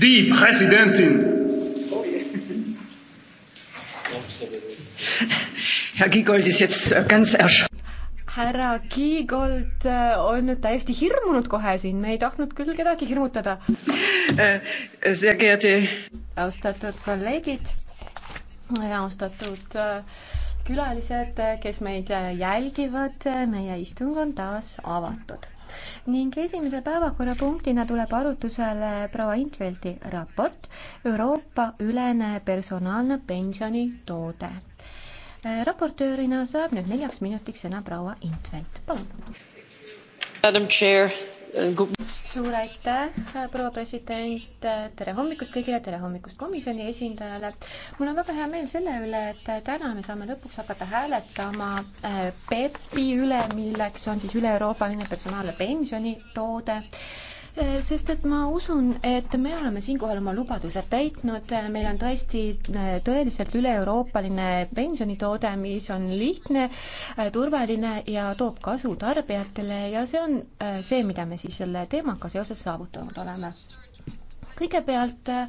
die Präsidentin. Herr Giegold ist jetzt ganz erschrocken. härra Kiigold äh, on nüüd täiesti hirmunud kohe siin, me ei tahtnud küll kedagi hirmutada. Äh, austatud kolleegid, austatud äh, külalised, kes meid jälgivad, meie istung on taas avatud ning esimese päevakorrapunktina tuleb arutusele proua Intveldi raport Euroopa-ülene personaalne pensionitoode. Äh, raportöörina saab nüüd neljaks minutiks sõna proua Intvelt, palun suur aitäh, proua president, tere hommikust kõigile, tere hommikust komisjoni esindajale. mul on väga hea meel selle üle, et täna me saame lõpuks hakata hääletama äh, PEP-i üle, milleks on siis üle-euroopaline personaalne pensionitoode Äh, sest et ma usun, et me oleme siinkohal oma lubadused täitnud, äh, meil on tõesti äh, tõeliselt üle-euroopaline pensionitoode, mis on lihtne, turvaline ja toob kasu tarbijatele ja see on see, mida me siis selle teemaga seoses saavutanud oleme kõigepealt äh,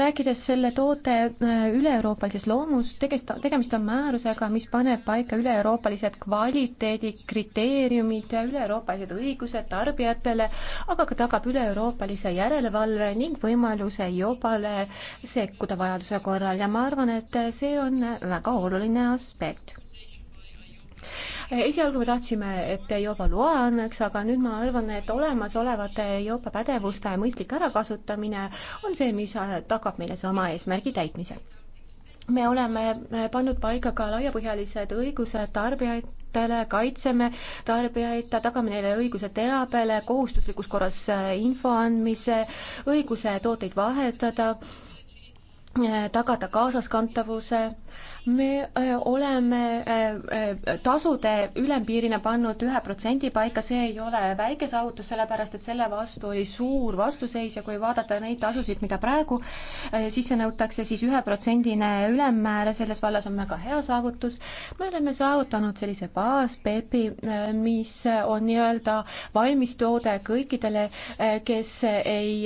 rääkides selle toote äh, üle-euroopalisest loomust, tegest, tegemist on määrusega, mis paneb paika üle-euroopalised kvaliteedikriteeriumid, üle-euroopalised õigused tarbijatele, aga ka tagab üle-euroopalise järelevalve ning võimaluse jobale sekkuda vajaduse korral ja ma arvan, et see on väga oluline aspekt esialgu me tahtsime, et EIOPA loa annaks, aga nüüd ma arvan, et olemasolevate EIOPA pädevuste mõistlik ärakasutamine on see, mis äh, tagab meile sama eesmärgi täitmise me oleme äh, pannud paika ka laiapõhjalised õigused tarbijatele, kaitseme tarbijaid, tagame neile õiguse teabele, kohustuslikus korras äh, info andmise, õiguse tooteid vahetada, tagada kaasaskantavuse me äh, oleme äh, äh, tasude ülempiirina pannud ühe protsendi paika, see ei ole väike saavutus, sellepärast et selle vastu oli suur vastuseis ja kui vaadata neid tasusid, mida praegu sisse nõutakse siis, siis üheprotsendine ülemmäär selles vallas on väga hea saavutus. me oleme saavutanud sellise baaspepi, mis on nii-öelda valmistoode kõikidele, kes ei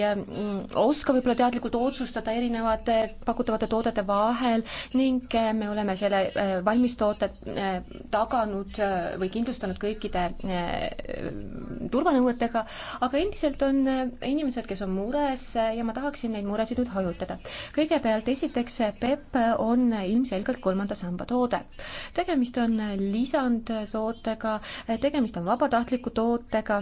oska võib-olla teadlikult otsustada erinevate pakutavate toodete vahel ning me oleme selle äh, valmistoote äh, taganud äh, või kindlustanud kõikide turvanõuetega, aga endiselt on inimesed, kes on mures ja ma tahaksin neid muresid nüüd hajutada. kõigepealt esiteks, PEP on ilmselgelt kolmanda samba toode. tegemist on lisandtootega, tegemist on vabatahtliku tootega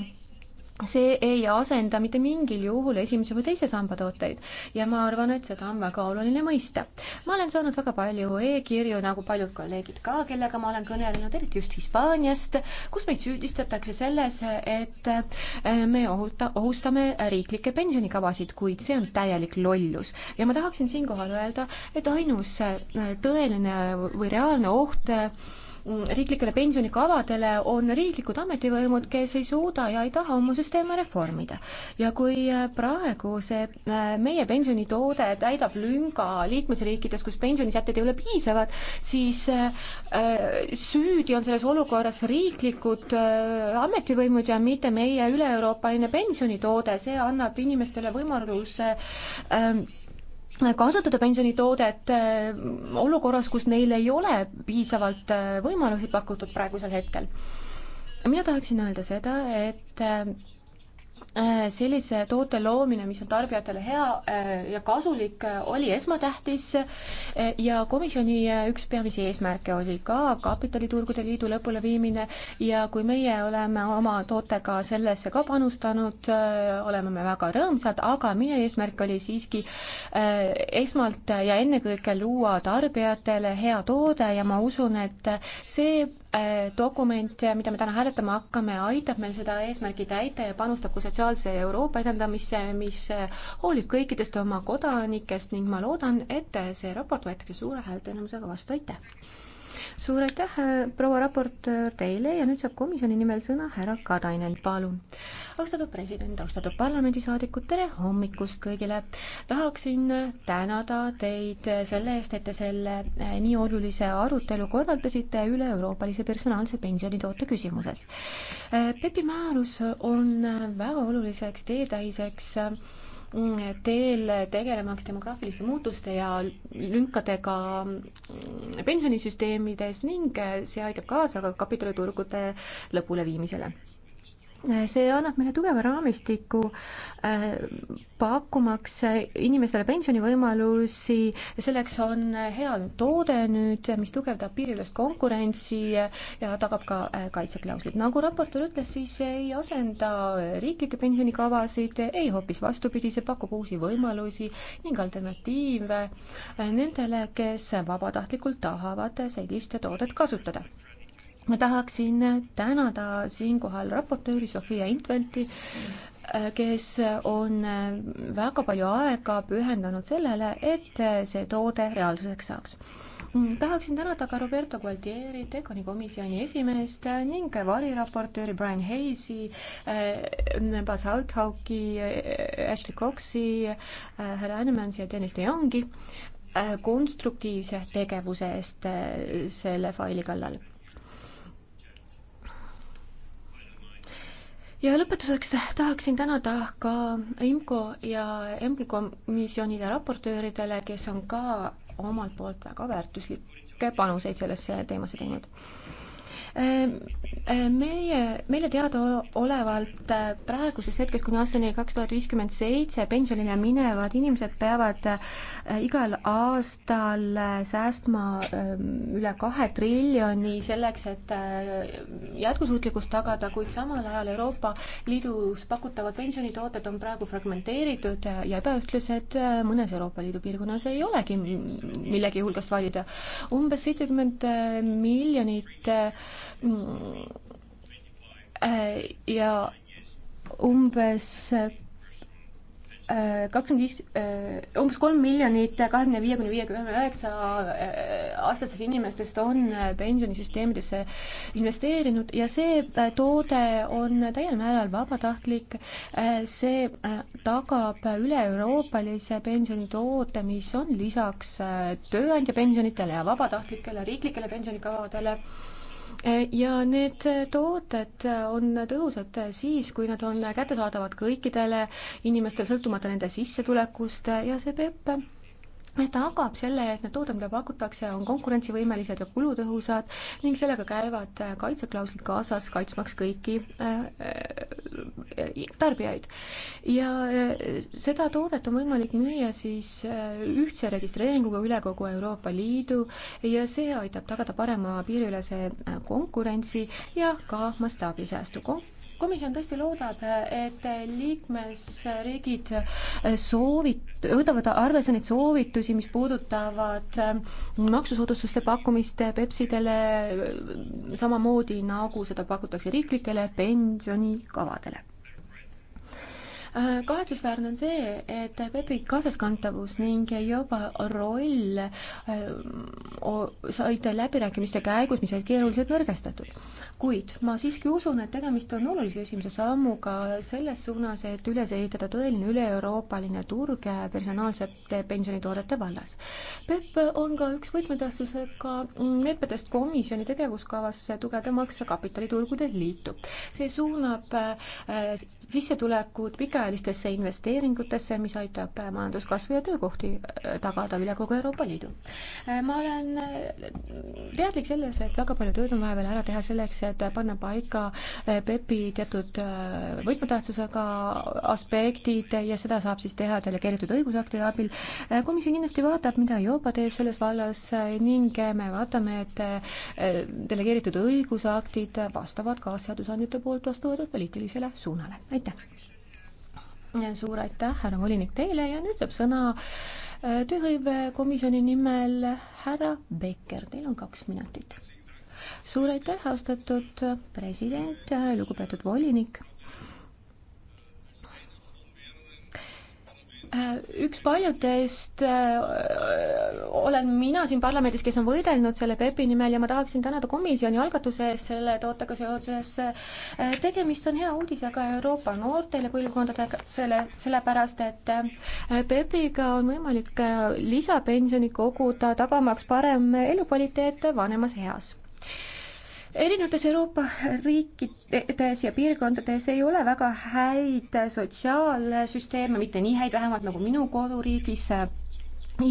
see ei asenda mitte mingil juhul esimese või teise samba tooteid ja ma arvan, et seda on väga oluline mõista. ma olen saanud väga palju e-kirju, nagu paljud kolleegid ka, kellega ma olen kõnelenud, eriti just Hispaaniast, kus meid süüdistatakse selles, et äh, me ohuta, ohustame riiklikke pensionikavasid, kuid see on täielik lollus. ja ma tahaksin siinkohal öelda, et ainus äh, tõeline või reaalne oht äh, Mm, riiklikele pensionikavadele, on riiklikud ametivõimud, kes ei suuda ja ei taha oma süsteeme reformida. ja kui äh, praegu see äh, meie pensionitoode täidab lünga liikmesriikides, kus pensionisätted ei ole piisavad, siis äh, süüdi on selles olukorras riiklikud ametivõimud ja mitte meie üle-euroopaline pensionitoode, see annab inimestele võimaluse ähm, kasutada pensionitoodet äh, olukorras, kus neil ei ole piisavalt äh, võimalusi pakutud praegusel hetkel. mina tahaksin öelda seda, et äh, Äh, sellise toote loomine, mis on tarbijatele hea äh, ja kasulik, äh, oli esmatähtis ja komisjoni üks peamisi eesmärke oli ka kapitaliturgude liidu lõpuleviimine ja kui meie oleme oma tootega sellesse ka panustanud, oleme me väga rõõmsad, aga minu eesmärk oli siiski esmalt ja ennekõike luua tarbijatele hea toode ja ma usun, et see Äh, dokument, mida me täna hääletama hakkame, aitab meil seda eesmärgi täita ja panustab ka sotsiaalse Euroopa edendamisse, mis äh, hoolib kõikidest oma kodanikest ning ma loodan, et see raport võetakse suure häälteenamusega vastu, aitäh! suur aitäh, äh, proua raportöör teile ja nüüd saab komisjoni nimel sõna härra Katainen, palun. austatud president, austatud parlamendisaadikud, tere hommikust kõigile. tahaksin tänada teid selle eest, et te selle äh, nii olulise arutelu korraldasite üle-euroopalise personaalse pensionitoote küsimuses. Äh, PEP-i määrus on väga oluliseks teetähiseks teel tegelemaks demograafiliste muutuste ja lünkadega pensionisüsteemides ning see aitab kaasa ka kapitaliturgude lõpuleviimisele see annab meile tugeva raamistiku äh, pakkumaks inimestele pensionivõimalusi ja selleks on hea toode nüüd, mis tugevdab piiriülest konkurentsi ja tagab ka äh, kaitseklauslid. nagu raportöör ütles, siis ei asenda riiklikke pensionikavasid, ei hoopis vastupidi, see pakub uusi võimalusi ning alternatiive äh, nendele, kes vabatahtlikult tahavad sellist toodet kasutada ma tahaksin tänada siinkohal raportööri Sofia Intvelti, kes on väga palju aega pühendanud sellele, et see toode reaalsuseks saaks. tahaksin tänada ka Roberto Gualtieri, Dekoni komisjoni esimeest ning variraportööri Brian Hayes'i, Bas Hauthauki, Ashley Coxi, härra Annemansi ja Dennis de Jongi konstruktiivse tegevuse eest selle faili kallal ja lõpetuseks tahaksin tänada ka IMCO ja EMBL komisjonide raportööridele, kes on ka omalt poolt väga väärtuslikke panuseid sellesse teemasse teinud. Ehm, ehm, meie, meile teadaolevalt äh, praeguses hetkes kuni aastani kaks tuhat viiskümmend seitse pensionile minevad inimesed peavad äh, igal aastal äh, säästma ehm, üle kahe triljoni selleks, et jätkusuutlikkust tagada, kuid samal ajal Euroopa Liidus pakutavad pensionitooted on praegu fragmenteeritud ja ebaühtlased, mõnes Euroopa Liidu piirkonnas ei olegi millegi hulgast valida. umbes seitsekümmend miljonit Mm. Äh, ja umbes äh, kakskümmend viis, äh, umbes kolm miljonit kahekümne viie kuni viiekümne üheksa aastastest inimestest on pensionisüsteemidesse investeerinud ja see toode on täiel määral vabatahtlik. see tagab üle-euroopalise pensionitoote, mis on lisaks tööandja pensionitele ja vabatahtlikele riiklikele pensionikavadele E, ja need tooted on tõhusad siis, kui nad on kättesaadavad kõikidele inimestele, sõltumata nende sissetulekust ja see peab tagab selle, et need tooted, mida pakutakse, on konkurentsivõimelised ja kulutõhusad ning sellega käivad äh, kaitseklauslid kaasas, kaitsmaks kõiki äh, äh, tarbijaid. ja seda toodet on võimalik müüa siis ühtse registreeringuga üle kogu Euroopa Liidu ja see aitab tagada parema piiriülese konkurentsi ja ka mastaabisäästu komisjon tõesti loodab, et liikmesriigid soovit-, võtavad arvesse neid soovitusi, mis puudutavad ähm, maksusoodustuste pakkumist Pepsidele, samamoodi nagu seda pakutakse riiklikele pensionikavadele Äh, kahetsusväärne on see, et PEP-i kaasaskantavus ning Joba roll äh, said läbirääkimiste käigus, mis olid keeruliselt nõrgestatud. kuid ma siiski usun, et tegemist on olulise esimese sammuga selles suunas, et üles ehitada tõeline üle-euroopaline turg personaalsete pensionitoodete vallas. PEP on ka üks võtmetähtsusega meetmetest komisjoni tegevuskavas tugevdamaks kapitaliturgude liitu. see suunab äh, sissetulekud pika pikaajalistesse investeeringutesse, mis aitab majanduskasvu ja töökohti äh, tagada üle kogu Euroopa Liidu. Äh, ma olen äh, teadlik selles, et väga palju tööd on vaja veel ära teha selleks, et panna paika PEP-i teatud võtmetähtsusega aspektid ja seda saab siis teha delegeeritud õigusaktide abil. komisjon kindlasti vaatab, mida Euroopa teeb selles vallas ning me vaatame, et delegeeritud õigusaktid vastavad ka seadusandjate poolt vastu võetud poliitilisele suunale. aitäh! suur aitäh, härra volinik teile ja nüüd saab sõna äh, tööhõivekomisjoni nimel härra Becker, teil on kaks minutit. suur aitäh, austatud äh, president, lugupeetud volinik Äh, üks paljudest äh, olen mina siin parlamendis, kes on võidelnud selle PEP-i nimel ja ma tahaksin tänada komisjoni algatuse eest selle tootega seoses. Äh, tegemist on hea uudisega Euroopa noortele põlvkondadega, selle, sellepärast et PEP-iga on võimalik lisapensioni koguda, tagamaks parem elukvaliteet vanemas eas erinevates Euroopa riikides ja piirkondades ei ole väga häid sotsiaalsüsteeme, mitte nii häid vähemalt nagu minu koduriigis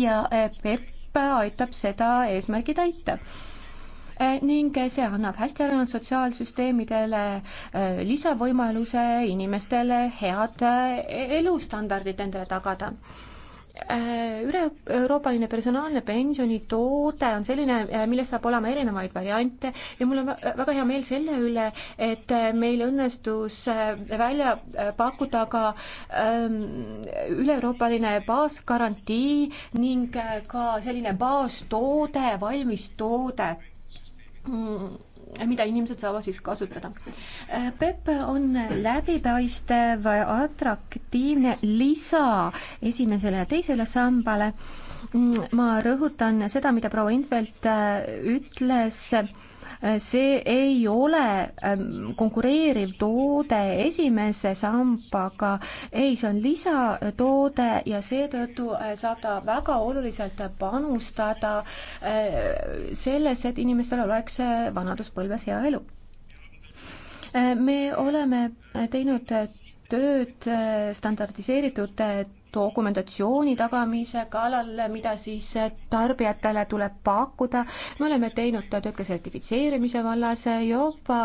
ja PEP aitab seda eesmärgi täita ning see annab hästi arenenud sotsiaalsüsteemidele eh, lisavõimaluse inimestele head eh, elustandardid endale tagada Äh, üle, Euroopaline personaalne pensionitoode on selline, äh, millest saab olema erinevaid variante ja mul on väga hea meel selle üle, et äh, meil õnnestus välja pakkuda ka ähm, üle-euroopaline baasgarantii ning ka selline baastoode, valmistoode mm. Äh, mida inimesed saavad siis kasutada. Äh, PEP on läbipaistev, atraktiivne lisa esimesele ja teisele sambale. Mm, ma rõhutan seda, mida proua Infeld äh, ütles see ei ole ähm, konkureeriv toode esimese sambaga, ei, see on lisatoode ja seetõttu äh, saab ta väga oluliselt panustada äh, selles, et inimestel oleks äh, vanaduspõlves hea elu. me oleme teinud tööd standardiseeritud dokumentatsiooni tagamise kallal, mida siis tarbijatele tuleb pakkuda. me oleme teinud tööke sertifitseerimise vallas, Euroopa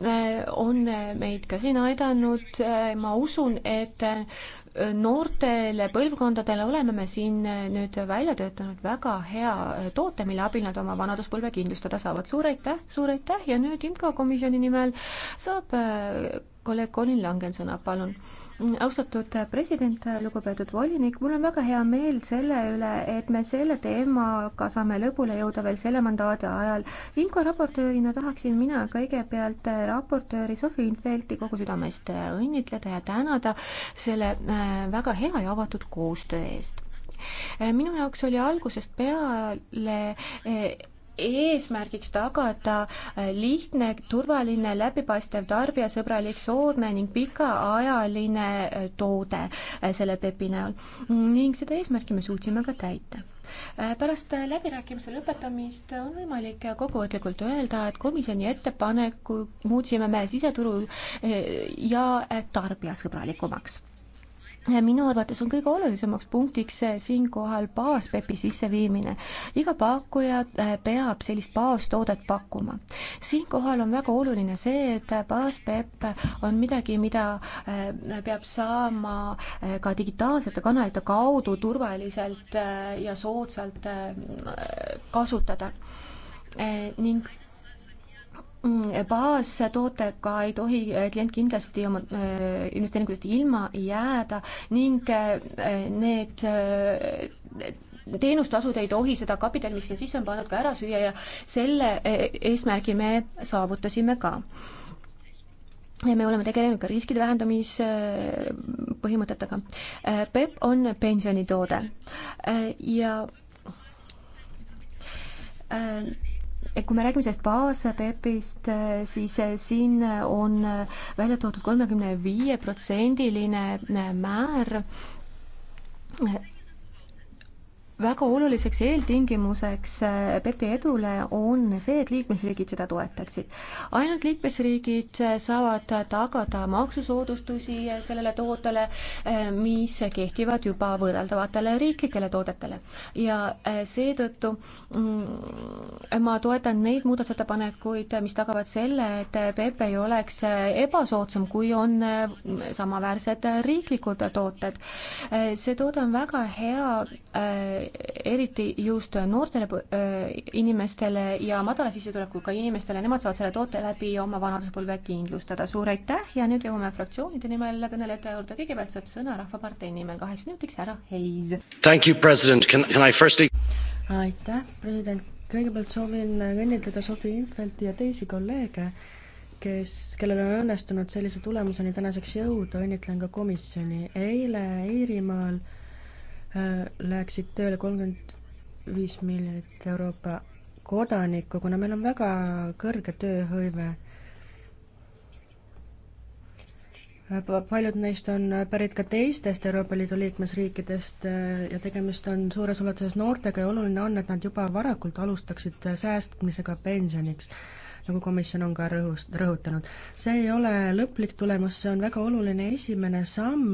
eh, on meid ka siin aidanud, eh, ma usun, et eh, noortele põlvkondadele oleme me siin nüüd välja töötanud väga hea toote, mille abil nad oma vanaduspõlve kindlustada saavad. suur aitäh, suur aitäh ja nüüd IMCO komisjoni nimel saab kolleeg Colin Langen sõna, palun austatud president, lugupeetud volinik, mul on väga hea meel selle üle, et me selle teemaga saame lõpule jõuda veel selle mandaadi ajal. Inko raportöörina tahaksin mina kõigepealt raportööri Sofi Infeldti kogu südamest õnnitleda ja tänada selle äh, väga hea ja avatud koostöö eest äh, minu jaoks oli algusest peale äh, eesmärgiks tagada äh, lihtne, turvaline, läbipaistev, tarbijasõbralik, soodne ning pikaajaline äh, toode äh, selle PEP-i näol. ning seda eesmärki me suutsime ka täita. pärast läbirääkimise lõpetamist on võimalik kokkuvõtlikult öelda, et komisjoni ettepaneku muutsime me siseturu ja tarbijasõbralikumaks minu arvates on kõige olulisemaks punktiks eh, siinkohal baaspepi sisseviimine. iga pakkuja eh, peab sellist baastoodet pakkuma. siinkohal on väga oluline see, et baaspepp on midagi, mida eh, peab saama ka digitaalsete kanalite kaudu turvaliselt ja soodsalt kasutada ning Mm, baastootega ei tohi eh, klient kindlasti oma eh, investeeringutest ilma jääda ning eh, need teenustasud ei tohi seda kapitali, mis siin sisse on pandud, ka ära süüa ja selle eesmärgi me saavutasime ka. me oleme tegelenud ka riskide vähendamise põhimõtetega. PEP on pensionitoode ja äh, et kui me räägime sellest baasepepist, äh, siis äh, siin äh, on välja toodud kolmekümne viie protsendiline määr väga oluliseks eeltingimuseks äh, PEP-i edule on see, et liikmesriigid seda toetaksid. ainult liikmesriigid äh, saavad tagada maksusoodustusi äh, sellele tootele, mis kehtivad juba võrreldavatele riiklikele toodetele. ja seetõttu mm, ma toetan neid muudatusettepanekuid, mis tagavad selle, et PEP ei oleks ebasoodsam, kui on samaväärsed riiklikud tooted. see toode on väga hea eriti just noortele äh, inimestele ja madala sissetulekuga inimestele, nemad saavad selle toote läbi oma vanaduspõlve kindlustada. suur aitäh ja nüüd jõuame fraktsioonide nimel kõnelejate juurde, kõigepealt saab sõna Rahvapartei nimel kaheks minutiks härra Heis. Firstly... aitäh, president, kõigepealt soovin õnnitleda Sofi Infeldti ja teisi kolleege, kes, kellel on õnnestunud sellise tulemuseni tänaseks jõuda, õnnitlen ka komisjoni. eile Iirimaal Äh, läheksid tööle kolmkümmend viis miljonit Euroopa kodanikku, kuna meil on väga kõrge tööhõive. Äh, paljud neist on äh, pärit ka teistest Euroopa Liidu liikmesriikidest ja tegemist on suures ulatuses noortega ja oluline on, et nad juba varakult alustaksid säästmisega pensioniks, nagu komisjon on ka rõhust, rõhutanud. see ei ole lõplik tulemus, see on väga oluline esimene samm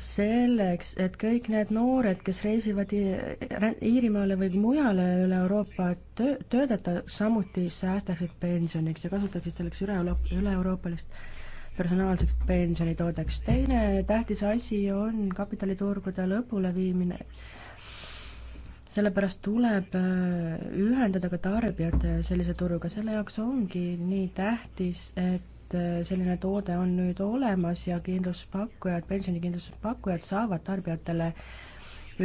selleks, et kõik need noored, kes reisivad Iirimaale või mujale üle Euroopa töö, töötada, samuti säästaksid pensioniks ja kasutaksid selleks üle, üle-euroopalist personaalseks pensionitoodeks. teine tähtis asi on kapitaliturgude lõpuleviimine sellepärast tuleb äh, ühendada ka tarbijad äh, sellise turuga, selle jaoks ongi nii tähtis, et äh, selline toode on nüüd olemas ja kindluspakkujad, pensionikindlustuspakkujad saavad tarbijatele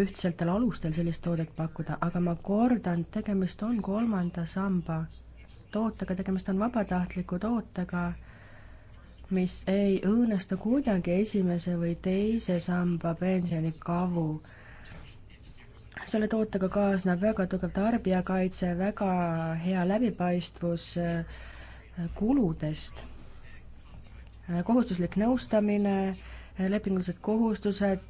ühtsetel alustel sellist toodet pakkuda, aga ma kordan, tegemist on kolmanda samba tootega, tegemist on vabatahtliku tootega, mis ei õõnesta kuidagi esimese või teise samba pensionikavu selle tootega kaasneb väga tugev tarbijakaitse, väga hea läbipaistvus äh, kuludest, äh, kohustuslik nõustamine, äh, lepingulised kohustused,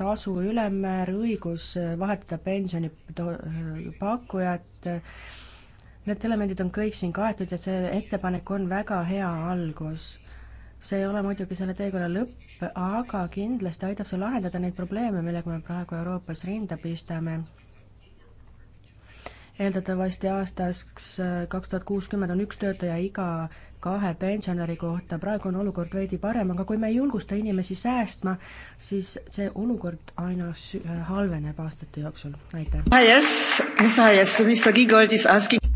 tasu ülemmäär, õigus vahetada pensionipakkujat, need elemendid on kõik siin kaetud ja see ettepanek on väga hea algus see ei ole muidugi selle teekonna lõpp, aga kindlasti aitab see lahendada neid probleeme, millega me praegu Euroopas rinda pistame. eeldatavasti aastaks äh, kaks tuhat kuuskümmend on üks töötaja iga kahe pensionäri kohta, praegu on olukord veidi parem, aga kui me ei julgusta inimesi säästma, siis see olukord aina halveneb aastate jooksul, aitäh. Ah,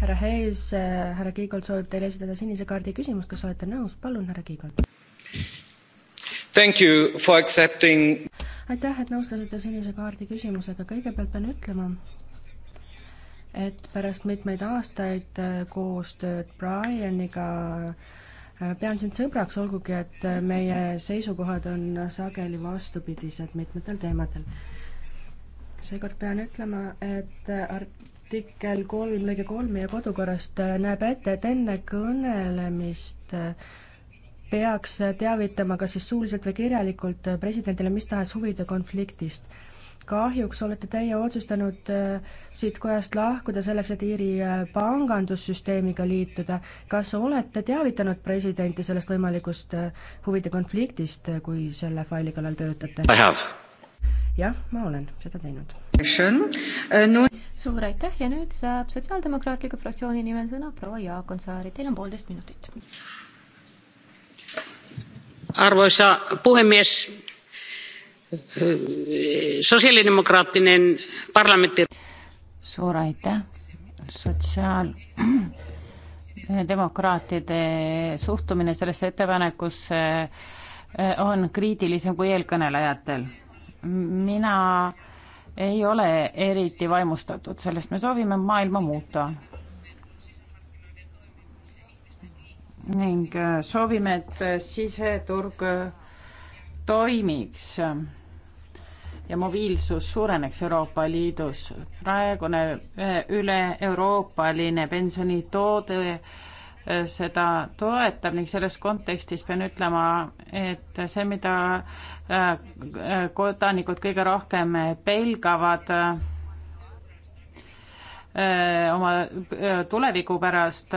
härra Hayes, härra Kiigolt soovib teile esitada sinise kaardi küsimus, kas olete nõus, palun, härra Kiigolt. Thank you for accepting aitäh, et nõustusite sinise kaardi küsimusega, kõigepealt pean ütlema, et pärast mitmeid aastaid koostööd Brianiga äh, pean sind sõbraks, olgugi et meie seisukohad on sageli vastupidised mitmetel teemadel. seekord pean ütlema, et art-, artikkel kolm lõige kolm meie kodukorrast äh, näeb ette, et enne kõnelemist äh, peaks teavitama kas siis suuliselt või kirjalikult äh, presidendile mis tahes huvide konfliktist. kahjuks olete teie otsustanud siit kojast lahkuda selleks, et Iiri pangandussüsteemiga liituda. kas olete teavitanud presidenti sellest võimalikust huvide konfliktist, kui selle faili kallal töötate? jah, ma olen seda teinud. Äh, suur aitäh ja nüüd saab Sotsiaaldemokraatliku fraktsiooni nimel sõna proua Jaakonsaari, teil on poolteist minutit. arvoisa puhemies, sosiaalidemokraatinen parlamenti. suur aitäh, sotsiaal demokraatide suhtumine sellesse ettepanekusse äh, on kriitilisem kui eelkõnelejatel mina ei ole eriti vaimustatud, sellest me soovime maailma muuta. ning äh, soovime, et äh, siseturg äh, toimiks ja mobiilsus suureneks Euroopa Liidus. praegune üle-euroopaline pensionitoode seda toetab ning selles kontekstis pean ütlema, et see, mida äh, kodanikud kõige rohkem pelgavad äh, oma äh, tuleviku pärast,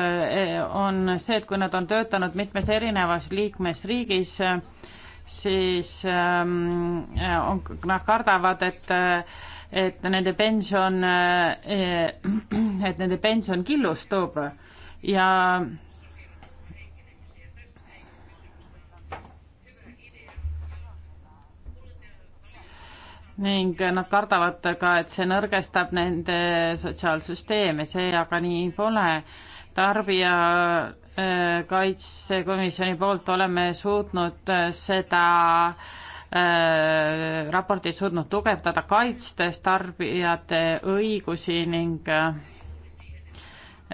on see, et kui nad on töötanud mitmes erinevas liikmesriigis, siis ähm, on, nad kardavad, et et nende pension, et nende pension killustub ja ning nad kardavad ka, et see nõrgestab nende sotsiaalsüsteeme, see aga nii pole. tarbijakaitsekomisjoni äh, poolt oleme suutnud äh, seda äh, raportit suutnud tugevdada, kaitstes tarbijate õigusi ning äh,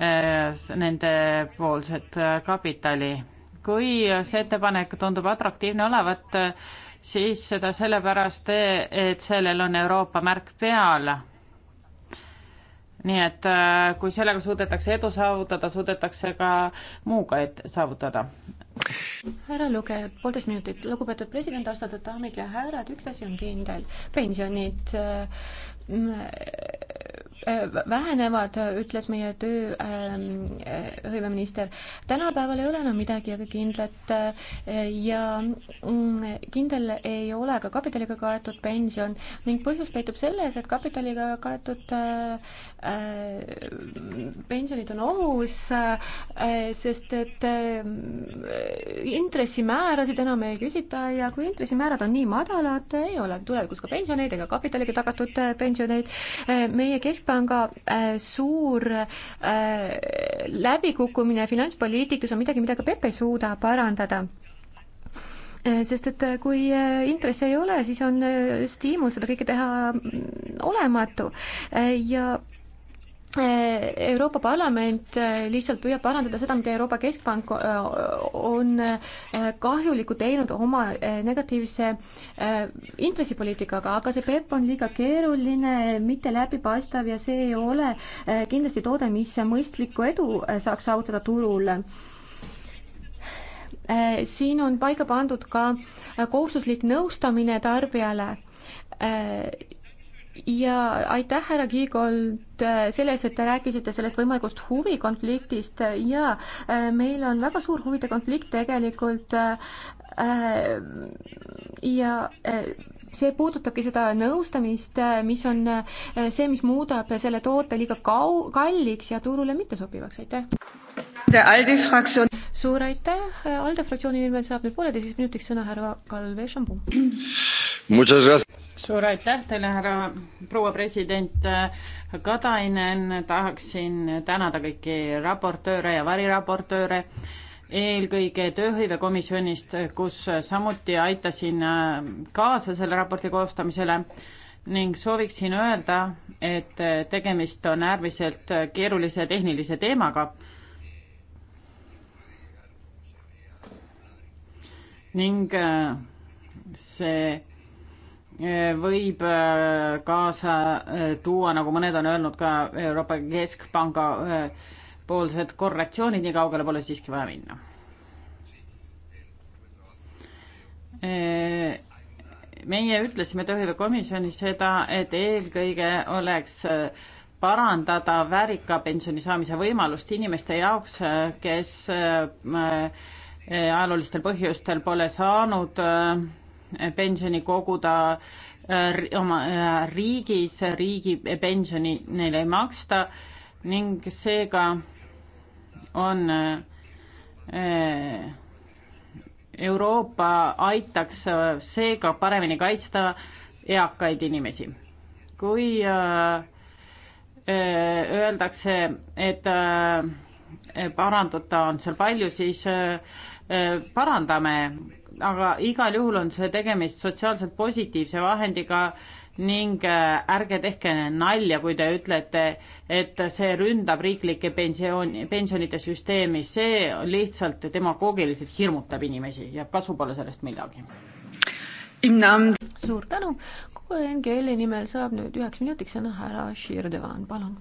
Äh, nendepoolset äh, kapitali. kui see ettepanek tundub atraktiivne olevat, siis seda sellepärast, et sellel on Euroopa märk peal. nii et äh, kui sellega suudetakse edu saavutada, suudetakse ka muuga et saavutada. härra Luge, poolteist minutit, lugupeetud president, austatud daamid ja härrad, üks asi on kindel, pensionid Äh, vähenevad, äh, ütles meie tööhõiveminister äh,. tänapäeval ei ole enam midagi aga kindlat äh, ja mm, kindel ei ole ka kapitaliga kaetud pension ning põhjus peitub selles, et kapitaliga kaetud äh, äh pensionid on ohus, sest et intressimäärasid enam ei küsita ja kui intressimäärad on nii madalad, ei ole tulevikus ka pensioneid ega kapitaliga tagatud pensioneid. meie keskpäev aga on ka äh, suur äh, läbikukkumine finantspoliitikas on midagi, mida ka Pepe ei suuda parandada äh, sest et kui intressi ei ole, siis on stiimul seda kõike teha mm, olematu ja Eh, Euroopa Parlament eh, lihtsalt püüab parandada seda, mida Euroopa Keskpank eh, on kahjulikku teinud oma negatiivse intressipoliitikaga, aga see PEP on liiga keeruline, mitte läbipaistev ja see ei ole kindlasti toode, mis mõistlikku edu saaks saavutada turul siin on paika pandud ka kohustuslik nõustamine tarbijale ja aitäh, härra Kiigold, äh, selles, et te rääkisite sellest võimalikust huvikonfliktist ja äh, meil on väga suur huvide konflikt tegelikult äh, ja see puudutabki seda nõustamist, mis on eh, see, mis muudab selle toote liiga kau-, kalliks ja turule mittesobivaks, aitäh! suur aitäh, ALDE fraktsiooni nimel saab nüüd pooleteiseks minutiks sõna härra Kalve Šambu. suur aitäh teile, härra proua president Katainen, tahaksin tänada kõiki raportööre ja variraportööre eelkõige tööhõivekomisjonist, kus samuti aitasin äh, kaasa selle raporti koostamisele ning sooviksin öelda, et äh, tegemist on äärmiselt keerulise tehnilise teemaga. ning äh, see võib kaasa tuua, nagu mõned on öelnud, ka Euroopa Keskpanga poolsed korrektsioonid, nii kaugele pole siiski vaja minna. meie ütlesime tööle komisjonis seda, et eelkõige oleks parandada väärika pensioni saamise võimalust inimeste jaoks, kes äh, ajaloolistel põhjustel pole saanud äh, pensioni koguda äh, oma riigis, riigi pensioni neile ei maksta ning seega on äh, Euroopa aitaks äh, seega paremini kaitsta eakaid inimesi. kui äh, öeldakse, et parandada on seal palju, siis parandame, aga igal juhul on see tegemist sotsiaalselt positiivse vahendiga ning äh, ärge tehke nalja, kui te ütlete, et see ründab riiklike pensiooni, pensionide süsteemi, see lihtsalt demagoogiliselt hirmutab inimesi ja kasu pole sellest midagi. suur tänu, QNGL-i nimel saab nüüd üheks minutiks sõna härra Shirdevan, palun.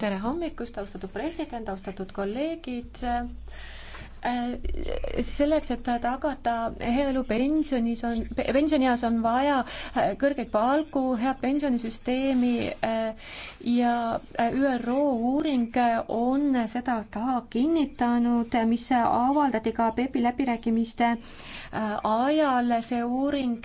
tere hommikust, austatud president, austatud kolleegid Äh, selleks, et tagada heaolu pensionis on, pensionieas on vaja äh, kõrgeid palku, head pensionisüsteemi äh, ja ÜRO uuring on seda ka kinnitanud, mis avaldati ka PEP-i läbirääkimiste ajal, see uuring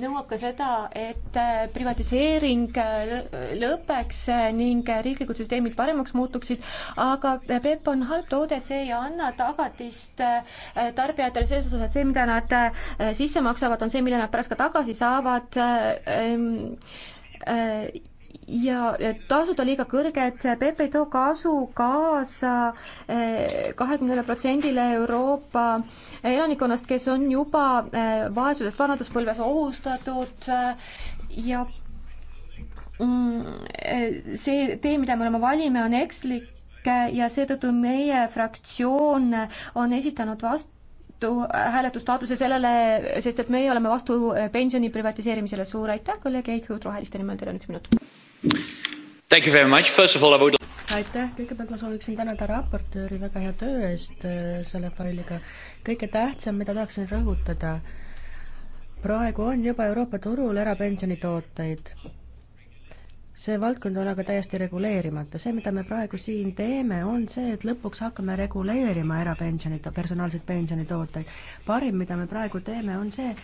nõuab ka seda, et äh, privatiseering äh, lõpeks äh, ning riiklikud süsteemid paremaks muutuksid, aga PEP on halb toode, see ei anna tagatist tarbijatele selles osas, et see, mida nad sisse maksavad, on see, mida nad pärast ka tagasi saavad ähm, ja tasud on liiga kõrged, PEP ei too kasu kaasa eh, kahekümnele protsendile Euroopa elanikkonnast, kes on juba eh, vaesusest vanaduspõlves ohustatud ja mm, see tee, mida me oleme valime, on ekslik ja seetõttu meie fraktsioon on esitanud vastu hääletustaotluse sellele, sest et meie oleme vastu pensioni privatiseerimisele. suur aitäh, kolleeg Keit Hõud Roheliste nimel, teil on üks minut Would... aitäh, kõigepealt ma sooviksin tänada raportööri väga hea töö eest äh, selle failiga. kõige tähtsam, mida tahaksin rõhutada, praegu on juba Euroopa turul erapensionitooteid. see valdkond on aga täiesti reguleerimata, see, mida me praegu siin teeme, on see, et lõpuks hakkame reguleerima erapensionit, personaalseid pensionitooteid. parim, mida me praegu teeme, on see,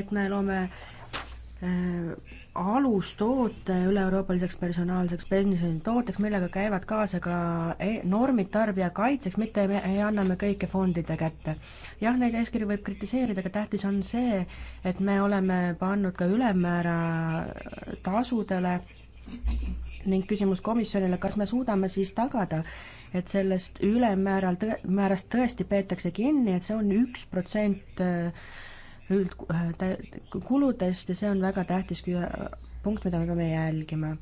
et me loome äh, alustoote üle-euroopaliseks personaalseks pensionitooteks, millega käivad kaasa ka e normid tarbija kaitseks, mitte me ei anna me kõike fondide kätte. jah, neid eeskirju võib kritiseerida, aga tähtis on see, et me oleme pannud ka ülemmäära tasudele ning küsimus komisjonile, kas me suudame siis tagada, et sellest ülemmääral tõ-, määrast tõesti peetakse kinni, et see on üks protsent äh, üldkuludest äh, ja see on väga tähtis äh, punkt, mida me peame jälgima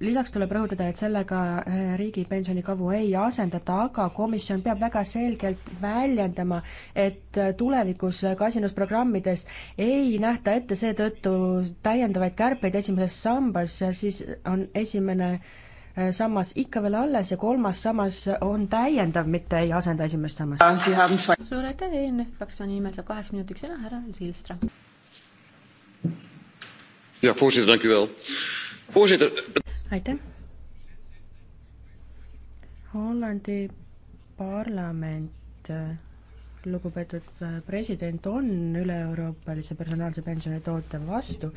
lisaks tuleb rõhutada, et sellega äh, riigi pensionikavu ei asendata, aga komisjon peab väga selgelt väljendama, et tulevikus kasinusprogrammides ei nähta ette seetõttu täiendavaid kärpeid esimeses sambas, siis on esimene Äh, sammas ikka veel alles ja kolmas sammas on täiendav, mitte ei asenda esimest sammast. suur aitäh, ENF fraktsiooni nimel saab kaheks minutiks sõna härra Zilstra. jah, voorzitter, tänku veel. voorzitter. aitäh. Hollandi parlament lugupeetud äh, president on üle-euroopalise personaalse pensionitoote vastu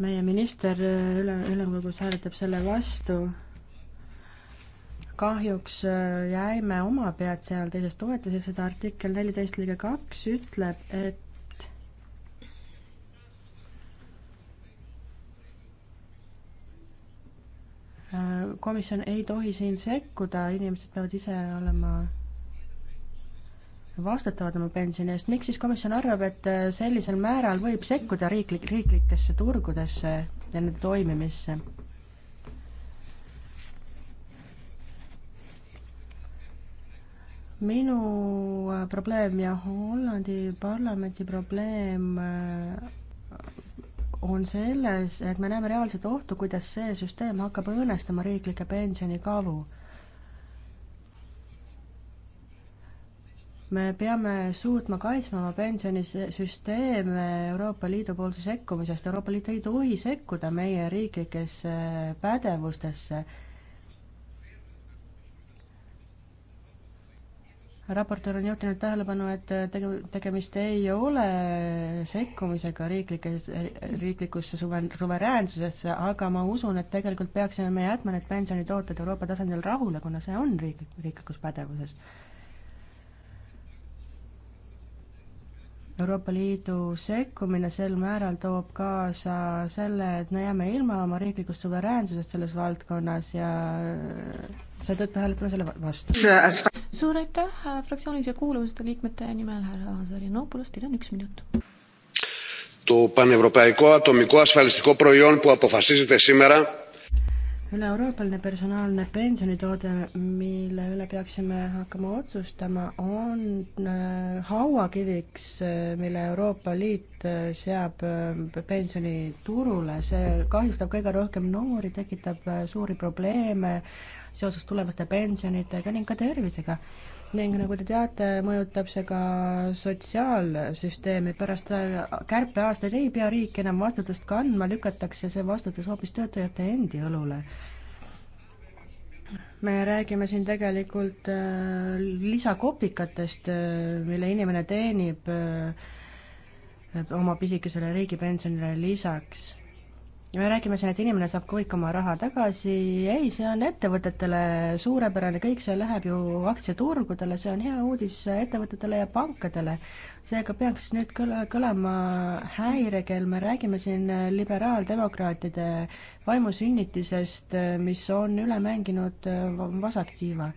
meie minister äh, üle, ülemkogus hääletab selle vastu. kahjuks äh, jäime oma pead seal teises toetuses, seda artikkel neliteist lõige kaks ütleb, et äh, komisjon ei tohi siin sekkuda, inimesed peavad ise olema vastutavad oma pensioni eest, miks siis komisjon arvab, et äh, sellisel määral võib sekkuda riiklik, riiklikesse turgudesse ja nende toimimisse? minu äh, probleem ja Hollandi parlamendi probleem äh, on selles, et me näeme reaalset ohtu, kuidas see süsteem hakkab õõnestama riiklikke pensionikavu me peame suutma kaitsma oma pensionisüsteeme Euroopa Liidu poolse sekkumisest, Euroopa Liit ei tohi sekkuda meie riiklikesse pädevustesse. raportöör on juhtinud tähelepanu, et tege-, tegemist ei ole sekkumisega riiklikes, riiklikusse suver-, suveräänsusesse, aga ma usun, et tegelikult peaksime me jätma need pensionitooted Euroopa tasandil rahule, kuna see on riiklik, riiklikus pädevuses Euroopa Liidu sekkumine sel määral toob kaasa selle, et me jääme ilma oma riiklikust suveräänsusest selles valdkonnas ja seetõttu hääletame selle vastu. suur aitäh äh, fraktsioonilise kuuluvuse liikmete nimel, härra Zarjanopoulos, teil on üks minut. Το πανευρωπαϊκό ατομικό ασφαλιστικό προϊόν που αποφασίζεται σήμερα üle-Euroopaline personaalne pensionitoode, mille üle peaksime hakkama otsustama, on äh, hauakiviks, äh, mille Euroopa Liit äh, seab pensioniturule. see kahjustab kõige rohkem noori, tekitab suuri probleeme seoses tulevaste pensionitega ning ka tervisega ning nagu te teate, mõjutab see ka sotsiaalsüsteemi, pärast kärpeaastaid ei pea riik enam vastutust kandma, lükatakse see vastutus hoopis töötajate endi õlule. me räägime siin tegelikult äh, lisakopikatest, äh, mille inimene teenib äh, oma pisikesele riigipensionile lisaks me räägime siin, et inimene saab kõik oma raha tagasi, ei, see on ettevõtetele suurepärane, kõik see läheb ju aktsiaturgudele, see on hea uudis ettevõtetele ja pankadele. seega peaks nüüd kõla, kõlama häirekell, me räägime siin liberaaldemokraatide vaimusünnitisest, mis on üle mänginud vasaktiiva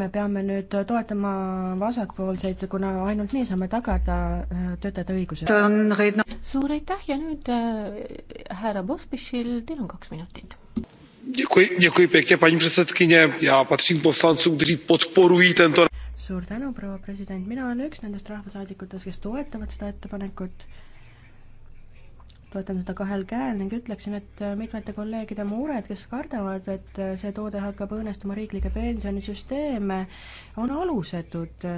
me peame nüüd toetama vasakpoolseid, kuna ainult nii saame tagada äh, töötajate õigused. suur aitäh ja nüüd äh, härra Pospišil, teil on kaks minutit. paní předsedkyně, já patřím poslancům, kteří podporují tento. suur tänu, proua president, mina olen üks nendest rahvasaadikutest, kes toetavad seda ettepanekut toetan seda kahel käel ning ütleksin, et äh, mitmete kolleegide mured, kes kardavad, et äh, see toode hakkab õõnestama riiklikke pensionisüsteeme, on alusetud.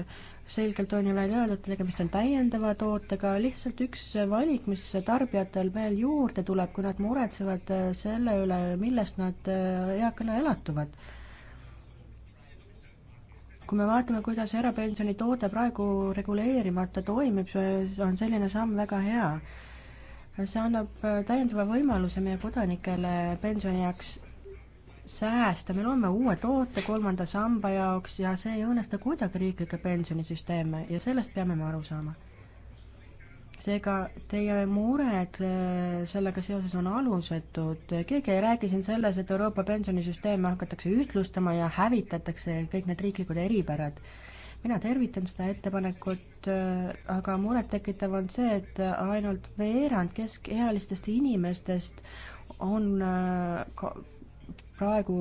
selgelt on ju välja öeldud, et tegemist on täiendava tootega, lihtsalt üks valik, mis tarbijatel veel juurde tuleb, kui nad muretsevad äh, selle üle, millest nad eakana elatuvad kui me vaatame, kuidas erapensionitoode praegu reguleerimata toimib, on selline samm väga hea see annab äh, täiendava võimaluse meie kodanikele pensionieaks säästa, me loome uue toote kolmanda samba jaoks ja see ei õõnesta kuidagi riiklikke pensionisüsteeme ja sellest peame me aru saama. seega teie mured äh, sellega seoses on alusetud, keegi ei räägi siin selles, et Euroopa pensionisüsteeme hakatakse ühtlustama ja hävitatakse kõik need riiklikud eripärad mina tervitan seda ettepanekut, äh, aga murettekitav on see, et ainult veerand keskealistest inimestest on äh, praegu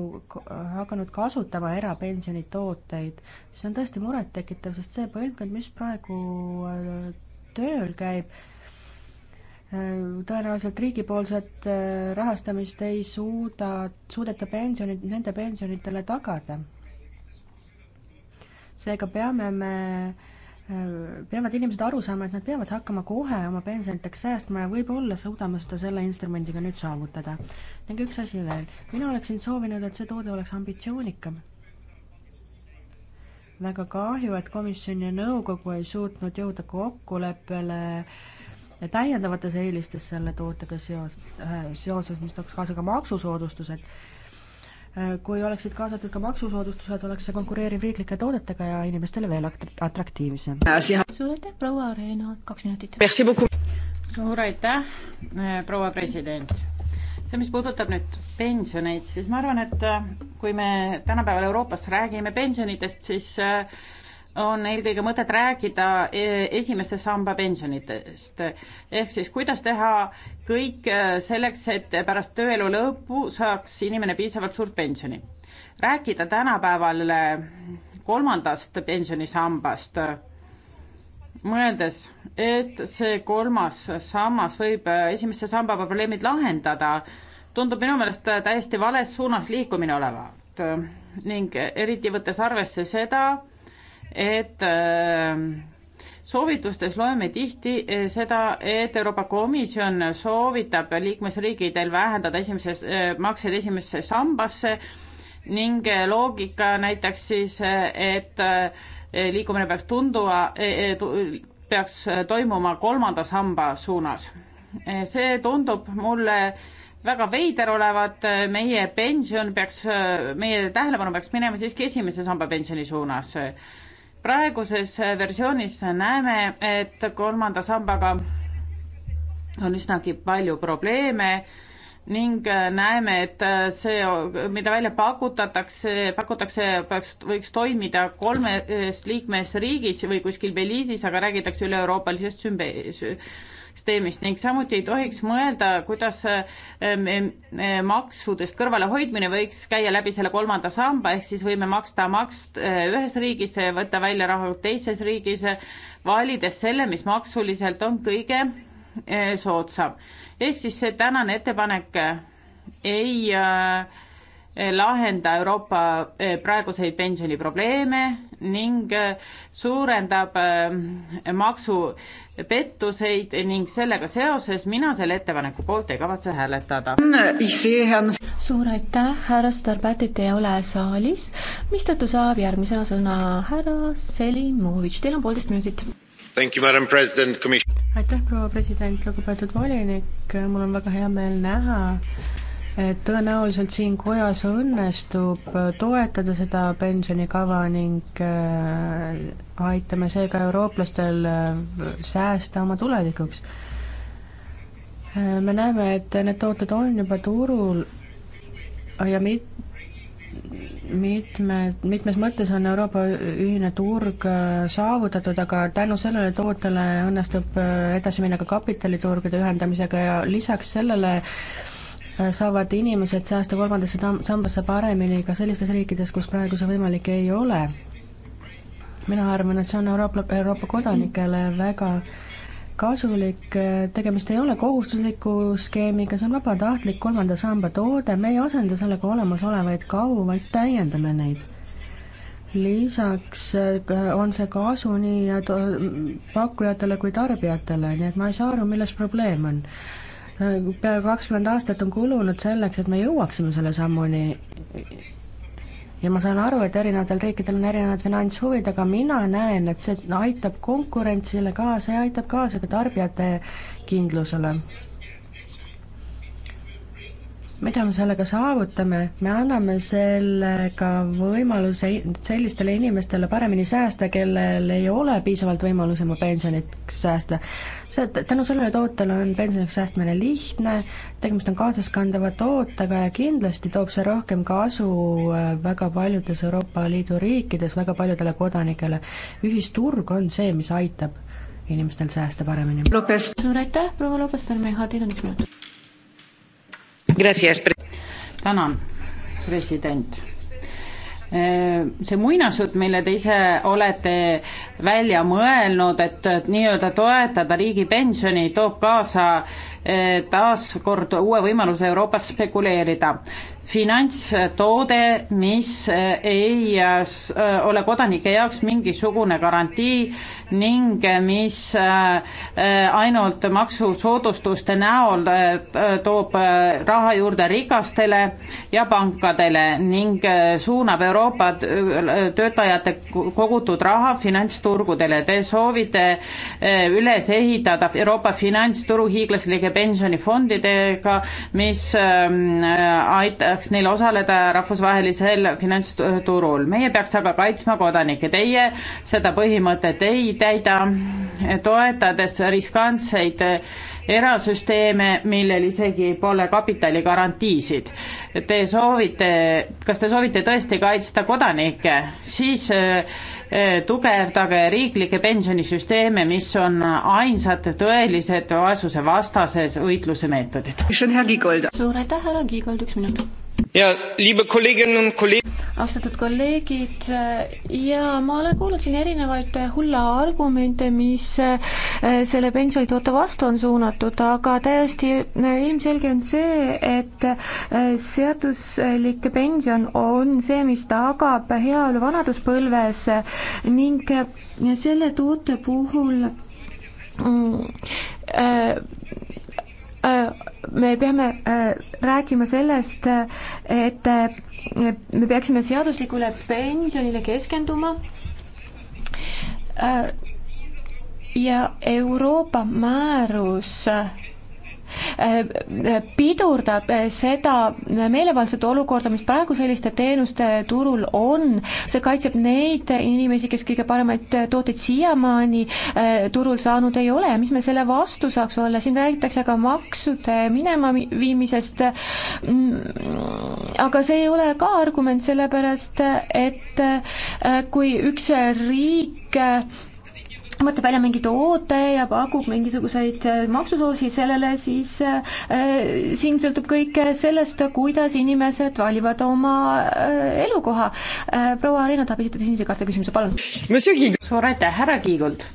hakanud kasutama erapensionitooteid. see on tõesti murettekitav, sest see põlvkond, mis praegu äh, tööl käib, tõenäoliselt riigipoolset rahastamist ei suuda, suudeta pensionid, nende pensionitele tagada seega peame me äh, peavad inimesed aru saama, et nad peavad hakkama kohe oma pensioniteks säästma ja võib-olla suudame seda selle instrumendiga nüüd saavutada. ning üks asi veel, mina oleksin soovinud, et see toode oleks ambitsioonikam. väga kahju, et komisjon ja nõukogu ei suutnud jõuda kokkuleppele täiendavates eelistes selle tootega seos äh,, seoses, mis tooks kaasa ka maksusoodustused Äh, kui oleksid kaasatud ka maksusoodustused, oleks see konkureeriv riiklike toodetega ja inimestele veel atraktiivsem. suur aitäh, proua Reena, kaks minutit. suur aitäh, äh, proua president. see, mis puudutab nüüd pensioneid, siis ma arvan, et äh, kui me tänapäeval Euroopas räägime pensionitest, siis äh, on eelkõige mõtet rääkida e, esimese samba pensionitest. ehk siis kuidas teha kõik e, selleks, et pärast tööelu lõppu saaks inimene piisavalt suurt pensioni. rääkida tänapäeval e, kolmandast pensionisambast, mõeldes, et see kolmas sammas võib esimese samba probleemid lahendada, tundub minu meelest täiesti vales suunas liikumine olevat ning eriti võttes arvesse seda, et ähm, soovitustes loeme tihti äh, seda, et Euroopa Komisjon soovitab liikmesriigidel vähendada esimeses, äh, makseid esimesse sambasse ning äh, loogika näitaks siis, et liikumine peaks tunduva, peaks toimuma kolmanda samba suunas. see tundub mulle väga veider olevat, meie pension peaks, meie tähelepanu peaks minema siiski esimese samba pensioni suunas praeguses versioonis näeme, et kolmanda sambaga on üsnagi palju probleeme ning näeme, et see, mida välja pakutatakse, pakutakse, peaks, võiks toimida kolmes liikmesriigis või kuskil Beliisis, aga räägitakse üle-euroopalisest sümbe-, süsteemist ning samuti ei tohiks mõelda, kuidas äh, maksudest kõrvalehoidmine võiks käia läbi selle kolmanda samba, ehk siis võime maksta makst äh, ühes riigis, äh, võtta välja raha teises riigis, valides selle, mis maksuliselt on kõige soodsam. ehk siis see tänane ettepanek ei lahenda Euroopa praeguseid pensioniprobleeme ning äh, suurendab äh, maksupettuseid ning sellega seoses mina selle ettepaneku poolt ei kavatse hääletada. suur aitäh, härra Starbatit ei ole saalis, mistõttu saab järgmisena sõna härra Selimovitš, teil on poolteist minutit. aitäh, proua president, lugupeetud volinik, mul on väga hea meel näha, et tõenäoliselt siin kojas õnnestub toetada seda pensionikava ning äh, aitame seega eurooplastel äh, säästa oma tulevikuks. Äh, me näeme, et need tooted on juba turul ja mit-, mitmed, mitmes mõttes on Euroopa ühine turg saavutatud, aga tänu sellele tootele õnnestub edasi minna ka kapitaliturgude ühendamisega ja lisaks sellele saavad inimesed säästa kolmandasse sambasse paremini ka sellistes riikides, kus praegu see võimalik ei ole. mina arvan, et see on Euroopa, Euroopa kodanikele väga kasulik, tegemist ei ole kohustusliku skeemiga, see on vabatahtlik kolmanda samba toode, me ei asenda sellega olemasolevaid kavu, vaid täiendame neid. lisaks äh, on see kasu nii äh, pakkujatele kui tarbijatele, nii et ma ei saa aru, milles probleem on Äh, peaaegu kakskümmend aastat on kulunud selleks, et me jõuaksime selle sammuni ja ma saan aru, et erinevatel riikidel on erinevad finantshuvid, aga mina näen, et see aitab konkurentsile kaasa ja aitab kaasa ka tarbijate kindlusele mida me sellega saavutame, me anname sellega võimaluse sellistele inimestele paremini säästa, kellel ei ole piisavalt võimalusi oma pensioniks säästa. see, tänu sellele tootele on pensioniks säästmine lihtne, tegemist on kaasaskandava tootega ja kindlasti toob see rohkem kasu äh, väga paljudes Euroopa Liidu riikides väga paljudele kodanikele. ühisturg on see, mis aitab inimestel säästa paremini. suur aitäh, proua Lopes, Permeha, teil on üks minut tänan, president äh, see muinasjutt, mille te ise olete välja mõelnud, et nii-öelda toetada riigipensioni, toob kaasa äh, taaskord uue võimaluse Euroopas spekuleerida finantstoode, mis eh, ei eh, ole kodanike jaoks mingisugune garantii ning eh, mis ainult maksusoodustuste näol toob raha juurde rikastele ja pankadele ning suunab Euroopa töötajate kogutud raha finantsturgudele. Te soovite üles ehitada Euroopa finantsturu hiiglaslike pensionifondidega, mis aitab võimaldaks neil osaleda rahvusvahelisel finantsturul. meie peaks aga kaitsma kodanikke, teie seda põhimõtet ei täida, toetades riskantseid erasüsteeme, millel isegi pole kapitaligarantiisid. Te soovite, kas te soovite tõesti kaitsta kodanikke, siis eh, tugevdage riiklikke pensionisüsteeme, mis on ainsad tõelised vaesuse vastases võitluse meetodid. suur aitäh, härra Kiigold, üks minut austatud kolleegid, ja ma olen kuulnud siin erinevaid hulle argumente, mis eh, selle pensionitoote vastu on suunatud, aga täiesti eh, ilmselge on see, et eh, seaduslik pension on see, mis tagab heaolu vanaduspõlves ning selle toote puhul äh, äh, me peame äh, rääkima sellest, et äh, me peaksime seaduslikule pensionile keskenduma äh, ja Euroopa määrus Äh, pidurdab seda meelevaldset olukorda, mis praegu selliste teenuste turul on, see kaitseb neid inimesi, kes kõige paremaid tooteid siiamaani äh, turul saanud ei ole ja mis me selle vastu saaks olla, siin räägitakse ka maksude minemaviimisest, mm, aga see ei ole ka argument, sellepärast et äh, kui üks riik riik mõtleb välja mingeid oote ja pakub mingisuguseid äh, maksusoosi sellele, siis äh, siin sõltub kõik sellest, kuidas inimesed valivad oma äh, elukoha äh,. proua Reino tahab esitada sinise kaarte küsimuse, palun. suur aitäh, härra Kiigult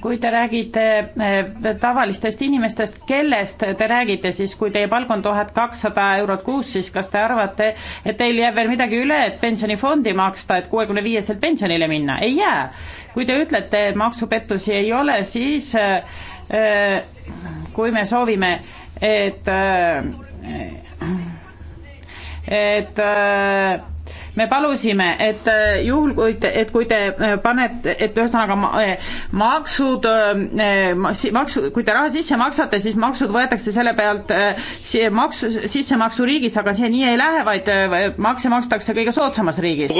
kui te räägite eh, tavalistest inimestest, kellest te räägite siis, kui teie palk on tuhat kakssada eurot kuus, siis kas te arvate, et teil jääb veel midagi üle, et pensionifondi maksta, et kuuekümne viieselt pensionile minna? ei jää. kui te ütlete, et maksupettusi ei ole, siis eh, kui me soovime, et eh, et me palusime, et äh, juhul, kui te, et kui te äh, panete, et ühesõnaga äh, maksud, maksu, kui te raha sisse maksate, siis maksud võetakse selle pealt see maksu, sissemaksu riigis, aga see nii ei lähe, vaid makse makstakse kõige soodsamas riigis.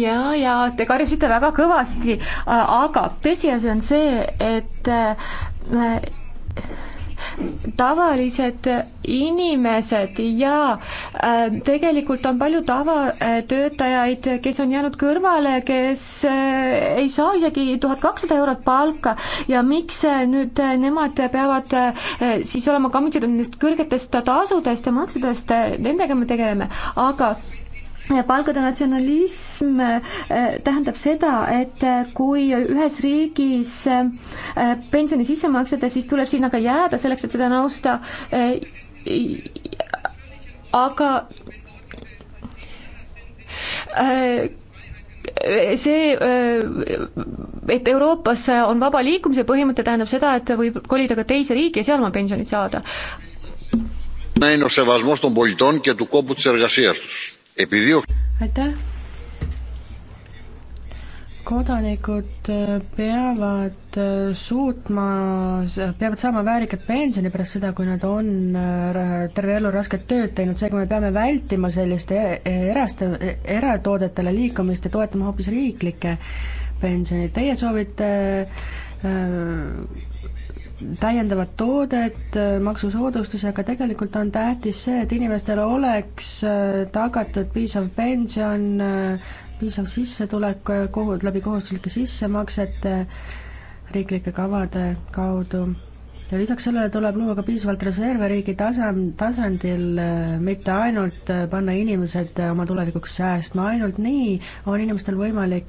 ja, ja te karjusite väga kõvasti, aga tõsiasi on see, et tavalised inimesed ja äh, tegelikult on palju tavatöötajaid, kes on jäänud kõrvale, kes äh, ei saa isegi tuhat kakssada eurot palka ja miks äh, nüüd nemad peavad siis olema kammitsed nendest kõrgetest tasudest ja maksudest, nendega me tegeleme, aga palkade natsionalism äh, tähendab seda, et äh, kui ühes riigis äh, pensioni sisse maksada, siis tuleb sinna ka jääda, selleks et seda nausta, aga see, et Euroopas on vaba liikumise põhimõte, tähendab seda, et võib kolida ka teise riiki ja seal oma pensionit saada aitäh. kodanikud äh, peavad äh, suutma, peavad saama väärikat pensioni pärast seda, kui nad on äh, terve elu rasket tööd teinud, seega me peame vältima selliste e-, e-, eraste, e-, eratoodetele liikumist ja toetama hoopis riiklikke pensione, teie soovite äh, täiendavat toodet äh, maksusoodustusega, tegelikult on tähtis see, et inimestele oleks äh, tagatud piisav pension, äh, piisav sissetulek kohu-, läbi kohustuslike sissemaksete riiklike kavade kaudu. ja lisaks sellele tuleb luua ka piisavalt reserve riigi tasand, tasandil, mitte ainult panna inimesed oma tulevikuks säästma, ainult nii on inimestel võimalik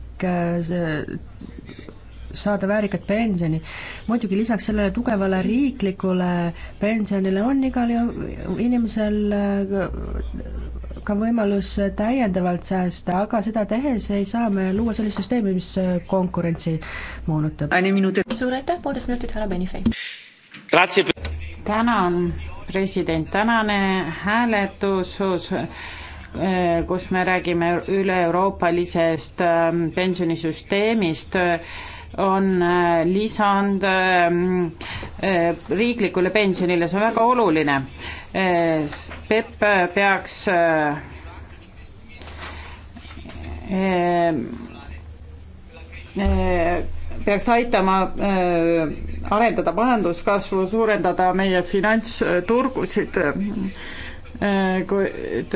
saada väärikat pensioni. muidugi lisaks sellele tugevale riiklikule pensionile on igal inimesel äh, ka võimalus täiendavalt säästa, aga seda tehes ei saa me luua sellist süsteemi, mis konkurentsi moonutab. suur aitäh, poolteist minutit, härra Benifei. tänan, president, tänane hääletus kus äh, me räägime üle-euroopalisest ähm, pensionisüsteemist, on äh, lisand ähm, äh, riiklikule pensionile, see on väga oluline. Äh, PEP peaks peaks aitama arendada majanduskasvu, suurendada meie finantsturgusid, kuid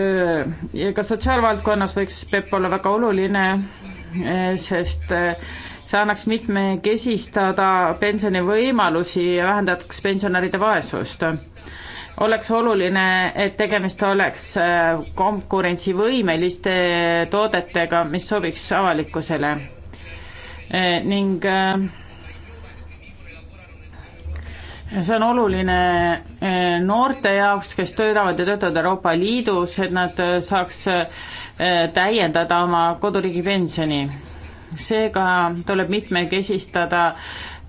ka sotsiaalvaldkonnas võiks PEP olla väga oluline, sest see annaks mitmekesistada pensionivõimalusi ja vähendaks pensionäride vaesust oleks oluline, et tegemist oleks äh, konkurentsivõimeliste toodetega, mis sobiks avalikkusele äh, ning äh, see on oluline noorte jaoks, kes töötavad ja töötavad Euroopa Liidus, et nad saaks täiendada oma koduriigi pensioni seega tuleb mitmekesistada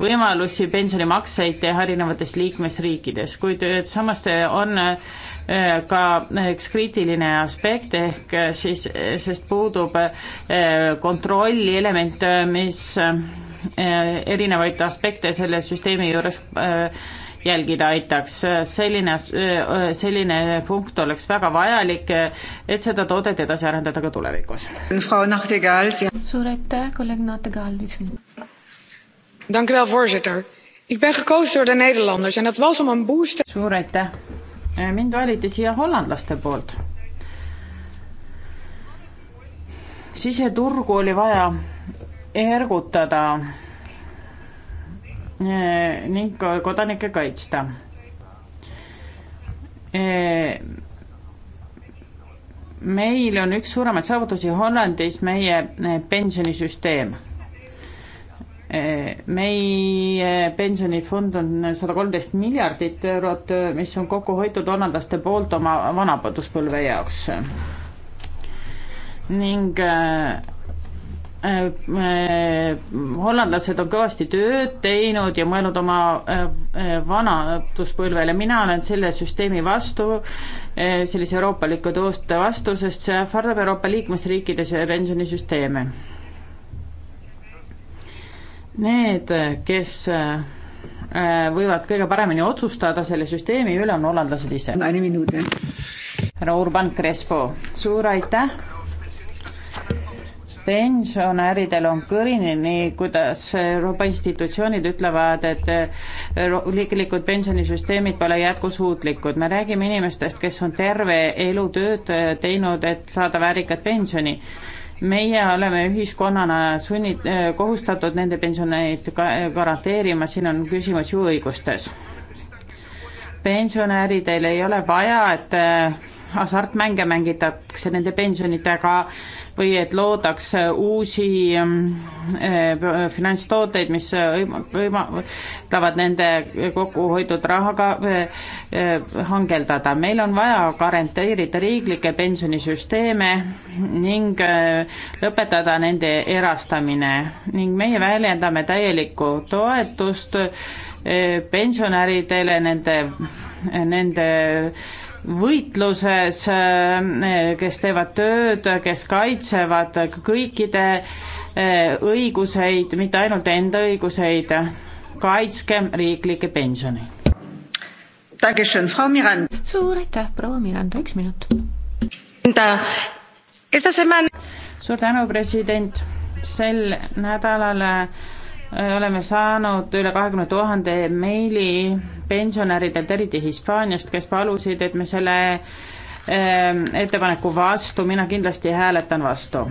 võimalusi pensionimakseid teha erinevates liikmesriikides, kuid samas on äh, ka üks kriitiline aspekt ehk äh, siis, äh, sest puudub kontrolli element, mis erinevaid aspekte selle süsteemi juures jälgida aitaks. selline, selline punkt oleks väga vajalik, et seda toodet edasi arendada ka tulevikus. suur aitäh, kolleeg Nategaal, üks minut. Dank u wel, voorzitter. Ik ben gekozen door de Nederlanders en dat was om een boost. suur aitäh. mind valiti siia hollandlaste poolt. siseturgu oli vaja ergutada Äh, ning kodanikke kaitsta. Äh, meil on üks suuremaid saavutusi Hollandis meie äh, pensionisüsteem. meie pensionifond on sada kolmteist miljardit eurot, mis on kokku hoitud hollandlaste poolt oma vanaduspõlve jaoks. ning Äh, äh, hollandlased on kõvasti tööd teinud ja mõelnud oma äh, vanaduspõlvele, mina olen selle süsteemi vastu, sellise euroopaliku tooste vastu, sest see ähvardab Euroopa liikmesriikides pensionisüsteeme. Need, kes võivad kõige paremini otsustada selle süsteemi üle, on hollandlased ise. härra Urban Crespo, suur aitäh pensionäridel on kõrini, kuidas Euroopa institutsioonid ütlevad, et äh, riiklikud pensionisüsteemid pole jätkusuutlikud. me räägime inimestest, kes on terve elu tööd äh, teinud, et saada väärikat pensioni meie oleme ühiskonnana sunnid, äh, kohustatud nende pensioneid ka garanteerima, siin on küsimus ju õigustes. pensionäridel ei ole vaja, et hasartmänge mängitakse nende pensionitega, või et loodaks uusi mm, eh, finantstooteid, mis võimaldavad nende kokkuhoidnud rahaga eh, eh, hangeldada. meil on vaja garanteerida riiklikke pensionisüsteeme ning lõpetada nende erastamine ning meie väljendame täielikku toetust pensionäridele nende, nende võitluses, äh, kes teevad tööd, kes kaitsevad kõikide äh, õiguseid, mitte ainult enda õiguseid. kaitskem riiklikke pensione. suur aitäh, proua Miranda, üks minut. suur tänu, president. sel nädalal äh, Äh, oleme saanud üle kahekümne tuhande meili pensionäridelt, eriti Hispaaniast, kes palusid, et me selle ähm, ettepaneku vastu, mina kindlasti hääletan vastu.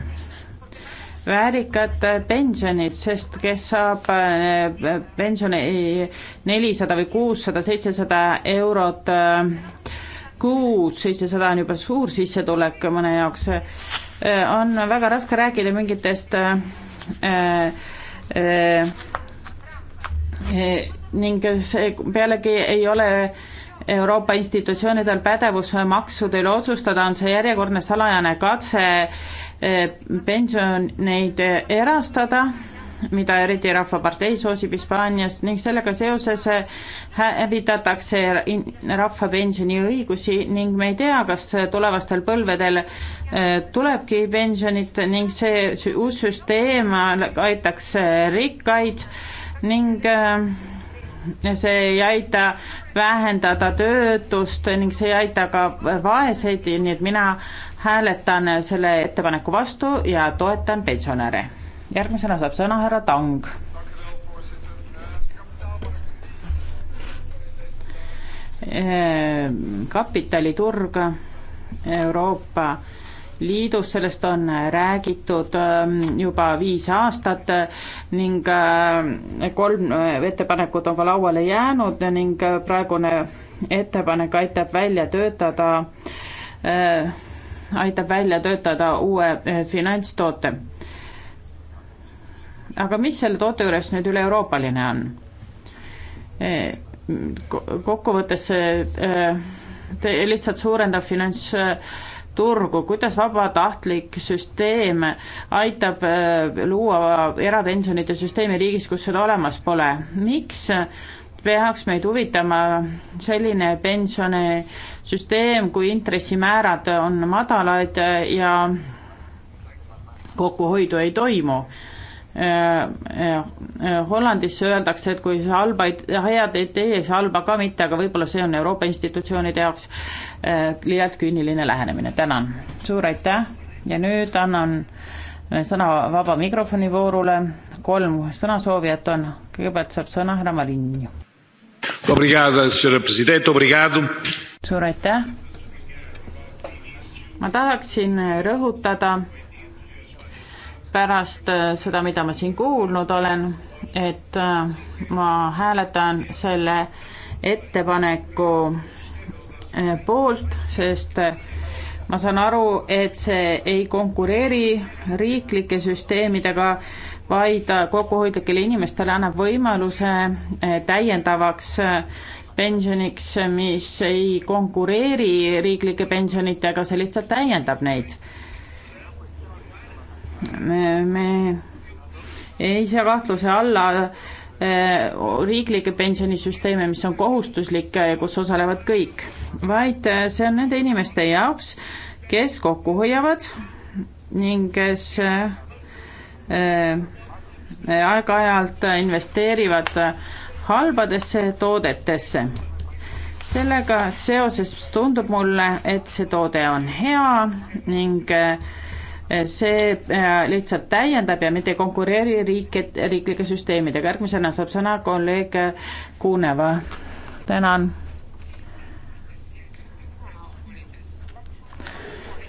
väärikad pensionid, sest kes saab äh, pensioni nelisada või kuussada, seitsesada eurot äh, kuus, seitsesada on juba suur sissetulek mõne jaoks, on väga raske rääkida mingitest äh, Äh, äh, ning see pealegi ei ole Euroopa institutsioonidel pädevus maksude üle otsustada, on see järjekordne salajane katse äh, pensioneid erastada, mida eriti Rahvapartei soosib Hispaanias ning sellega seoses hävitatakse rahvapensioni õigusi ning me ei tea, kas tulevastel põlvedel tulebki pensionit ning see uus süsteem aitaks rikkaid ning äh, see ei aita vähendada töötust ning see ei aita ka vaeseid, nii et mina hääletan selle ettepaneku vastu ja toetan pensionäre. järgmisena saab sõna härra Tang äh, kapitaliturg Euroopa Liidus, sellest on räägitud ähm, juba viis aastat ning äh, kolm äh, ettepanekut on ka lauale jäänud ning äh, praegune ettepanek aitab välja töötada, aitab välja töötada uue finantstoote. aga mis selle toote juures nüüd üle-euroopaline on? kokkuvõttes see lihtsalt suurendab finants turgu, kuidas vabatahtlik süsteem aitab äh, luua erapensionide süsteemi riigis, kus seda olemas pole, miks peaks meid huvitama selline pensionisüsteem, kui intressimäärad on madalad ja kokkuhoidu ei toimu Äh, äh, Hollandis öeldakse, et kui sa halba ei, head ei tee, siis halba ka mitte, aga võib-olla see on Euroopa institutsioonide jaoks äh, liialt küüniline lähenemine, tänan. suur aitäh ja nüüd annan sõna vaba mikrofoni voorule, kolm sõnasoovijat on, kõigepealt saab sõna härra Marin. suur aitäh. ma tahaksin rõhutada pärast äh, seda, mida ma siin kuulnud olen, et äh, ma hääletan selle ettepaneku äh, poolt, sest ma saan aru, et see ei konkureeri riiklike süsteemidega, vaid kokkuhoidlikele inimestele annab võimaluse täiendavaks pensioniks, mis ei konkureeri riiklike pensionitega, see lihtsalt täiendab neid me, me ei sea kahtluse alla eh, riiklikke pensionisüsteeme, mis on kohustuslik ja kus osalevad kõik, vaid eh, see on nende inimeste jaoks, kes kokku hoiavad ning kes eh, aeg-ajalt investeerivad halbadesse toodetesse. sellega seoses tundub mulle, et see toode on hea ning äh, Eh, see eh, lihtsalt täiendab ja mitte ei konkureeri riike, riiklike süsteemidega. järgmisena saab sõna kolleeg Kuneva. tänan.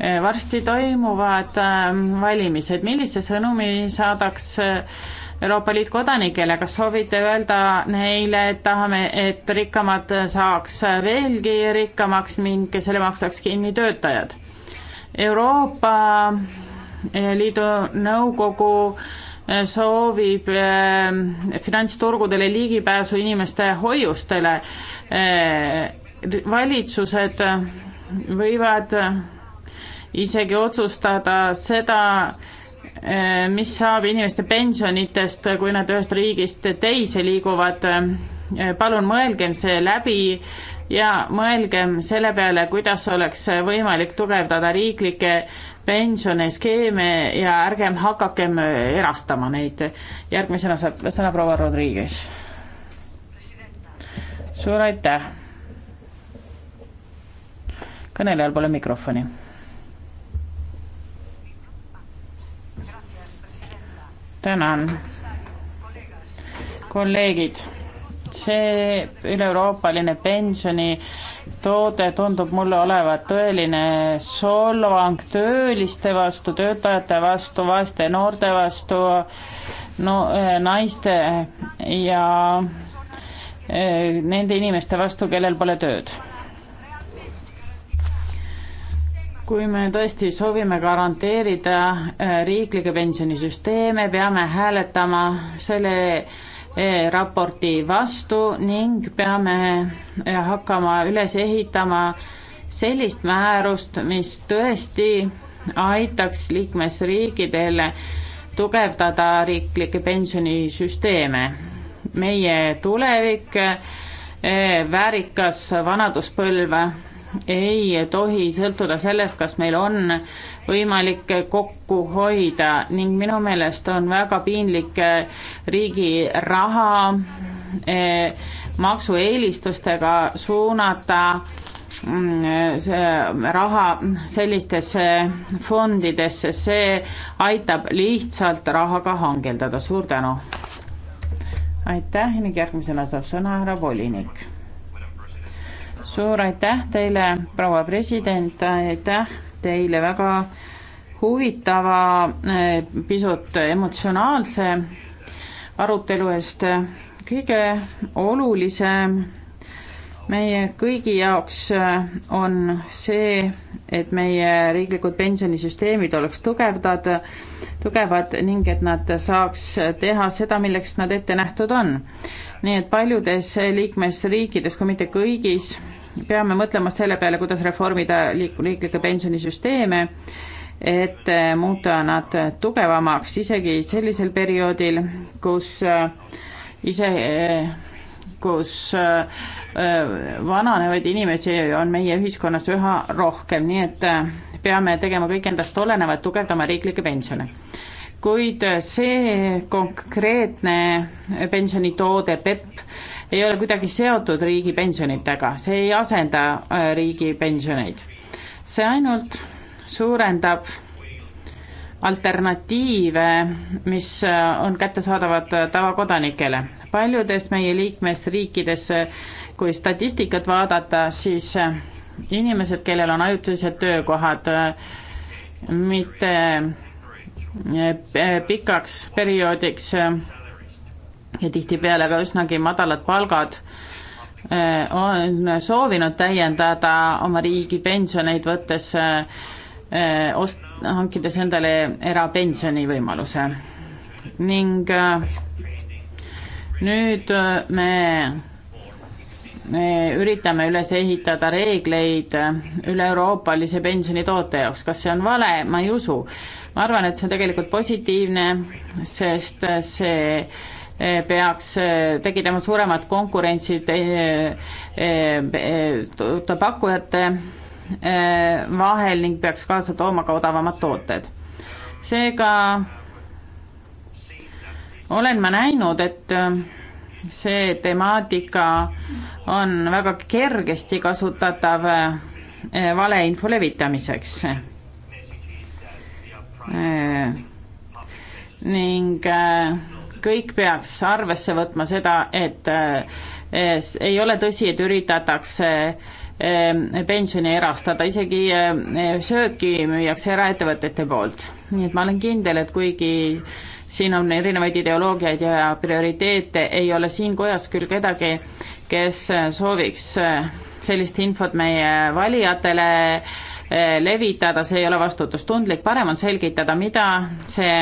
Eh, varsti toimuvad valimised, millise sõnumi saadaks Euroopa Liit kodanikele, kas soovite öelda neile, et tahame, et rikkamad saaks veelgi rikkamaks ning selle maksaks kinni töötajad? Euroopa eh, Liidu Nõukogu eh, soovib eh, finantsturgudele ligipääsu inimeste hoiustele. valitsused võivad isegi otsustada seda, mis saab inimeste pensionitest, kui nad ühest riigist teise liiguvad. palun mõelgem see läbi, ja mõelgem selle peale, kuidas oleks võimalik tugevdada riiklikke pensioniskeeme ja ärgem hakakem erastama neid. järgmisena saab sõna proua Rodriguez. suur aitäh. kõnelejal pole mikrofoni. tänan. kolleegid see üleeuroopaline pensionitoode tundub mulle olevat tõeline solvang tööliste vastu, töötajate vastu, vaeste noorte vastu, no äh, naiste ja äh, nende inimeste vastu, kellel pole tööd. kui me tõesti soovime garanteerida äh, riiklikke pensionisüsteeme, peame hääletama selle raporti vastu ning peame e, hakkama üles ehitama sellist määrust, mis tõesti aitaks liikmesriikidel tugevdada riiklikke pensionisüsteeme. meie tulevik, e, väärikas vanaduspõlv ei tohi sõltuda sellest, kas meil on võimalik kokku hoida ning minu meelest on väga piinlik eh, riigi raha eh, maksueelistustega suunata mm, eh, see raha sellistesse fondidesse, see aitab lihtsalt rahaga hangeldada, suur tänu. aitäh ning järgmisena saab sõna härra volinik suur aitäh teile, proua president, aitäh teile väga huvitava, eh, pisut emotsionaalse arutelu eest. kõige olulisem meie kõigi jaoks eh, on see, et meie riiklikud pensionisüsteemid oleks tugevdad, tugevad ning et nad saaks teha seda, milleks nad ette nähtud on. nii et paljudes liikmesriikides, kui mitte kõigis, peame mõtlema selle peale, kuidas reformida liik-, riiklikke pensionisüsteeme, et eh, muuta nad tugevamaks isegi sellisel perioodil, kus eh, ise, eh, kus vananevaid inimesi on meie ühiskonnas üha rohkem, nii et peame tegema kõik endast olenevat, tugevdama riiklikke pensione kuid see konkreetne pensionitoode PEP ei ole kuidagi seotud riigi pensionitega, see ei asenda äh, riigi pensioneid. see ainult suurendab alternatiive, mis äh, on kättesaadavad äh, tavakodanikele. paljudes meie liikmesriikides, kui statistikat vaadata, siis inimesed, kellel on ajutised töökohad, mitte pikaks perioodiks ja tihtipeale ka üsnagi madalad palgad, eh, on soovinud täiendada oma riigi pensioneid, võttes eh, ost-, hankides endale erapensioni võimaluse. ning eh, nüüd me, me üritame üles ehitada reegleid üle-euroopalise pensionitoote jaoks, kas see on vale, ma ei usu. ma arvan, et see on tegelikult positiivne, sest see peaks eh, tekitama suuremat konkurentsi pakkujate eh, eh, vahel ning peaks kaasa tooma ka odavamad tooted. seega olen ma näinud, et see temaatika on väga kergesti kasutatav valeinfo levitamiseks ning kõik peaks arvesse võtma seda, et ei ole tõsi, et üritatakse ehm, pensioni erastada, isegi ehm, sööki müüakse eraettevõtete poolt. nii et ma olen kindel, et kuigi siin on erinevaid ideoloogiaid ja prioriteete, ei ole siin kojas küll kedagi, kes sooviks sellist infot meie valijatele äh, Eh, levitada, see ei ole vastutustundlik, parem on selgitada, mida see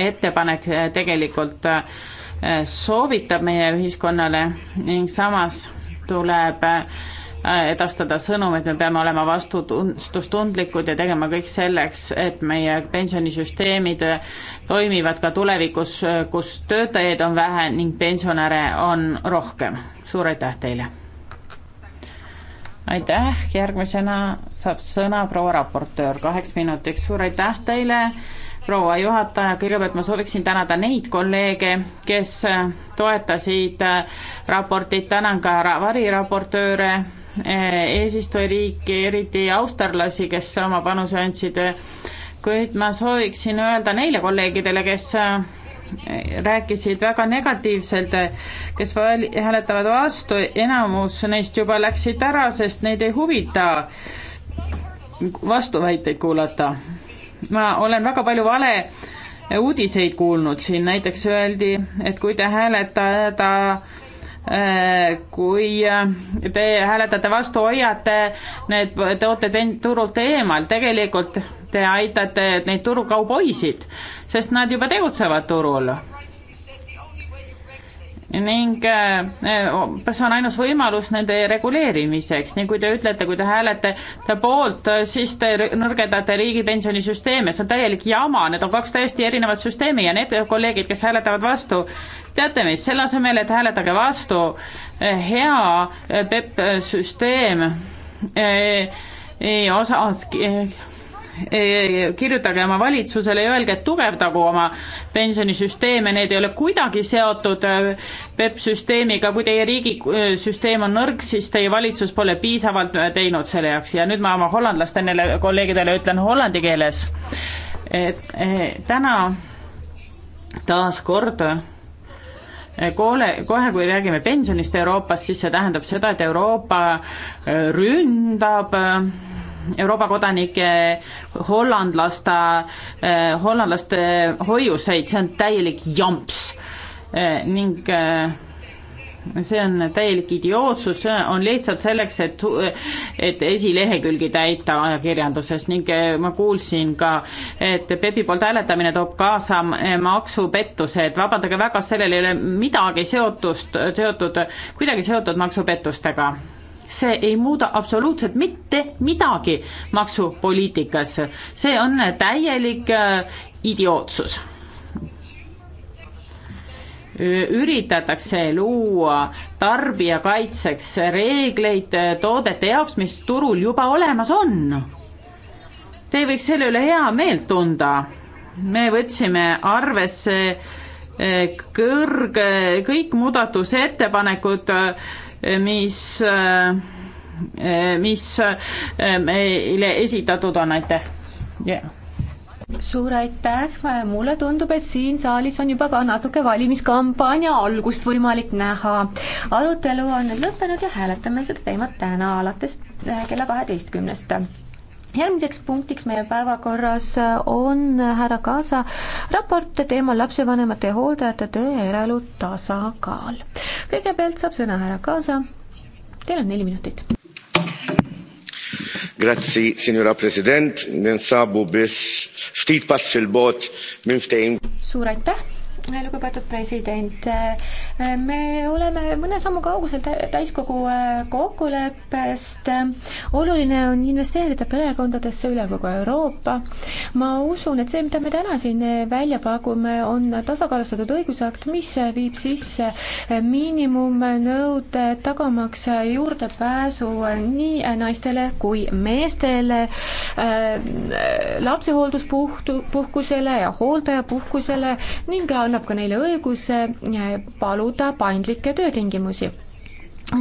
ettepanek eh, tegelikult eh, soovitab meie ühiskonnale ning samas tuleb edastada sõnum, et me peame olema vastutustundlikud ja tegema kõik selleks, et meie pensionisüsteemid toimivad ka tulevikus, kus töötajaid on vähe ning pensionäre on rohkem. suur aitäh teile! aitäh, järgmisena saab sõna proua raportöör, kaheks minutiks, suur aitäh teile, proua juhataja, kõigepealt ma sooviksin tänada neid kolleege, kes toetasid raportit, tänan ka variraportööre, eh, eesistujariiki, eriti austerlasi, kes oma panuse andsid, kuid ma sooviksin öelda neile kolleegidele, kes rääkisid väga negatiivselt, kes vali-, hääletavad vastu, enamus neist juba läksid ära, sest neid ei huvita vastuväiteid kuulata. ma olen väga palju vale uudiseid kuulnud siin, näiteks öeldi, et kui te hääletada äh, kui äh, te hääletate vastu, hoiate need tooted turult eemal, tegelikult te aitate neid turukauboisid, sest nad juba tegutsevad turul. ning eh, see on ainus võimalus nende reguleerimiseks, nii kui te ütlete, kui te hääletate poolt, siis te nõrgendate riigipensionisüsteeme, see on täielik jama, need on kaks täiesti erinevat süsteemi ja need kolleegid, kes hääletavad vastu, teate mis, selle asemel, et hääletage vastu, eh, hea eh, PEP süsteem osas kirjutage oma valitsusele ja öelge, et tugevdagu oma pensionisüsteeme, need ei ole kuidagi seotud äh, PEP süsteemiga, kui teie riigisüsteem äh, on nõrk, siis teie valitsus pole piisavalt äh, teinud selle jaoks ja nüüd ma oma hollandlastele kolleegidele ütlen hollandi keeles, et täna taaskord koole, kohe kui räägime pensionist Euroopas, siis see tähendab seda, et Euroopa ründab Euroopa kodanike hollandlaste, eh, hollandlaste hoiuseid, see on täielik jamps eh, ning eh, see on täielik idiootsus, see on lihtsalt selleks, et, et esilehekülgi täita ajakirjanduses ning ma kuulsin ka, et PEP-i poolt hääletamine toob kaasa maksupettused, vabandage väga, sellel ei ole midagi seotust, seotud, kuidagi seotud maksupettustega see ei muuda absoluutselt mitte midagi maksupoliitikas. see on täielik äh, idiootsus üritatakse luua tarbija kaitseks reegleid äh, toodete jaoks, mis turul juba olemas on. Te võiks selle üle hea meelt tunda. me võtsime arvesse äh, Eh, kõrge, kõik muudatusettepanekud, eh, mis, eh, mis meile esitatud on, aitäh yeah.. suur aitäh, mulle tundub, et siin saalis on juba ka natuke valimiskampaania algust võimalik näha. arutelu on nüüd lõppenud ja hääletame seda teemat täna alates kella kaheteistkümnest järgmiseks punktiks meie päevakorras on äh, härra Kaasa raport teemal lapsevanemate ja hooldajate töö ja eraelu tasakaal. kõigepealt saab sõna härra Kaasa. Teil on neli minutit. Grazzi, signora president, nensabu bis ftit passil bot minn ftehim. suur aitäh lugupeetud president, me oleme mõne sammu kaugusel täiskogu äh, kokkuleppest. oluline on investeerida perekondadesse üle kogu Euroopa. ma usun, et see, mida me täna siin äh, välja pakume, on tasakaalustatud õigusakt, mis äh, viib sisse miinimumnõuded, tagamaks juurdepääsu nii naistele kui meestele lapsehoolduspuhtu, puhkusele ja hooldajapuhkusele ning annab ka neile õiguse paluda paindlikke töötingimusi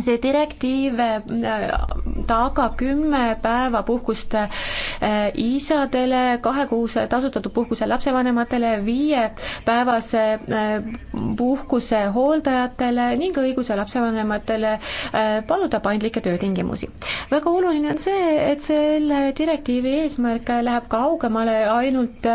see direktiiv äh, tagab kümme päeva puhkust äh, isadele, kahekuuse tasustatud puhkuse lapsevanematele, viiepäevase äh, puhkuse hooldajatele ning õiguse lapsevanematele paluda paindlikke töötingimusi. väga oluline on see, et selle direktiivi eesmärk läheb kaugemale ainult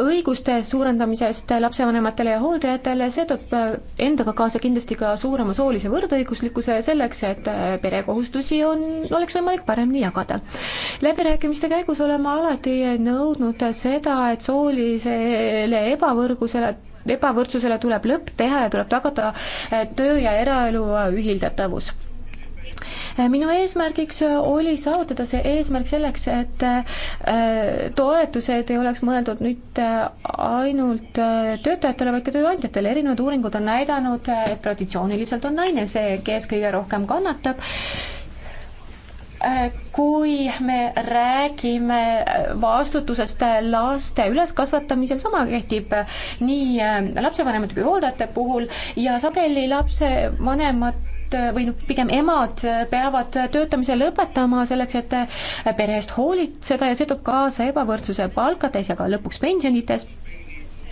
õiguste suurendamisest lapsevanematele ja hooldajatele, see toob endaga kaasa kindlasti ka suurema soolise võrdõiguslikkuse, selleks, et äh, perekohustusi on, oleks võimalik paremini jagada. läbirääkimiste käigus olen ma alati nõudnud seda, et soolisele ebavõrgusele ebavõrdsusele tuleb lõpp teha ja tuleb tagada äh, töö ja eraelu äh, ühildatavus Eh, minu eesmärgiks eh, oli saavutada see eesmärk selleks, et eh, toetused ei oleks mõeldud mitte ainult töötajatele, vaid ka tööandjatele, erinevad uuringud on näidanud, et traditsiooniliselt on naine see, kes kõige rohkem kannatab, kui me räägime vastutusest laste üleskasvatamisel, sama kehtib nii lapsevanemate kui hooldajate puhul ja sageli lapsevanemad isad või noh, pigem emad peavad töötamise lõpetama selleks, et pere eest hoolitseda ja see toob kaasa ebavõrdsuse palkades ja ka lõpuks pensionites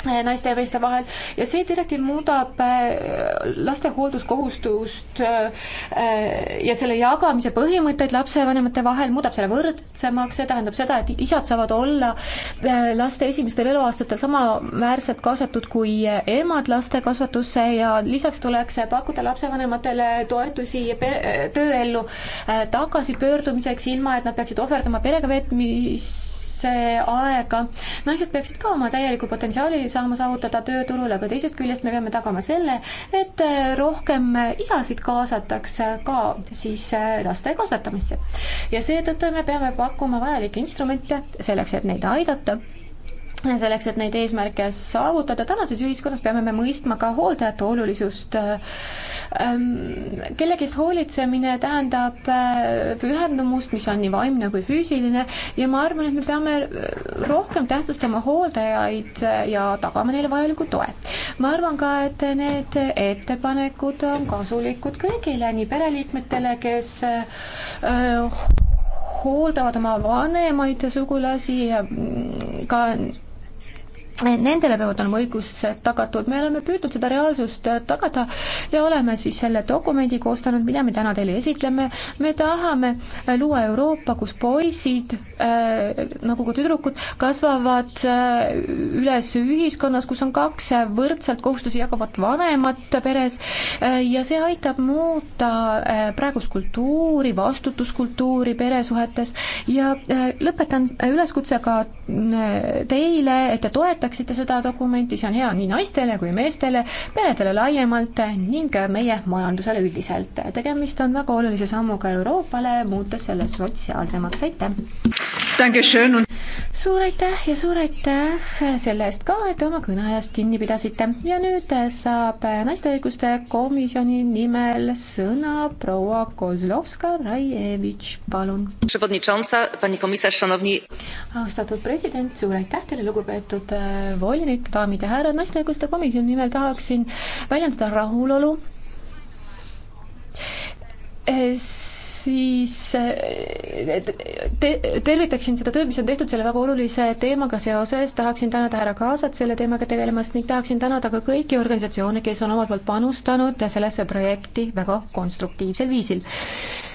Eh, naiste ja meeste vahel ja see direktiiv muudab eh, laste hoolduskohustust eh, ja selle jagamise põhimõtteid lapsevanemate vahel, muudab selle võrdsemaks, see tähendab seda, et isad saavad olla laste esimestel eluaastatel samaväärselt kaasatud kui emad laste kasvatusse ja lisaks tuleks pakkuda lapsevanematele toetusi tööellu tagasipöördumiseks, ilma et nad peaksid ohverdama perega veetmist see aega. naised peaksid ka oma täieliku potentsiaali saama saavutada tööturul, aga teisest küljest me peame tagama selle, et äh, rohkem isasid kaasatakse ka siis äh, laste kasvatamisse. ja seetõttu me peame pakkuma vajalikke instrumente selleks, et neid aidata selleks, et neid eesmärke saavutada, tänases ühiskonnas peame me mõistma ka hooldajate olulisust. Ehm, Kellegist hoolitsemine tähendab äh, pühendumust, mis on nii vaimne kui füüsiline ja ma arvan, et me peame äh, rohkem tähtsustama hooldajaid äh, ja tagama neile vajaliku toe. ma arvan ka, et need ettepanekud on kasulikud kõigile, nii pereliikmetele, kes hooldavad oma vanemaid sugulasi, ka nendele peavad olema õigused tagatud, me oleme püüdnud seda reaalsust tagada ja oleme siis selle dokumendi koostanud, mida me täna teile esitleme, me tahame luua Euroopa, kus poisid äh, nagu ka tüdrukud kasvavad äh, üles ühiskonnas, kus on kaks võrdselt kohustusi jagavat vanemat peres äh, ja see aitab muuta äh, praegust kultuuri, vastutuskultuuri peresuhetes ja äh, lõpetan äh, üleskutsega teile, et te toetate toetaksite seda dokumenti, see on hea nii naistele kui meestele, peredele laiemalt ning meie majandusele üldiselt. tegemist on väga olulise sammuga Euroopale, muutes selle sotsiaalsemaks, aitäh! suur aitäh ja suur aitäh selle eest ka, et oma kõneajast kinni pidasite ja nüüd saab naiste õiguste komisjoni nimel sõna proua Kozlovska-Rajevitš, palun. austatud president, suur aitäh teile, lugupeetud volinik, daamid ja härrad, naiste õiguste komisjoni nimel tahaksin väljendada rahulolu siis eh, te, tervitaksin seda tööd, mis on tehtud selle väga olulise teemaga seoses, tahaksin tänada härra Kaasat selle teemaga tegelemast ning tahaksin tänada ka kõiki organisatsioone, kes on omalt poolt panustanud sellesse projekti väga konstruktiivsel viisil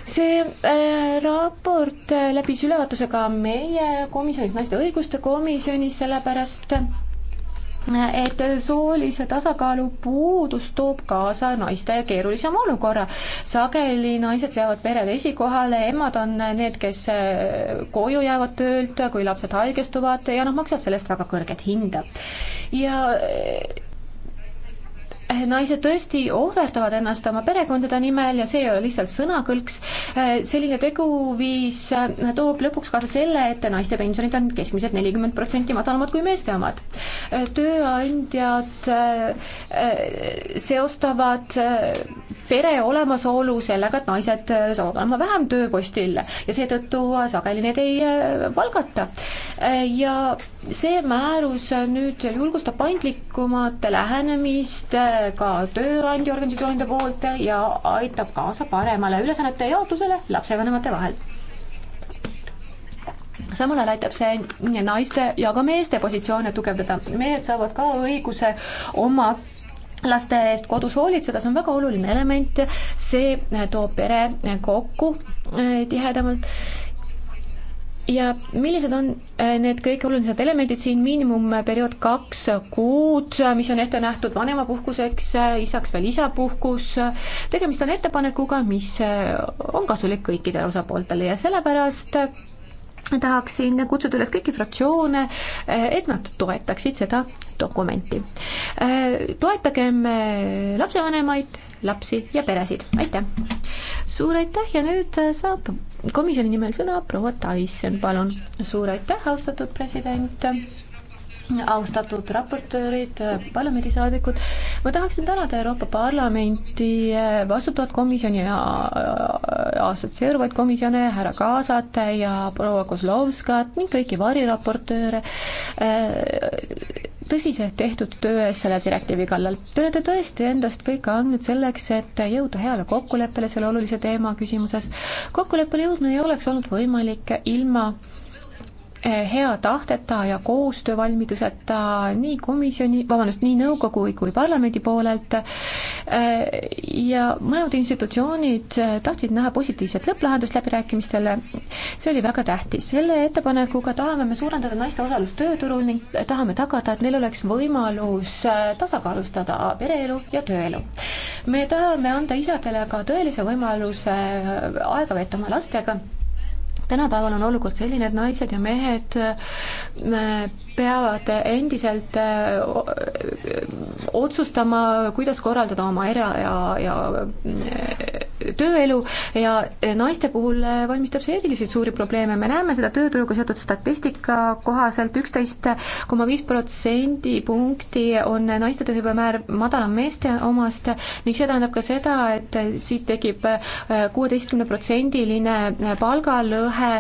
see äh, raport äh, läbis ülevaatuse ka meie komisjonis, naiste õiguste komisjonis, sellepärast äh, et soolise tasakaalu puudus toob kaasa naiste keerulisema olukorra. sageli naised seavad pered esikohale, emad on need, kes äh, koju jäävad töölt, kui lapsed haigestuvad ja nad maksavad selle eest väga kõrget hinda. ja Eh, naised tõesti ohverdavad ennast oma perekondade nimel ja see ei ole lihtsalt sõnakõlks, eh, selline teguviis eh, toob lõpuks kaasa selle, et naiste pensionid on keskmiselt nelikümmend protsenti madalamad kui meeste omad. tööandjad seostavad pere olemasolu sellega, et naised saavad olema vähem tööpostil ja seetõttu sageli neid ei palgata ja see määrus nüüd julgustab paindlikumat lähenemist äh, ka tööandjaorganisatsioonide poolt ja aitab kaasa paremale ülesannete jaotusele lapsevanemate vahel. samal ajal aitab see naiste ja ka meeste positsioone tugevdada, mehed saavad ka õiguse oma laste eest kodus hoolitseda, see on väga oluline element, see toob pere kokku äh, tihedamalt ja millised on äh, need kõik olulised elemendid siin, miinimumperiood kaks kuud, mis on ette nähtud vanemapuhkuseks, lisaks äh, veel isapuhkus, tegemist on ettepanekuga, mis äh, on kasulik kõikidele osapooltele ja sellepärast tahaksin kutsuda üles kõiki fraktsioone, et nad toetaksid seda dokumenti. toetagem lapsevanemaid, lapsi ja peresid, aitäh! suur aitäh ja nüüd äh, saab komisjoni nimel sõna proua Tyson, palun! suur aitäh, austatud president, austatud raportöörid, äh, parlamendisaadikud, ma tahaksin tänada Euroopa Parlamenti, äh, vastutavat komisjoni ja assotsieeruvaid komisjone, härra Kaasat ja proua Kozlovskat ning kõiki variraportööre, tõsiselt tehtud töö eest selle direktiivi kallal. Te olete tõesti endast kõike andnud selleks, et jõuda heale kokkuleppele selle olulise teema küsimuses. kokkuleppele jõudmine ei oleks olnud võimalik ilma hea tahteta ja koostöövalmiduseta nii komisjoni, vabandust, nii nõukogu kui parlamendi poolelt äh, ja mõlemad institutsioonid äh, tahtsid näha positiivset lõpplahendust läbirääkimistele, see oli väga tähtis. selle ettepanekuga tahame me suurendada naiste osalust tööturul ning tahame tagada, et neil oleks võimalus äh, tasakaalustada pereelu ja tööelu. me tahame anda isadele ka tõelise võimaluse aega veeta oma lastega tänapäeval on olukord selline, et naised ja mehed äh, peavad endiselt äh, otsustama, kuidas korraldada oma era- ja, ja äh, tööelu ja eh, naiste puhul eh, valmistab see eriliselt suuri probleeme, me näeme seda tööturuga seotud statistika kohaselt üksteist koma viis protsendipunkti on naiste tööhõive määr madalam meeste omast ning see tähendab ka seda, et siit tekib eh, kuueteistkümne protsendiline palgalõhe,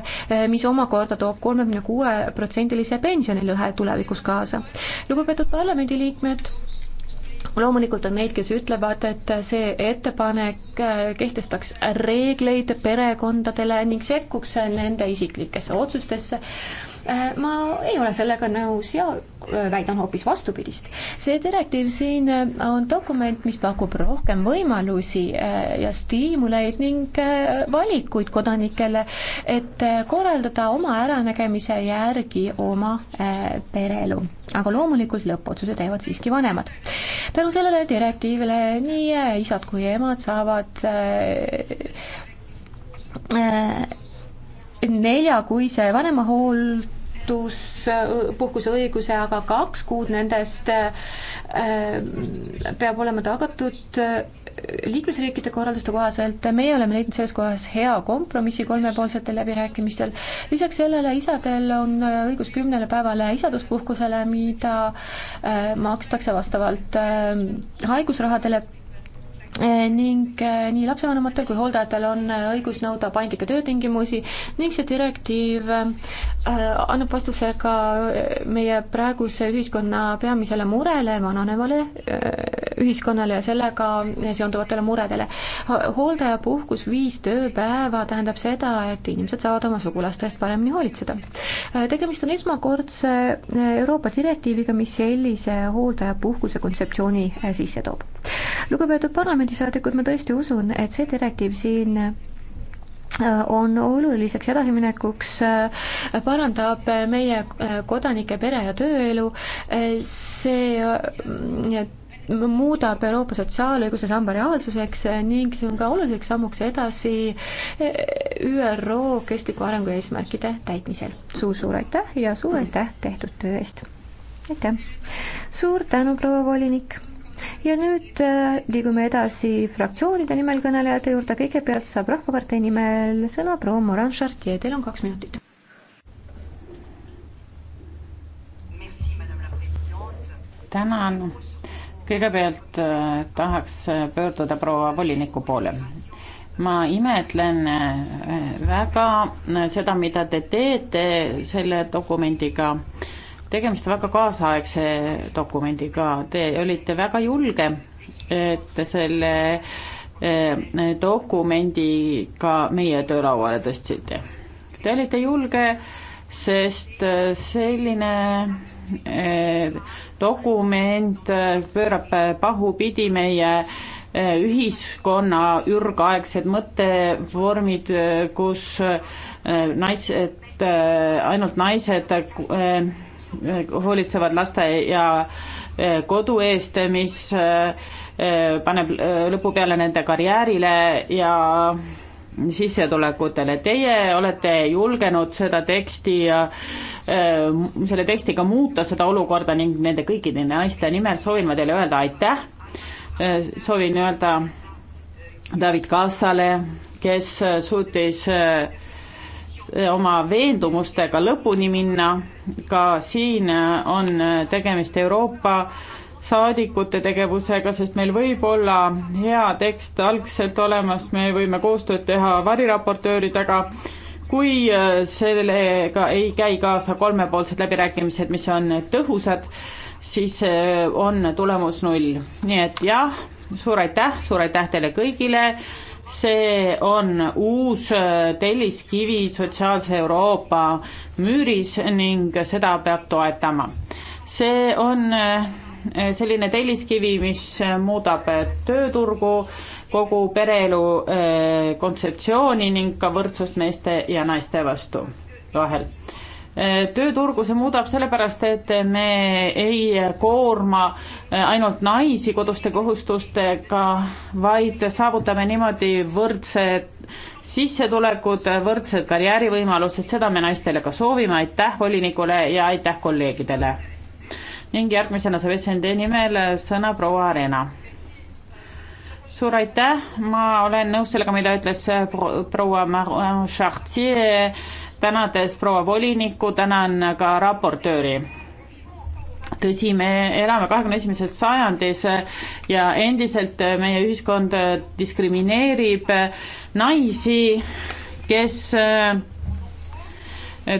mis omakorda toob kolmekümne kuue protsendilise pensionilõhe tulevikus kaasa. lugupeetud parlamendiliikmed, loomulikult on neid, kes ütlevad, et see ettepanek äh, kehtestaks reegleid perekondadele ning sekkuks nende isiklikesse otsustesse, Äh, ma ei ole sellega nõus ja äh, väidan hoopis vastupidist. see direktiiv siin äh, on dokument, mis pakub rohkem võimalusi ja stiimuleid ning valikuid kodanikele, et korraldada oma äranägemise järgi oma pereelu. aga loomulikult lõppotsuse teevad siiski vanemad. tänu sellele direktiivile nii isad kui emad saavad neljakuise vanemahool puhtus, puhkuseõiguse, aga kaks kuud nendest äh, peab olema tagatud äh, liikmesriikide korralduste kohaselt, meie oleme leidnud selles kohas hea kompromissi kolmepoolsetel läbirääkimistel. lisaks sellele isadel on äh, õigus kümnele päevale isaduspuhkusele, mida makstakse vastavalt haigusrahadele Eh, ning eh, nii lapsevanematel kui hooldajatel on eh, õigus nõuda paindlikke töötingimusi ning see direktiiv annab vastuse ka meie praeguse ühiskonna peamisele murele, vananevale ühiskonnale ja sellega seonduvatele muredele. hooldajapuhkus viis tööpäeva tähendab seda, et inimesed saavad oma sugulaste eest paremini hoolitseda. tegemist on esmakordse Euroopa direktiiviga, mis sellise hooldajapuhkuse kontseptsiooni sisse toob. lugupeetud parlamendiliikmed, parlamendisaadikud, ma tõesti usun, et see direktiiv siin äh, on oluliseks edasiminekuks, äh, parandab äh, meie kodanike pere- ja tööelu, see muudab Euroopa sotsiaalõiguse samba reaalsuseks ning see on ka oluliseks sammuks edasi ÜRO kestliku arengu eesmärkide täitmisel Suu,. suur-suur aitäh ja suur aitäh tehtud töö eest! aitäh! suur tänu, proua volinik! ja nüüd äh, liigume edasi fraktsioonide nimel kõnelejate juurde, kõigepealt saab Rahvapartei nimel sõna proua Morin Chartier, teil on kaks minutit. tänan, kõigepealt äh, tahaks pöörduda proua voliniku poole ma imetlen äh, väga seda, mida te teete selle dokumendiga tegemist on väga kaasaegse dokumendiga, te olite väga julge, et selle eh, dokumendiga meie töölauale tõstsite. Te olite julge, sest eh, selline eh, dokument pöörab pahupidi meie ühiskonna ürgaegsed mõttevormid, kus naised, ainult naised hoolitsevad laste ja eh, kodu eest, mis eh, paneb eh, lõpu peale nende karjäärile ja sissetulekutele. Teie olete julgenud seda teksti ja selle tekstiga muuta seda olukorda ning nende kõikide naiste nimel soovin ma teile öelda aitäh. soovin öelda David Kaasale, kes suutis äh, Eh, oma veendumustega lõpuni minna. ka siin eh, on eh, tegemist Euroopa saadikute tegevusega, sest meil võib olla hea tekst algselt olemas, me võime koostööd teha variraportööridega, kui sellega ei käi kaasa kolmepoolsed läbirääkimised, mis on tõhusad, siis on tulemus null. nii et jah, suur aitäh, suur aitäh teile kõigile see on uus telliskivi sotsiaalse Euroopa müüris ning seda peab toetama. see on eh, selline telliskivi, mis muudab tööturgu, kogu pereelu eh, kontseptsiooni ning ka võrdsust meeste ja naiste vastu, vahel tööturgu see muudab sellepärast, et me ei koorma ainult naisi koduste kohustustega, vaid saavutame niimoodi võrdsed sissetulekud, võrdsed karjäärivõimalused, seda me naistele ka soovime, aitäh volinikule ja aitäh kolleegidele. ning järgmisena saab SND nimel sõna proua Arena. suur aitäh, ma olen nõus sellega, mida ütles proua Marin Chartier tänades proua volinikku, tänan ka raportööri tõsi, me elame kahekümne esimeses sajandis ja endiselt meie ühiskond diskrimineerib naisi, kes eh,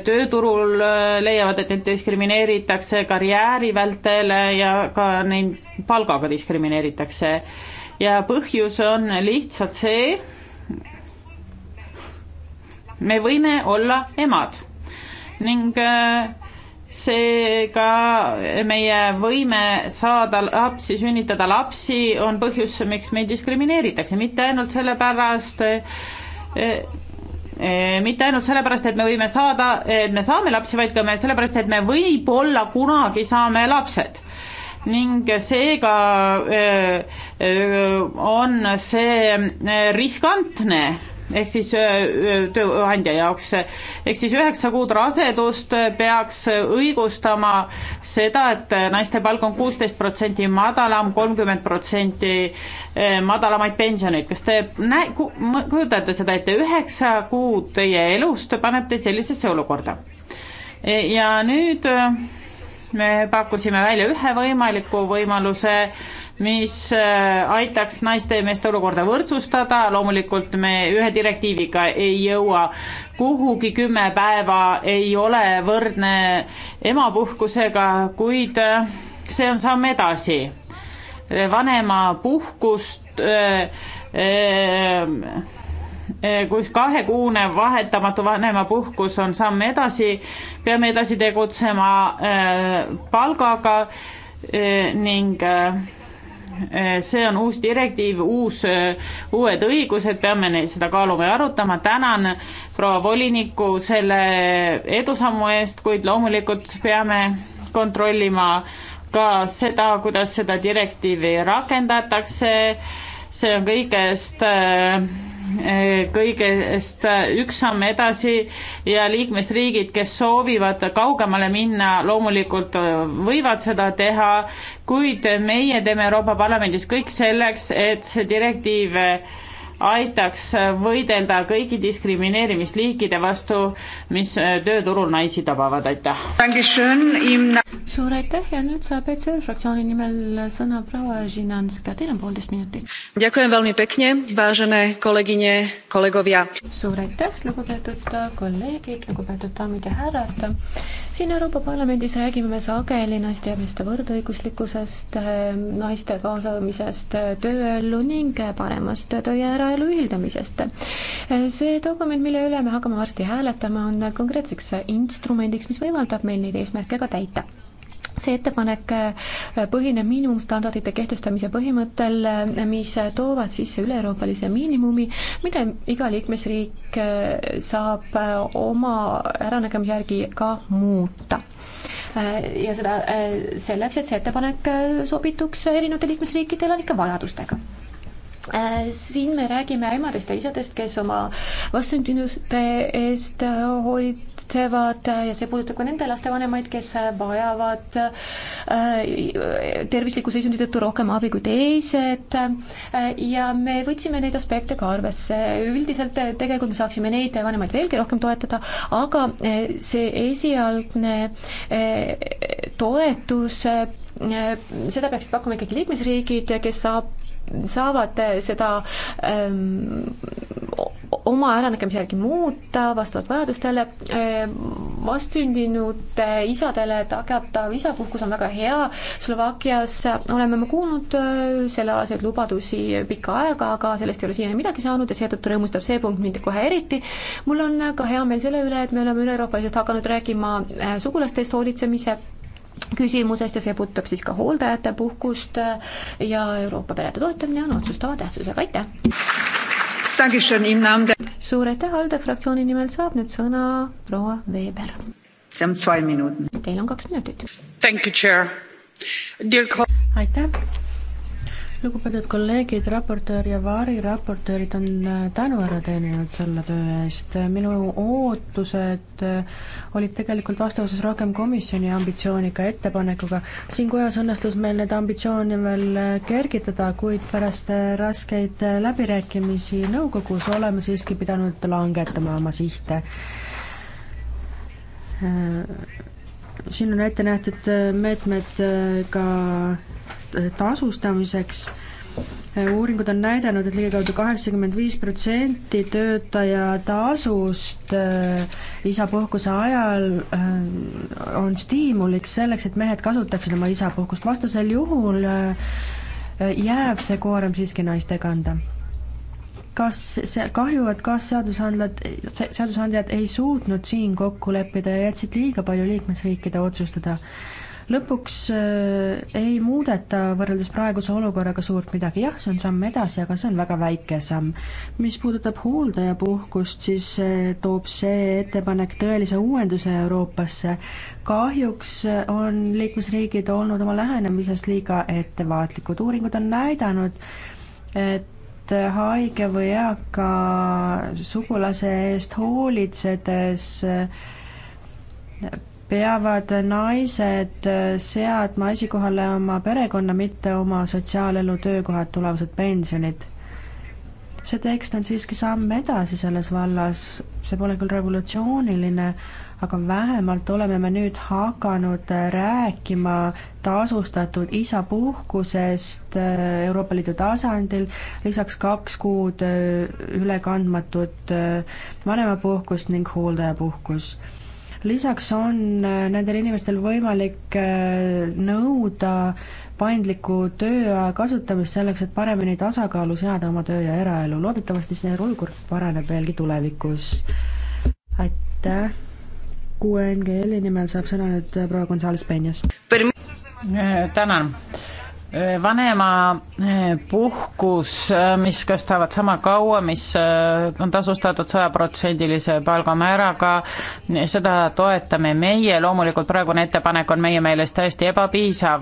tööturul eh, leiavad, et neid diskrimineeritakse karjääri vältel eh, ja ka neid palgaga diskrimineeritakse. ja põhjus on lihtsalt see, me võime olla emad ning äh, seega meie võime saada lapsi, sünnitada lapsi on põhjus, miks meid diskrimineeritakse, mitte ainult sellepärast, äh, äh, mitte ainult sellepärast, et me võime saada, et me saame lapsi, vaid ka me sellepärast, et me võib-olla kunagi saame lapsed. ning seega on see riskantne ehk siis tööandja jaoks, ehk siis üheksa kuud rasedust peaks õigustama seda, et naiste palk on kuusteist protsenti madalam, kolmkümmend protsenti madalamaid pensioneid. kas te näe-, kujutate seda ette, üheksa kuud teie elust paneb teid sellisesse olukorda? E, ja nüüd me pakkusime välja ühe võimaliku võimaluse mis äh, aitaks naiste ja meeste olukorda võrdsustada, loomulikult me ühe direktiiviga ei jõua kuhugi, kümme päeva ei ole võrdne emapuhkusega, kuid äh, see on samm edasi. vanemapuhkust äh, äh, äh, kus kahekuune vahetamatu vanemapuhkus on samm edasi, peame edasi tegutsema palgaga ning Eh, see on uus direktiiv, uus, eh, uued õigused, peame neid, seda kaaluma ja arutama, tänan proua volinikku selle edusammu eest, kuid loomulikult peame kontrollima ka seda, kuidas seda direktiivi rakendatakse, see on kõigest äh, Eh, kõigest eh, üks samm edasi ja liikmesriigid, kes soovivad kaugemale minna, loomulikult eh, võivad seda teha, kuid meie teeme Euroopa Parlamendis kõik selleks, et see direktiiv aitaks võidelda kõigi diskrimineerimisliikide vastu, mis äh, tööturul naisi tabavad, aitäh. suur aitäh ja nüüd saab ETSR fraktsiooni nimel sõna proua Žinanska, teil on poolteist minutit. suur aitäh, lugupeetud kolleegid, lugupeetud daamid ja härrad siin Euroopa Parlamendis räägime me sageli naiste ja meeste võrdõiguslikkusest, naiste kaasamisest tööellu ning paremast töö ja eraelu ühildamisest. see dokument, mille üle me hakkame varsti hääletama, on konkreetseks instrumendiks, mis võimaldab meil neid eesmärke ka täita see ettepanek äh, põhineb miinimumstandardite kehtestamise põhimõttel, äh, mis toovad sisse üle-euroopalise miinimumi, mida iga liikmesriik äh, saab oma äranägemise järgi ka muuta. ja seda selleks, et see ettepanek sobituks erinevate liikmesriikide elanike vajadustega Äh, siin me räägime emadest ja isadest, kes oma vastsündinuste eest äh, hoolitsevad äh, ja see puudutab ka nende lastevanemaid, kes vajavad tervisliku seisundi tõttu rohkem abi kui teised. ja me võtsime neid aspekte ka arvesse, üldiselt tegelikult me saaksime neid vanemaid veelgi rohkem toetada, aga see esialgne toetus seda peaksid pakkuma ikkagi liikmesriigid, kes saab saavad eh, seda ähm, oma äranägemise järgi muuta vastavalt vajadustele äh,. Ehm, vastsündinud äh, isadele tagatav isapuhkus on väga hea, Slovakkias oleme me kuulnud äh, sellealaseid lubadusi pikka aega, aga sellest ei ole siiani midagi saanud ja seetõttu rõõmustab see punkt mind kohe eriti. mul on ka hea meel selle üle, et me oleme üle-euroopaliselt hakanud rääkima eh, sugulastest hoolitsemise küsimusest ja see puudutab siis ka hooldajate puhkust äh, ja Euroopa perede toetamine on otsustava tähtsusega, aitäh! suur aitäh, ALDE fraktsiooni nimel saab nüüd sõna proua Veber. Teil on kaks minutit. aitäh! lugupeetud kolleegid, raportöör ja variraportöörid on äh, tänu ära teeninud selle töö eest. minu ootused äh, olid tegelikult vastavuses rohkem komisjoni ambitsiooniga, ettepanekuga. siin kojas õnnestus meil neid ambitsioone veel äh, kergitada, kuid pärast raskeid läbirääkimisi nõukogus oleme siiski pidanud langetama oma sihte siin on ette nähtud meetmed ka tasustamiseks. uuringud on näidanud et, et ligikaudu kaheksakümmend viis protsenti töötaja tasust äh, isapuhkuse ajal äh, on stiimuliks selleks, et mehed kasutaksid oma isapuhkust, vastasel juhul äh, jääb see koorem siiski naiste kanda kas see kahju, et kaasseadusandlad, seadusandjad ei suutnud siin kokku leppida ja jätsid liiga palju liikmesriikide otsustada lõpuks äh, ei muudeta võrreldes praeguse olukorraga suurt midagi, jah, see on samm edasi, aga see on väga väike samm. mis puudutab hooldajapuhkust, siis äh, toob see ettepanek tõelise uuenduse Euroopasse. kahjuks äh, on liikmesriigid olnud oma lähenemises liiga ettevaatlikud, uuringud on näidanud, et haige või eaka sugulase eest hoolitsedes peavad naised seadma esikohale oma perekonna, mitte oma sotsiaalelu, töökohad, tulevased pensionid. see tekst on siiski samm edasi selles vallas, see pole küll revolutsiooniline, aga vähemalt oleme me nüüd hakanud rääkima tasustatud isapuhkusest äh, Euroopa Liidu tasandil, lisaks kaks kuud äh, ülekandmatut äh, vanemapuhkust ning hooldajapuhkus lisaks on äh, nendel inimestel võimalik äh, nõuda paindliku tööaja kasutamist selleks, et paremini tasakaalu seada oma töö ja eraelu. loodetavasti see olukord paraneb veelgi tulevikus. aitäh. QNGL-i nimel saab sõna nüüd äh, proua Gonzales Penjas. tänan Äh, vanemapuhkus, äh, äh, mis kestavad sama kaua, mis on tasustatud sajaprotsendilise palgamääraga, seda toetame meie, loomulikult praegune ettepanek on meie meelest täiesti ebapiisav.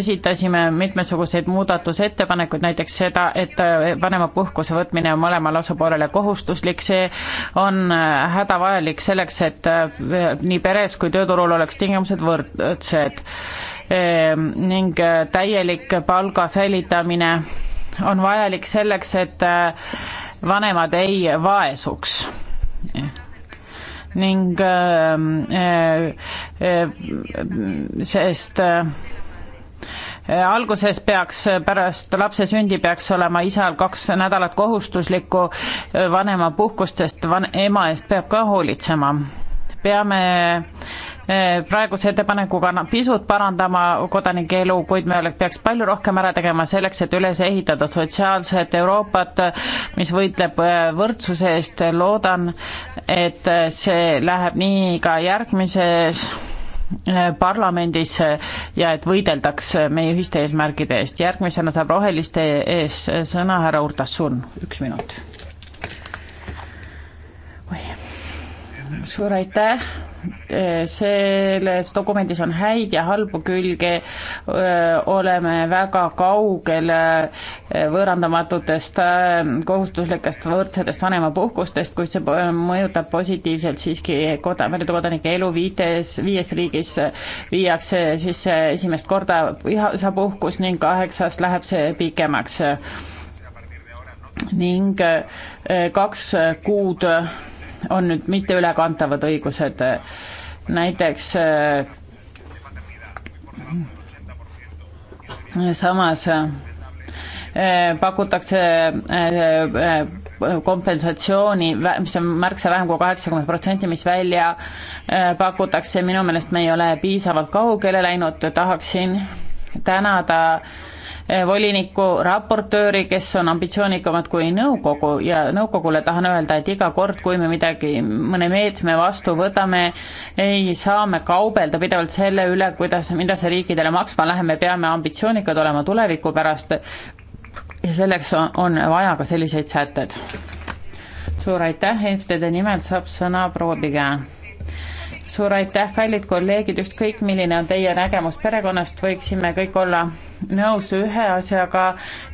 esitasime mitmesuguseid muudatusettepanekuid, näiteks seda, et vanemapuhkuse võtmine on mõlemale osapoolele kohustuslik, see on hädavajalik selleks, et nii peres kui tööturul oleks tingimused võrdsed Ehm, ning äh, täielik palga säilitamine on vajalik selleks, et äh, vanemad ei vaesuks ning ähm, äh, äh, sest äh, äh alguses peaks pärast lapse sündi peaks olema isal kaks nädalat kohustuslikku vanemapuhkust, sest van-, ema eest peab ka hoolitsema. peame Eh, praeguse ettepanekuga pisut parandama kodanike elu, kuid me oleks, peaks palju rohkem ära tegema selleks, et üles ehitada sotsiaalset Euroopat, mis võitleb eh, võrdsuse eest, loodan, et see läheb nii ka järgmises eh, parlamendis ja et võideldaks meie ühiste eesmärgide eest. järgmisena saab Roheliste ees sõna härra Urtas Sun, üks minut. oi suur aitäh, selles dokumendis on häid ja halbu külgi, oleme väga kaugel eh, võõrandamatutest eh, kohustuslikest võrdsetest vanemapuhkustest, kuid see mõjutab positiivselt siiski koda, paljude kodanike elu viites, viies riigis eh, viiakse sisse esimest korda isapuhkus ning kaheksas läheb see pikemaks ning kaks kuud on nüüd mitteülekantavad õigused, näiteks äh, samas äh, pakutakse äh, kompensatsiooni, mis on märksa vähem kui kaheksakümmend protsenti, mis välja pakutakse, minu meelest me ei ole piisavalt kaugele läinud, tahaksin tänada äh, voliniku raportööri, kes on ambitsioonikamad kui nõukogu ja nõukogule tahan öelda, et iga kord, kui me midagi, mõne meetme vastu võtame, ei saa me kaubelda pidevalt selle üle, kuidas, mida see riikidele maksma läheb, me peame ambitsioonikad olema tuleviku pärast ja selleks on, on vaja ka selliseid sätted. suur aitäh, EFTD nimel saab sõna proua Pige suur aitäh, kallid kolleegid, ükskõik milline on teie nägemus perekonnast, võiksime kõik olla nõus ühe asjaga,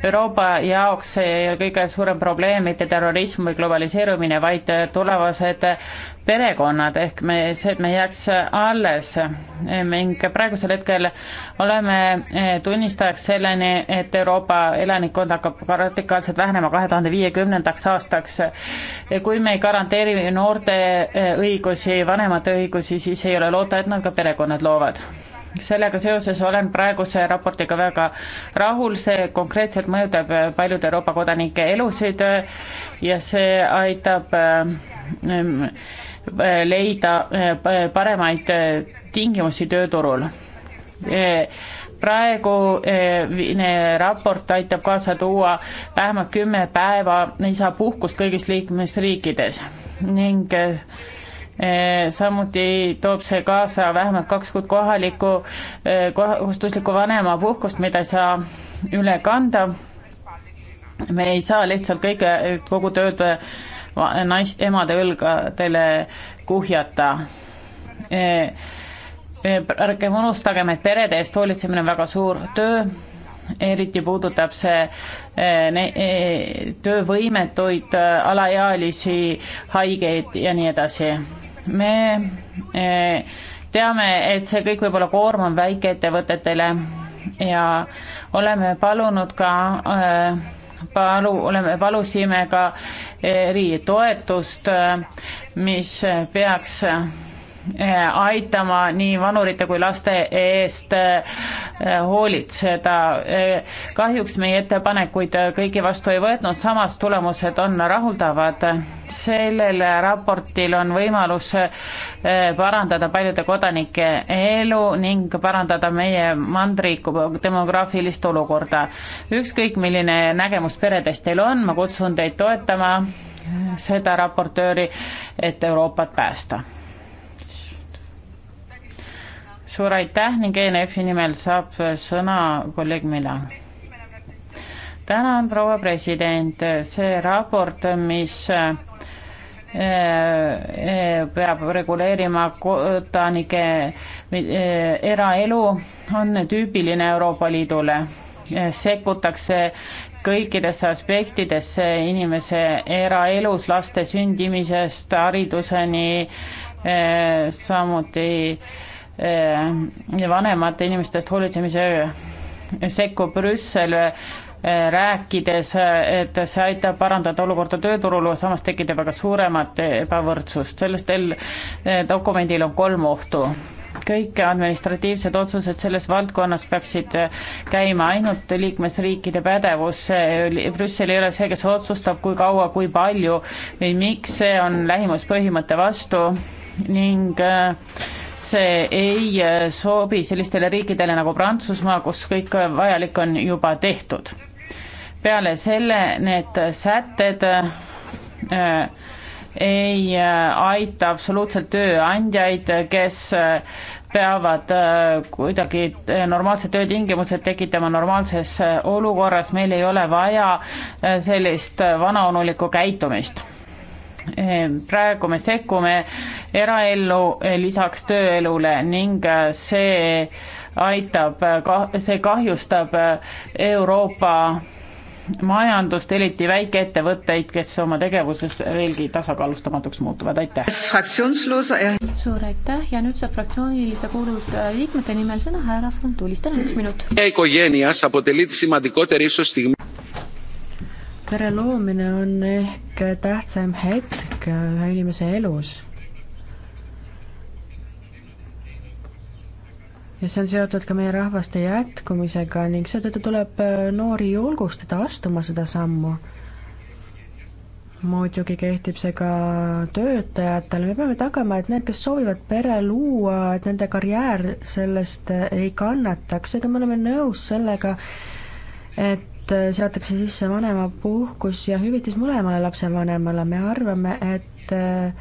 Euroopa jaoks ei ole kõige suurem probleem mitte terrorism või globaliseerumine, vaid tulevased perekonnad ehk me, see, et me jääks alles ning praegusel hetkel oleme eh, tunnistajaks selleni, et Euroopa elanikkond hakkab radikaalselt vähenema kahe tuhande viiekümnendaks aastaks. kui me ei garanteeri noorte eh, õigusi, vanemate õigusi, siis ei ole loota, et nad ka perekonnad loovad sellega seoses olen praeguse raportiga väga rahul, see konkreetselt mõjutab eh, paljude Euroopa kodanike elusid ja see aitab ähm, leida eh, paremaid eh, tingimusi tööturul. Eh, praegune raport aitab kaasa tuua vähemalt kümme päeva lisapuhkust kõigis liikmesriikides ning samuti toob see kaasa vähemalt kaks kuud kohalikku, kohustuslikku vanemapuhkust, mida ei saa üle kanda. me ei saa lihtsalt kõike, kogu tööd nais-, emade õlgadele kuhjata e,. E, ärgem unustagem, et perede eest hoolitsemine on väga suur töö, eriti puudutab see e, ne, e, töövõimetuid, e, alaealisi, haigeid ja nii edasi. me e, teame, et see kõik võib olla koormav väikeettevõtetele ja oleme palunud ka äh, palu, oleme, palusime ka riigi toetust, mis peaks Eh, aitama nii vanurite kui laste eest eh, hoolitseda. Eh, kahjuks meie ettepanekuid kõiki vastu ei võetnud, samas tulemused on rahuldavad. sellel raportil on võimalus parandada paljude kodanike elu ning parandada meie mandri demograafilist olukorda. ükskõik, milline nägemus peredest teil on, ma kutsun teid toetama seda raportööri, et Euroopat päästa suur aitäh ning ENF-i nimel saab sõna kolleeg Mila. tänan, proua president, see raport, mis eh, eh, peab reguleerima kodanike eh, eraelu, on tüüpiline Euroopa Liidule. sekkutakse kõikidesse aspektidesse inimese eraelus, laste sündimisest hariduseni, samuti Äh, vanemate inimestest hoolitsemise sekkub Brüssel, äh, rääkides, et see aitab parandada olukorda tööturul, samas tekitab aga suuremat ebavõrdsust. sellel äh, dokumendil on kolm ohtu. kõik administratiivsed otsused selles valdkonnas peaksid käima ainult liikmesriikide pädevusse, Brüssel ei ole see, kes otsustab, kui kaua, kui palju või miks, see on lähimuspõhimõtte vastu ning äh, see ei eh, sobi sellistele riikidele nagu Prantsusmaa, kus kõik vajalik on juba tehtud. peale selle need sätted eh, ei eh, aita absoluutselt tööandjaid, kes peavad kuidagi normaalsed töötingimused tekitama normaalses olukorras, meil ei ole vaja sellist vanaonulikku käitumist Ehm, praegu me sekkume eraellu eh, lisaks tööelule ning eh, see aitab, see kahjustab eh, Euroopa majandust, eriti väikeettevõtteid, kes oma tegevuses veelgi tasakaalustamatuks muutuvad, aitäh. suur aitäh ja nüüd saab fraktsioonilise kuuluvuste äh, liikmete nimel sõna härra Fruntulis, tänan üks minut pere loomine on ehk tähtsam hetk ühe inimese elus. ja see on seotud ka meie rahvaste jätkumisega ning seetõttu tuleb äh, noori julgustada astuma seda sammu. muidugi kehtib see ka töötajatele, me peame tagama, et need, kes soovivad pere luua, et nende karjäär sellest äh, ei kannataks, seega me oleme nõus sellega, et et äh, seatakse sisse vanemapuhkus ja hüvitis mõlemale lapsevanemale, me arvame, et äh,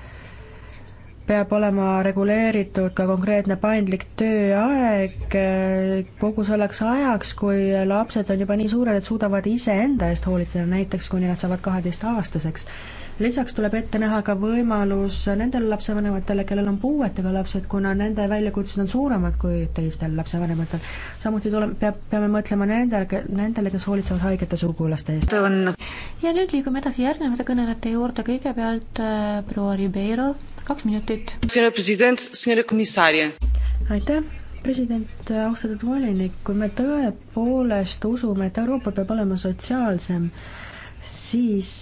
peab olema reguleeritud ka konkreetne paindlik tööaeg äh, kogu selleks ajaks, kui lapsed on juba nii suured, et suudavad iseenda eest hoolitseda, näiteks kuni nad saavad kaheteistaastaseks lisaks tuleb ette näha ka võimalus nendele lapsevanematele, kellel on puuetega lapsed, kuna nende väljakutsed on suuremad kui teistel lapsevanematel. samuti tuleb, peab, peame mõtlema nendele, nendele, kes hoolitsevad haigete sugulaste eest. ja nüüd liigume edasi järgnevate kõnelejate juurde, kõigepealt äh, proua Ribeiro, kaks minutit. aitäh president, austatud volinik, kui me tõepoolest usume, et Euroopa peab olema sotsiaalsem, siis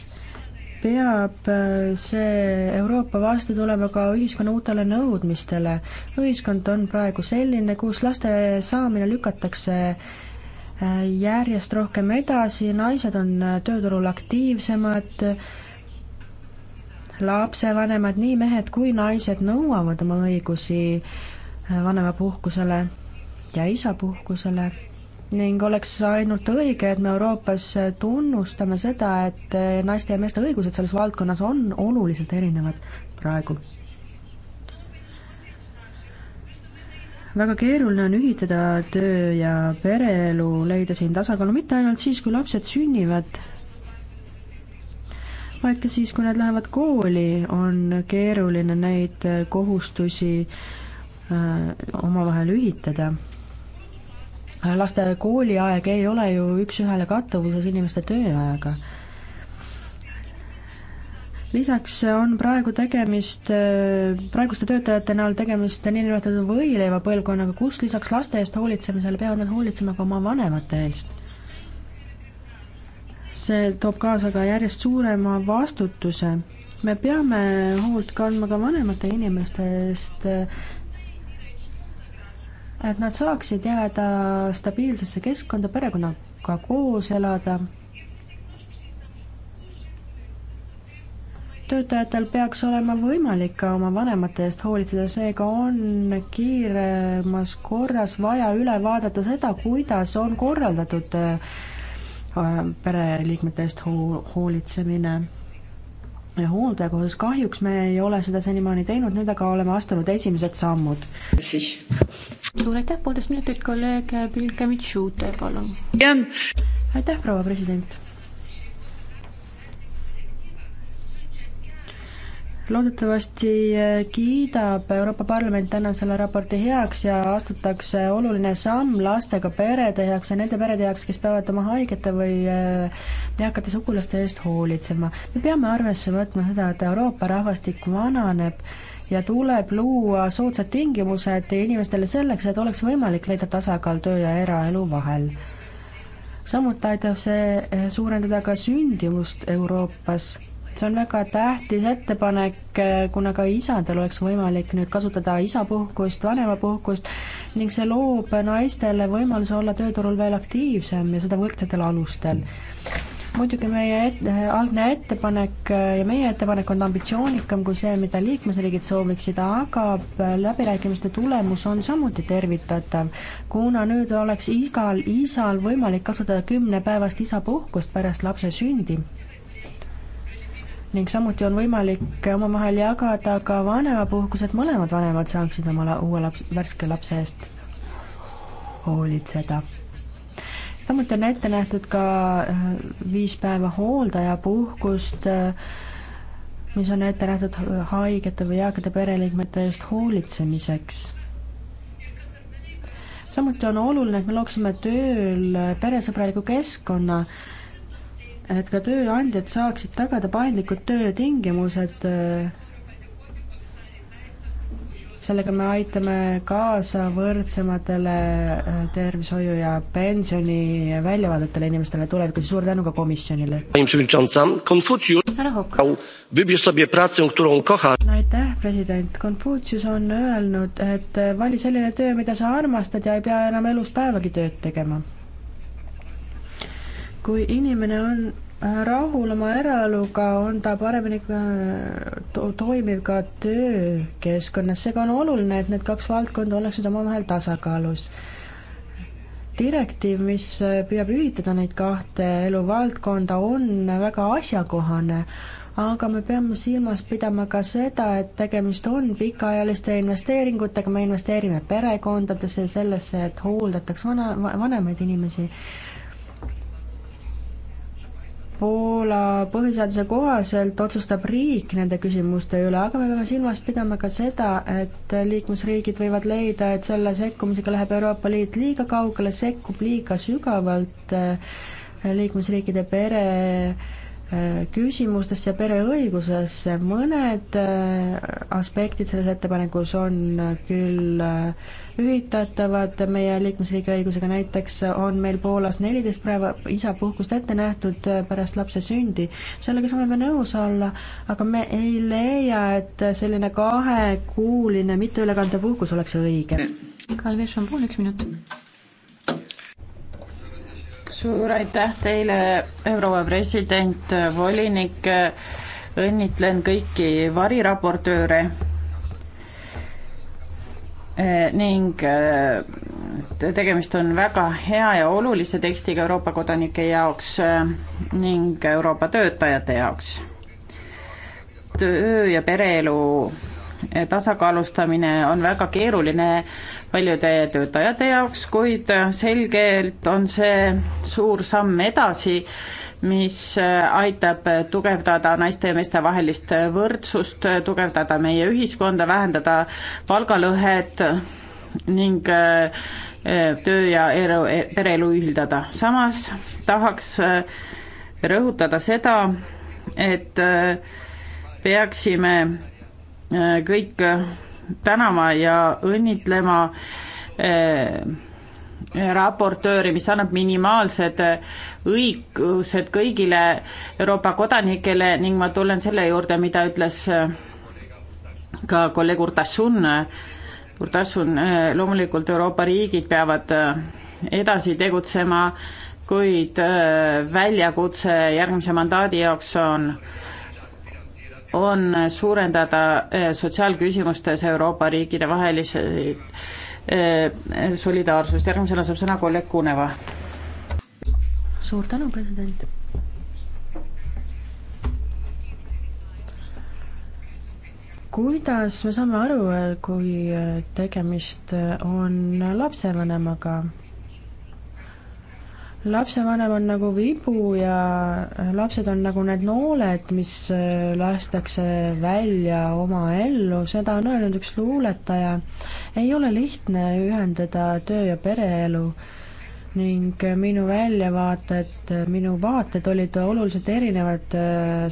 peab äh, see Euroopa vastu tulema ka ühiskonna uutele nõudmistele. ühiskond on praegu selline, kus laste saamine lükatakse äh, järjest rohkem edasi, naised on äh, tööturul aktiivsemad, lapsevanemad, nii mehed kui naised nõuavad oma õigusi vanemapuhkusele ja isapuhkusele ning oleks ainult õige, et me Euroopas tunnustame seda, et naiste ja meeste õigused selles valdkonnas on oluliselt erinevad praegu. väga keeruline on ühitada töö ja pereelu, leida siin tasakaalu mitte ainult siis, kui lapsed sünnivad, vaid ka siis, kui nad lähevad kooli, on keeruline neid kohustusi äh, omavahel ühitada laste kooliaeg ei ole ju üks-ühele kattuvuses inimeste tööajaga. lisaks on praegu tegemist, praeguste töötajate näol tegemist niinimetatud võileiva põlvkonnaga, kus lisaks laste eest hoolitsemisele peavad nad hoolitsema ka oma vanemate eest. see toob kaasa ka järjest suurema vastutuse me peame hoolt kandma ka vanemate inimeste eest, et nad saaksid jääda stabiilsesse keskkonda, perekonnaga koos elada. töötajatel peaks olema võimalik ka oma vanemate eest hoolitseda, seega on kiiremas korras vaja üle vaadata seda, kuidas on korraldatud äh, pereliikmete eest hoolitsemine hooldekodus, kahjuks me ei ole seda senimaani teinud, nüüd aga oleme astunud esimesed sammud. suur aitäh, poolteist minutit, kolleeg Pilkevitš-Uute, palun. aitäh, proua president loodetavasti eh, kiidab Euroopa Parlament täna selle raporti heaks ja astutakse oluline samm lastega perede heaks ja nende perede heaks, kes peavad oma haigete või eh, eakate sugulaste eest hoolitsema. me peame arvesse võtma seda, et Euroopa rahvastik vananeb ja tuleb luua soodsad tingimused inimestele selleks, et oleks võimalik leida tasakaal töö ja eraelu vahel. samuti aitab see eh, suurendada ka sündivust Euroopas see on väga tähtis ettepanek, kuna ka isadel oleks võimalik nüüd kasutada isapuhkust, vanemapuhkust ning see loob naistele võimaluse olla tööturul veel aktiivsem ja seda võrdsetel alustel. muidugi meie et, algne ettepanek ja meie ettepanek on ambitsioonikam kui see, mida liikmesriigid sooviksid, aga läbirääkimiste tulemus on samuti tervitatav, kuna nüüd oleks igal isal võimalik kasutada kümnepäevast isapuhkust pärast lapse sündi ning samuti on võimalik omavahel jagada ka vanemapuhkus, et mõlemad vanemad saaksid oma la uue laps, värske lapse eest hoolitseda. samuti on ette nähtud ka äh, viis päeva hooldajapuhkust, äh, mis on ette nähtud haigete või eakate pereliikmete eest hoolitsemiseks samuti on oluline, et me looksime tööl peresõbraliku keskkonna, et ka tööandjad saaksid tagada paindlikud töötingimused. Äh, sellega me aitame kaasa võrdsematele äh, tervishoiu ja pensioni väljavaadetele inimestele tulevikus ja suur tänu ka komisjonile. aitäh, president. Konfutsius on öelnud, et vali selline töö, mida sa armastad ja ei pea enam elus päevagi tööd tegema kui inimene on äh, rahul oma eraeluga, on ta paremini äh, to toimiv ka töökeskkonnas, seega on oluline, et need kaks valdkonda oleksid omavahel tasakaalus. direktiiv, mis äh, püüab ühitada neid kahte eluvaldkonda, on väga asjakohane, aga me peame silmas pidama ka seda, et tegemist on pikaajaliste investeeringutega, me investeerime perekondadesse, sellesse, et hooldataks vana, vanemaid inimesi Poola põhiseaduse kohaselt otsustab riik nende küsimuste üle, aga me peame silmas pidama ka seda, et liikmesriigid võivad leida, et selle sekkumisega läheb Euroopa Liit liiga kaugele, sekkub liiga sügavalt eh, liikmesriikide pere Äh, küsimustesse ja pereõigusesse, mõned äh, aspektid selles ettepanekus on küll äh, ühitatavad meie liikmesriigi õigusega, näiteks on meil Poolas neliteist päeva isapuhkust ette nähtud pärast lapse sündi. sellega saame me nõus olla, aga me ei leia, et selline kahekuuline mitteülekandev puhkus oleks õige. Kalvi Šampun, üks minut suur aitäh teile, proua president, volinik, õnnitlen kõiki variraportööre ning tegemist on väga hea ja olulise tekstiga Euroopa kodanike jaoks ning Euroopa töötajate jaoks. töö ja pereelu Eh, tasakaalustamine on väga keeruline paljude töötajate jaoks, kuid eh, selgelt on see suur samm edasi, mis eh, aitab tugevdada naiste ja meeste vahelist võrdsust, tugevdada meie ühiskonda, vähendada palgalõhet ning töö ja eru, pereelu ühildada. samas tahaks rõhutada seda, et peaksime Äh, kõik äh, tänama ja õnnitlema äh, raportööri, mis annab minimaalsed õigused kõigile Euroopa kodanikele ning ma tulen selle juurde, mida ütles ka kolleeg Urtasun. Urtasun, loomulikult Euroopa riigid peavad edasi tegutsema, kuid väljakutse järgmise mandaadi jaoks on äh, on suurendada eh, sotsiaalküsimustes Euroopa riikide vahelise eh, solidaarsust. järgmisena saab sõna kolleeg Kuneva. suur tänu, president. kuidas me saame aru, kui tegemist on lapsevanemaga? lapsevanem on nagu vibu ja lapsed on nagu need nooled, mis äh, lastakse välja oma ellu, seda on öelnud üks luuletaja. ei ole lihtne ühendada töö- ja pereelu ning äh, minu väljavaated, äh, minu vaated olid oluliselt erinevad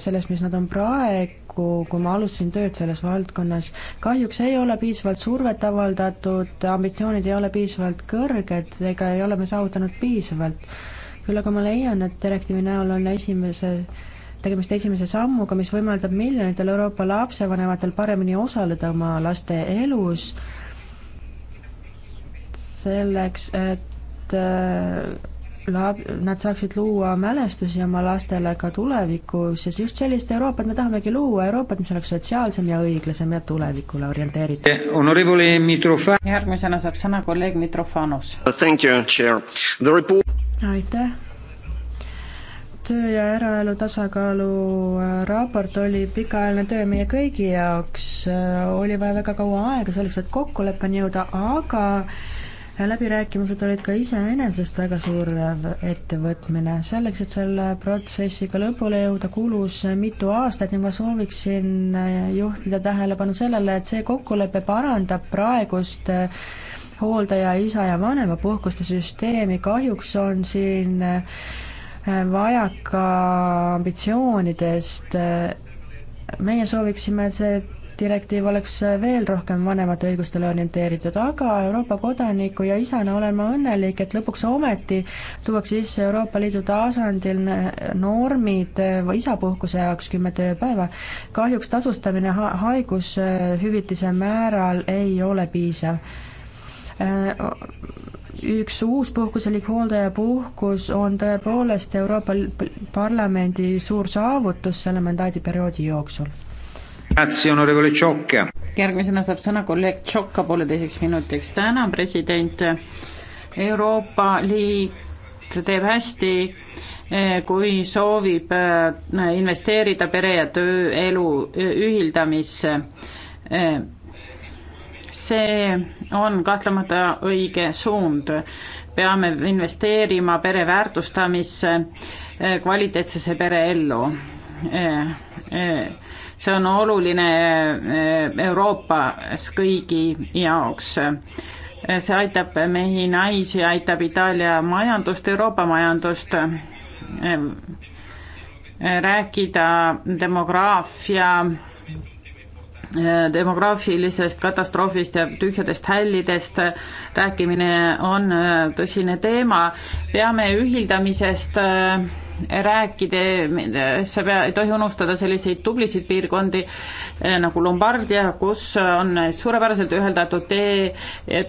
sellest, mis nad on praegu, kokku, kui ma alustasin tööd selles valdkonnas. kahjuks ei ole piisavalt survet avaldatud, ambitsioonid ei ole piisavalt kõrged ega ei ole me saavutanud piisavalt. küll aga ma leian, et direktiivi näol on esimese tegemist esimese sammuga, mis võimaldab miljonitel Euroopa lapsevanematel paremini osaleda oma laste elus, selleks et lab-, nad saaksid luua mälestusi oma lastele ka tulevikus ja just sellist Euroopat me tahamegi luua, Euroopat, mis oleks sotsiaalsem ja õiglasem ja tulevikule orienteeritud. Eh, järgmisena saab sõna kolleeg Mitrofanos. aitäh. töö ja eraelu tasakaalu äh, raport oli pikaajaline töö meie kõigi jaoks, äh, oli vaja väga kaua aega selleks, et kokkuleppeni jõuda, aga läbirääkimised olid ka iseenesest väga suur ettevõtmine. selleks, et selle protsessiga lõpule jõuda, kulus mitu aastat ning ma sooviksin juhtida tähelepanu sellele, et see kokkulepe parandab praegust eh, hooldaja, isa ja vanemapuhkuste süsteemi, kahjuks on siin eh, vajaka ambitsioonidest eh, meie sooviksime, et see direktiiv oleks veel rohkem vanemate õigustele orienteeritud, aga Euroopa kodaniku ja isana olen ma õnnelik, et lõpuks ometi tuuakse sisse Euroopa Liidu tasandil normid isapuhkuse jaoks kümme tööpäeva. kahjuks tasustamine ha-, haigushüvitise määral ei ole piisav äh, üks uus puhkuselik hooldajapuhkus on tõepoolest Euroopa Parlamendi suur saavutus selle mandaadiperioodi jooksul järgmisena saab sõna kolleeg Tšoka pooleteiseks minutiks. tänan, president. Euroopa Liit teeb hästi, eh, kui soovib eh, investeerida pere ja tööelu eh, ühildamisse. see on kahtlemata õige suund peame investeerima pere väärtustamisse, kvaliteetsesse pereellu see on oluline eh, Euroopas kõigi jaoks. see aitab mehi, naisi, aitab Itaalia majandust, Euroopa majandust, eh, rääkida demograafia eh, demograafilisest katastroofist ja tühjadest hällidest rääkimine on tõsine teema. peame ühildamisest äh, rääkida, sa pea, ei tohi unustada selliseid tublisid piirkondi eh, nagu Lombardia, kus on suurepäraselt ühendatud tee,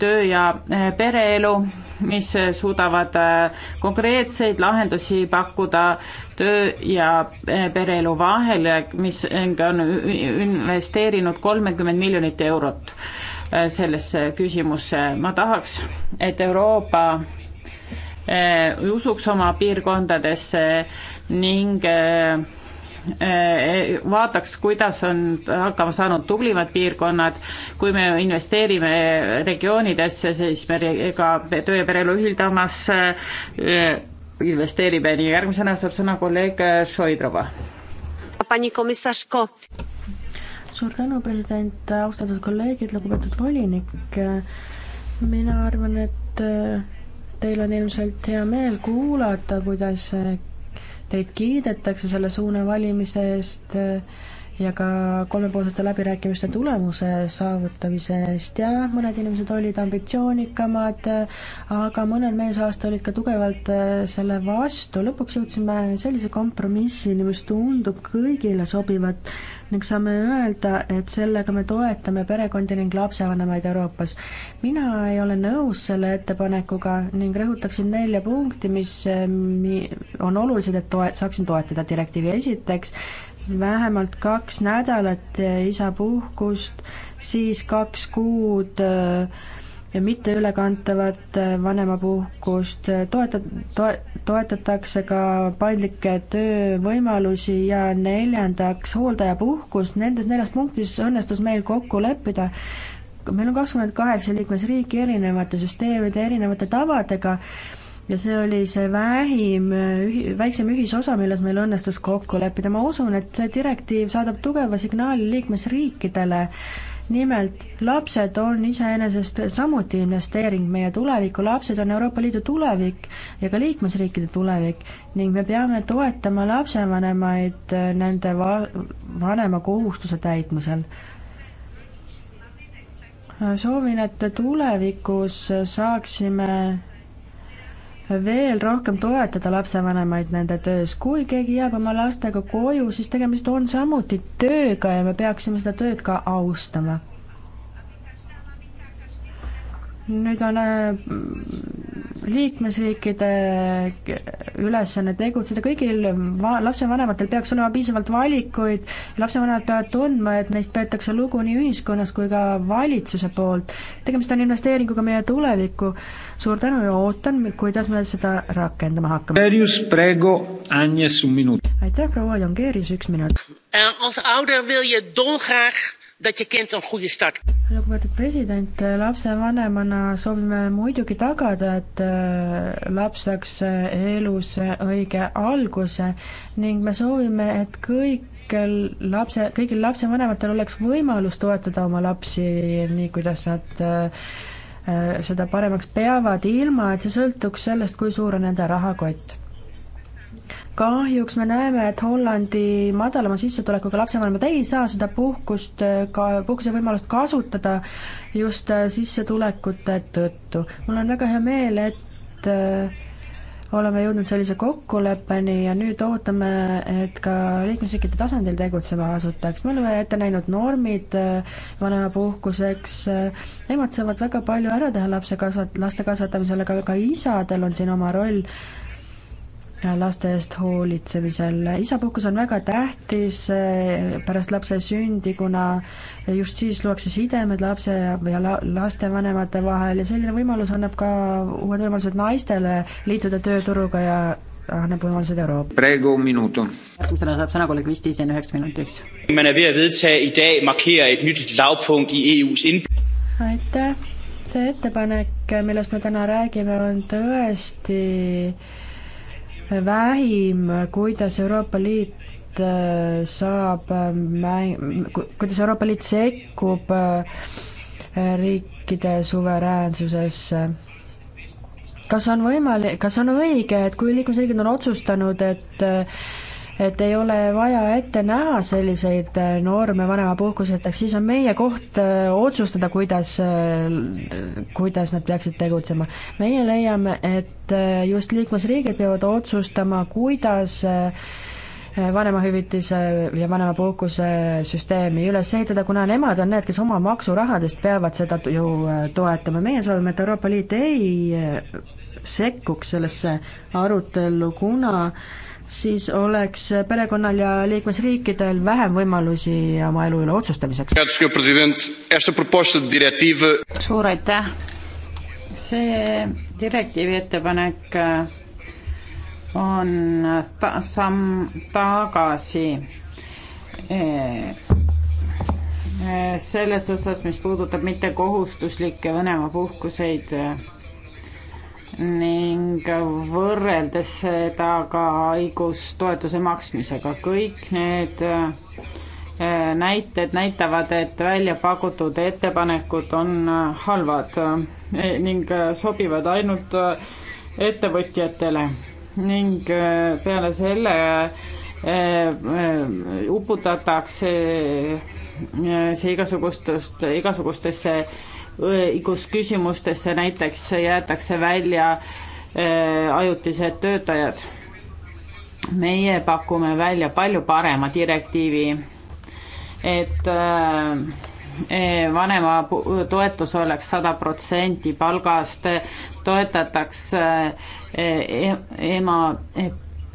töö ja eh, pereelu, mis suudavad eh, konkreetseid lahendusi pakkuda töö ja pereelu vahel, mis on investeerinud kolmekümmend miljonit eurot sellesse küsimusse. ma tahaks, et Euroopa Eh, usuks oma piirkondadesse ning eh, eh, vaataks, kuidas on hakkama saanud tublimad piirkonnad, kui me investeerime regioonidesse, siis me ka töö ja pereelu ühildamas investeerime, nii järgmisena saab sõna kolleeg Šoidrova. suur tänu, president, austatud kolleegid, lugupeetud volinik, mina arvan, et Teil on ilmselt hea meel kuulata, kuidas teid kiidetakse selle suuna valimise eest ja ka kolmepoolsete läbirääkimiste tulemuse saavutamisest ja mõned inimesed olid ambitsioonikamad, aga mõned meesaasta olid ka tugevalt äh, selle vastu. lõpuks jõudsime sellise kompromissini, mis tundub kõigile sobivat ning saame öelda, et sellega me toetame perekondi ning lapsevanemaid Euroopas. mina ei ole nõus selle ettepanekuga ning rõhutaksin nelja punkti, mis äh, on olulised, et toe-, saaksin toetada direktiivi. esiteks, vähemalt kaks nädalat isapuhkust, siis kaks kuud ja äh, mitte ülekantavat äh, vanemapuhkust, toetat-, toe-, toetatakse ka paindlikke töövõimalusi ja neljandaks hooldajapuhkus, nendes neljas punktis õnnestus meil kokku leppida, meil on kakskümmend kaheksa liikmesriiki erinevate süsteemide, erinevate tavadega, ja see oli see vähim, väiksem ühisosa, milles meil õnnestus kokku leppida. ma usun, et see direktiiv saadab tugeva signaali liikmesriikidele, nimelt lapsed on iseenesest samuti investeering meie tulevikku, lapsed on Euroopa Liidu tulevik ja ka liikmesriikide tulevik ning me peame toetama lapsevanemaid nende va-, vanema kohustuse täitmisel soovin, et tulevikus saaksime veel rohkem toetada lapsevanemaid nende töös. kui keegi jääb oma lastega koju, siis tegemist on samuti tööga ja me peaksime seda tööd ka austama nüüd on äh, liikmesriikide ülesanne tegutseda, kõigil va-, lapsevanematel peaks olema piisavalt valikuid, lapsevanemad peavad tundma, et neist peetakse lugu nii ühiskonnas kui ka valitsuse poolt. tegemist on investeeringuga meie tulevikku, suur tänu ja ootan, kuidas me seda rakendama hakkame. aitäh, proua Jongeerius, üks minut. Eh, dat je kind een goede start. lugupeetud president, lapsevanemana soovime muidugi tagada, et äh, laps saaks äh, elus äh, õige alguse ning me soovime, et kõik kel lapse, kõigil lapsevanematel oleks võimalus toetada oma lapsi nii, kuidas nad äh, seda paremaks peavad, ilma et see sõltuks sellest, kui suur on nende rahakott kahjuks me näeme, et Hollandi madalama sissetulekuga lapsevanemad ei saa seda puhkust ka, puhkusevõimalust kasutada just äh, sissetulekute tõttu. mul on väga hea meel, et äh, oleme jõudnud sellise kokkuleppeni ja nüüd ootame, et ka liikmesriikide tasandil tegutsema asutaks. me oleme ette näinud normid äh, vanemapuhkuseks, emad saavad väga palju ära teha lapse kasvat-, laste kasvatamisel, aga ka isadel on siin oma roll laste eest hoolitsemisel. isapuhkus on väga tähtis eh, pärast lapse sündi, kuna just siis luuakse sidemed lapse ja la-, lastevanemate vahel ja selline võimalus annab ka uued võimalused naistele liituda tööturuga ja annab võimalused Euroopa. praegu minutu. järgmisena saab sõna kolleeg Vistisen üheks minutiks. Er e aitäh, see ettepanek, millest me täna räägime, on tõesti vähim, kuidas Euroopa Liit äh, saab äh, mäng-, kuidas Euroopa Liit sekkub äh, riikide suveräänsusesse. kas on võimalik, kas on õige, et kui liikmesriigid on otsustanud, et et ei ole vaja ette näha selliseid äh, norme vanemapuhkuseteks, siis on meie koht äh, otsustada, kuidas, äh, kuidas nad peaksid tegutsema. meie leiame, et just liikmesriigid peavad otsustama, kuidas vanemahüvitise ja vanemapuhkuse süsteemi üles ehitada, kuna nemad on need, kes oma maksurahadest peavad seda ju toetama, meie soovime, et Euroopa Liit ei sekkuks sellesse arutellu, kuna äh, siis oleks perekonnal ja liikmesriikidel vähem võimalusi oma elu üle otsustamiseks. suur aitäh. see direktiivi ettepanek äh, on ta-, samm tagasi äh, äh, selles osas, mis puudutab mittekohustuslikke vanemapuhkuseid ning võrreldes seda ka õigustoetuse maksmisega. kõik need äh, näited näitavad, et välja pakutud ettepanekud on äh, halvad äh, ning sobivad ainult ettevõtjatele ning peale selle uputatakse see igasugustest, igasugustesse kus küsimustesse näiteks jäetakse välja äh, ajutised töötajad. meie pakume välja palju parema direktiivi, et äh, e, vanema toetus oleks sada protsenti palgast, toetataks äh, e, ema e,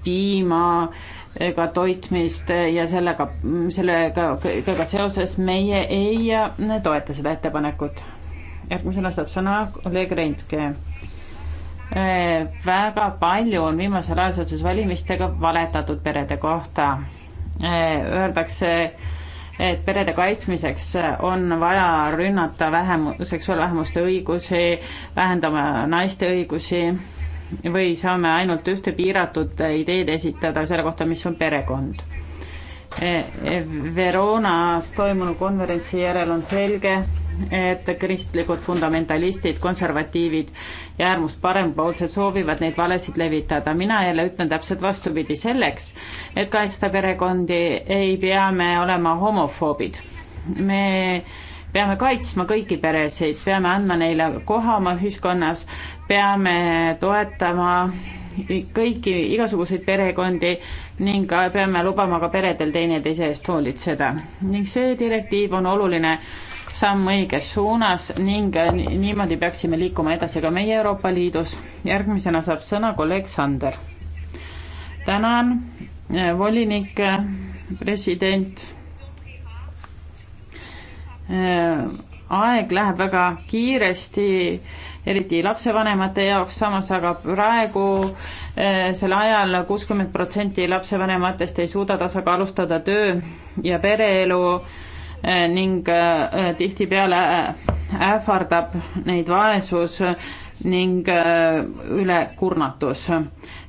piimaga toitmist ja sellega, sellega, sellega seoses meie ei toeta seda ettepanekut järgmisena saab sõna kolleeg Rentke. Äh, väga palju on viimasel ajal seoses valimistega valetatud perede kohta. Äh, öeldakse, et perede kaitsmiseks on vaja rünnata vähem, seksuaalvähemuste õigusi, vähendama naiste õigusi või saame ainult ühte piiratud ideed esitada selle kohta, mis on perekond E, e, Veroonas toimunud konverentsi järel on selge, et kristlikud fundamentalistid, konservatiivid ja äärmus parempoolsed soovivad neid valesid levitada. mina jälle ütlen täpselt vastupidi, selleks, et kaitsta perekondi, ei pea me olema homofoobid. me peame kaitsma kõiki peresid, peame andma neile koha oma ühiskonnas, peame toetama kõiki igasuguseid perekondi ning peame lubama ka peredel teineteise eest hoolitseda. ning see direktiiv on oluline samm õiges suunas ning niimoodi peaksime liikuma edasi ka meie Euroopa Liidus. järgmisena saab sõna kolleeg Sander. tänan, äh, volinik, äh, president. Äh, aeg läheb väga kiiresti eriti lapsevanemate jaoks, samas aga praegu äh, eh, sel ajal kuuskümmend protsenti lapsevanematest ei suuda tasakaalustada töö ja pereelu äh, ning äh, tihtipeale ähvardab neid vaesus ning ülekurnatus.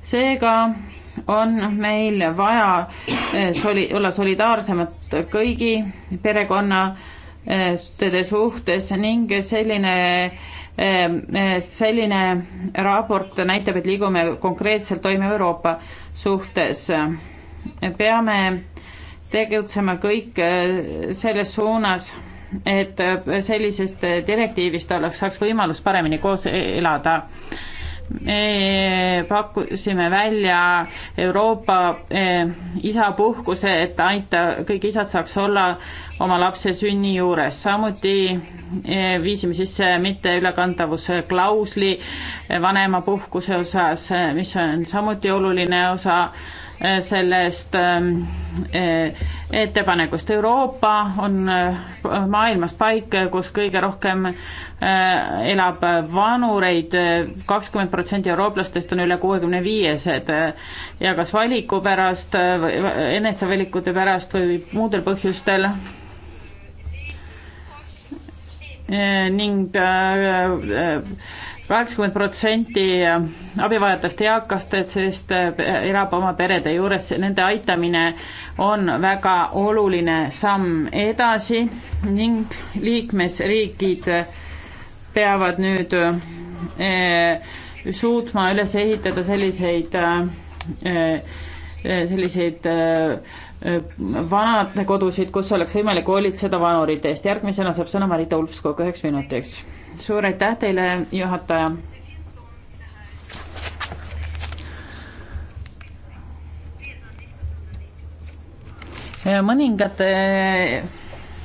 seega on meil vaja soli-, olla solidaarsemad kõigi perekonna suhtes ning selline äh, Ehm, eh, selline raport näitab, et liigume konkreetselt toimiva Euroopa suhtes. peame tegutsema kõik eh, selles suunas, et eh, sellisest direktiivist oleks, saaks võimalus paremini koos elada me pakkusime välja Euroopa eh, isapuhkuse, et aita, kõik isad saaks olla oma lapse sünni juures, samuti eh, viisime sisse mitteülekantavuse klausli eh, vanemapuhkuse osas, mis on samuti oluline osa sellest ähm, eh, ettepanekust. Euroopa on äh, maailmas paik, kus kõige rohkem äh, elab vanureid, kakskümmend protsenti eurooplastest on üle kuuekümne viiesed ja kas valiku pärast, äh, enesevalikute pärast või muudel põhjustel ning kaheksakümmend protsenti abivajajatest eakastest, sest eh, elab oma perede juures, nende aitamine on väga oluline samm edasi ning liikmesriigid peavad nüüd eh, suutma üles ehitada selliseid, eh, selliseid vanadekodusid, kus oleks võimalik hoolitseda vanurite eest. järgmisena saab sõna Marita Ulfskog üheks minutiks. suur aitäh teile, juhataja. mõningate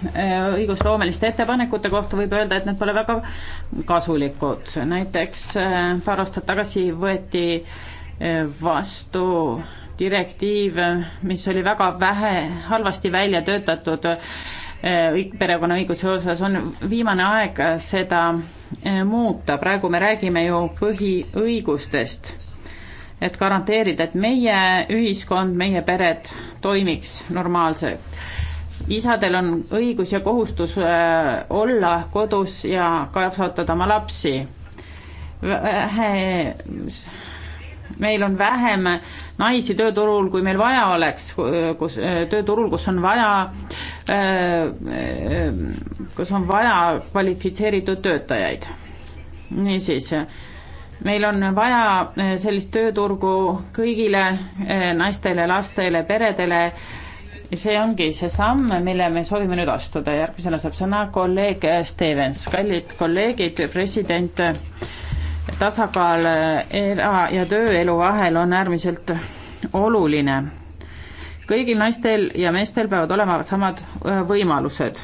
õigusloomeliste ettepanekute kohta võib öelda, et need pole väga kasulikud. näiteks paar aastat tagasi võeti vastu direktiiv, mis oli väga vähe, halvasti välja töötatud eh, perekonnaõiguse osas, on viimane aeg seda eh, muuta, praegu me räägime ju põhiõigustest. et garanteerida, et meie ühiskond, meie pered toimiks normaalselt isadel on õigus ja kohustus eh, olla kodus ja kasvatada oma lapsi. vähe meil on vähem naisi tööturul, kui meil vaja oleks, kus, tööturul, kus on vaja, äh, kus on vaja kvalifitseeritud töötajaid. niisiis, meil on vaja äh, sellist tööturgu kõigile äh, naistele, lastele, peredele, see ongi see samm, mille me soovime nüüd astuda, järgmisena saab sõna kolleeg Stevens, kallid kolleegid, president, tasakaal era- ja tööelu vahel on äärmiselt oluline. kõigil naistel ja meestel peavad olema samad äh, võimalused.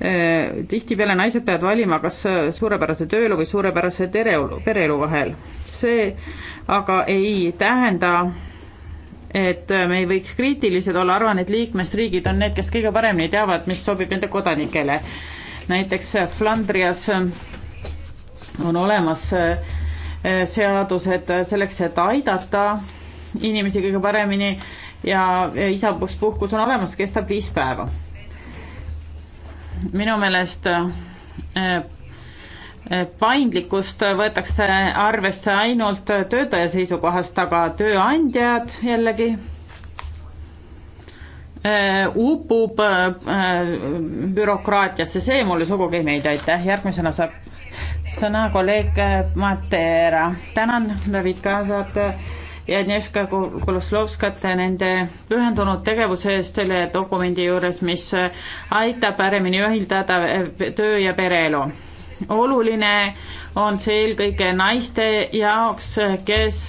Äh, tihtipeale naised peavad valima, kas äh, suurepärase tööelu või suurepärase pereelu, pereelu vahel. see aga ei tähenda, et me ei võiks kriitilised olla, arvan, et liikmesriigid on need, kes kõige paremini teavad, mis sobib nende kodanikele. näiteks Flandrias on olemas äh, äh, seadused selleks, et aidata inimesi kõige paremini ja isapuspuhkus on olemas, kestab viis päeva. minu meelest äh, paindlikkust võetakse arvesse ainult töötaja seisukohast, aga tööandjad jällegi Äh, upub äh, äh, bürokraatiasse, see mulle sugugi ei meeldi, aitäh, järgmisena saab sõna kolleeg Matera. tänan David Kaasat ja Agnieszka Koloslovskat nende pühendunud tegevuse eest selle dokumendi juures, mis aitab paremini ühildada töö ja pereelu. oluline on see eelkõige naiste jaoks, kes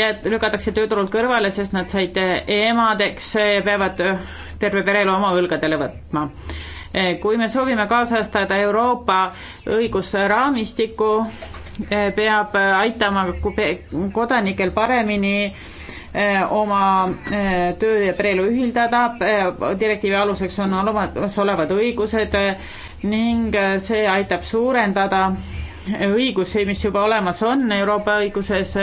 ja lükatakse tööturult kõrvale, sest nad said eh, emadeks ja eh, peavad eh, terve perele oma õlgadele võtma. kui me soovime kaasajastada Euroopa õigusraamistikku, peab aitama kodanikel paremini oma töö ja pereelu ühildada, direktiivi aluseks on olemasolevad õigused ning see aitab suurendada õigusi, mis juba olemas on Euroopa õiguses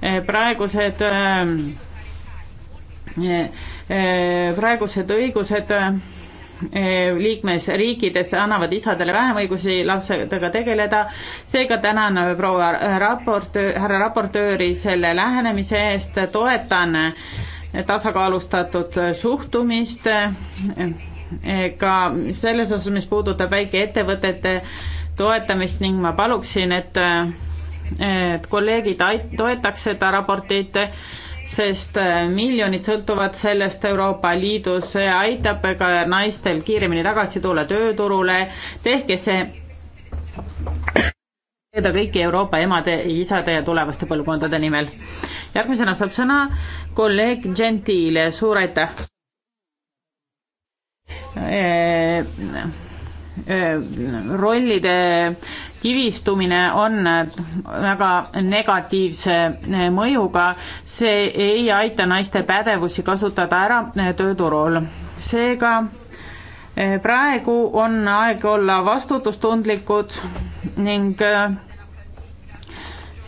Eh, praegused eh, eh, praegused õigused liikmesriikides annavad isadele vähem õigusi lapsega tegeleda. seega tänan proua raportöör, härra raportööri selle lähenemise eest, toetan tasakaalustatud suhtumist ka selles osas, mis puudutab väikeettevõtete toetamist ning ma paluksin, et et kolleegid toetaks seda raportit, sest äh, miljonid sõltuvad sellest Euroopa Liidus, see aitab ka naistel kiiremini tagasi tulla tööturule, tehke see teada kõiki Euroopa emade, isade ja tulevaste põlvkondade nimel. järgmisena saab sõna kolleeg Gentile, suur aitäh! Äh, Äh, rollide kivistumine on väga negatiivse äh, mõjuga, see ei aita naiste pädevusi kasutada ära äh, tööturul. seega praegu on aeg olla vastutustundlikud ning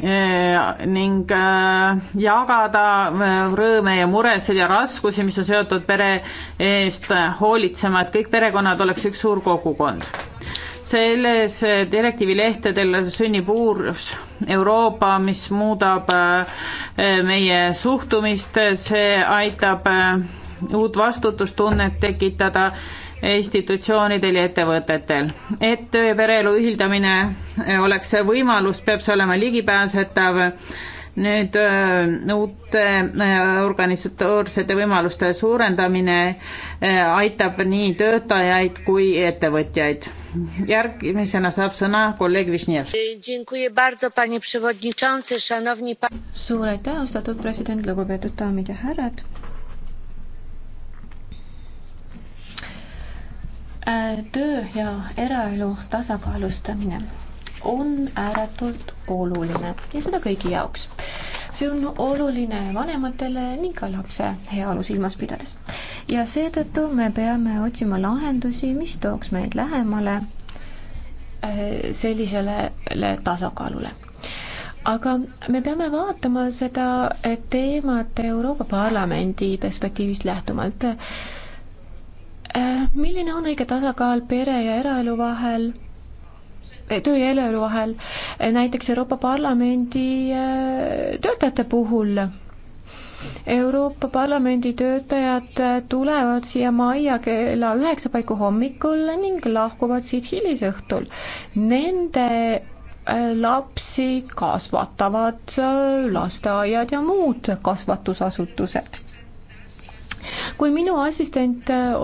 Äh, ning äh, jagada äh, rõõme ja muresid ja raskusi, mis on seotud pere eest hoolitsema, et kõik perekonnad oleks üks suur kogukond. selles direktiivi lehtedel sünnib uus Euroopa, mis muudab meie suhtumist, see aitab uut vastutustunnet tekitada institutsioonidel ja ettevõtetel. et töö ja pereelu ühildamine äh, oleks võimalus, peab see olema ligipääsetav nüüd äh, uute äh, organisatoorsete võimaluste suurendamine aitab nii töötajaid kui ettevõtjaid. järgmisena saab sõna kolleeg Višnjev. suur aitäh, austatud president, lugupeetud daamid ja härrad Äh, töö ja eraelu tasakaalustamine on ääretult oluline ja seda kõigi jaoks. see on oluline vanematele ning ka lapse heaolu silmas pidades. ja seetõttu me peame otsima lahendusi, mis tooks meid lähemale äh, sellisele tasakaalule aga me peame vaatama seda teemat Euroopa Parlamendi perspektiivist lähtumalt Äh, milline on õige tasakaal pere ja eraelu vahel? Äh, töö ja eraelu vahel, äh, näiteks Euroopa Parlamendi töötajate puhul. Euroopa Parlamendi töötajad tulevad siia majja kella üheksa paiku hommikul ning lahkuvad siit hilisõhtul. Nende lapsi kasvatavad lasteaiad ja muud kasvatusasutused kui minu assistent äh,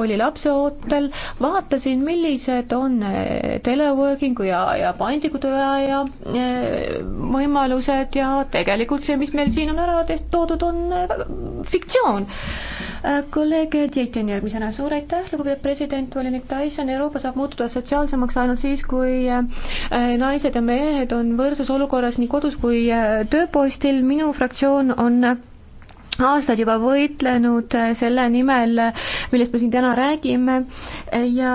oli lapseootel, vaatasin, millised on äh, teleworking'u ja, ja paindliku tööaja äh, võimalused ja tegelikult see, mis meil siin on ära tehtud, toodud, on fiktsioon. kolleeg Tietjen järgmisena, suur aitäh, lugupeetud president, volinik Tyson, Euroopa saab muutuda sotsiaalsemaks ainult siis, kui naised ja mehed on võrdses olukorras nii kodus kui tööpostil, minu fraktsioon on aastaid juba võitlenud äh, selle nimel, äh, millest me siin täna räägime äh, ja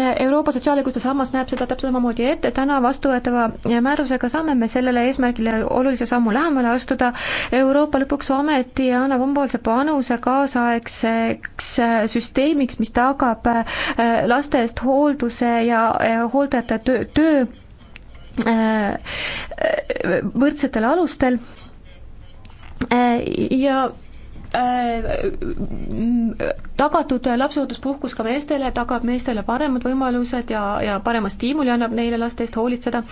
Euroopa sotsiaalõiguste sammas näeb seda täpselt samamoodi ette, täna vastuvõetava määrusega saame me sellele eesmärgile olulise sammu lähemale astuda, Euroopa lõpuks ometi annab omapoolse panuse kaasaegseks süsteemiks, mis tagab laste eest hoolduse ja hooldajate töö, töö võrdsetel alustel Äh, ja äh, tagatud lapsehoolduspuhkus ka meestele, tagab meestele paremad võimalused ja, ja parema stiimuli annab neile laste eest hoolitseda.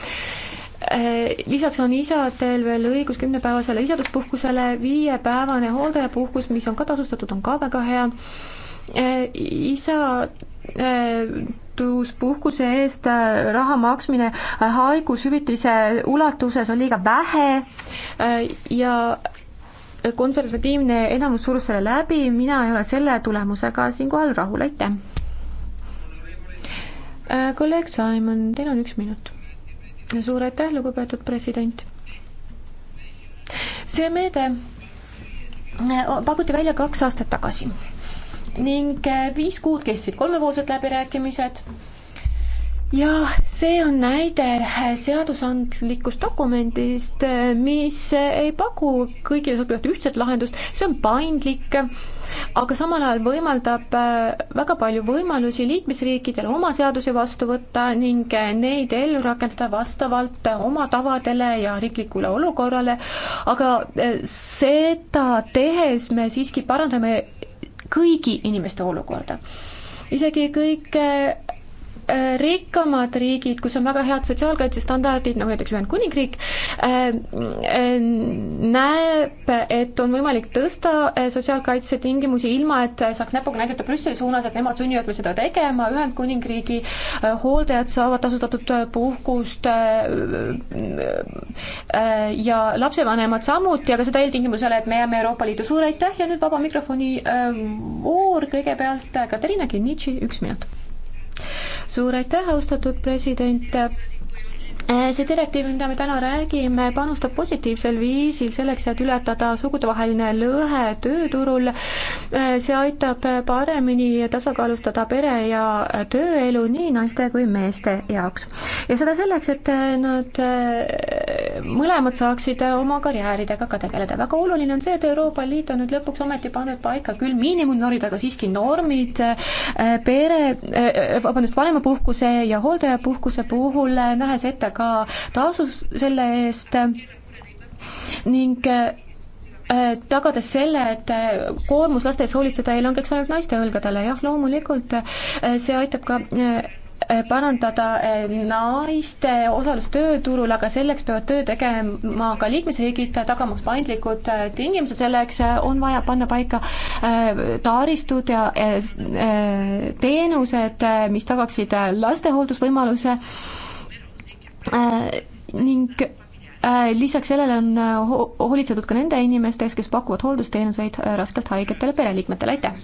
Äh, lisaks on isadel veel õigus kümnepäevasele isaduspuhkusele, viiepäevane hooldajapuhkus, mis on ka tasustatud, on ka väga hea. isa haiguspuhkuse eest raha maksmine haigushüvitise ulatuses on liiga vähe ja konservatiivne enamus surus selle läbi, mina ei ole selle tulemusega siinkohal rahul, aitäh. Äh, kolleeg Simon, teil on üks minut. suur aitäh, lugupeetud president. see meede äh, pakuti välja kaks aastat tagasi ning äh, viis kuud kestsid kolmepoolsed läbirääkimised jah, see on näide seadusandlikust dokumendist, mis ei paku kõigile sobivat ühtset lahendust, see on paindlik, aga samal ajal võimaldab äh, väga palju võimalusi liikmesriikidel oma seadusi vastu võtta ning neid ellu rakendada vastavalt oma tavadele ja riiklikule olukorrale, aga äh, seda tehes me siiski parandame kõigi inimeste olukorda isegi kõige rikkamad riigid, kus on väga head sotsiaalkaitsestandardid, nagu näiteks Ühendkuningriik, äh, äh, näeb, et on võimalik tõsta äh, sotsiaalkaitsetingimusi, ilma et saaks näpuga näidata Brüsseli suunas, et nemad sunnivad meil seda tegema, Ühendkuningriigi hooldajad saavad tasustatud puhkust ja lapsevanemad samuti, aga seda eeltingimusel, et me jääme Euroopa Liidu suur aitäh ja nüüd vaba mikrofoni voor kõigepealt, Katariina Kinnitši, üks minut suur aitäh, austatud president Eh, see direktiiv, mida me täna räägime, panustab positiivsel viisil selleks, et ületada sugudevaheline lõhe tööturul. Eh, see aitab paremini tasakaalustada pere ja tööelu nii naiste kui meeste jaoks. ja seda selleks, et nad eh, mõlemad saaksid oma karjääridega ka tegeleda. väga oluline on see, et Euroopa Liit on nüüd lõpuks ometi pannud paika küll miinimumnormid, aga siiski normid pere, vabandust, vanemapuhkuse ja hooldajapuhkuse puhul, nähes ette ka tasu selle eest ning äh, tagades selle, et äh, koormus laste ees hoolitseda ei langeks ainult naiste õlgadele, jah, loomulikult äh, see aitab ka parandada naiste osalust tööturul, aga selleks peavad töö tegema ka liikmesriigid, tagamaks paindlikud tingimused, selleks on vaja panna paika taristud ja teenused, mis tagaksid lastehooldusvõimaluse Äh, ning äh, lisaks sellele on äh, ho hoolitsetud ka nende inimeste ees, kes pakuvad hooldusteenuseid raskelt haigetele pereliikmetele, aitäh!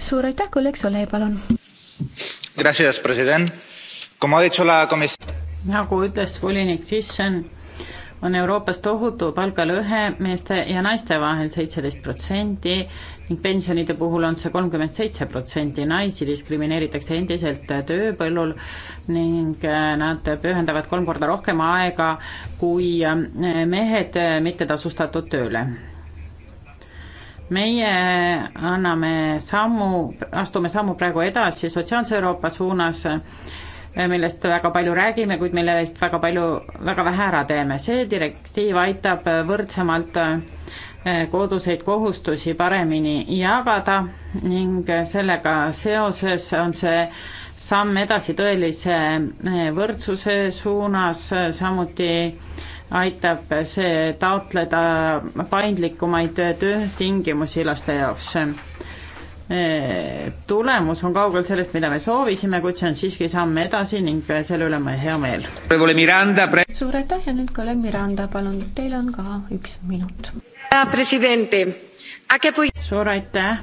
suur aitäh, kolleeg Solei, palun! nagu ütles volinik Sisson, on Euroopas tohutu palgalõhe meeste ja naiste vahel, seitseteist protsenti ning pensionide puhul on see kolmkümmend seitse protsenti, naisi diskrimineeritakse endiselt tööpõllul ning äh, nad pühendavad kolm korda rohkem aega kui äh, mehed mittetasustatud tööle meie anname sammu, astume sammu praegu edasi sotsiaalse Euroopa suunas, äh, millest väga palju räägime, kuid mille eest väga palju, väga vähe ära teeme. see direktiiv aitab võrdsemalt Eh, koduseid kohustusi paremini jagada ning sellega seoses on see samm edasi tõelise eh, võrdsuse suunas, samuti aitab see taotleda paindlikumaid töötingimusi laste jaoks tulemus on kaugel sellest, mida me soovisime, kuid see on siiski samm edasi ning selle üle on meil hea meel. suur aitäh ja nüüd kolleeg Miranda, palun, teil on ka üks minut. suur aitäh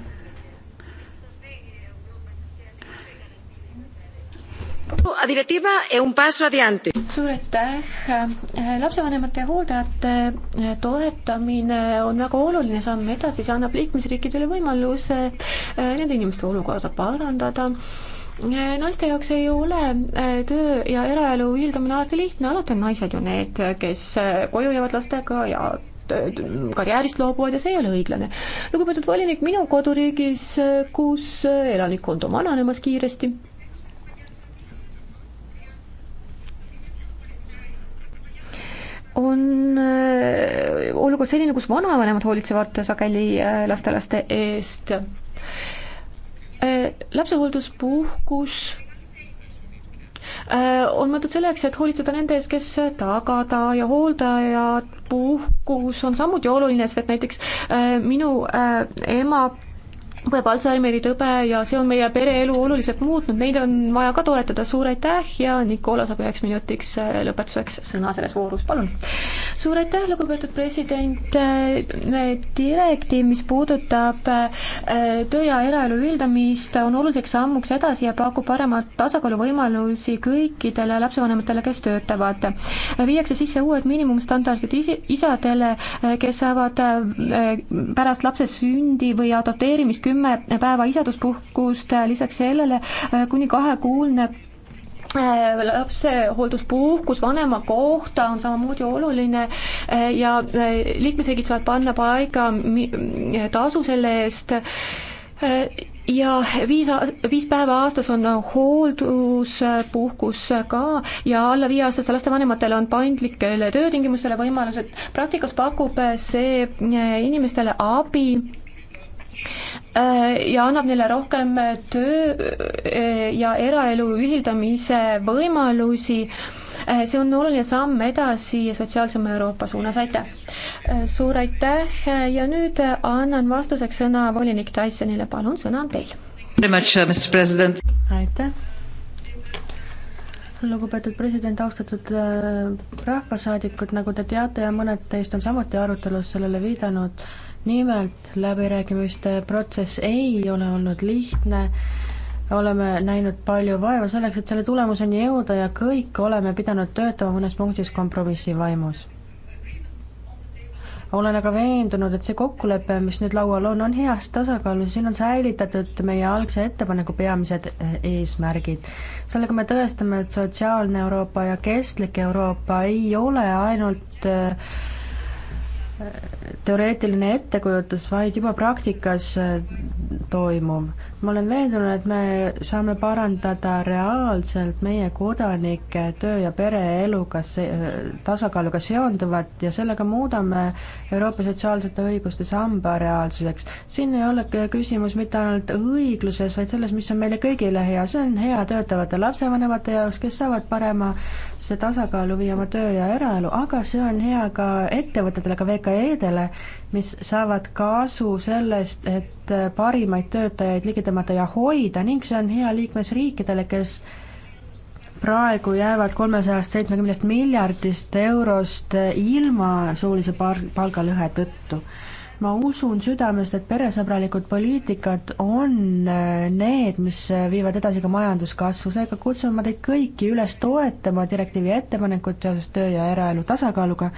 Um suur aitäh, äh, lapsevanemate ja hooldajate äh, toetamine on väga oluline samm edasi, see annab liikmesriikidele võimaluse äh, nende inimeste olukorda parandada naiste jaoks ei ole töö ja eraelu ühildamine alati lihtne, alati on naised ju need, kes koju jäävad lastega ja karjäärist loobuvad ja see ei ole õiglane. lugupeetud volinik, minu koduriigis, kus elanikkond on vananemas kiiresti on äh, olukord selline, kus vanavanemad hoolitsevad sageli äh, lastelaste eest. Äh, lapsehoolduspuhkus on mõeldud selleks, et hoolitseda nende eest, kes tagada ja hooldajad, puhkus on samuti oluline, sest näiteks minu ema põeb Alžeimeri tõbe ja see on meie pereelu oluliselt muutnud, neid on vaja ka toetada, suur aitäh ja Nikola saab üheks minutiks äh, lõpetuseks sõna selles voorus, palun. suur aitäh, lugupeetud president, äh, direktiiv, mis puudutab äh, töö ja eraelu ühildamist, on oluliseks sammuks edasi ja pakub paremat tasakaaluvõimalusi kõikidele lapsevanematele, kes töötavad. viiakse sisse uued miinimumstandardid isadele, kes saavad pärast lapse sündi või adopteerimist kümme päeva isaduspuhkust, äh, lisaks sellele äh, kuni kahekuulne äh, lapsehoolduspuhkus vanema kohta on samamoodi oluline ja liikmesriigid saavad panna paika tasu selle eest ja viis, viis päeva aastas on hoolduspuhkus ka ja alla viieaastaste lastevanematel on paindlikele töötingimustele võimalused. praktikas pakub see inimestele abi Äh, ja annab neile rohkem töö äh, ja eraelu ühildamise võimalusi. Äh, see on oluline samm edasi sotsiaalsema Euroopa suunas, aitäh. suur aitäh ja nüüd annan vastuseks sõna volinik Tysonile, palun, sõna on teil. Uh, aitäh lugupeetud president, austatud rahvasaadikud, nagu te teate ja mõned teist on samuti arutelus sellele viidanud nimelt läbirääkimiste protsess ei ole olnud lihtne, oleme näinud palju vaeva selleks, et selle tulemuseni jõuda ja kõik oleme pidanud töötama mõnes punktis kompromissi vaimus. olen aga veendunud, et see kokkulepe, mis nüüd laual on, on heas tasakaalus, siin on säilitatud meie algse ettepaneku peamised eesmärgid. sellega me tõestame, et sotsiaalne Euroopa ja kestlik Euroopa ei ole ainult äh, teoreetiline ettekujutus, vaid juba praktikas äh, toimuv. ma olen veendunud, et me saame parandada reaalselt meie kodanike töö- ja pereeluga se-, äh, tasakaaluga seonduvat ja sellega muudame Euroopa sotsiaalsete õiguste samba reaalsuseks. siin ei ole küsimus mitte ainult õigluses, vaid selles, mis on meile kõigile hea, see on hea töötavate lapsevanemate jaoks, kes saavad parema see tasakaalu viia oma töö ja eraelu, aga see on hea ka ettevõtetele, ka VK-d, VKE-dele, mis saavad kasu sellest, et parimaid töötajaid ligi tõmmata ja hoida ning see on hea liikmesriikidele, kes praegu jäävad kolmesajast seitsmekümnest miljardist eurost ilma soolise par-, palgalõhe tõttu. ma usun südamest, et peresõbralikud poliitikad on need, mis viivad edasi ka majanduskasvu, seega kutsun ma teid kõiki üles toetama direktiivi ettepanekut seoses töö ja eraelu tasakaaluga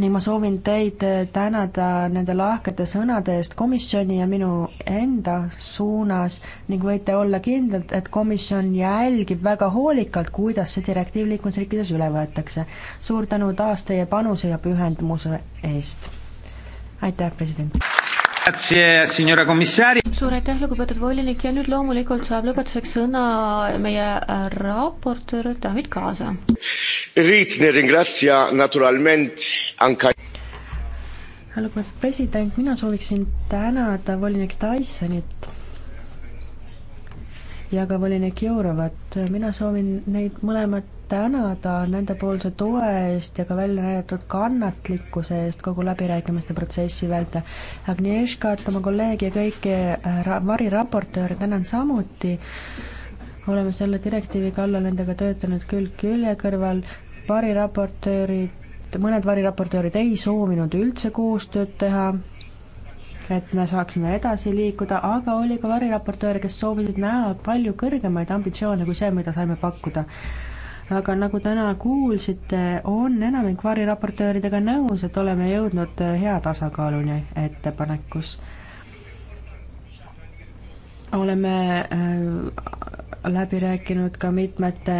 ning ma soovin teid tänada nende lahkete sõnade eest komisjoni ja minu enda suunas ning võite olla kindlad, et komisjon jälgib väga hoolikalt, kuidas see direktiiv liikmesriikides üle võetakse. suur tänu taas teie panuse ja pühendumuse eest. aitäh, president! suur aitäh, lugupeetud volinik ja nüüd loomulikult saab lõpetuseks sõna meie raportöör David Kaasa. lugupeetud president, mina sooviksin tänada volinik Tysonit ja ka volinik Jourovat, mina soovin neid mõlemat tänada nendepoolse toe eest ja ka välja näidatud kannatlikkuse eest kogu läbirääkimiste protsessi vältel. Agnieszkat, oma kolleegi ja kõiki äh, variraportööre tänan samuti. oleme selle direktiivi kallal nendega töötanud külg külje kõrval, variraportöörid, mõned variraportöörid ei soovinud üldse koostööd teha, et me saaksime edasi liikuda, aga oli ka variraportööre, kes soovisid näha palju kõrgemaid ambitsioone kui see, mida saime pakkuda aga nagu täna kuulsite, on enamik variraportööridega nõus, et oleme jõudnud äh, hea tasakaaluni ettepanekus. oleme äh, läbi rääkinud ka mitmete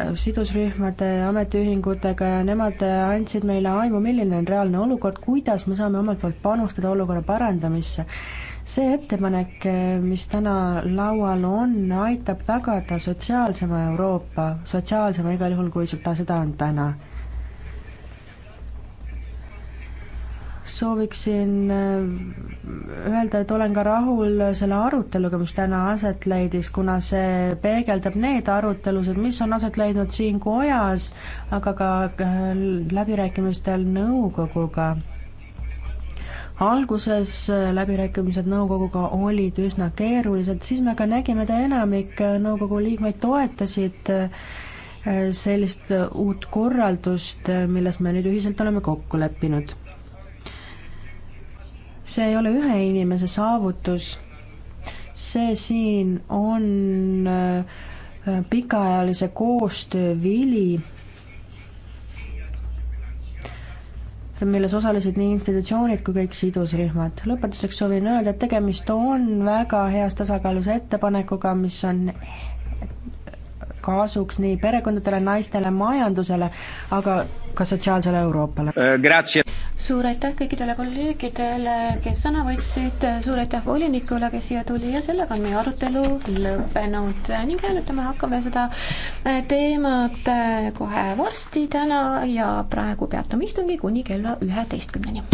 äh, sidusrühmade, ametiühingutega ja nemad andsid meile aimu, milline on reaalne olukord, kuidas me saame omalt poolt panustada olukorra parandamisse see ettepanek, mis täna laual on, aitab tagada sotsiaalsema Euroopa, sotsiaalsema igal juhul, kui ta seda on täna sooviksin äh, öelda, et olen ka rahul selle aruteluga, mis täna aset leidis, kuna see peegeldab need arutelusid, mis on aset leidnud siin kojas, aga ka äh, läbirääkimistel nõukoguga alguses äh, läbirääkimised nõukoguga olid üsna keerulised, siis me ka nägime, et enamik äh, nõukogu liikmeid toetasid äh, sellist uut korraldust, milles me nüüd ühiselt oleme kokku leppinud. see ei ole ühe inimese saavutus, see siin on pikaajalise koostöö vili milles osalesid nii institutsioonid kui kõik sidusrühmad. lõpetuseks soovin öelda, et tegemist on väga heas tasakaalus ettepanekuga, mis on kasuks nii perekondadele, naistele, majandusele, aga ka sotsiaalsele Euroopale. Äh, suur aitäh kõikidele kolleegidele, kes sõna võtsid, suur aitäh volinikule, kes siia tuli ja sellega on meie arutelu lõppenud ning hääletama hakkame seda äh, teemat äh, kohe varsti täna ja praegu peatame istungi kuni kella üheteistkümneni.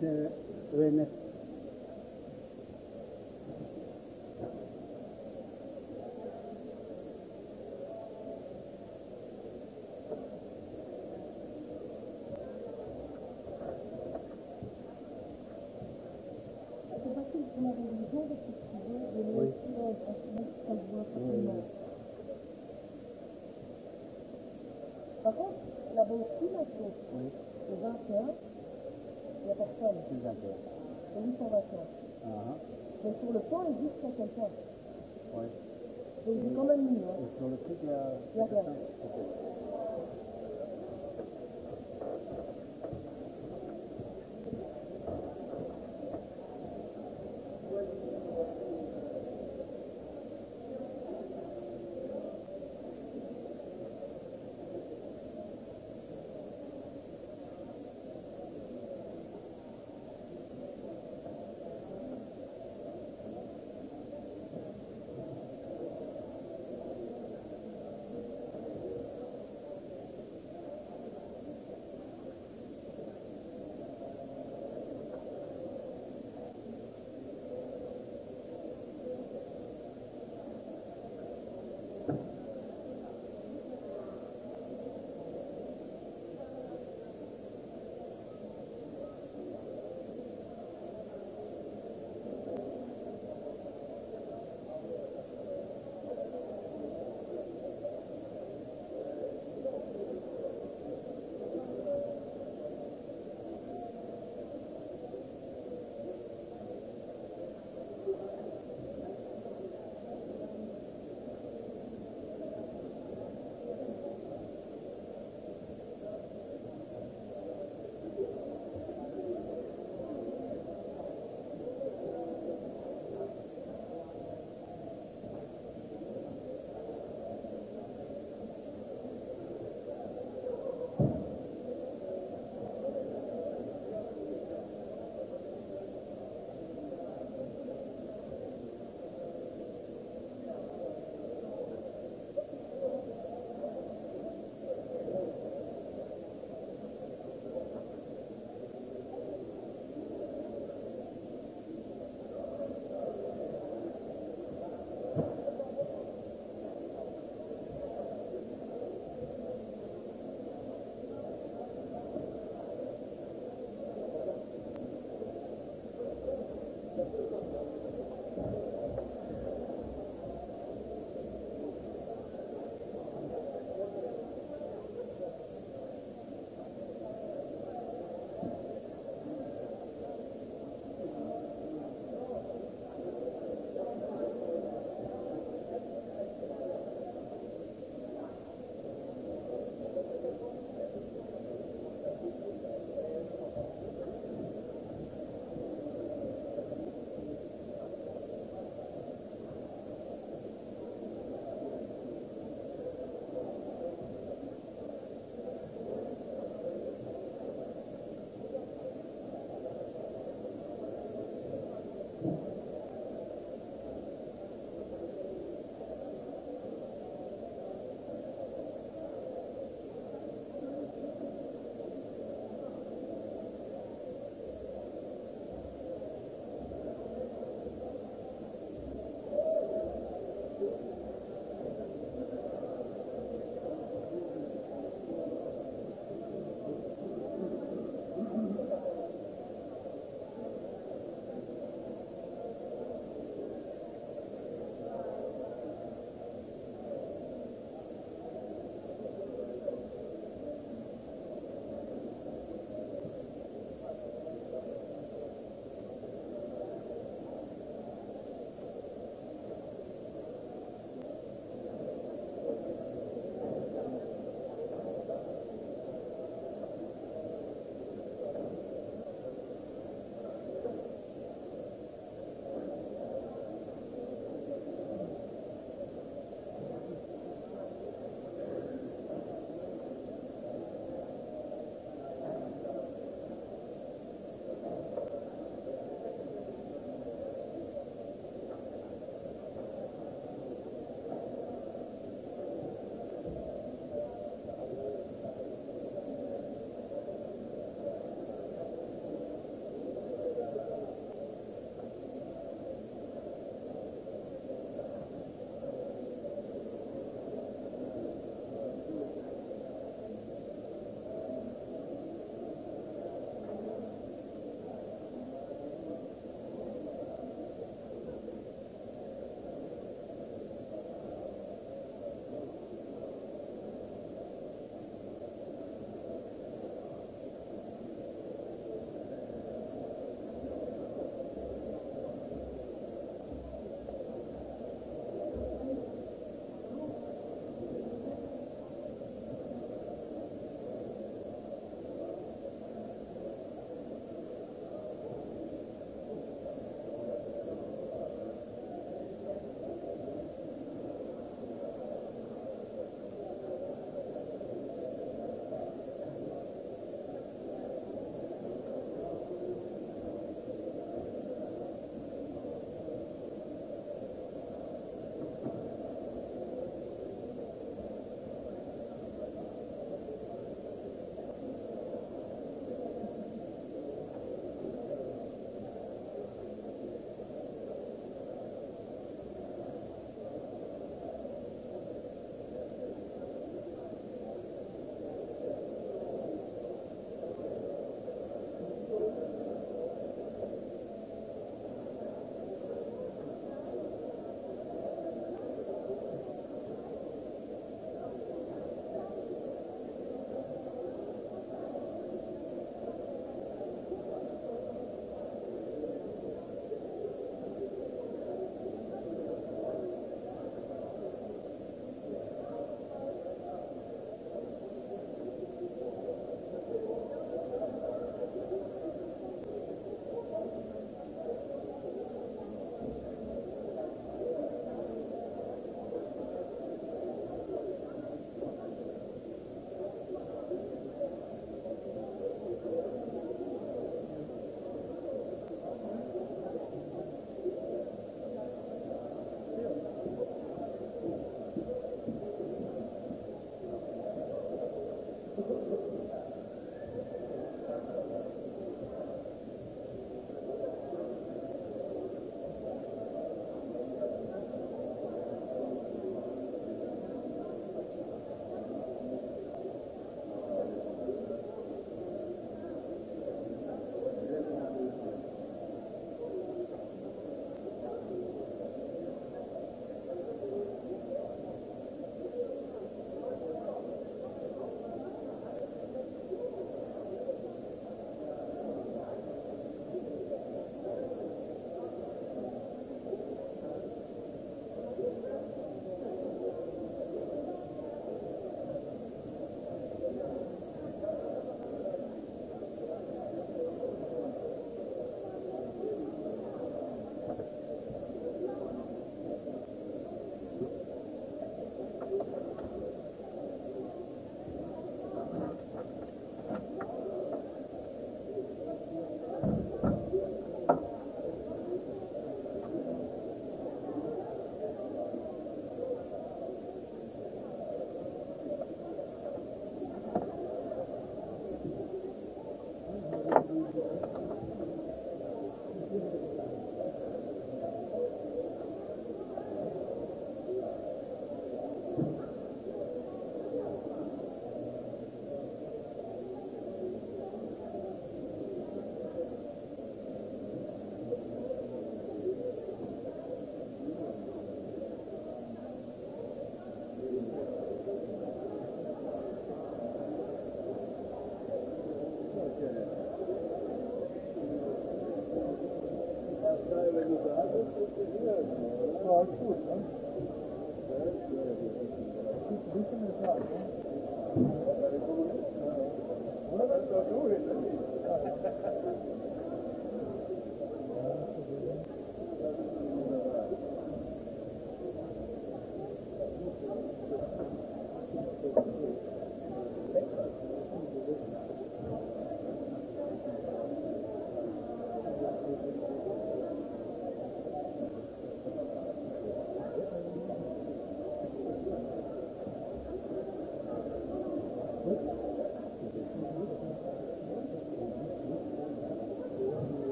võime Par contre, la bonne ça qui nous intéresse. C'est lui qu'on va faire. Uh -huh. Mais sur le temps, ils disent que ça quelqu'un. Oui. Donc j'ai quand même mis. Hein. Et sur le truc, là. La glace.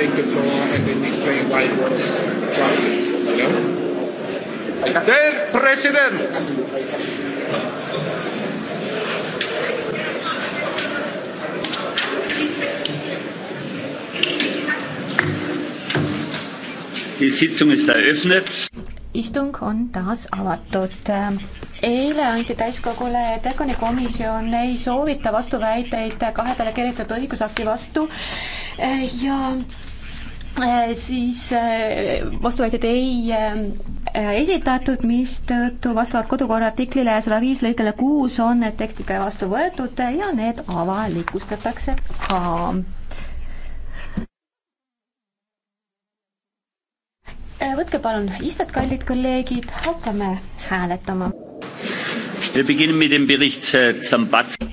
take the floor and then explain why it was drafted. You know? Der Präsident! Die Sitzung ist eröffnet. istung on taas avatud. eile anti täiskogule, et EKONi komisjon ei soovita vastuväiteid kahe delegeeritud õigusakti vastu ja Äh, siis äh, vastuväiteid ei äh, esitatud, mistõttu vastavalt kodukorra artiklile sada viis lõikele kuus on need tekstid ka vastu võetud ja need avalikustatakse ka. võtke palun istet, kallid kolleegid, hakkame hääletama.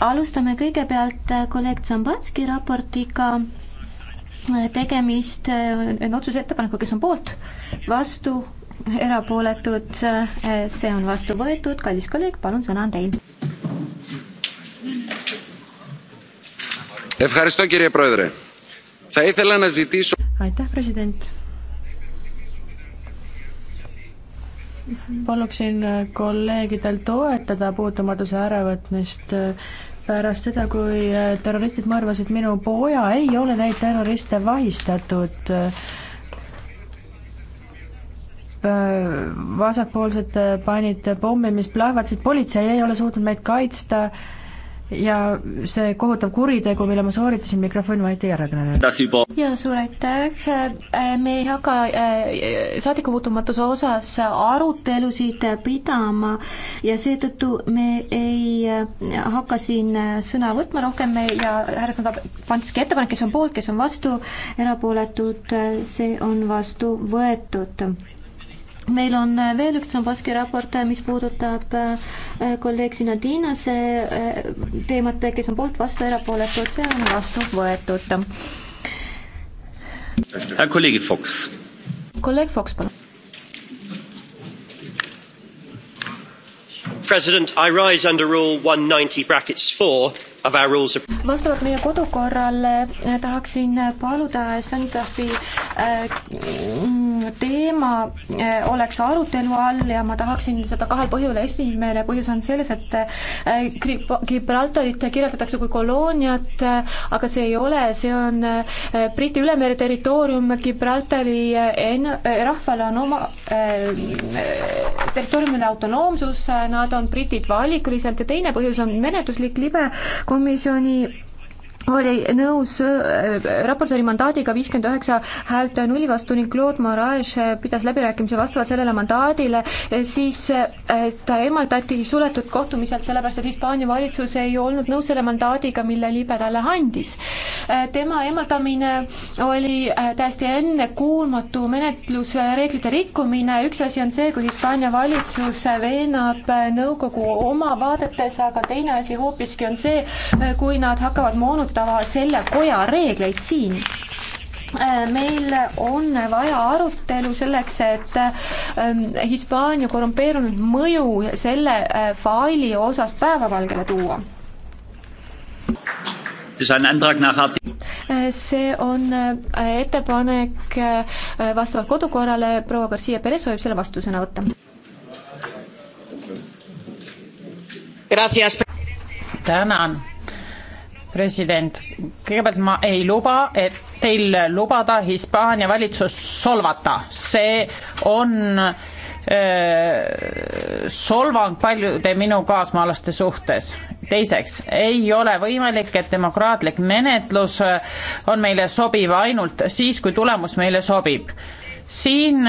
alustame kõigepealt kolleeg Zambatski raportiga tegemist on äh, otsuse ettepanekuga, kes on poolt, vastu, erapooletud, äh, see on vastu võetud, kallis kolleeg, palun, sõna on teil. aitäh, president. paluksin kolleegidel toetada puutumatuse äravõtmist äh, pärast seda, kui äh, terroristid mõrvasid minu poja, ei ole neid terroriste vahistatud. Äh, vasakpoolsed äh, panid pommi, mis plahvatasid, politsei ei ole suutnud meid kaitsta ja see kohutav kuritegu, mille ma sooritasin, mikrofon võeti järgmine. ja suur aitäh, äh, me ei hakka äh, saadikupuutumatuse osas arutelusid pidama ja seetõttu me ei äh, hakka siin sõna võtma rohkem ja härra Sada Pantski ettepanek, kes on poolt, kes on vastu, erapooletud, see on vastu võetud meil on äh, veel üks Zambaski raport, äh, mis puudutab äh, kolleeg Sinadinase teemat, kes on poolt, vastu, erapooletud, see on vastu võetud. kolleeg Fox. kolleeg Fox, palun. president, I rise under rule one ninety brackets four vastavalt meie kodukorrale eh, tahaksin paluda, et eh, Sanicafi eh, teema oleks arutelu all ja ma tahaksin seda kahel põhjusel, esimene põhjus on selles, et Gibraltarit kirjeldatakse kui kolooniat, aga see ei ole, see on Briti ülemere territoorium, Gibraltari en-, rahval on oma territooriumil autonoomsus, nad on britid valikuliselt ja teine põhjus on menetluslik libe, komisjoni oli nõus äh, raportööri mandaadiga viiskümmend üheksa häält nulli vastu ning Claude Moraes äh, pidas läbirääkimisi vastavalt sellele mandaadile, äh, siis ta eemaldati suletud kohtumiselt, sellepärast et Hispaania valitsus ei olnud nõus selle mandaadiga, mille libe talle andis. tema eemaldamine oli täiesti ennekuulmatu menetlusreeglite rikkumine, üks asi on see, kui Hispaania valitsus veenab nõukogu oma vaadetes, aga teine asi hoopiski on see, kui nad hakkavad moonutama muudetava selle koja reegleid siin äh, meil on vaja arutelu selleks, et ähm, Hispaania korrumpeerunud mõju selle äh, faili osas päevavalgele tuua. Äh, see on ettepanek vastavalt kodukorrale, proua Garcia Perez soovib selle vastusõna võtta. tänan president, kõigepealt ma ei luba, et teil lubada Hispaania valitsust solvata, see on öö, solvang paljude minu kaasmaalaste suhtes. teiseks, ei ole võimalik, et demokraatlik menetlus on meile sobiv ainult siis, kui tulemus meile sobib. siin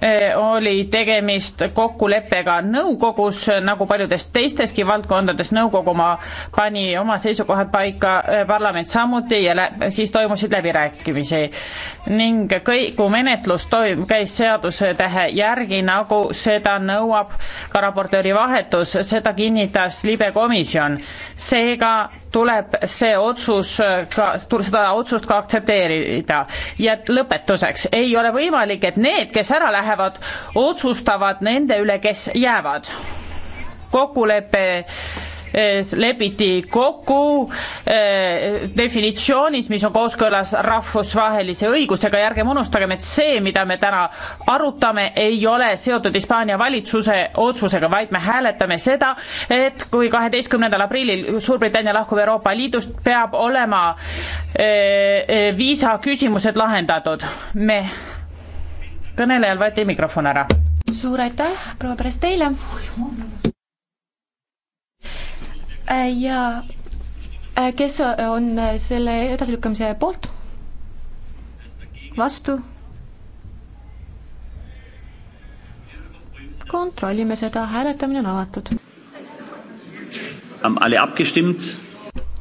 Eh, oli tegemist kokkuleppega nõukogus, nagu paljudes teisteski valdkondades, nõukogu oma pani oma seisukohad paika, eh, parlament samuti ja lä-, siis toimusid läbirääkimisi. ning kõik, kui menetlus toim-, käis seadusetähe järgi, nagu seda nõuab ka raportööri vahetus, seda kinnitas libe komisjon. seega tuleb see otsus ka, seda otsust ka aktsepteerida. ja lõpetuseks, ei ole võimalik, et need, kes ära lähevad, lähevad, otsustavad nende üle, kes jäävad. kokkulepe eh, lepiti kokku eh, definitsioonis, mis on kooskõlas rahvusvahelise õigusega ja ärgem unustagem, et see, mida me täna arutame, ei ole seotud Hispaania valitsuse otsusega, vaid me hääletame seda, et kui kaheteistkümnendal aprillil Suurbritannia lahkub Euroopa Liidust, peab olema eh, eh viisaküsimused lahendatud. me kõnelejal võeti mikrofon ära. suur aitäh, proua Peres teile. ja äh, kes on selle edasilükkamise poolt? vastu? kontrollime seda, hääletamine on avatud.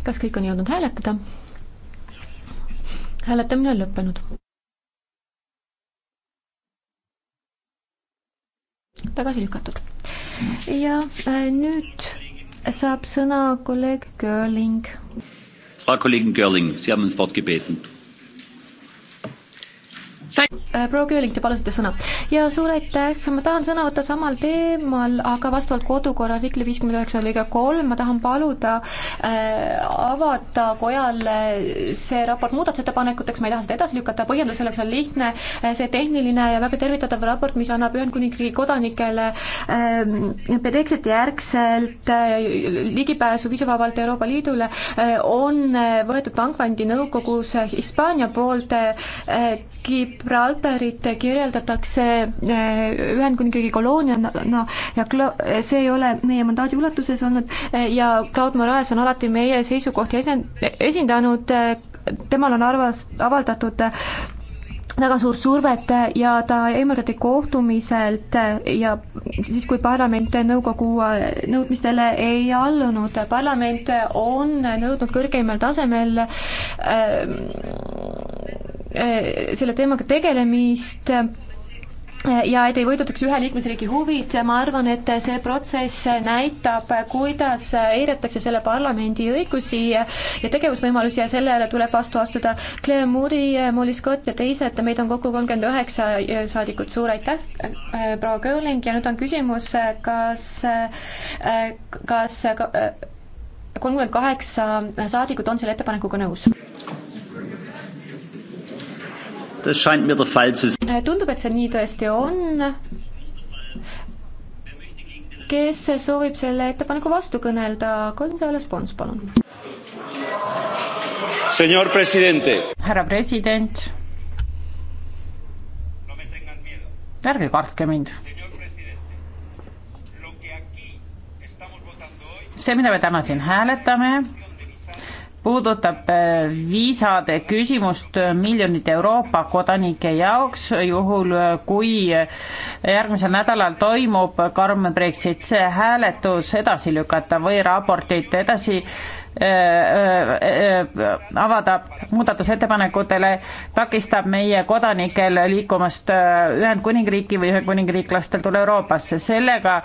kas kõik on jõudnud hääletada? hääletamine on lõppenud. tagasi lükatud. ja äh, nüüd saab sõna kolleeg Görling. Frau Kollegin Görling, Sie haben ins Wort gebeten Äh, proua Kööling, te palusite sõna. ja suur aitäh, ma tahan sõna võtta samal teemal, aga vastavalt kodukorra artikli viiskümmend üheksa lõige kolm ma tahan paluda äh, avada kojale see raport muudatusettepanekuteks, ma ei taha seda edasi lükata, põhjendus selleks on lihtne, äh, see tehniline ja väga tervitatav raport, mis annab Ühendkuningriigi kodanikele äh, Pedexiti järgselt äh, ligipääsu viisavabalt Euroopa Liidule äh,, on äh, võetud Pankvandinõukogus äh, Hispaania poolt äh, kip-, Gibraltarit kirjeldatakse eh, Ühendkuningriigi kolooniana no, ja see ei ole meie mandaadi ulatuses olnud eh, ja Claude Moraes on alati meie seisukohti esindanud, eh, temal on arvas, avaldatud väga suurt survet ja ta eemaldati kohtumiselt ja siis, kui parlament nõukogu nõudmistele ei allunud, parlament on nõudnud kõrgeimal tasemel äh, Äh, selle teemaga tegelemist äh, ja et ei võidutaks ühe liikmesriigi huvid, ma arvan, et see protsess näitab, kuidas eiratakse selle parlamendi õigusi ja tegevusvõimalusi ja sellele tuleb vastu astuda. Claire Moody, Molly Scott ja teised, meid on kokku kolmkümmend üheksa saadikut, suur aitäh, äh, proua Kööling, ja nüüd on küsimus, kas, kas kolmkümmend kaheksa saadikut on selle ettepanekuga nõus? Äh, tundub, et see nii tõesti on. kes soovib selle ettepaneku vastu kõnelda, Gonzales Pons, palun. härra president. ärge kartke mind. see, mida me täna siin hääletame puudutab äh, viisade küsimust miljonite Euroopa kodanike jaoks, juhul äh, kui äh, järgmisel nädalal toimub karm Brexit, see hääletus edasi lükata või raportit edasi Äh, äh, äh, avada muudatusettepanekutele, takistab meie kodanikel liikumast Ühendkuningriiki või ühendkuningriiklastel tule Euroopasse. sellega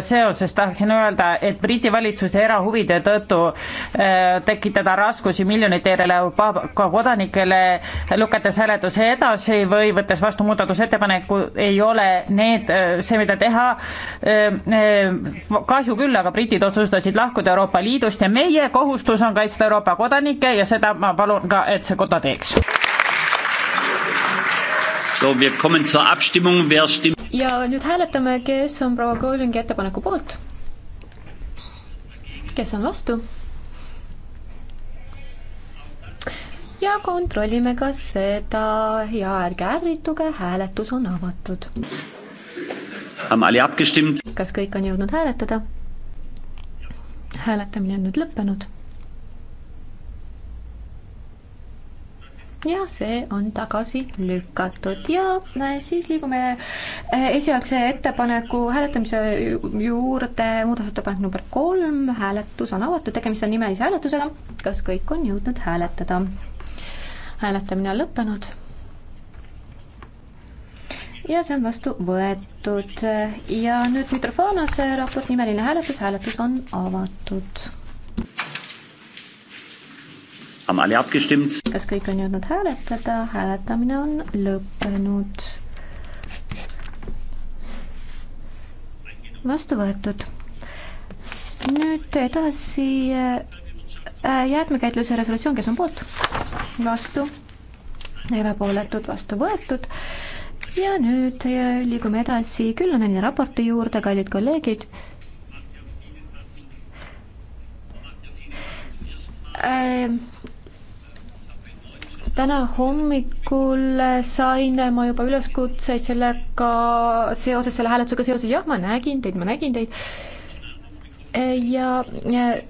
seoses tahaksin öelda, et Briti valitsuse erahuvide tõttu tekitada raskusi miljonitele Euroopa kodanikele, lugedes hääletuse edasi või võttes vastu muudatusettepaneku, ei ole need, see, mida teha, kahju küll, aga britid otsustasid lahkuda Euroopa Liidust ja meie kohustus on kaitsta Euroopa kodanikke ja seda ma palun ka, et see koda teeks. ja nüüd hääletame, kes on proua Kolingi ettepaneku poolt. kes on vastu? ja kontrollime ka seda ja ärge ärrituge, hääletus on avatud. kas kõik on jõudnud hääletada? hääletamine on nüüd lõppenud. ja see on tagasi lükatud ja äh, siis liigume äh, esialgse ettepaneku hääletamise juurde, muudatusettepanek number kolm, hääletus on avatud, tegemist on nimelise hääletusega. kas kõik on jõudnud hääletada? hääletamine on lõppenud ja see on vastu võetud ja nüüd Mitrofanose raport nimeline hääletus, hääletus on avatud. kas kõik on jõudnud hääletada, hääletamine on lõppenud. vastu võetud. nüüd edasi äh, jäätmekäitluse resolutsioon, kes on poolt, vastu, erapooletud, vastu võetud ja nüüd äh, liigume edasi Küllaneni raporti juurde, kallid kolleegid. Ähm, täna hommikul sain ma juba üleskutseid sellega seoses, selle hääletusega seoses, jah, ma nägin teid, ma nägin teid äh, ja äh,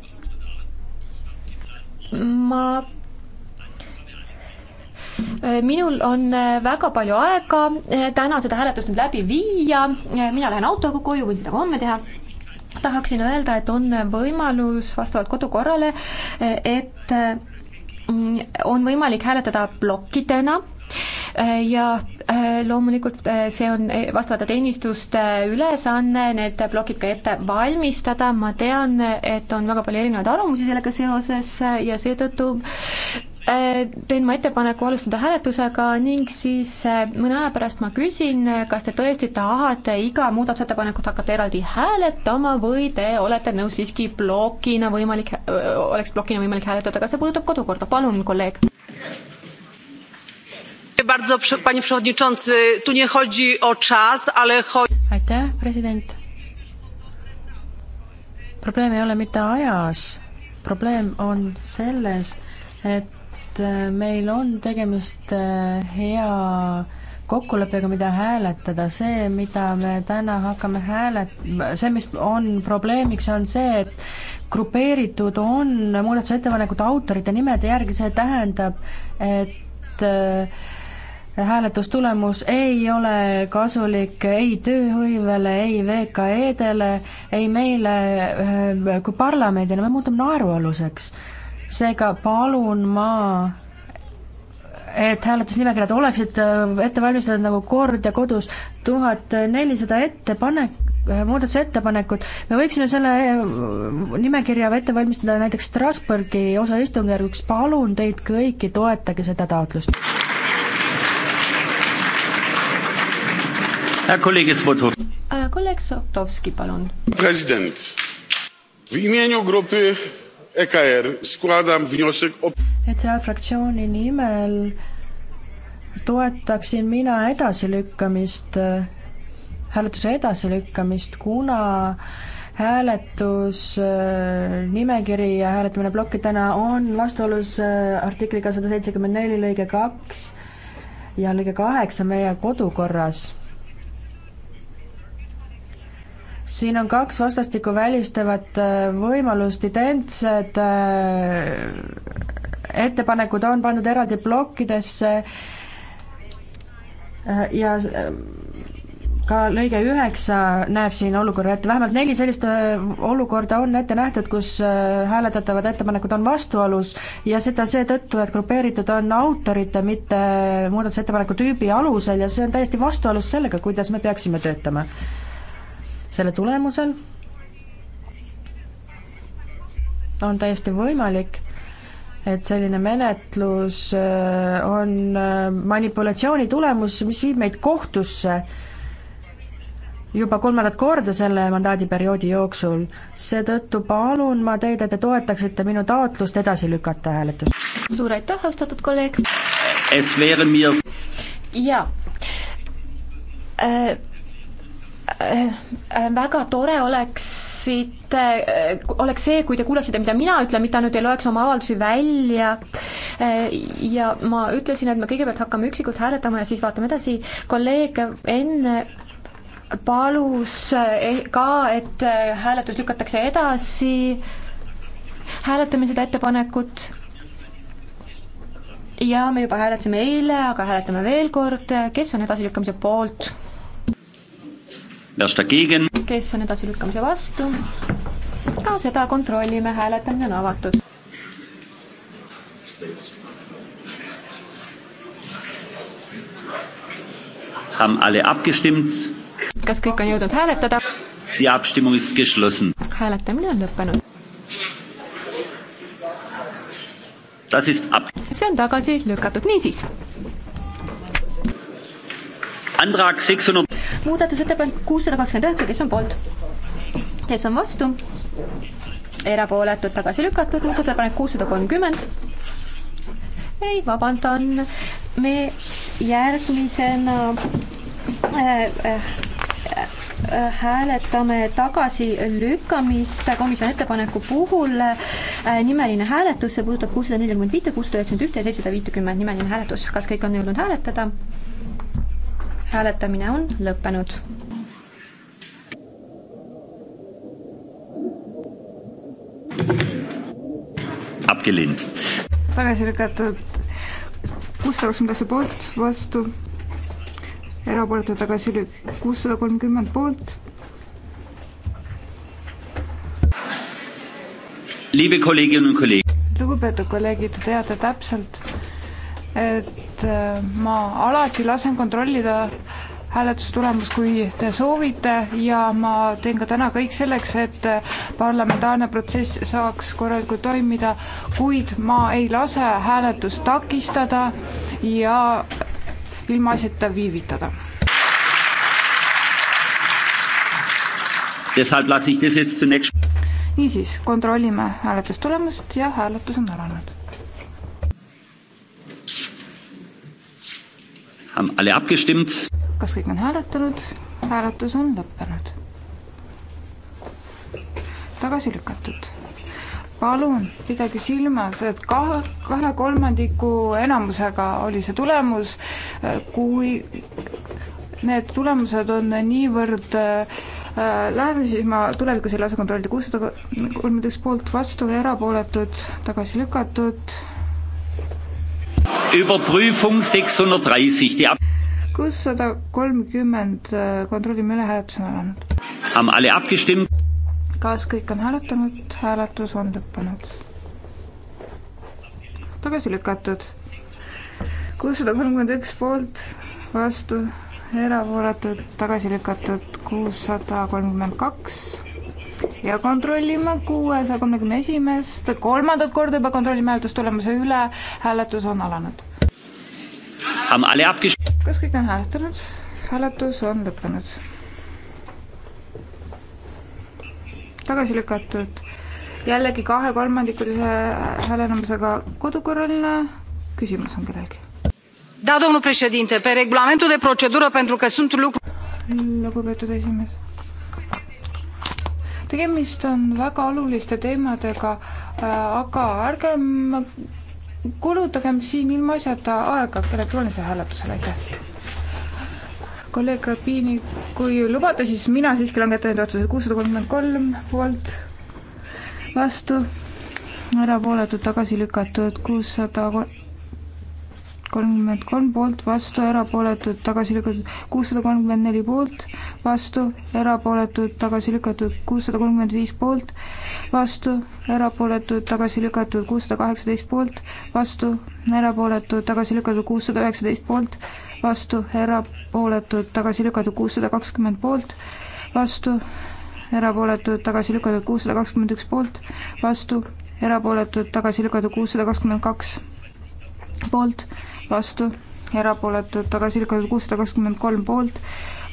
ma Äh, minul on äh, väga palju aega äh, täna seda hääletust nüüd läbi viia, mina lähen autoga koju, võin seda ka homme teha tahaksin öelda, et on võimalus vastavalt kodukorrale, et on võimalik hääletada plokkidena ja loomulikult see on vastavate teenistuste ülesanne need plokid ka ette valmistada, ma tean, et on väga palju erinevaid arvamusi sellega seoses ja seetõttu Äh, teen ma ettepaneku alustada hääletusega ning siis äh, mõne aja pärast ma küsin, äh, kas te tõesti tahate iga muudatusettepanekut hakata eraldi hääletama või te olete nõus siiski plokina võimalik, oleks plokina võimalik hääletada, kas see puudutab kodukorda, palun, kolleeg. aitäh, president. probleem ei ole mitte ajas, probleem on selles, et Äh, meil on tegemist äh, hea kokkuleppega, mida hääletada, see, mida me täna hakkame häälet-, see, mis on probleemiks, on see, et grupeeritud on muudatusettepanekute autorite nimede järgi, see tähendab, et äh, hääletustulemus ei ole kasulik ei tööhõivele, ei VKE-dele, ei meile kui parlamendile, me muutume naerualuseks seega palun ma et hääletusnimekirjad oleksid äh, ette valmistatud nagu kord ja kodus, tuhat nelisada ettepanek, muudatusettepanekut, me võiksime selle äh, nimekirja ette valmistada näiteks Strasbourgi osa istungjärguks, palun teid kõiki, toetage seda taotlust. Äh, kolleeg Sotovski, palun. president, v imieniu grupy EKR składam wniosek o... ECR fraktsiooni nimel toetaksin mina edasilükkamist, hääletuse edasilükkamist, kuna hääletus, nimekiri ja hääletamine plokkidena on vastuolus äh, artikliga sada seitsekümmend neli lõige kaks ja lõige kaheksa meie kodukorras siin on kaks vastastikku välistavat äh, võimalust, identsed äh, ettepanekud on pandud eraldi plokkidesse äh, ja ka lõige üheksa näeb siin olukorra ette, vähemalt neli sellist olukorda on ette nähtud, kus hääletatavad ettepanekud on vastuolus ja seda seetõttu, et grupeeritud on autorite, mitte muudatusettepaneku tüübi alusel ja see on täiesti vastuolus sellega, kuidas me peaksime töötama selle tulemusel on täiesti võimalik, et selline menetlus äh, on äh, manipulatsiooni tulemus, mis viib meid kohtusse juba kolmandat korda selle mandaadiperioodi jooksul. seetõttu palun ma teid, et te toetaksite minu taotlust edasi lükata hääletust. suur aitäh, austatud kolleeg! jaa äh,, Äh, äh, väga tore oleksid, äh, oleks see, kui te kuuleksite, mida mina ütlen, mitte ainult ei loeks oma avaldusi välja. ja ma ütlesin, et me kõigepealt hakkame üksikult hääletama ja siis vaatame edasi. kolleeg enne palus eh, ka, et hääletus lükatakse edasi. hääletame seda ettepanekut ja me juba hääletasime eile, aga hääletame veel kord, kes on edasilükkamise poolt kes on edasilükkamise vastu? ka seda kontrollime, hääletamine on avatud. kas kõik on jõudnud hääletada? hääletamine on lõppenud. see on tagasi lükatud, niisiis muudatusettepanek kuussada kakskümmend üheksa, kes on poolt? kes on vastu? erapooletud, tagasi lükatud, muudatusettepanek kuussada kolmkümmend. ei, vabandan, me järgmisena äh, äh, äh hääletame tagasilükkamist komisjoni ettepaneku puhul. Äh, nimeline hääletus, see puudutab kuussada nelikümmend viite, kuussada üheksakümmend ühte ja seitsesada viitekümmet nimeline hääletus. kas kõik on jõudnud hääletada? hääletamine on lõppenud. tagasi lükatud kuussada kakskümmend kaheksa poolt, vastu, erapooletu tagasi lükk, kuussada kolmkümmend poolt. lugupeetud kolleegid, te teate täpselt, et et äh, ma alati lasen kontrollida hääletustulemus, kui te soovite ja ma teen ka täna kõik selleks, et äh, parlamentaarne protsess saaks korralikult toimida, kuid ma ei lase hääletust takistada ja ilmaasjata viivitada. niisiis, kontrollime hääletustulemust ja hääletus on alanud kas kõik on hääletanud? hääletus on lõppenud. tagasi lükatud. palun pidage silmas, et kahe, kahe kolmandiku enamusega oli see tulemus, kui need tulemused on niivõrd äh, lähedal, siis ma tulevikus ei lase kontrollida kuussada kolmkümmend üks poolt vastu, erapooletud, tagasi lükatud kuussada kolmkümmend äh, kontrollime üle, hääletus on alanud. kas kõik on hääletanud, hääletus on lõppenud. tagasi lükatud. kuussada kolmkümmend üks poolt, vastu, erapooletud, tagasi lükatud kuussada kolmkümmend kaks ja kontrollime kuuesaja kolmekümne esimest, kolmandat korda juba kontrollime hääletustulemuse üle, hääletus on alanud. kas kõik on hääletanud? hääletus on lõppenud. tagasi lükatud jällegi kahekolmandikulise häälenemisega kodukorraline küsimus on kellelgi. Da, domnul președinte, pe regulamentul de procedură, pentru că sunt lucru... Lugupeetud esimees tegemist on väga oluliste teemadega, äh, aga ärgem kulutagem siin ilmaasjata aega elektroonilisele hääletusele, aitäh. kolleeg Grapini, kui lubate, siis mina siiski langetan nüüd otsuse kuussada kolmkümmend kolm poolt, vastu, erapooletud, tagasi lükatud kuussada 600... kolm kolmkümmend kolm poolt, vastu, erapooletud, tagasi lükatud, kuussada kolmkümmend neli poolt, vastu, erapooletud, tagasi lükatud, kuussada kolmkümmend viis poolt, vastu, erapooletud, tagasi lükatud, kuussada kaheksateist poolt, vastu, erapooletud, tagasi lükatud, kuussada üheksateist poolt, vastu, erapooletud, tagasi lükatud, kuussada kakskümmend poolt, vastu, erapooletud, tagasi lükatud, kuussada kakskümmend üks poolt, vastu, erapooletud, tagasi lükatud, kuussada kakskümmend kaks poolt, vastu, erapooletud, tagasi lükatud kuussada kakskümmend kolm poolt,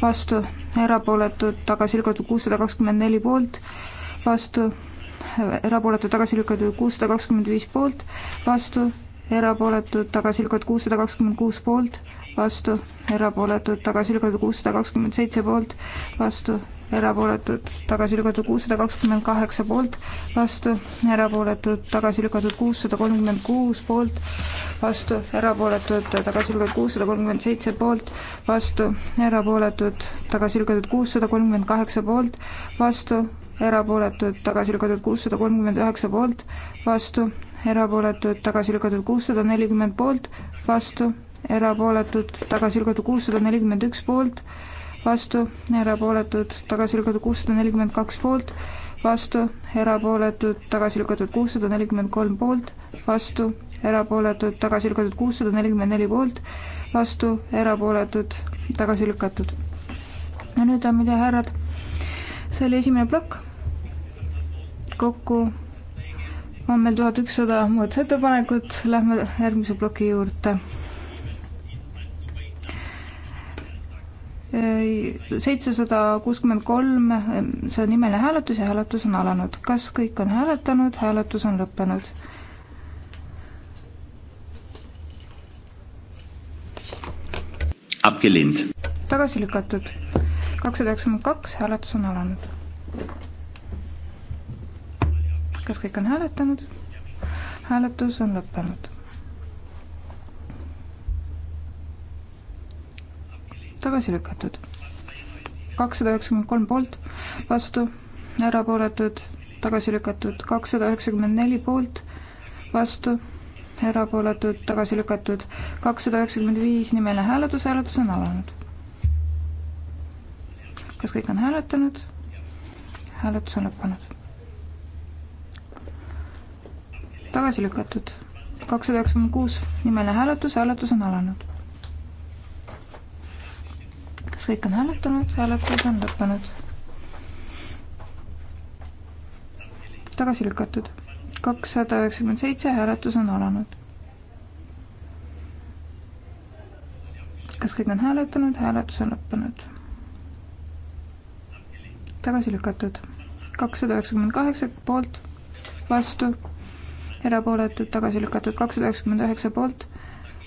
vastu, erapooletud, tagasi lükatud kuussada kakskümmend neli poolt, vastu, erapooletud, tagasi lükatud kuussada kakskümmend viis poolt, vastu, erapooletud, tagasi lükatud kuussada kakskümmend kuus poolt, vastu, erapooletud, tagasi lükatud kuussada kakskümmend seitse poolt, vastu, erapooletud, tagasi lükatud kuussada kakskümmend kaheksa poolt, vastu, erapooletud, tagasi lükatud kuussada kolmkümmend kuus poolt, vastu, erapooletud, tagasi lükatud kuussada kolmkümmend seitse poolt, vastu, erapooletud, tagasi lükatud kuussada kolmkümmend kaheksa poolt, vastu, erapooletud, tagasi lükatud kuussada kolmkümmend üheksa poolt, vastu, erapooletud, tagasi lükatud kuussada nelikümmend poolt, vastu, erapooletud, tagasi lükatud kuussada nelikümmend üks poolt, vastu, erapooletud, tagasi lükatud kuussada nelikümmend kaks poolt, vastu, erapooletud, tagasi lükatud kuussada nelikümmend kolm poolt, vastu, erapooletud, tagasi lükatud kuussada nelikümmend neli poolt, vastu, erapooletud, tagasi lükatud. ja nüüd, daamid ja härrad, see oli esimene plokk. kokku on meil tuhat ükssada muudatusettepanekut, lähme järgmise ploki juurde seitsesada kuuskümmend kolm, see on nimeline hääletus ja hääletus on alanud. kas kõik on hääletanud, hääletus on lõppenud? tagasi lükatud. kakssada üheksakümmend kaks, hääletus on alanud. kas kõik on hääletanud? hääletus on lõppenud tagasi lükatud. kakssada üheksakümmend kolm poolt, vastu, erapooletud, tagasi lükatud, kakssada üheksakümmend neli poolt, vastu, erapooletud, tagasi lükatud, kakssada üheksakümmend viis nimeline hääletus, hääletus on alanud. kas kõik on hääletanud? hääletus on lõppenud. tagasi lükatud, kakssada üheksakümmend kuus nimeline hääletus, hääletus on alanud kas kõik on hääletanud? hääletus on lõppenud. tagasi lükatud. kakssada üheksakümmend seitse, hääletus on alanud. kas kõik on hääletanud? hääletus on lõppenud. tagasi lükatud. kakssada üheksakümmend kaheksa poolt, vastu erapooletud, tagasi lükatud kakssada üheksakümmend üheksa poolt,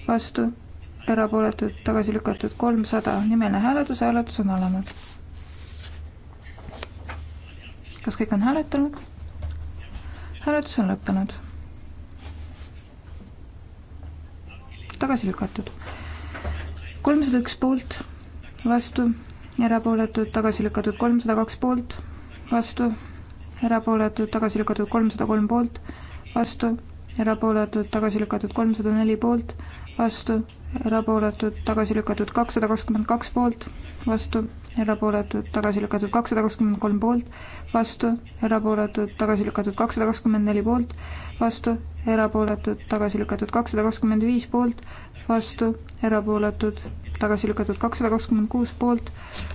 vastu erapooletud, tagasi lükatud kolmsada, nimeline hääletus, hääletus on alanud. kas kõik on hääletanud? hääletus on lõppenud. tagasi lükatud. kolmsada üks poolt, vastu, erapooletud, tagasi lükatud kolmsada kaks poolt, vastu, erapooletud, tagasi lükatud kolmsada kolm poolt, vastu erapooletud, tagasi lükatud kolmsada neli poolt, vastu, erapooletud, tagasi lükatud kakssada kakskümmend kaks poolt, vastu, erapooletud, tagasi lükatud kakssada kakskümmend kolm poolt, vastu, erapooletud, tagasi lükatud kakssada kakskümmend neli poolt, vastu, erapooletud, tagasi lükatud kakssada kakskümmend viis poolt, vastu, erapooletud, tagasi lükatud kakssada kakskümmend kuus poolt,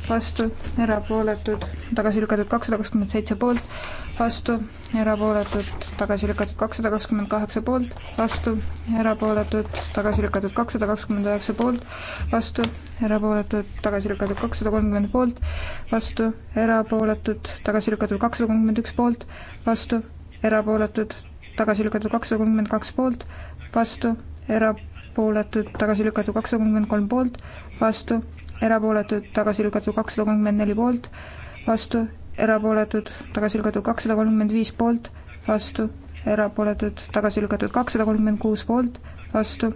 vastu, erapooletud, tagasi lükatud kakssada kakskümmend seitse poolt, vastu, erapooletud, tagasi lükatud kakssada kakskümmend kaheksa poolt, vastu, erapooletud, tagasi lükatud kakssada kakskümmend üheksa poolt, vastu, erapooletud, tagasi lükatud kakssada kolmkümmend poolt, vastu, erapooletud, tagasi lükatud kakssada kolmkümmend üks poolt, vastu, erapooletud, tagasi lükatud kakssada kolmkümmend kaks poolt, vastu, erapooletud, erapooletud, tagasi lükatud kakssada kolmkümmend kolm poolt, vastu, erapooletud, tagasi lükatud kakssada kolmkümmend neli poolt, vastu, erapooletud, tagasi lükatud kakssada kolmkümmend viis poolt, vastu, erapooletud, tagasi lükatud kakssada kolmkümmend kuus poolt, vastu,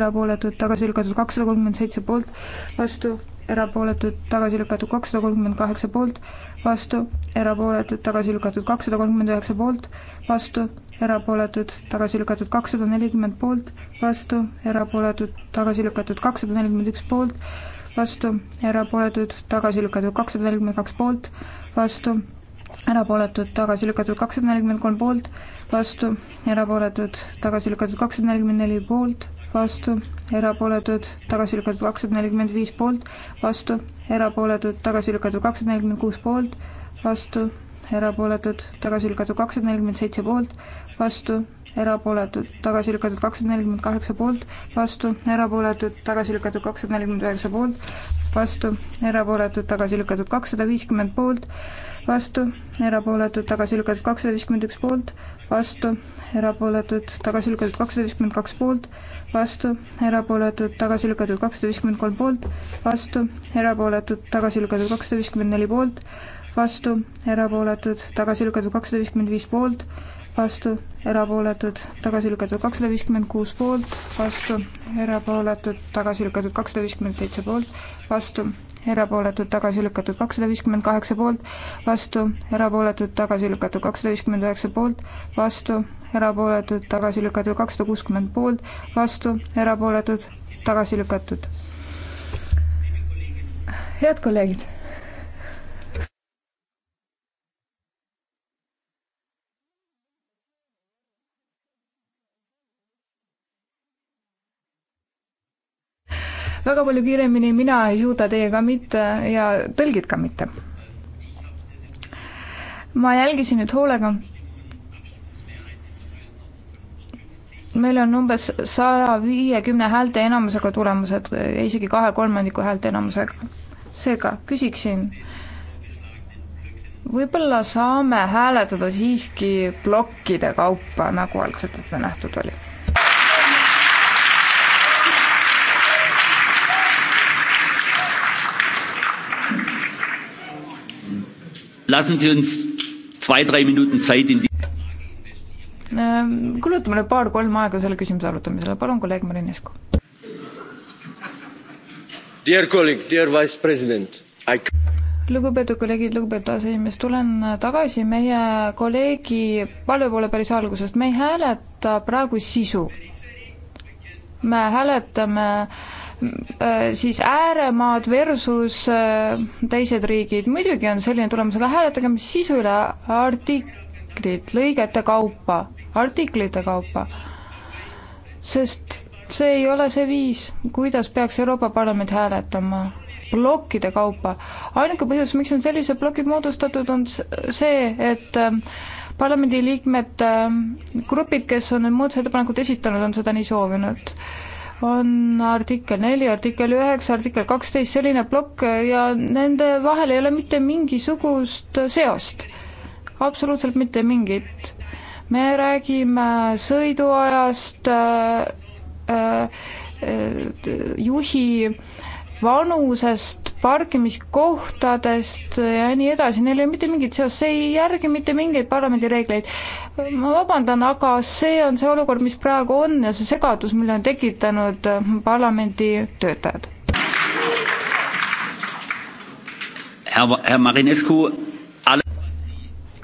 erapooletud, tagasi lükatud kakssada kolmkümmend seitse poolt, vastu, erapooletud, tagasi lükatud kakssada kolmkümmend kaheksa poolt, vastu, erapooletud, tagasi lükatud kakssada kolmkümmend üheksa poolt, vastu, erapooletud, tagasi lükatud kakssada nelikümmend poolt, vastu, erapooletud, tagasi lükatud kakssada nelikümmend üks poolt, vastu, erapooletud, tagasi lükatud kakssada nelikümmend kaks poolt, vastu, erapooletud, tagasi lükatud kakssada nelikümmend kolm poolt, vastu, erapooletud, tagasi lükatud kakssada nelikümmend neli poolt, vastu, erapooletud, tagasi lükatud kakssada nelikümmend viis poolt, vastu, erapooletud, tagasi lükatud kakssada nelikümmend kuus poolt, vastu, erapooletud, tagasi lükatud kakssada nelikümmend seitse poolt, vastu, erapooletud, tagasi lükatud kakssada nelikümmend kaheksa poolt, vastu, erapooletud, tagasi lükatud kakssada nelikümmend üheksa poolt, vastu, erapooletud, tagasi lükatud kakssada viiskümmend poolt, vastu, erapooletud, tagasi lükatud kakssada viiskümmend üks poolt, vastu, erapooletud, tagasi lükatud kakssada viiskümmend kaks poolt, vastu, erapooletud, tagasi lükatud kakssada viiskümmend kolm poolt, vastu, erapooletud, tagasi lükatud kakssada viiskümmend neli poolt, vastu, erapooletud, tagasi lükatud kakssada viiskümmend viis poolt, vastu, erapooletud, tagasi lükatud kakssada viiskümmend kuus poolt, vastu, erapooletud, tagasi lükatud kakssada viiskümmend seitse poolt, vastu, erapooletud, tagasi lükatud kakssada viiskümmend kaheksa poolt, vastu, erapooletud, tagasi lükatud kakssada viiskümmend üheksa poolt, vastu, erapooletud, tagasi lükatud kakssada kuuskümmend poolt, vastu, erapooletud, tagasi lükatud. head kolleegid väga palju kiiremini mina ei suuda, teie ka mitte ja tõlgid ka mitte. ma jälgisin nüüd hoolega. meil on umbes saja viiekümne häälte enamusega tulemused, isegi kahe kolmandiku häälte enamusega. seega küsiksin võib-olla saame hääletada siiski plokkide kaupa, nagu algselt ette nähtud oli. lassen Sie uns zwei, drei Minuten Zeit in die ähm, kulutame nüüd paar-kolm aega selle küsimuse arutamisele, palun, kolleeg Marinescu. Dear colleague, dear vice president I lugupeetud kolleegid, lugupeetud aseesimees, tulen tagasi meie kolleegi palve poole päris algusest, me ei hääleta praegu sisu. me hääletame äh, Äh, siis ääremaad versus äh, teised riigid, muidugi on selline tulemus, aga hääletagem sisu üle artiklid, lõigete kaupa, artiklite kaupa. sest see ei ole see viis, kuidas peaks Euroopa Parlament hääletama, plokkide kaupa. ainuke põhjus, miks on sellised plokid moodustatud, on see, et ähm, parlamendiliikmed, ähm, grupid, kes on need muudatusettepanekud esitanud, on seda nii soovinud on artikkel neli, artikkel üheksa, artikkel kaksteist, selline plokk ja nende vahel ei ole mitte mingisugust seost. absoluutselt mitte mingit. me räägime sõiduajast äh,, äh, juhi vanusest, parkimiskohtadest ja nii edasi, neil ei ole mitte mingit seost, see ei järgi mitte mingeid parlamendireegleid. ma vabandan, aga see on see olukord, mis praegu on ja see segadus, mille on tekitanud parlamendi töötajad.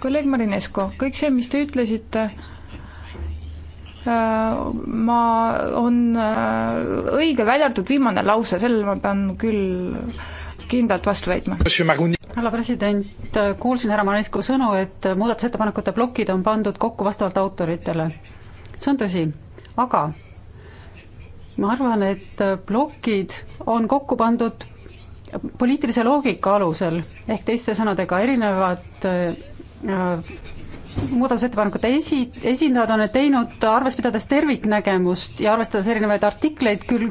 kolleeg Marinesko, kõik see, mis te ütlesite Äh, ma, on äh, õige, välja arvatud viimane lause, sellele ma pean küll kindlalt vastu väitma. härra president, kuulsin härra Manescu sõnu, et muudatusettepanekute plokid on pandud kokku vastavalt autoritele. see on tõsi, aga ma arvan, et plokid on kokku pandud poliitilise loogika alusel ehk teiste sõnadega erinevad äh, muudatusettepanekute esi, esindajad on need teinud, arves pidades terviknägemust ja arvestades erinevaid artikleid küll,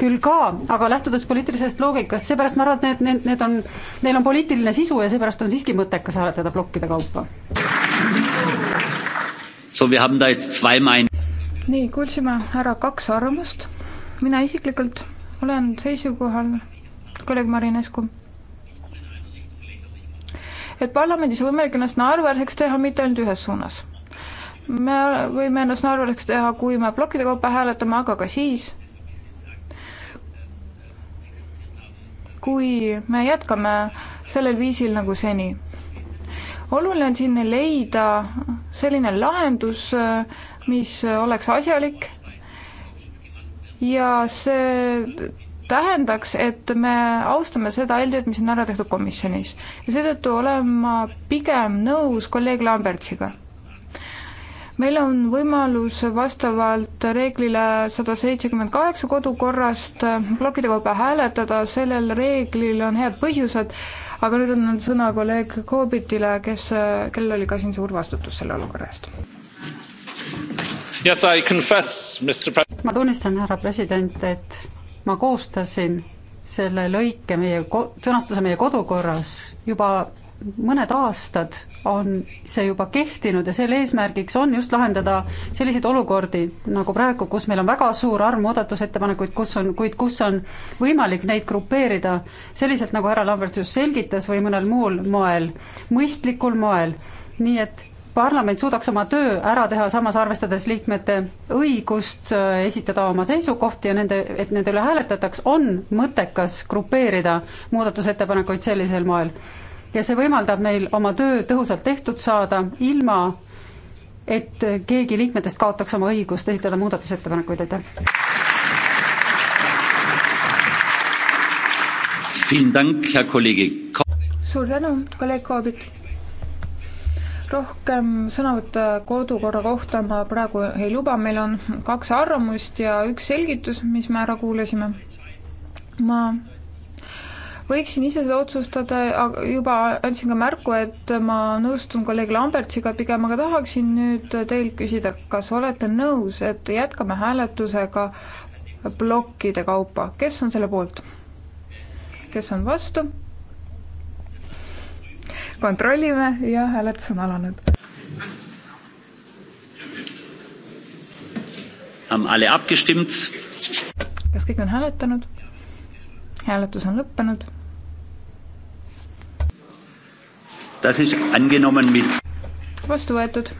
küll ka, aga lähtudes poliitilisest loogikast, seepärast ma arvan, et need, need, need on, neil on poliitiline sisu ja seepärast on siiski mõttekas hääletada plokkide kaupa. nii, kuulsime ära kaks arvamust, mina isiklikult olen seisukohal, kolleeg Marinescu et parlamendis on võimalik ennast naeruväärseks teha mitte ainult ühes suunas. me võime ennast naeruväärseks teha, kui me plokkide kaupa hääletame, aga ka siis, kui me jätkame sellel viisil nagu seni. oluline on siin leida selline lahendus, mis oleks asjalik ja see tähendaks, et me austame seda eeltööd, mis on ära tehtud komisjonis. ja seetõttu olen ma pigem nõus kolleeg Lambertsiga. meil on võimalus vastavalt reeglile sada seitsekümmend kaheksa kodukorrast plokkide kaupa hääletada, sellel reeglil on head põhjused, aga nüüd annan sõna kolleeg Koobitile, kes, kellel oli ka siin suur vastutus selle olukorra eest Yes, confess, ma tunnistan, härra president, et ma koostasin selle lõike meie ko-, sõnastuse meie kodukorras juba mõned aastad on see juba kehtinud ja selle eesmärgiks on just lahendada selliseid olukordi nagu praegu, kus meil on väga suur arv muudatusettepanekuid, kus on, kuid kus on võimalik neid grupeerida selliselt, nagu härra Lambertsus selgitas, või mõnel muul moel, mõistlikul moel. nii et parlament suudaks oma töö ära teha, samas arvestades liikmete õigust äh, esitada oma seisukohti ja nende, et nende üle hääletataks, on mõttekas grupeerida muudatusettepanekuid sellisel moel. ja see võimaldab meil oma töö tõhusalt tehtud saada, ilma et keegi liikmetest kaotaks oma õigust esitada muudatusettepanekuid, aitäh. suur tänu, kolleeg Koobik rohkem sõnavõtte kodukorra kohta ma praegu ei luba, meil on kaks arvamust ja üks selgitus, mis me ära kuulasime. ma võiksin ise seda otsustada, juba andsin ka märku, et ma nõustun kolleeg Lambertsiga pigem, aga tahaksin nüüd teilt küsida, kas olete nõus, et jätkame hääletusega plokkide kaupa, kes on selle poolt? kes on vastu? kontrollime ja hääletus on alanud. kas kõik on hääletanud? hääletus on lõppenud. vastu võetud.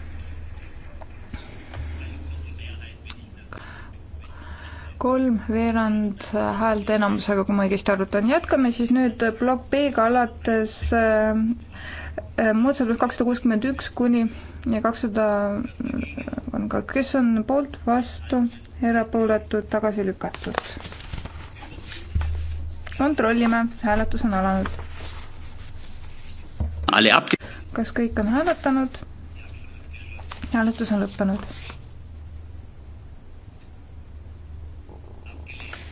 kolmveerand häälte enamusega, kui ma õigesti arvutan. jätkame siis nüüd plokk B-ga alates äh, Äh, muudatusettepanek kakssada kuuskümmend üks kuni kakssada on ka, kes on poolt, vastu, erapooletud, tagasi lükatud. kontrollime, hääletus on alanud. kas kõik on hääletanud? hääletus on lõppenud.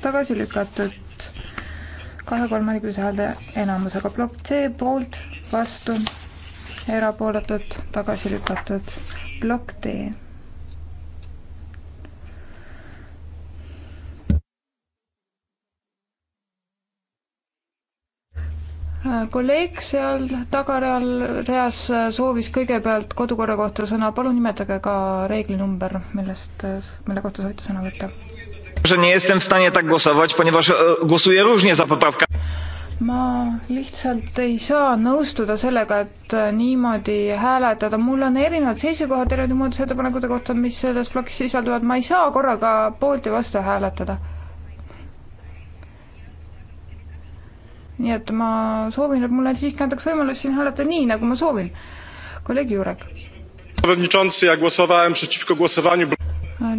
tagasi lükatud kahe kolmandikulise häälte enamusega plokk C poolt, vastu erapooletud, tagasi lükatud. plokk D. kolleeg seal tagareal reas soovis kõigepealt kodukorra kohta sõna, palun nimetage ka reeglinumber, millest, mille kohta soovite sõna võtta ma lihtsalt ei saa nõustuda sellega, et niimoodi hääletada, mul on erinevad seisukohad erinevate muudatusettepanekute kohta, mis selles plokis sisalduvad, ma ei saa korraga poolt ja vastu hääletada. nii et ma soovin, et mulle siiski antaks võimalus siin hääletada nii, nagu ma soovin. kolleeg Jurek.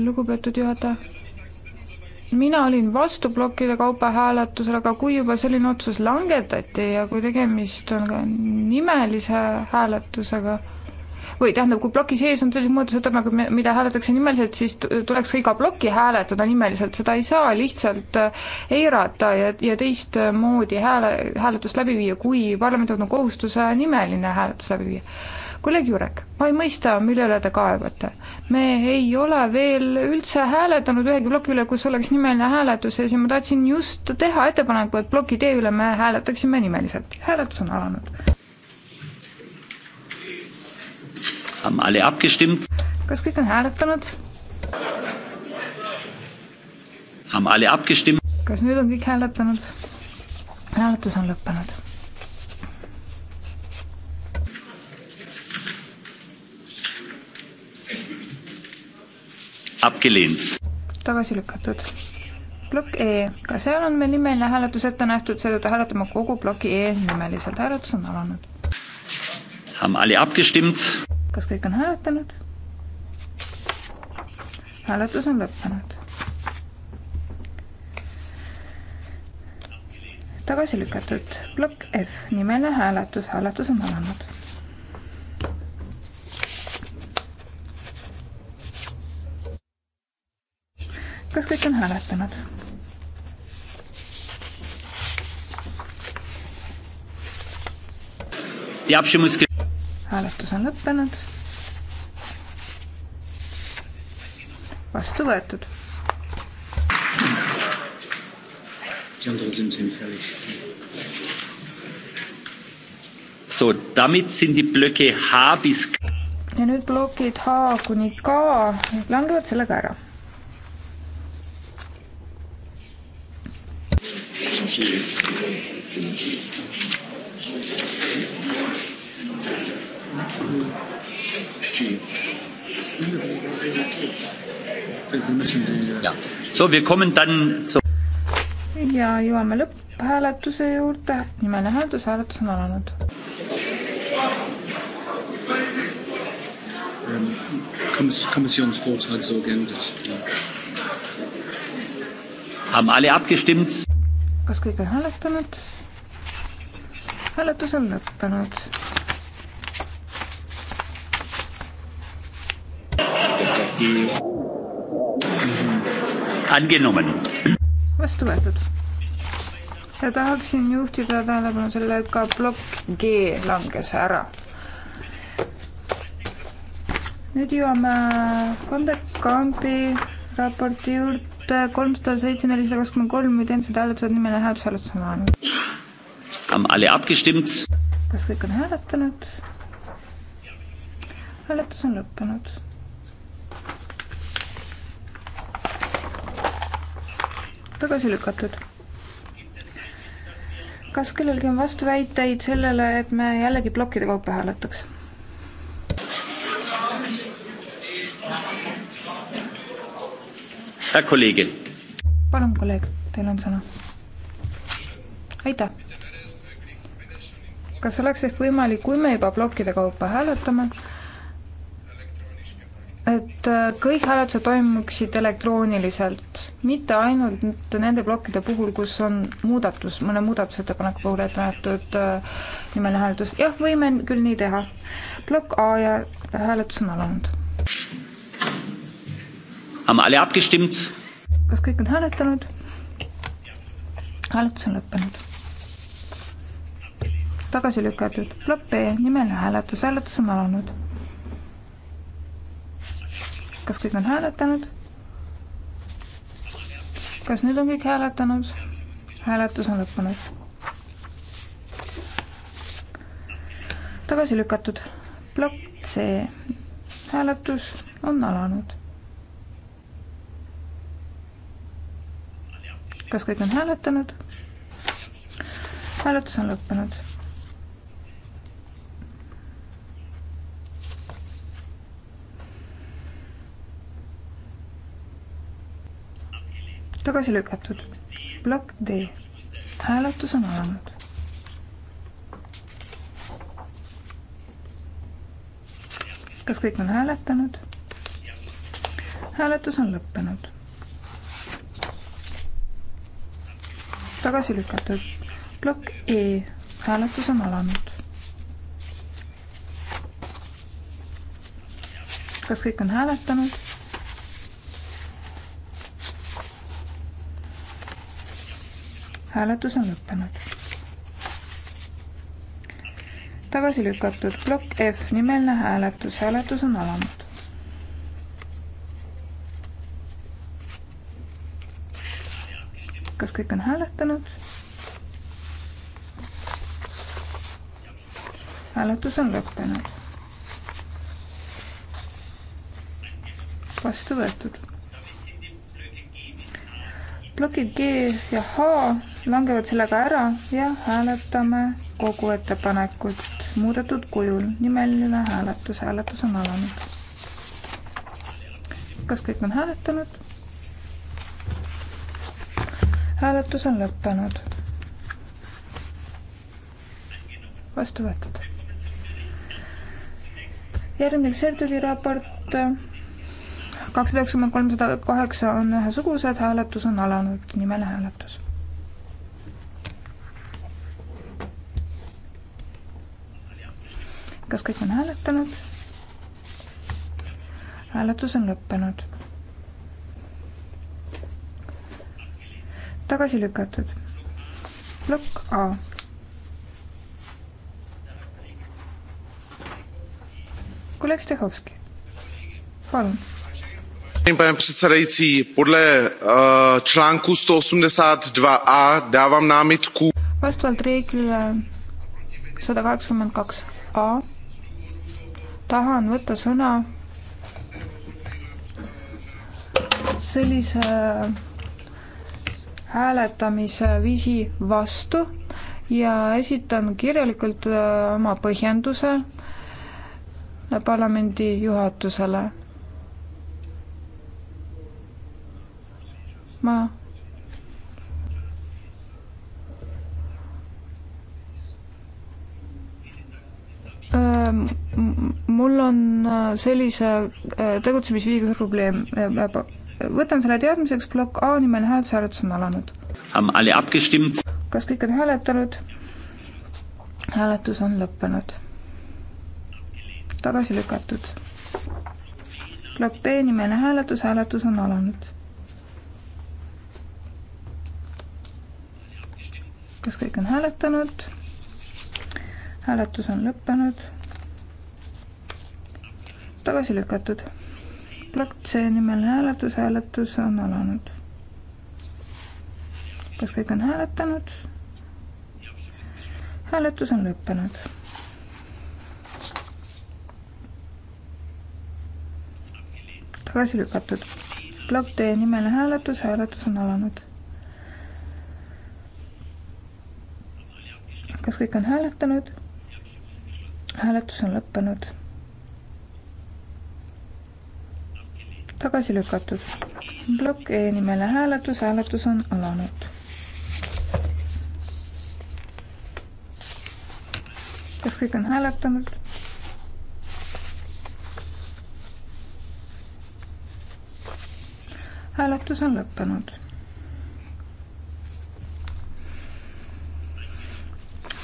lugupeetud juhataja mina olin vastu plokkide kaupa hääletusele, aga kui juba selline otsus langetati ja kui tegemist on ka nimelise hääletusega, või tähendab, kui ploki sees on sellised muudatusettepanekud, mida hääletatakse nimeliselt, siis tuleks ka iga ploki hääletada nimeliselt, seda ei saa lihtsalt äh, eirata ja, ja teistmoodi hääle, hääletust läbi viia, kui parlament on kohustuse nimeline hääletus läbi viia kolleeg Jurek, ma ei mõista, millele te kaevate. me ei ole veel üldse hääletanud ühegi ploki üle, kus oleks nimeline hääletus ja siis ma tahtsin just teha ettepaneku, et ploki D üle me hääletaksime nimeliselt. hääletus on alanud. kas kõik on hääletanud? kas nüüd on kõik hääletanud? hääletus on lõppenud abgelehnt. tagasi lükatud. plokk E, ka seal on meil nimeline hääletus ette nähtud, seetõttu hääletame kogu ploki E nimeliselt, hääletus on alanud. kas kõik on hääletanud? hääletus on lõppenud. tagasi lükatud plokk F, nimeline hääletus, hääletus on alanud kas kõik on hääletanud? hääletus on lõppenud. vastu võetud. So, damit sind die Blöcke H bis ja nüüd plokid H kuni K langevad sellega ära finanziell. So, wir kommen dann zu ja jõuame lõpphääletuse juurde, nimeline hääletus, hääletus on alanud. Haben alle abgestimmt? kas kõik on hääletanud? hääletus on lõppenud. vastu võetud. ja tahaksin juhtida tähelepanu sellele, et ka plokk G langes ära nüüd jõuame Vandekampi raporti juurde tuhat äh, kolmsada seitse, nelisada kakskümmend kolm identsed hääletused, nimeline hääletus, hääletus on alanud. kas kõik on hääletanud? hääletus on lõppenud. tagasi lükatud. kas kellelgi on vastuväiteid sellele, et me jällegi plokkide kaupa hääletaks? palun, kolleeg, teil on sõna. aitäh. kas oleks ehk võimalik, kui me juba plokkide kaupa hääletame, et äh, kõik hääletused toimuksid elektrooniliselt, mitte ainult nende plokkide puhul, kus on muudatus, mõne muudatusettepaneku puhul ette nähtud äh, nimeline hääletus, jah, võime küll nii teha. plokk A ja hääletus on alanud. Haben alle abgestimmt? kas kõik on hääletanud? hääletus on lõppenud. tagasi lükatud plokk B e, nimeline hääletus, hääletus on alanud. kas kõik on hääletanud? kas nüüd on kõik hääletanud? hääletus on lõppenud. tagasi lükatud plokk C hääletus on alanud kas kõik on hääletanud? hääletus on lõppenud. tagasi lükatud. plokk D. hääletus on alanud. kas kõik on hääletanud? hääletus on lõppenud tagasi lükatud. plokk E, hääletus on alanud. kas kõik on hääletanud? hääletus on lõppenud. tagasi lükatud plokk F, nimeline hääletus, hääletus on alanud. kas kõik on hääletanud? hääletus on lõppenud. vastu võetud. plokid G ja H langevad sellega ära ja hääletame kogu ettepanekut muudetud kujul. nimeline hääletus, hääletus on alanud. kas kõik on hääletanud? hääletus on lõppenud. vastu võetud. järgmiseks Ertüli raport kakssada üheksakümmend kolmsada kaheksa on ühesugused, hääletus on alanud, nimeline hääletus. kas kõik on hääletanud? hääletus on lõppenud tagasi lükatud. plokk A. kolleeg Stehhovski, palun pane předsedající podle eh, článku one hundred and eighty two a dávám námitku vastavalt reeglile sada kaheksakümmend kaks a tahan võtta sõna sellise hääletamise viisi vastu ja esitan kirjalikult äh, oma põhjenduse parlamendi juhatusele. ma äh, mul on äh, sellise tegutsemisviisiga probleem võtan selle teadmiseks, plokk A nimeline hääletus, hääletus on alanud. kas kõik on hääletanud? hääletus on lõppenud. tagasi lükatud. plokk B nimeline hääletus, hääletus on alanud. kas kõik on hääletanud? hääletus on lõppenud. tagasi lükatud plokk C nimeline hääletus, hääletus on alanud. kas kõik on hääletanud? hääletus on lõppenud. tagasi lükatud. plokk D nimeline hääletus, hääletus on alanud. kas kõik on hääletanud? hääletus on lõppenud tagasi lükatud. plokk E nimeline hääletus, hääletus on alanud. kas kõik on hääletanud? hääletus on lõppenud.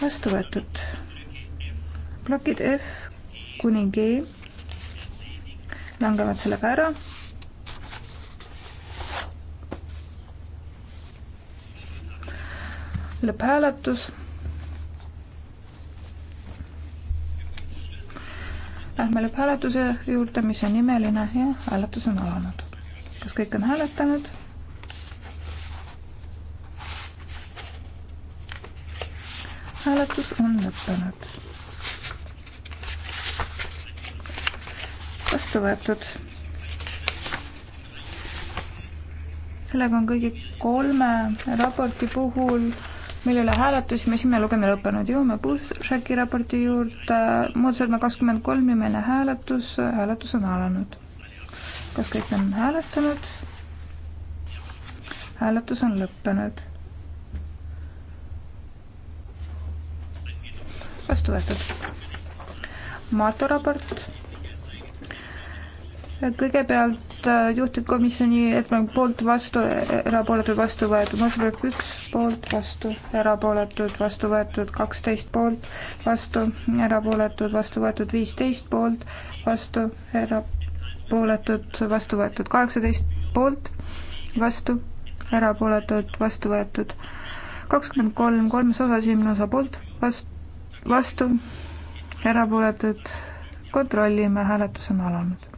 vastu võetud plokid F kuni G langevad sellega ära lõpphääletus. Lähme lõpphääletuse juurde, mis on nimeline ja hääletus on alanud. kas kõik on hääletanud? hääletus on lõppenud. vastu võetud. sellega on kõigi kolme raporti puhul mille üle hääletasime, esimene lugemine lõppenud, jõuame Puusaki raporti juurde, muudatusena kakskümmend kolm nimeline hääletus, hääletus on alanud. kas kõik on hääletanud? hääletus on lõppenud. vastu võetud. Maato raport kõigepealt äh, juhtivkomisjoni ettepanek poolt vastu, erapooletud vastu võetud, muudatusettepanek üks poolt vastu, erapooletud vastu võetud, kaksteist poolt vastu, erapooletud vastu võetud, viisteist poolt vastu, erapooletud vastu võetud, kaheksateist poolt vastu, erapooletud vastu võetud, kakskümmend kolm, kolmes osas esimene osa poolt, vastu, vastu, erapooletud kontrollime, hääletus on alanud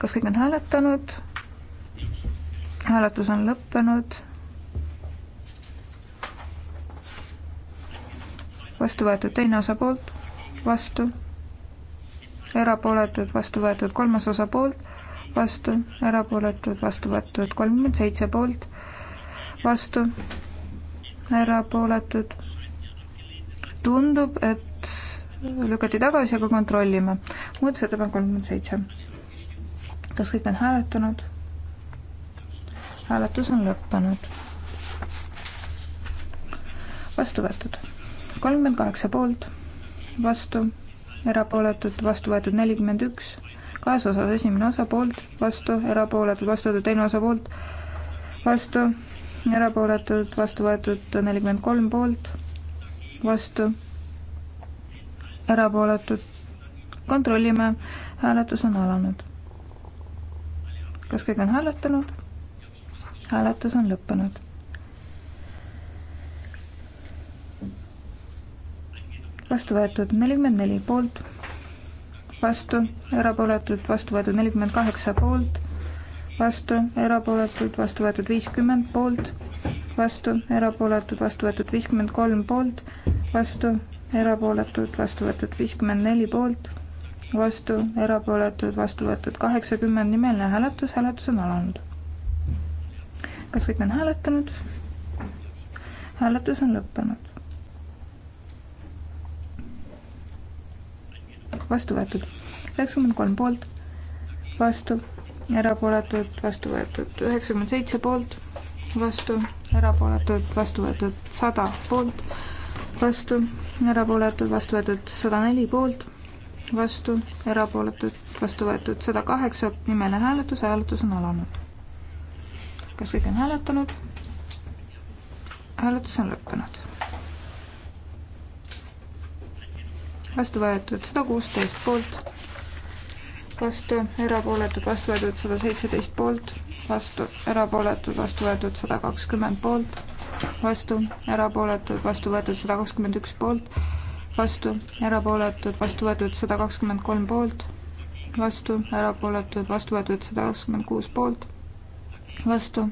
kas kõik on hääletanud? hääletus on lõppenud. vastu võetud teine osa poolt, vastu, erapooletud, vastu võetud kolmas osa poolt, vastu, erapooletud, vastu võetud kolmkümmend seitse poolt, vastu, erapooletud. tundub, et lükati tagasi, aga kontrollime. muudatusettepanek kolmkümmend seitse kas kõik on hääletanud? hääletus on lõppenud. vastu võetud kolmkümmend kaheksa poolt, vastu, erapooletud, vastu võetud nelikümmend üks, kaasosas esimene osa poolt, vastu, erapooletud, vastu võetud teine osa poolt, vastu, erapooletud, vastu võetud nelikümmend kolm poolt, vastu, erapooletud. kontrollime, hääletus on alanud kas kõik on hääletanud? hääletus on lõppenud. vastu võetud nelikümmend neli poolt, vastu, erapooletud, vastu võetud nelikümmend kaheksa poolt, vastu, erapooletud, vastu võetud viiskümmend poolt, vastu, erapooletud, vastu võetud viiskümmend kolm poolt, vastu, erapooletud, vastu võetud viiskümmend neli poolt vastu, erapooletud, vastu võetud kaheksakümmend, nimeline hääletus, hääletus on alanud. kas kõik on hääletanud? hääletus on lõppenud. vastu võetud üheksakümmend kolm poolt, vastu, erapooletud, vastu võetud üheksakümmend seitse poolt, vastu, erapooletud, vastu võetud sada poolt, vastu, erapooletud, vastu võetud sada neli poolt vastu, erapooletud, vastu võetud sada kaheksa, nimeline hääletus, hääletus on alanud. kas kõik on hääletanud? hääletus on lõppenud. vastu võetud sada kuusteist poolt, vastu, erapooletud, vastu võetud sada seitseteist poolt, vastu, erapooletud, vastu võetud sada kakskümmend poolt, vastu, erapooletud, vastu võetud sada kakskümmend üks poolt vastu, erapooletud, vastu võetud sada kakskümmend kolm poolt, vastu, erapooletud, vastu võetud sada kakskümmend kuus poolt, vastu,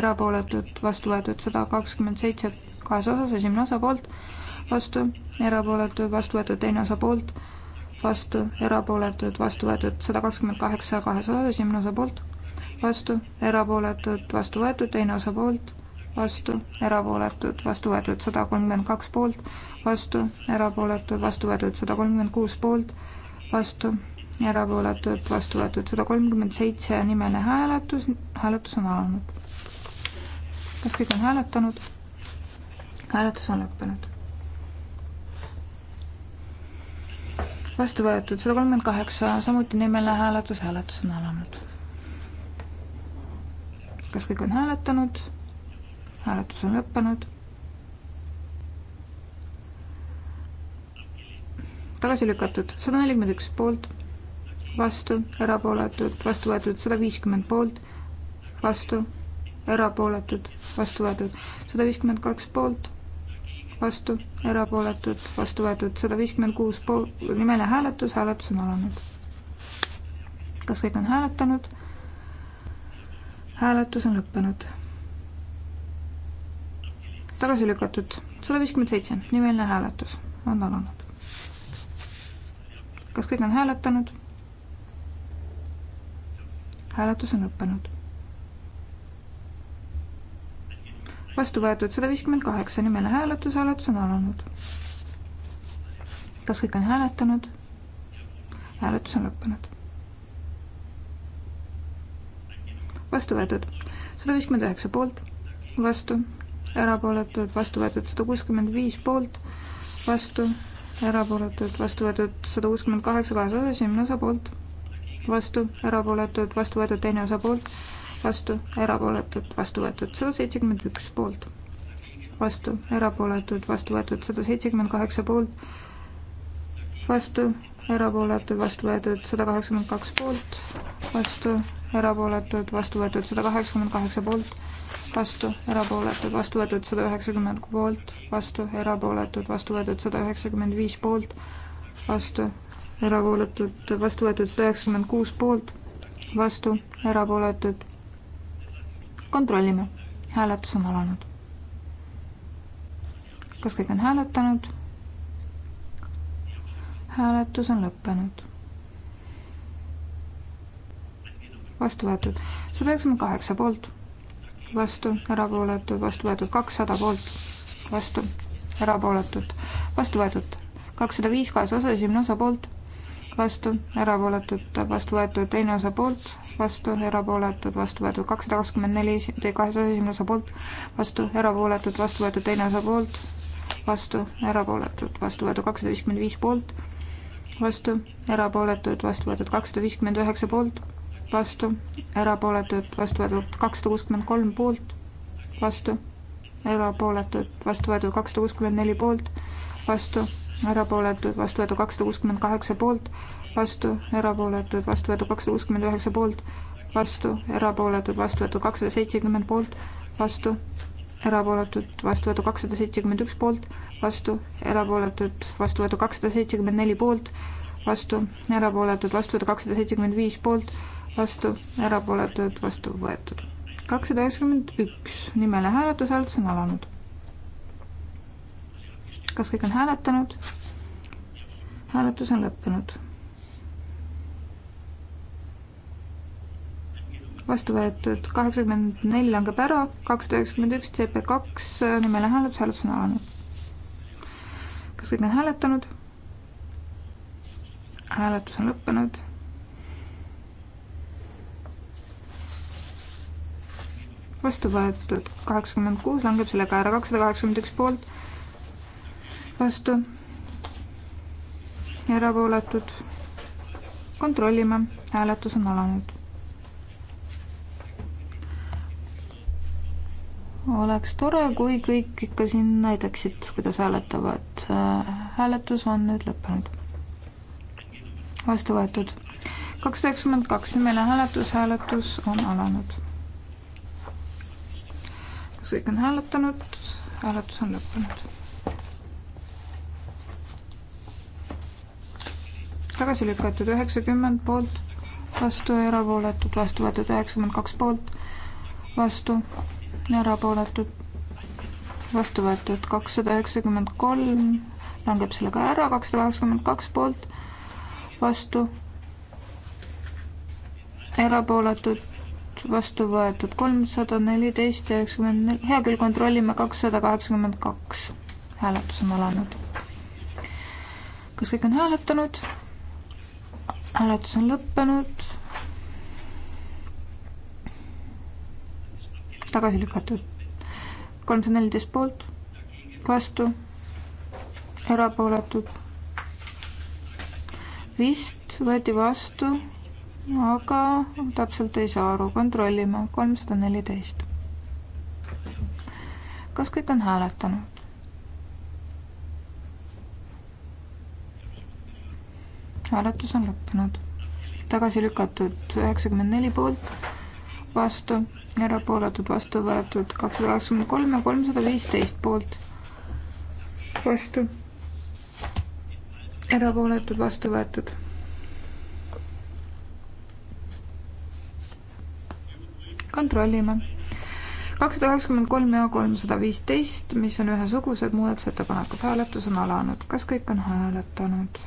erapooletud, vastu võetud sada kakskümmend seitse kahes osas, esimene osa poolt, vastu, erapooletud, vastu võetud teine osa poolt, vastu, erapooletud, vastu võetud sada kakskümmend kaheksa kahes osas, esimene osa poolt, vastu, erapooletud, vastu võetud teine osa poolt vastu, erapooletud, vastu võetud sada kolmkümmend kaks poolt, vastu, erapooletud, vastu võetud sada kolmkümmend kuus poolt, vastu, erapooletud, vastu võetud sada kolmkümmend seitse nimeline hääletus, hääletus on alanud. kas kõik on hääletanud? hääletus on lõppenud. vastu võetud sada kolmkümmend kaheksa, samuti nimeline hääletus, hääletus on alanud. kas kõik on hääletanud? hääletus on lõppenud. tagasi lükatud sada nelikümmend üks poolt, vastu, erapooletud, vastu võetud sada viiskümmend poolt, vastu, erapooletud, vastu võetud sada viiskümmend kaks poolt, vastu, erapooletud, vastu võetud sada viiskümmend kuus pool, nimeline hääletus, hääletus on alanud. kas kõik on hääletanud? hääletus on lõppenud tagasi lükatud sada viiskümmend seitse, nimeline hääletus on alanud. kas kõik on hääletanud? hääletus on lõppenud. vastu võetud sada viiskümmend kaheksa, nimeline hääletus, hääletus on alanud. kas kõik on hääletanud? hääletus on lõppenud. vastu võetud sada viiskümmend üheksa poolt, vastu, erapooletud, vastu võetud sada kuuskümmend viis poolt, vastu, erapooletud, vastu võetud sada kuuskümmend kaheksa kahes osas, esimene osa poolt, vastu, erapooletud, vastu võetud teine osa poolt, vastu, erapooletud, vastu võetud sada seitsekümmend üks poolt, vastu, erapooletud, vastu võetud sada seitsekümmend kaheksa poolt, vastu, erapooletud, vastu võetud sada kaheksakümmend kaks poolt, vastu, erapooletud, vastu võetud sada kaheksakümmend kaheksa poolt vastu, erapooletud, vastu võetud sada üheksakümmend poolt, vastu, erapooletud, vastu võetud sada üheksakümmend viis poolt, vastu, erapooletud, vastu võetud sada üheksakümmend kuus poolt, vastu, erapooletud. kontrollime, hääletus on alanud. kas kõik on hääletanud? hääletus on lõppenud. vastu võetud sada üheksakümmend kaheksa poolt vastu, erapooletud, vastu võetud kakssada poolt, vastu, erapooletud, vastu võetud kakssada viis kaasa osa, esimene osa poolt, vastu, erapooletud, vastu võetud teine osa poolt, vastu, erapooletud, vastu võetud kakssada kakskümmend neli, kaasa osa, esimene osa poolt, vastu, erapooletud, vastu võetud teine osa poolt, vastu, erapooletud, vastu võetud kakssada viiskümmend viis poolt, vastu, erapooletud, vastu võetud kakssada viiskümmend üheksa poolt vastu, erapooletud, vastu võetud kakssada kuuskümmend kolm poolt, vastu, erapooletud, vastu võetud kakssada kuuskümmend neli poolt, vastu, erapooletud, vastu võetud kakssada kuuskümmend kaheksa poolt, vastu, erapooletud, vastu võetud kakssada kuuskümmend üheksa poolt, vastu, erapooletud, vastu võetud kakssada seitsekümmend poolt, vastu, erapooletud, vastu võetud kakssada seitsekümmend üks poolt, vastu, erapooletud, vastu võetud kakssada seitsekümmend neli poolt, vastu, erapooletud, vastu võetud kakssada seitsekümmend viis poolt, vastu, erapooletud, vastu võetud. kakssada üheksakümmend üks, nimele hääletus, hääletus on alanud. kas kõik on hääletanud? hääletus on lõppenud. vastu võetud kaheksakümmend neli langeb ära, kakssada üheksakümmend üks CP kaks, nimele hääletus, hääletus on alanud. kas kõik on hääletanud? hääletus on lõppenud vastu võetud kaheksakümmend kuus, langeb sellega ära kakssada kaheksakümmend üks poolt, vastu, erapooletud. kontrollime, hääletus on alanud. oleks tore, kui kõik ikka siin näitaksid, kuidas hääletavad. hääletus on nüüd lõppenud. vastu võetud kakssada üheksakümmend kaks, nimeline hääletus, hääletus on alanud kas kõik on hääletanud? hääletus on lõppenud. tagasi lükatud üheksakümmend poolt, vastu ja erapooletud, vastu võetud üheksakümmend kaks poolt, vastu ja erapooletud, vastu võetud kakssada üheksakümmend kolm, langeb sellega ära, kakssada kaheksakümmend kaks poolt, vastu, erapooletud vastu võetud kolmsada neliteist ja üheksakümmend neli, hea küll, kontrollime kakssada kaheksakümmend kaks. hääletus on alanud. kas kõik on hääletanud? hääletus on lõppenud. tagasi lükatud. kolmsada neliteist poolt, vastu, erapooletud. vist võeti vastu aga täpselt ei saa aru, kontrollime, kolmsada neliteist. kas kõik on hääletanud? hääletus on lõppenud. tagasi lükatud üheksakümmend neli poolt, vastu, erapooletud, vastu võetud kakssada kakskümmend kolm ja kolmsada viisteist poolt, vastu, erapooletud, vastu võetud kontrollime. kakssada üheksakümmend kolm ja kolmsada viisteist, mis on ühesugused muudatusettepanekud, hääletus on alanud. kas kõik on hääletanud?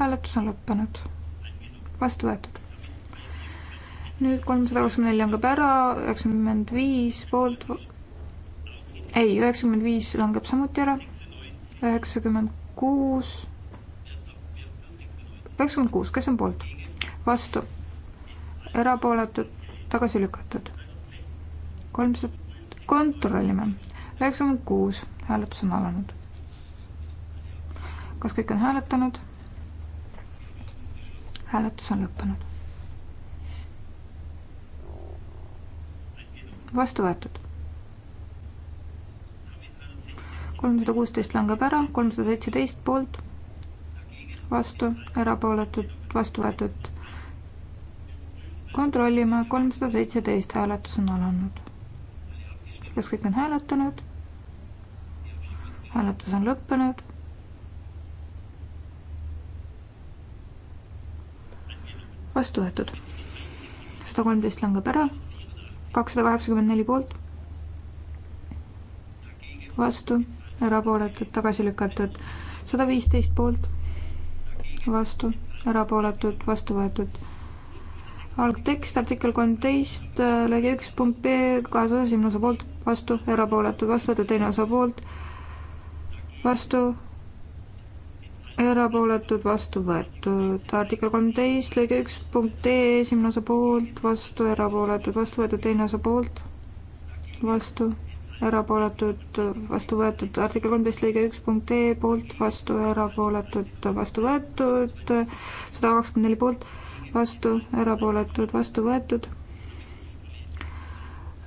hääletus on lõppenud. vastu võetud. nüüd kolmsada kakskümmend neli langeb ära, üheksakümmend viis poolt, ei, üheksakümmend viis langeb samuti ära, üheksakümmend kuus, üheksakümmend kuus, kes on poolt? vastu, erapooletud, tagasi lükatud. kolmsada, kontrollime. üheksakümmend kuus, hääletus on alanud. kas kõik on hääletanud? hääletus on lõppenud. vastu võetud. kolmsada kuusteist langeb ära, kolmsada seitseteist poolt, vastu, erapooletud, vastu võetud kontrollime, kolmsada seitseteist hääletus on alanud. kas kõik on hääletanud? hääletus on lõppenud. vastu võetud. sada kolmteist langeb ära, kakssada kaheksakümmend neli poolt, vastu, erapooletud, tagasi lükatud, sada viisteist poolt, vastu, erapooletud, vastu võetud algtekst artikkel kolmteist äh, lõige üks punkt B kahes osas esimene osa poolt, vastu, erapooletud, vastu võetud, teine osa poolt, vastu, erapooletud, vastu võetud. artikkel kolmteist lõige üks punkt D esimene osa poolt, vastu, erapooletud, vastu võetud, teine osa poolt, vastu, erapooletud, vastu võetud. artikkel kolmteist lõige üks punkt E poolt, vastu, erapooletud, vastu võetud, sada kakskümmend neli poolt vastu, erapooletud, vastu võetud.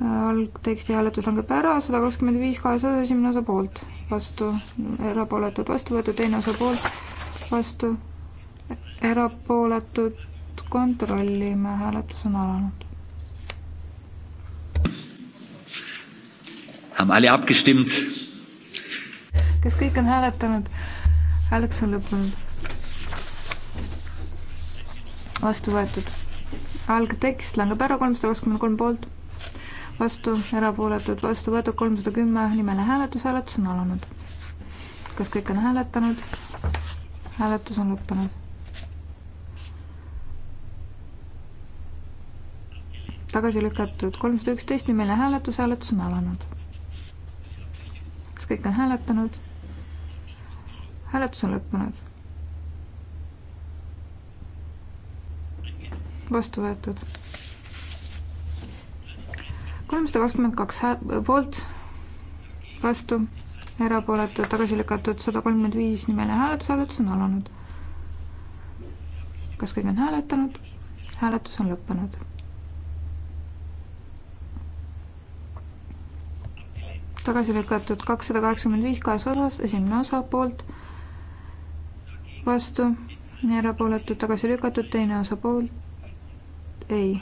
algteksti hääletus langeb ära, sada kakskümmend viis kahes osas, esimene osa poolt, vastu, erapooletud, vastu võetud, teine osa poolt, vastu, erapooletud, kontrollime, hääletus on alanud. kes kõik on hääletanud? hääletus on lõppenud vastu võetud. algtekst langeb ära, kolmsada kakskümmend kolm poolt, vastu, erapooletud, vastu võetud, kolmsada kümme, nimeline hääletus, hääletus on alanud. kas kõik on hääletanud? hääletus on lõppenud. tagasi lükatud, kolmsada üksteist, nimeline hääletus, hääletus on alanud. kas kõik on hääletanud? hääletus on lõppenud vastu võetud. kolmsada kakskümmend kaks poolt, vastu, erapooletud, tagasi lükatud, sada kolmkümmend viis nimeline hääletus, hääletus on alanud. kas kõik on hääletanud? hääletus on lõppenud. tagasi lükatud kakssada kaheksakümmend viis kahes osas, esimene osa poolt, vastu erapooletud tagasi lükatud, teine osa poolt, ei.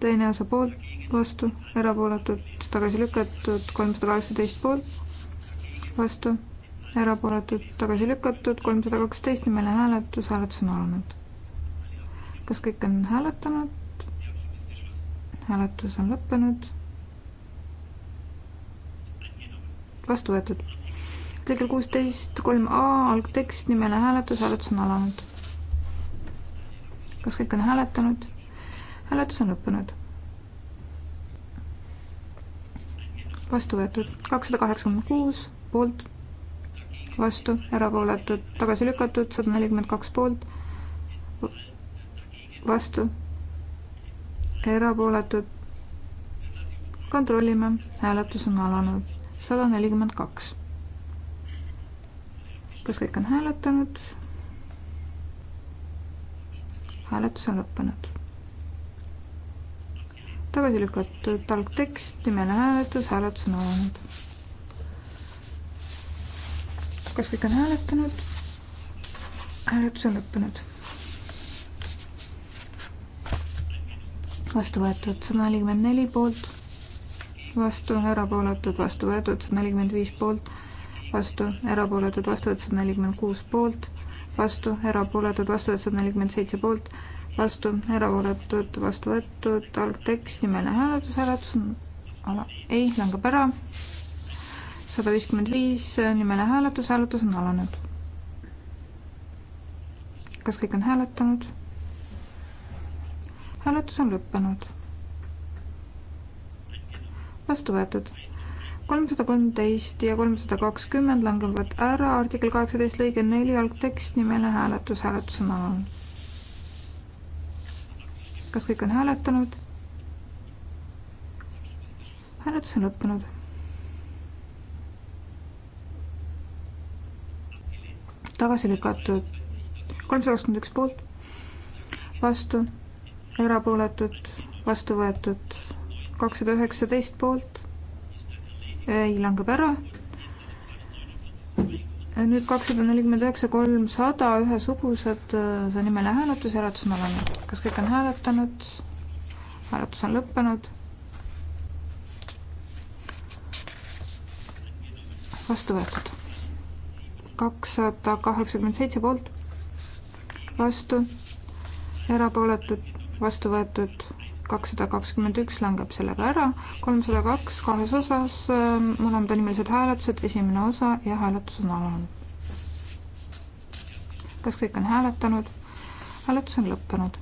teine osa poolt, vastu, erapooletud, tagasi lükatud, kolmsada kaheksateist poolt, vastu, erapooletud, tagasi lükatud, kolmsada kaksteist, nimeline hääletus, hääletus on alanud. kas kõik on hääletanud? hääletus on lõppenud. vastu võetud. artikkel kuusteist, kolm A, algtekst, nimeline hääletus, hääletus on alanud kas kõik on hääletanud? hääletus on lõppenud. vastu võetud kakssada kaheksakümmend kuus poolt, vastu, erapooletud, tagasi lükatud, sada nelikümmend kaks poolt, vastu, erapooletud. kontrollime, hääletus on alanud, sada nelikümmend kaks. kas kõik on hääletanud? hääletus on lõppenud tagasi lükatud algtekst, nimeline hääletus, hääletus on alanud. kas kõik on hääletanud? hääletus on lõppenud. vastu võetud sada nelikümmend neli poolt, vastu erapooletud, vastu võetud sada nelikümmend viis poolt, vastu erapooletud, vastu võetud sada nelikümmend kuus poolt, vastu erapooletud, vastu võetud sada nelikümmend seitse poolt vastu, erapooletud, vastu võetud, algtekst, nimeline hääletus, hääletus on ala-, ei, langeb ära. sada viiskümmend viis, nimeline hääletus, hääletus on alanud. kas kõik on hääletanud? hääletus on lõppenud. vastu võetud kolmsada kolmteist ja kolmsada kakskümmend langevad ära, artikkel kaheksateist lõige neli algtekst, nimeline hääletus, hääletus on alanud kas kõik on hääletanud? hääletus on lõppenud. tagasi lükatud kolmsada kakskümmend üks poolt, vastu, erapooletud, vastu võetud kakssada üheksateist poolt, ei lange ära nüüd kakssada nelikümmend üheksa, kolmsada ühesugused, äh, see on nimeline hääletus, hääletus on alanud. kas kõik on hääletanud? hääletus on lõppenud. vastu võetud. kakssada kaheksakümmend seitse poolt, vastu, erapooletud, vastu võetud kakssada kakskümmend üks langeb sellega ära, kolmsada kaks kahes osas, ähm, mõlemad on nimelised hääletused, esimene osa ja hääletus on alanud. kas kõik on hääletanud? hääletus on lõppenud.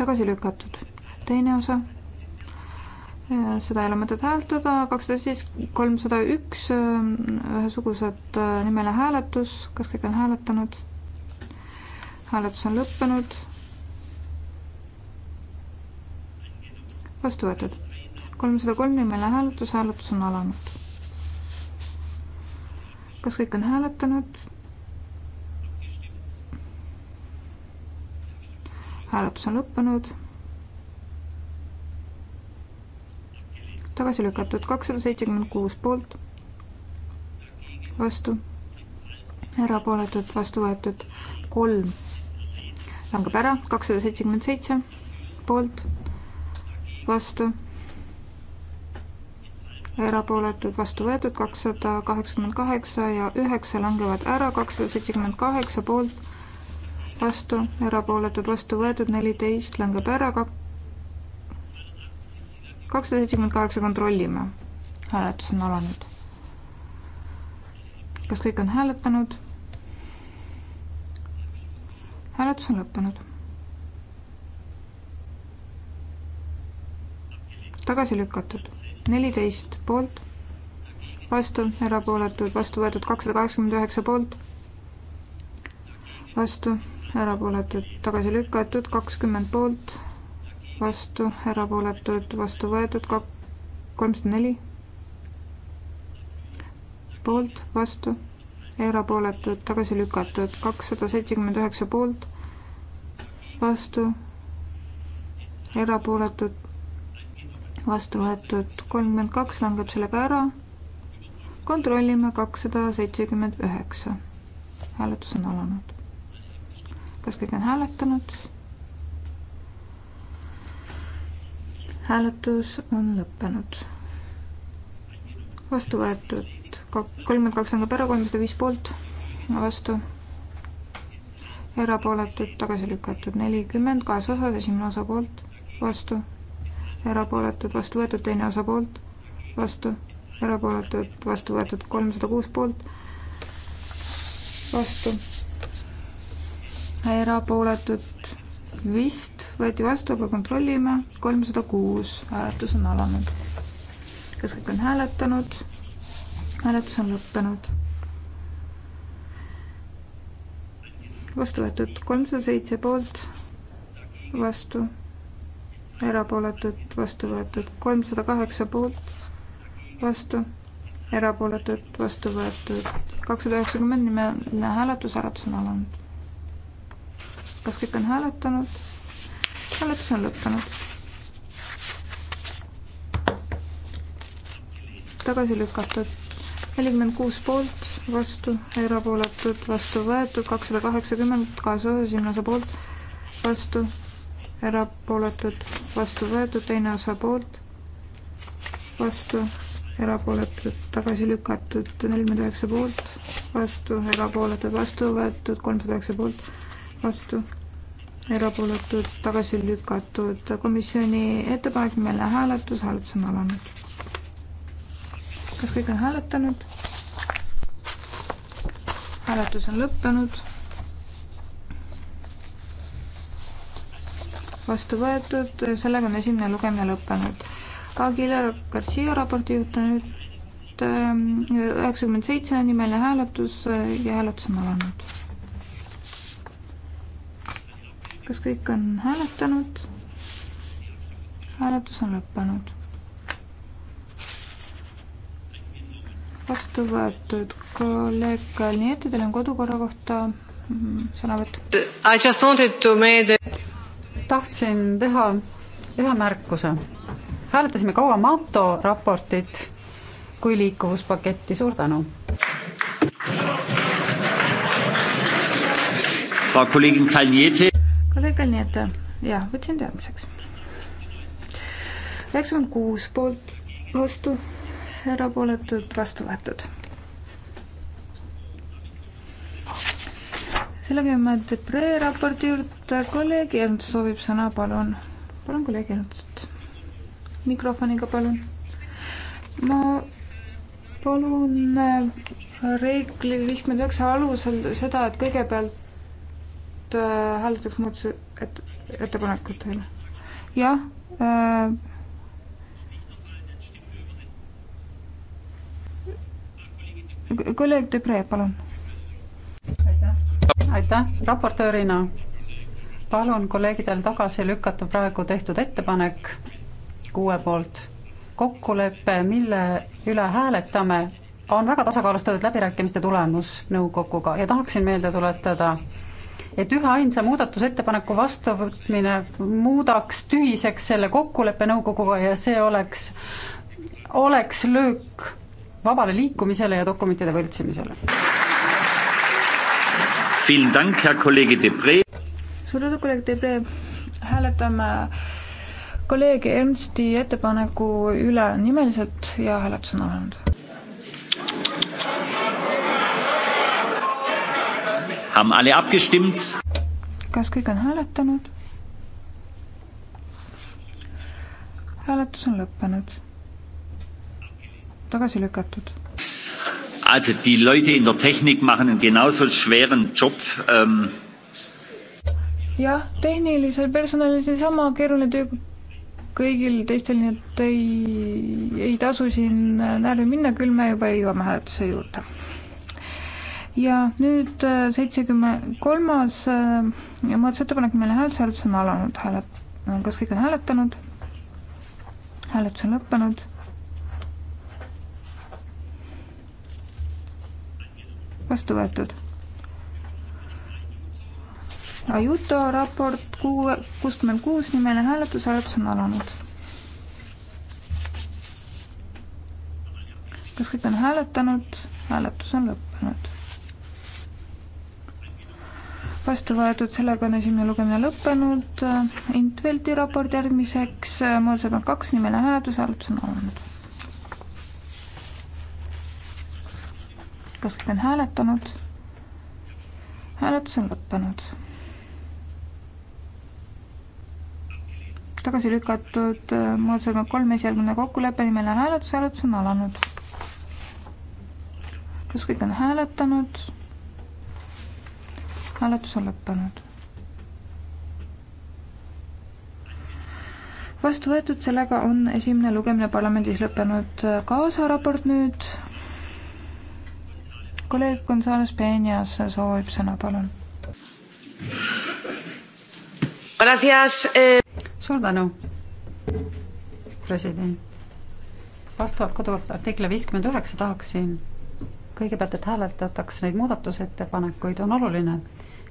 tagasi lükatud, teine osa. Äh, seda ei ole mõtet hääletada, kakssada siis kolmsada üks, äh, ühesugused äh, nimeline hääletus, kas kõik on hääletanud? hääletus on lõppenud vastu võetud. kolmsada kolm nimeline hääletus, hääletus on alanud. kas kõik on hääletanud? hääletus on lõppenud. tagasi lükatud kakssada seitsekümmend kuus poolt, vastu, erapooletud, vastu võetud kolm, langeb ära, kakssada seitsekümmend seitse poolt vastu, erapooletud, vastu võetud kakssada kaheksakümmend kaheksa ja üheksa langevad ära, kakssada seitsekümmend kaheksa poolt, vastu, erapooletud, vastu võetud, neliteist langeb ära, kakssada seitsekümmend kaheksa kontrollime. hääletus on alanud. kas kõik on hääletanud? hääletus on lõppenud tagasi lükatud. neliteist poolt, vastu, erapooletud, vastu võetud kakssada kaheksakümmend üheksa poolt, vastu, erapooletud, tagasi lükatud kakskümmend poolt, vastu, erapooletud, vastu võetud kak-, kolmsada neli poolt, vastu, erapooletud, tagasi lükatud kakssada seitsekümmend üheksa poolt, vastu, erapooletud vastu võetud kolmkümmend kaks langeb sellega ära. kontrollime kakssada seitsekümmend üheksa. hääletus on alanud. kas kõik on hääletanud? hääletus on lõppenud. vastu võetud kolmkümmend kaks langeb ära, kolmsada viis poolt, vastu erapooletud, tagasi lükatud nelikümmend, kaasosas esimene osa poolt, vastu erapooletud, vastu võetud, teine osa poolt, vastu, erapooletud, vastu võetud, kolmsada kuus poolt, vastu, erapooletud, vist võeti vastu, aga kontrollime, kolmsada kuus, hääletus on alanud. kas kõik on hääletanud? hääletus on lõppenud vastu võetud kolmsada seitse poolt, vastu, erapooletud, vastu võetud. kolmsada kaheksa poolt, vastu, erapooletud, vastu võetud. kakssada üheksakümmend nimeline hääletus, hääletus on alanud. kas kõik on hääletanud? hääletus on lõppenud. tagasi lükatud. nelikümmend kuus poolt, vastu, erapooletud, vastu võetud, kakssada kaheksakümmend, kaasa esimese poolt, vastu erapooletud, vastu võetud, teine osa poolt, vastu, erapooletud, tagasi lükatud, nelikümmend üheksa poolt, vastu, erapooletud, vastu võetud, kolmsada üheksa poolt, vastu, erapooletud, tagasi lükatud. komisjoni ettepanek, mille hääletus, hääletus on alanud. kas kõik on hääletanud? hääletus on lõppenud vastu võetud, sellega on esimene lugemine lõppenud. Aguilar Garcia raporti juurde nüüd ähm, üheksakümmend seitse nimeline hääletus äh, ja hääletus on alanud. kas kõik on hääletanud? hääletus on lõppenud. vastu võetud kolleeg Kalnietidel on kodukorra kohta mm, sõnavõtt. I just wanted to make the tahtsin teha ühe märkuse. hääletasime kaua NATO raportit kui liikuvuspaketti, suur tänu. kolleeg Kalniete, jah, võtsin teadmiseks. üheksakümmend kuus poolt, vastu, erapooletud, vastu võetud sellega me Debre raporti juurde, kolleeg Ernst soovib sõna, palun. palun, kolleeg Ernst. mikrofoniga, palun. ma palun äh, reegli viiskümmend üheksa alusel seda, et kõigepealt äh, hääletaks äh, muudatuse, et ettepanekut teile. jah äh,. kolleeg Debre, palun. aitäh aitäh, raportöörina palun kolleegidel tagasi lükata praegu tehtud ettepanek kuue poolt. kokkulepe, mille üle hääletame, on väga tasakaalustatud läbirääkimiste tulemus nõukoguga ja tahaksin meelde tuletada, et üheainsa muudatusettepaneku vastuvõtmine muudaks tühiseks selle kokkuleppe nõukoguga ja see oleks, oleks löök vabale liikumisele ja dokumentide võltsimisele suur tänu, kolleeg Debre, hääletame kolleeg Ernsti ettepaneku üle nimeliselt ja hääletus on alanud. Haben alle abgestimmt? kas kõik on hääletanud? hääletus on lõppenud. tagasi lükatud Also die Leute in der Technik machen einen genauso schweren Job ähm.. jah, tehnilisel personalil seesama keeruline töö kui kõigil teistel, nii et ei, ei tasu siin närvi minna, küll me juba jõuame hääletuse juurde. ja nüüd äh, seitsekümmend kolmas äh, muudatusettepanek, mille hääletus, hääletus on alanud, häälet-, kas kõik on hääletanud? hääletus on lõppenud vastu võetud. Ajuto raport kuue, kuuskümmend kuus nimeline hääletus, hääletus on alanud. kas kõik on hääletanud? hääletus on lõppenud. vastu võetud, sellega on esimene lugemine lõppenud. Intveldi raport järgmiseks, muudatusettepanek kaks, nimeline hääletus, hääletus on alanud kas kõik on hääletanud? hääletus on lõppenud. tagasi lükatud äh, muudatusettepanek kolm, esialgne kokkulepe, nimeline hääletus, hääletus on alanud. kas kõik on hääletanud? hääletus on lõppenud. vastu võetud, sellega on esimene lugemine parlamendis lõppenud. kaasaraport nüüd kolleeg Gonzales Peñas soovib sõna, palun. Eh. suur tänu, president. vastavalt kodult artikli viiskümmend üheksa tahaksin kõigepealt, et hääletatakse neid muudatusettepanekuid, on oluline,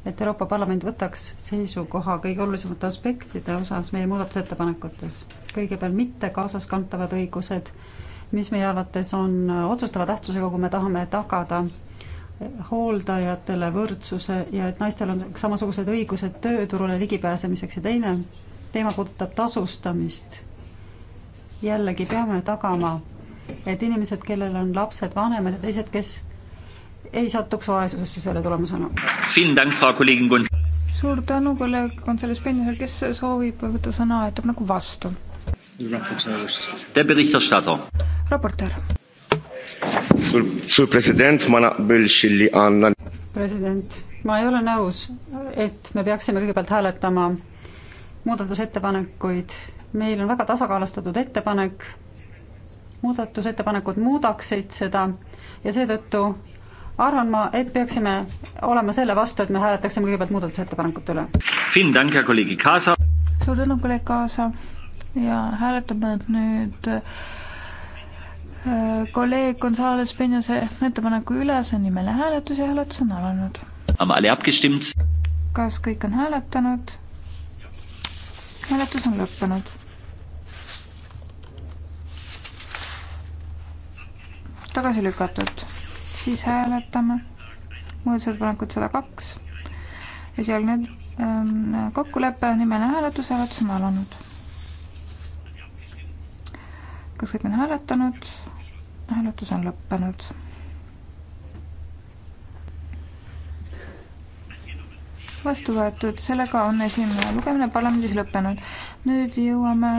et Euroopa Parlament võtaks seisukoha kõige olulisemate aspektide osas meie muudatusettepanekutes. kõigepealt mitte kaasaskantavad õigused, mis meie arvates on otsustava tähtsusega, kui me tahame tagada hooldajatele võrdsuse ja et naistel on samasugused õigused tööturule ligipääsemiseks ja teine teema puudutab tasustamist. jällegi peame tagama, et inimesed, kellel on lapsed, vanemad ja teised, kes ei satuks vaesusesse selle tulemusena. suur tänu, kolleeg Gonzales Pennisel, kes soovib võtta sõna, ütleb nagu vastu. raportöör sur president, ma naqbilx illi għanna. president, ma ei ole nõus, et me peaksime kõigepealt hääletama muudatusettepanekuid. meil on väga tasakaalustatud ettepanek, muudatusettepanekud muudaksid seda ja seetõttu arvan ma, et peaksime olema selle vastu, et me hääletaksime kõigepealt muudatusettepanekute üle. suur tänu, kolleeg Kaasa ja hääletame nüüd Äh, kolleeg Gonzales Penjase ettepaneku üle, see on nimeline hääletus ja hääletus on alanud. kas kõik on hääletanud? hääletus on lõppenud. tagasi lükatud, siis hääletame muudatusettepanekut sada kaks, esialgne ähm, kokkulepe, nimeline hääletus, hääletus on alanud kas kõik on hääletanud? hääletus on lõppenud. vastu võetud, sellega on esimene lugemine parlamendis lõppenud. nüüd jõuame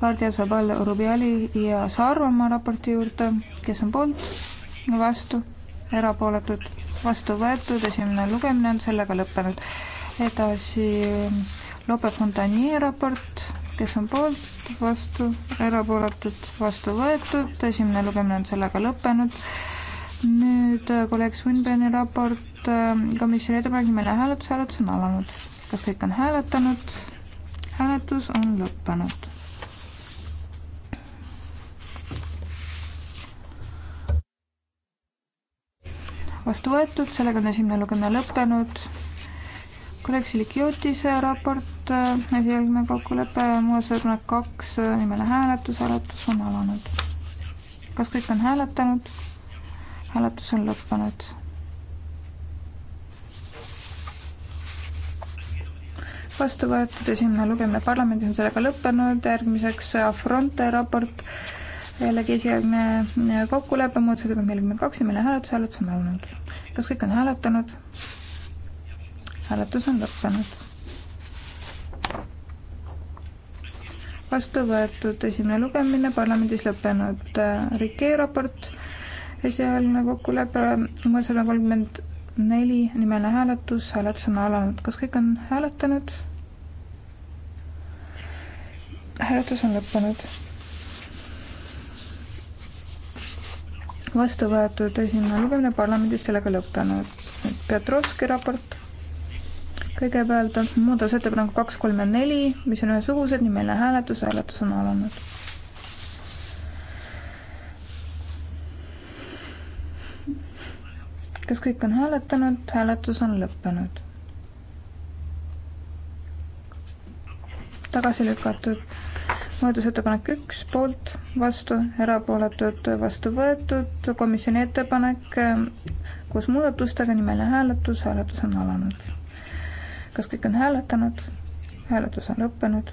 Kardia Sabal Rubiali ja Saaremaa raporti juurde, kes on poolt, vastu, erapooletud, vastu võetud, esimene lugemine on sellega lõppenud. edasi Lope Fontanier raport kes on poolt, vastu, erapooletud, vastu võetud, esimene lugemine on sellega lõppenud. nüüd äh, kolleeg Swinburne'i raport, äh, komisjoni ettepanek, nimeline hääletus, hääletus on alanud. kas kõik on hääletanud? hääletus on lõppenud vastu võetud, sellega on esimene lugemine lõppenud kolleeg Silikiotise äh, raport, äh, esialgne kokkulepe, äh, muudatusettepanek kaks, nimeline hääletus, hääletus on alanud. kas kõik on hääletanud? hääletus on lõppenud. vastu võetud esimene lugemine parlamendis on sellega lõppenud, järgmiseks Fronte raport, jällegi esialgne kokkulepe, muudatusettepanek nelikümmend kaks, nimeline hääletus, hääletus on alanud. kas kõik on hääletanud? hääletus on lõppenud. vastu võetud esimene lugemine parlamendis lõppenud äh, Rikee raport, esialgne kokkulepe, sada kolmkümmend neli, nimeline hääletus, hääletus on alanud, kas kõik on hääletanud? hääletus on lõppenud. vastu võetud esimene lugemine parlamendis sellega lõppenud. Petrovski raport kõigepealt muudatusettepanekud kaks, kolm ja neli, mis on ühesugused, nimeline hääletus, hääletus on alanud. kas kõik on hääletanud, hääletus on lõppenud. tagasi lükatud muudatusettepanek üks, poolt, vastu, erapooletud, vastu võetud, komisjoni ettepanek koos muudatustega, nimeline hääletus, hääletus on alanud kas kõik on hääletanud? hääletus on lõppenud.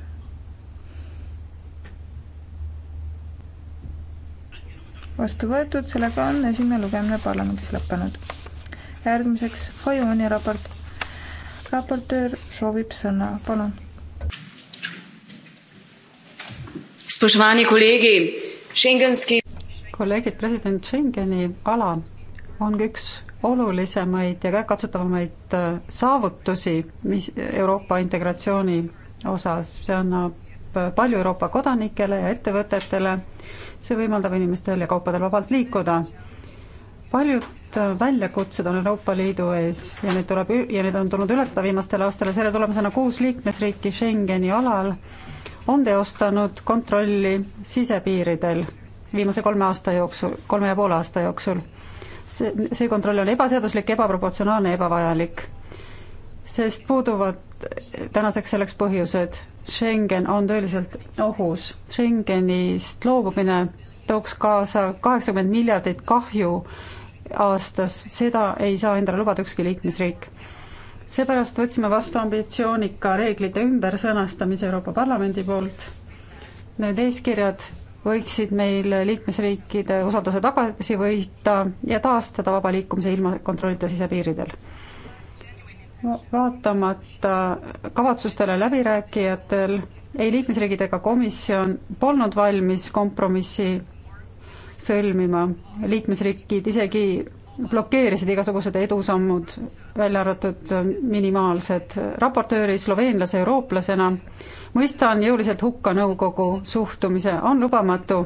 vastu võetud, sellega on esimene lugemine parlamendis lõppenud. järgmiseks Fajoni raport. raportöör soovib sõna, palun. kolleegid, president Schengeni ala on üks olulisemaid ja käekatsutavamaid äh, saavutusi, mis Euroopa integratsiooni osas, see annab äh, palju Euroopa kodanikele ja ettevõtetele, see võimaldab inimestel ja kaupadel vabalt liikuda. paljud äh, väljakutsed on Euroopa Liidu ees ja need tuleb, ja need on tulnud ületada viimastel aastatel ja selle tulemusena kuus liikmesriiki Schengeni alal on teostanud kontrolli sisepiiridel viimase kolme aasta jooksul, kolme ja poole aasta jooksul see, see kontroll oli ebaseaduslik, ebaproportsionaalne, ebavajalik. sest puuduvad tänaseks selleks põhjused. Schengen on tõeliselt ohus. Schengenist loobumine tooks kaasa kaheksakümmend miljardit kahju aastas, seda ei saa endale lubada ükski liikmesriik seepärast võtsime vastu ambitsioonika reeglite ümbersõnastamise Euroopa Parlamendi poolt. Need eeskirjad võiksid meil liikmesriikide usalduse tagasi võita ja taastada vaba liikumise ilma kontrollita sisepiiridel. vaatamata kavatsustele läbirääkijatel ei liikmesriigid ega komisjon polnud valmis kompromissi sõlmima, liikmesriigid isegi blokeerisid igasugused edusammud, välja arvatud minimaalsed. raportööri sloveenlase eurooplasena mõistan jõuliselt hukka nõukogu suhtumise, on lubamatu,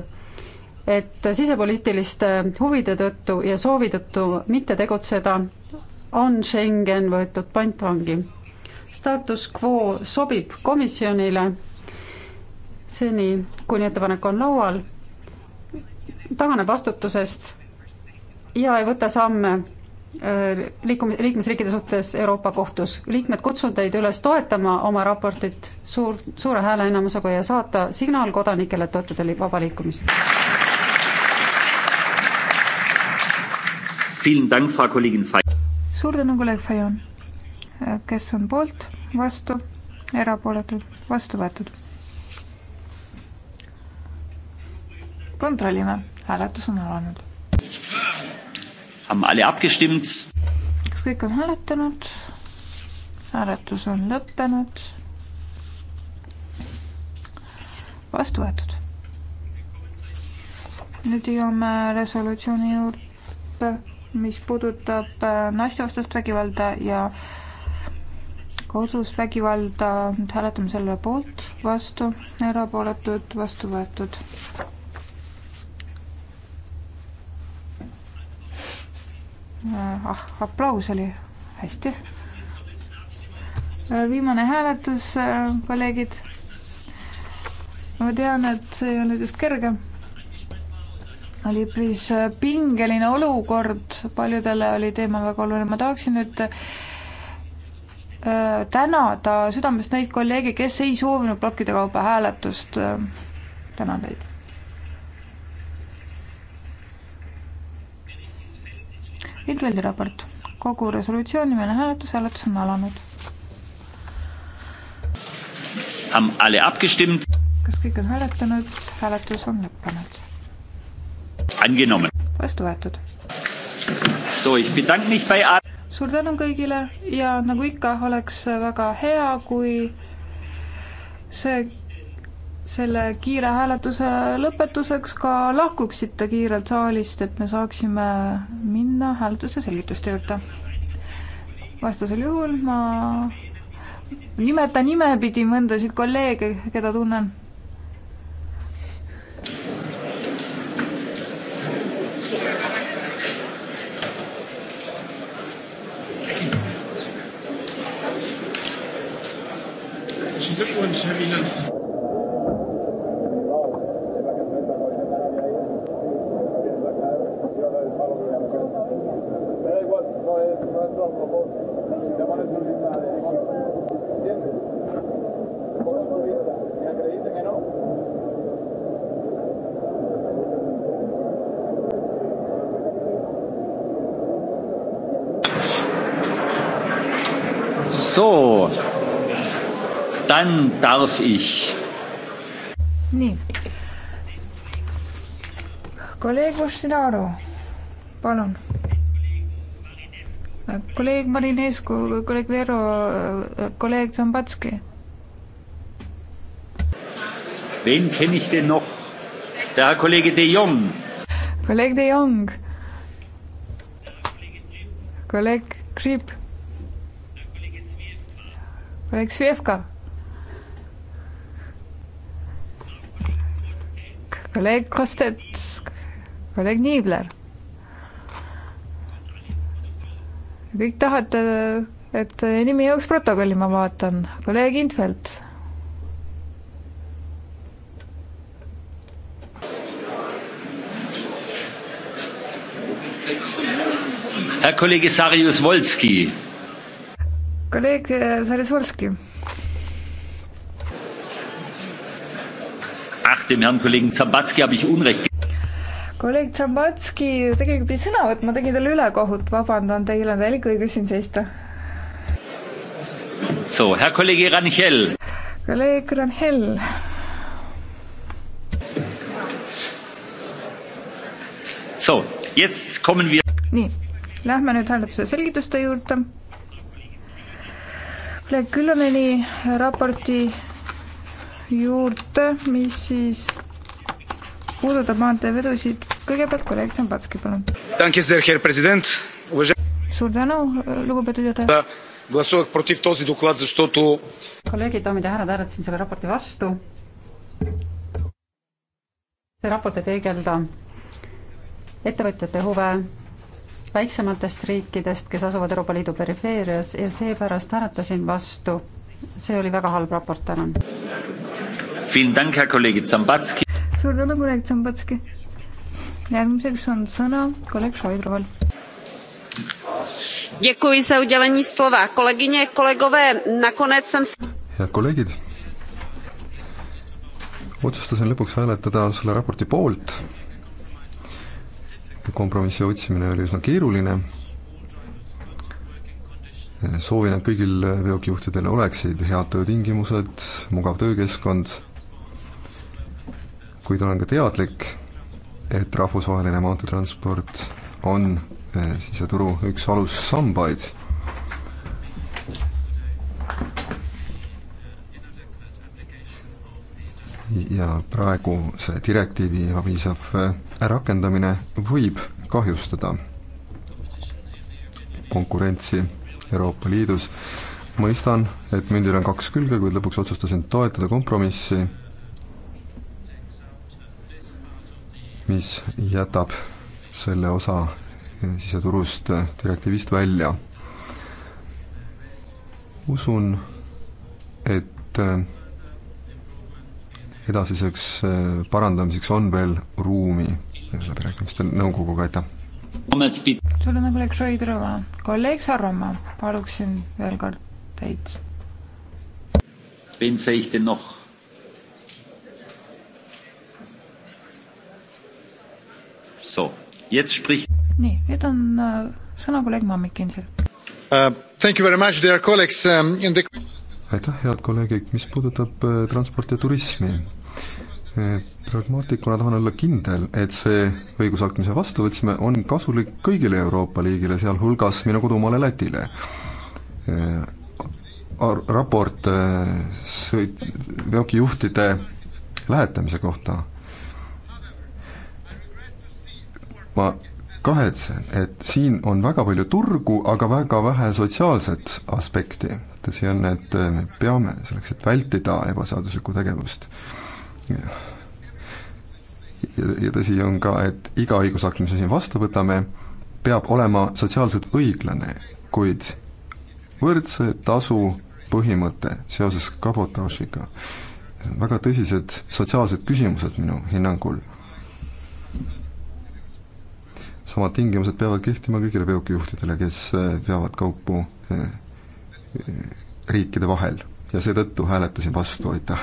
et sisepoliitiliste huvide tõttu ja soovi tõttu mitte tegutseda, on Schengen võetud pantvangi. Status quo sobib komisjonile seni, kuni ettepanek on laual, taganeb vastutusest ja ei võta samme Äh, liikumis, liikmesriikide suhtes Euroopa Kohtus. liikmed kutsun teid üles toetama oma raportit suur, suure hääleenamusega ja saata signaal kodanikele, et toetada vaba liikumist. suur tänu, kolleeg Fajon. kes on poolt, vastu, erapooletud, vastu võetud? kontrollime, hääletus on alanud kas kõik on hääletanud? hääletus on lõppenud. vastu võetud. nüüd jõuame resolutsiooni juurde, mis puudutab äh, naistevastast vägivalda ja kodus vägivalda. nüüd hääletame selle poolt, vastu, erapooletud, vastu võetud. ah, aplaus oli, hästi. Äh, viimane hääletus, äh, kolleegid. ma tean, et see ei olnud just kerge. oli üpris äh, pingeline olukord, paljudele oli teema väga oluline, ma tahaksin nüüd tänada südamest neid kolleege, kes ei soovinud plokkide kaupa hääletust. tänan teid Hildveldi raport, kogu resolutsioon, nimeline hääletus, hääletus on alanud. kas kõik on hääletanud, hääletus on lõppenud. vastu võetud. suur tänu kõigile ja nagu ikka, oleks väga hea, kui see selle kiire hääletuse lõpetuseks ka lahkuksite kiirelt saalist, et me saaksime minna hääletuse selgituste juurde. vastasel juhul ma nimetan nimepidi mõndasid kolleege, keda tunnen herzlichen Glückwunsch, Herr Wieland. So, dann darf ich. Nii. kolleeg Vostinaru, palun kolleeg Marinescu, kolleeg Vero, kolleeg Zambatski. Wen kenne ich denn noch? Der Kollege de Jong. Kolleeg de Jong. Kolleeg Grzyb. Kolleeg Svjevka. kolleeg Kostets, kolleeg Niibler kõik tahate, et teie nimi jõuaks protokolli, ma vaatan. kolleeg Infeld. Herr Kollege Sarius-Wolski. kolleeg äh, Sarius-Wolski. Ach, dem Herrn Kollegen Zambatski habe ich Unrecht kolleeg Tšambatski tegelikult pidi sõna võtma, tegin talle ülekohut, vabandan teile, teil ikka õigus siin seista. So, Herr Kollege Ranhel. kolleeg Ranhel. So, jetzt kommen wir. nii, lähme nüüd hääletuse selgituste juurde. kolleeg Küllameni raporti juurde, mis siis puudutab maanteevedusid. kõigepealt kolleeg Zambatski, palun. suur tänu, lugupeetud juhataja. kolleegid, daamid ja härrad, hääletasin selle raporti vastu. see raport ei peegelda ettevõtjate huve väiksematest riikidest, kes asuvad Euroopa Liidu perifeerias ja seepärast hääletasin vastu. see oli väga halb raport, tänan suur tänu, kolleeg Tšambatski. järgmiseks on sõna kolleeg Šoidroval kolegyně kolegové nakonec jsem head kolleegid otsustasin lõpuks hääletada selle raporti poolt kompromissi otsimine oli üsna keeruline soovin et kõigil veokijuhtidel oleksid head töötingimused mugav töökeskkond kuid olen ka teadlik, et rahvusvaheline maanteetransport on eh, siseturu üks alussambaid. ja praeguse direktiivi ebapiisav eh, rakendamine võib kahjustada konkurentsi Euroopa Liidus. mõistan, et mündil on kaks külge, kuid lõpuks otsustasin toetada kompromissi mis jätab selle osa eh, siseturust eh, direktiivist välja. usun, et eh, edasiseks parandamiseks on veel ruumi läbirääkimistel nõukoguga, aitäh! suur tänu, kolleeg nagu Šoidrova. kolleeg Sarvamaa, paluksin veel kord teid. nii, nüüd on äh, sõna kolleeg Mammikinsil uh,. Um, the... aitäh, head kolleegid, mis puudutab äh, transporti ja turismi, äh, pragmaatikuna tahan olla kindel, et see õigusakt, mis me vastu võtsime, on kasulik kõigile Euroopa liigile, sealhulgas minu kodumaale Lätile. raport sõit-, veokijuhtide lähetamise kohta ma kahetsen, et siin on väga palju turgu, aga väga vähe sotsiaalset aspekti. tõsi on, et me peame selleks, et vältida ebaseaduslikku tegevust. ja, ja tõsi on ka, et iga õigusakt, mis me siin vastu võtame, peab olema sotsiaalselt õiglane, kuid võrdse tasu põhimõte seoses kabotaažiga, väga tõsised sotsiaalsed küsimused minu hinnangul samad tingimused peavad kehtima kõigile veokijuhtidele, kes äh, veavad kaupu äh, äh, riikide vahel ja seetõttu hääletasin vastu, aitäh.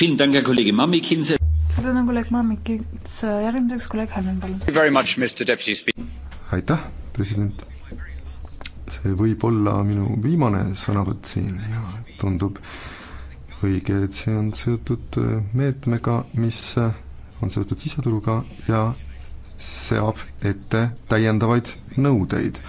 tänan, kolleeg Mammikins, järgmiseks kolleeg Hämmen, palun. aitäh, president. see võib olla minu viimane sõnavõtt siin ja tundub õige, et see on seotud meetmega, mis on seotud siseturuga ja seab ette täiendavaid nõudeid.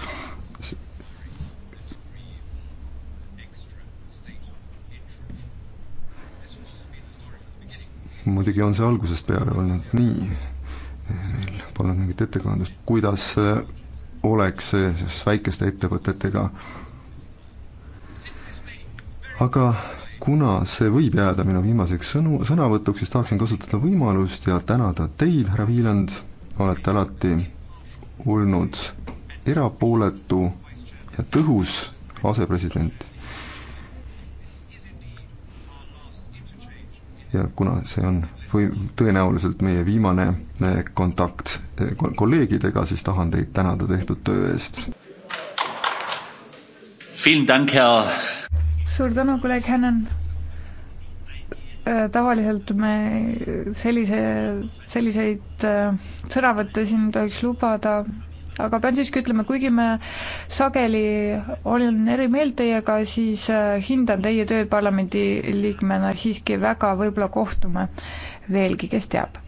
muidugi on see algusest peale olnud nii, meil polnud mingit ettekandlust, kuidas oleks siis väikeste ettevõtetega. aga kuna see võib jääda minu viimaseks sõnu, sõnavõtuks, siis tahaksin kasutada võimalust ja tänada teid, härra Viiland olete alati olnud erapooletu ja tõhus asepresident. ja kuna see on või tõenäoliselt meie viimane eh, kontakt eh, kolleegidega, siis tahan teid tänada tehtud töö eest. suur tänu, kolleeg Hänen. Äh, tavaliselt me sellise, selliseid äh, sõnavõtte siin ei tohiks lubada, aga pean siiski ütlema, kuigi me sageli olen eri meelt teiega, siis äh, hindan teie tööd parlamendi liikmena siiski väga, võib-olla kohtume veelgi, kes teab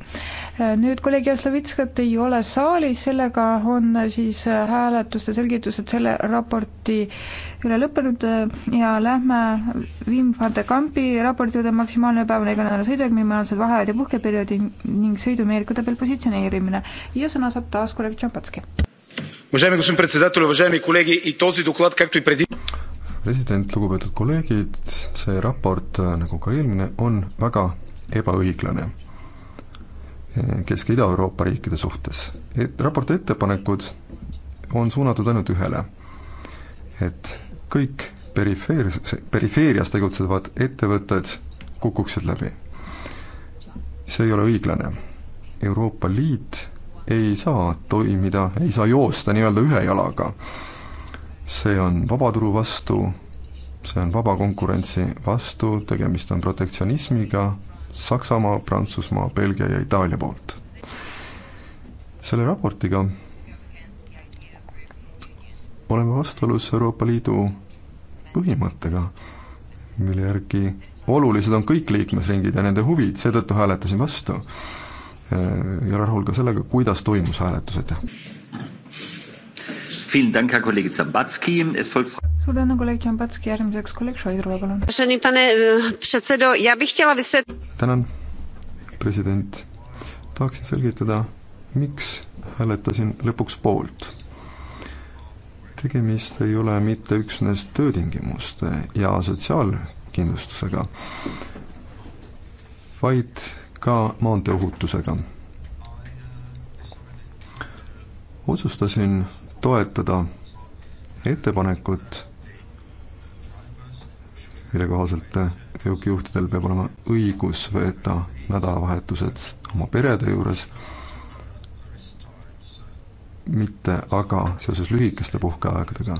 nüüd kolleeg Jaslovitskat ei ole saalis, sellega on siis äh, hääletuste selgitused selle raporti üle lõppenud äh, ja lähme Wim van de Kampi raporti juurde maksimaalne päevane iganädalane sõiduk, minimaalsed vaheajad ja puhkeperioodi ning sõidumeerikute peal positsioneerimine. ja sõna saab taas kolleeg Tšambatski. president, lugupeetud kolleegid, see raport, nagu ka eelmine, on väga ebaõiglane Kesk- ja Ida-Euroopa riikide suhtes. et raporti ettepanekud on suunatud ainult ühele, et kõik perifeerias, perifeerias tegutsevad ettevõtted kukuksid läbi. see ei ole õiglane. Euroopa Liit ei saa toimida, ei saa joosta nii-öelda ühe jalaga. see on vabaturu vastu, see on vaba konkurentsi vastu, tegemist on protektsionismiga Saksamaa, Prantsusmaa, Belgia ja Itaalia poolt. selle raportiga oleme vastuolus Euroopa Liidu põhimõttega, mille järgi olulised on kõik liikmesringid ja nende huvid, seetõttu hääletasin vastu. ja rahul ka sellega, kuidas toimus hääletus, aitäh suur tänu, kolleeg Džambatski, järgmiseks kolleeg Šoidrova, palun. Eh, tänan, president. tahaksin selgitada, miks hääletasin lõpuks poolt. tegemist ei ole mitte üksnes töötingimuste ja sotsiaalkindlustusega, vaid ka maanteeohutusega. otsustasin toetada ettepanekut mille kohaselt veokijuhtidel äh, peab olema õigus veeta nädalavahetused oma perede juures, mitte aga seoses lühikeste puhkeaegadega.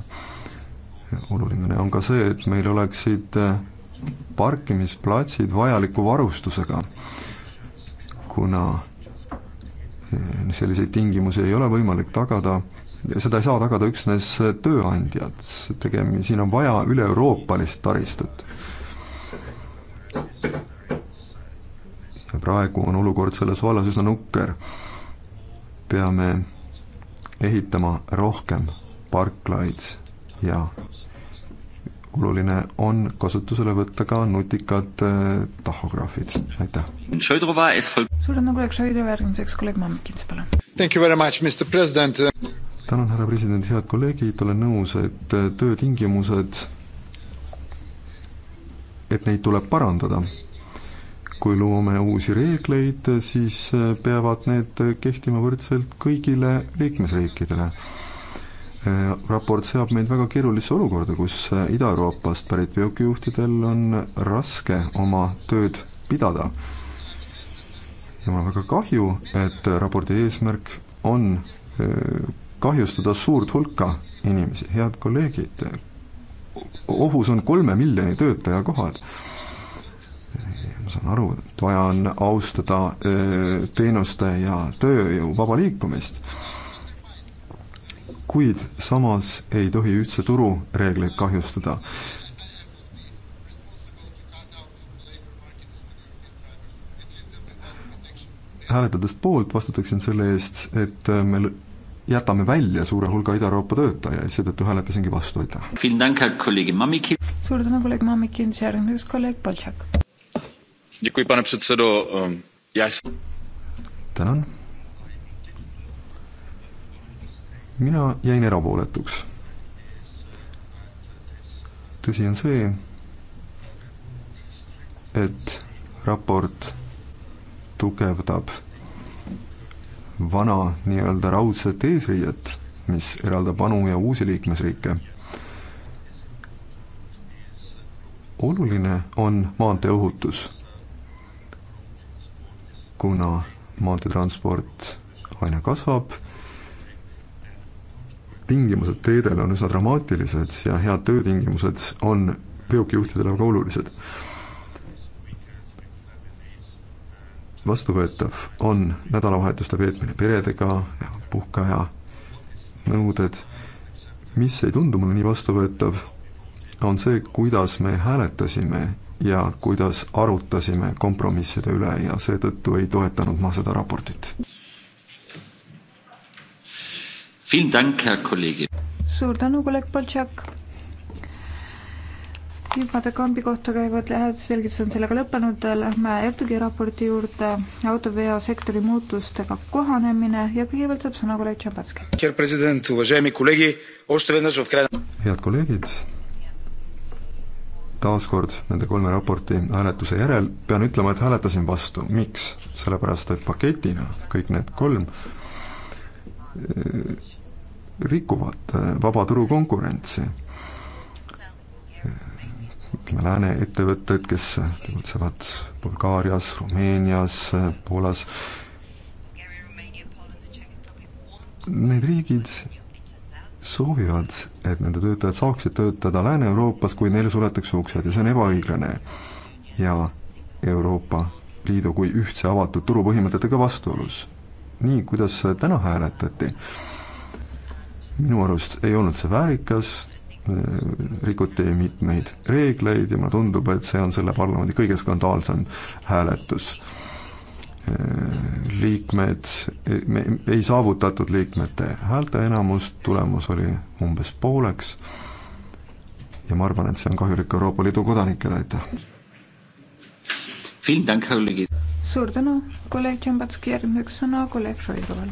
oluline on ka see, et meil oleksid äh, parkimisplatsid vajaliku varustusega, kuna äh, selliseid tingimusi ei ole võimalik tagada seda ei saa tagada üksnes tööandjad, tegem-, siin on vaja üle-euroopalist taristut. ja praegu on olukord selles vallas üsna nukker. peame ehitama rohkem parklaid ja oluline on kasutusele võtta ka nutikad äh, tahograafid, aitäh. suur tänu, kolleeg Šoidrova, järgmiseks kolleeg Mammikins, palun tänan, härra president, head kolleegid, olen nõus, et äh, töötingimused, et neid tuleb parandada. kui loome uusi reegleid, siis äh, peavad need kehtima võrdselt kõigile liikmesriikidele. Äh, raport seab meid väga keerulisse olukorda, kus Ida-Euroopast pärit veokijuhtidel on raske oma tööd pidada. ja mul on väga kahju, et raporti eesmärk on kahjustada suurt hulka inimesi, head kolleegid, ohus on kolme miljoni töötaja kohad. ma saan aru, et vaja on austada teenuste ja tööjõu vaba liikumist, kuid samas ei tohi üldse turureegleid kahjustada. hääletades poolt, vastutaksin selle eest, et me jätame välja suure hulga Ida-Euroopa töötajaid, seetõttu hääletasingi vastu, aitäh. suur tänu, kolleeg Mamikin, järgmiseks kolleeg Boltšak. Ehm, tänan. mina jäin erapooletuks. tõsi on see, et raport tugevdab vana nii-öelda raudset eesriiet, mis eraldab vanu ja uusi liikmesriike. oluline on maanteeohutus, kuna maanteetransport aina kasvab, tingimused teedel on üsna dramaatilised ja head töötingimused on veokijuhtidele väga olulised vastuvõetav on nädalavahetuste veetmine peredega, puhkeaja nõuded, mis ei tundu mulle nii vastuvõetav, on see, kuidas me hääletasime ja kuidas arutasime kompromisside üle ja seetõttu ei toetanud ma seda raportit. suur tänu, kolleeg Boltšak viimane kambi kohta käivad lähetusselgitused on sellega lõppenud, lähme Ertugi raporti juurde, autoveosektori muutustega kohanemine ja kõigepealt saab sõna kolleeg Tšambatski. head kolleegid, taaskord nende kolme raporti hääletuse järel pean ütlema, et hääletasin vastu, miks? sellepärast, et paketina kõik need kolm eh, rikuvad eh, vaba turu konkurentsi ütleme, lääne ettevõtted, kes tegutsevad Bulgaarias, Rumeenias, Poolas, need riigid soovivad, et nende töötajad saaksid töötada Lääne-Euroopas, kui neile suletakse uksed ja see on ebaõiglane. ja Euroopa Liidu kui ühtse avatud turu põhimõtetega vastuolus. nii, kuidas täna hääletati, minu arust ei olnud see väärikas rikuti mitmeid reegleid ja mulle tundub, et see on selle parlamendi kõige skandaalsem hääletus. liikmed, me ei saavutatud liikmete häälteenamust, tulemus oli umbes pooleks ja ma arvan, et see on kahjulik Euroopa Liidu kodanikele, aitäh! suur tänu, kolleeg Džambatski, järgmiseks sõna kolleeg Šoigoval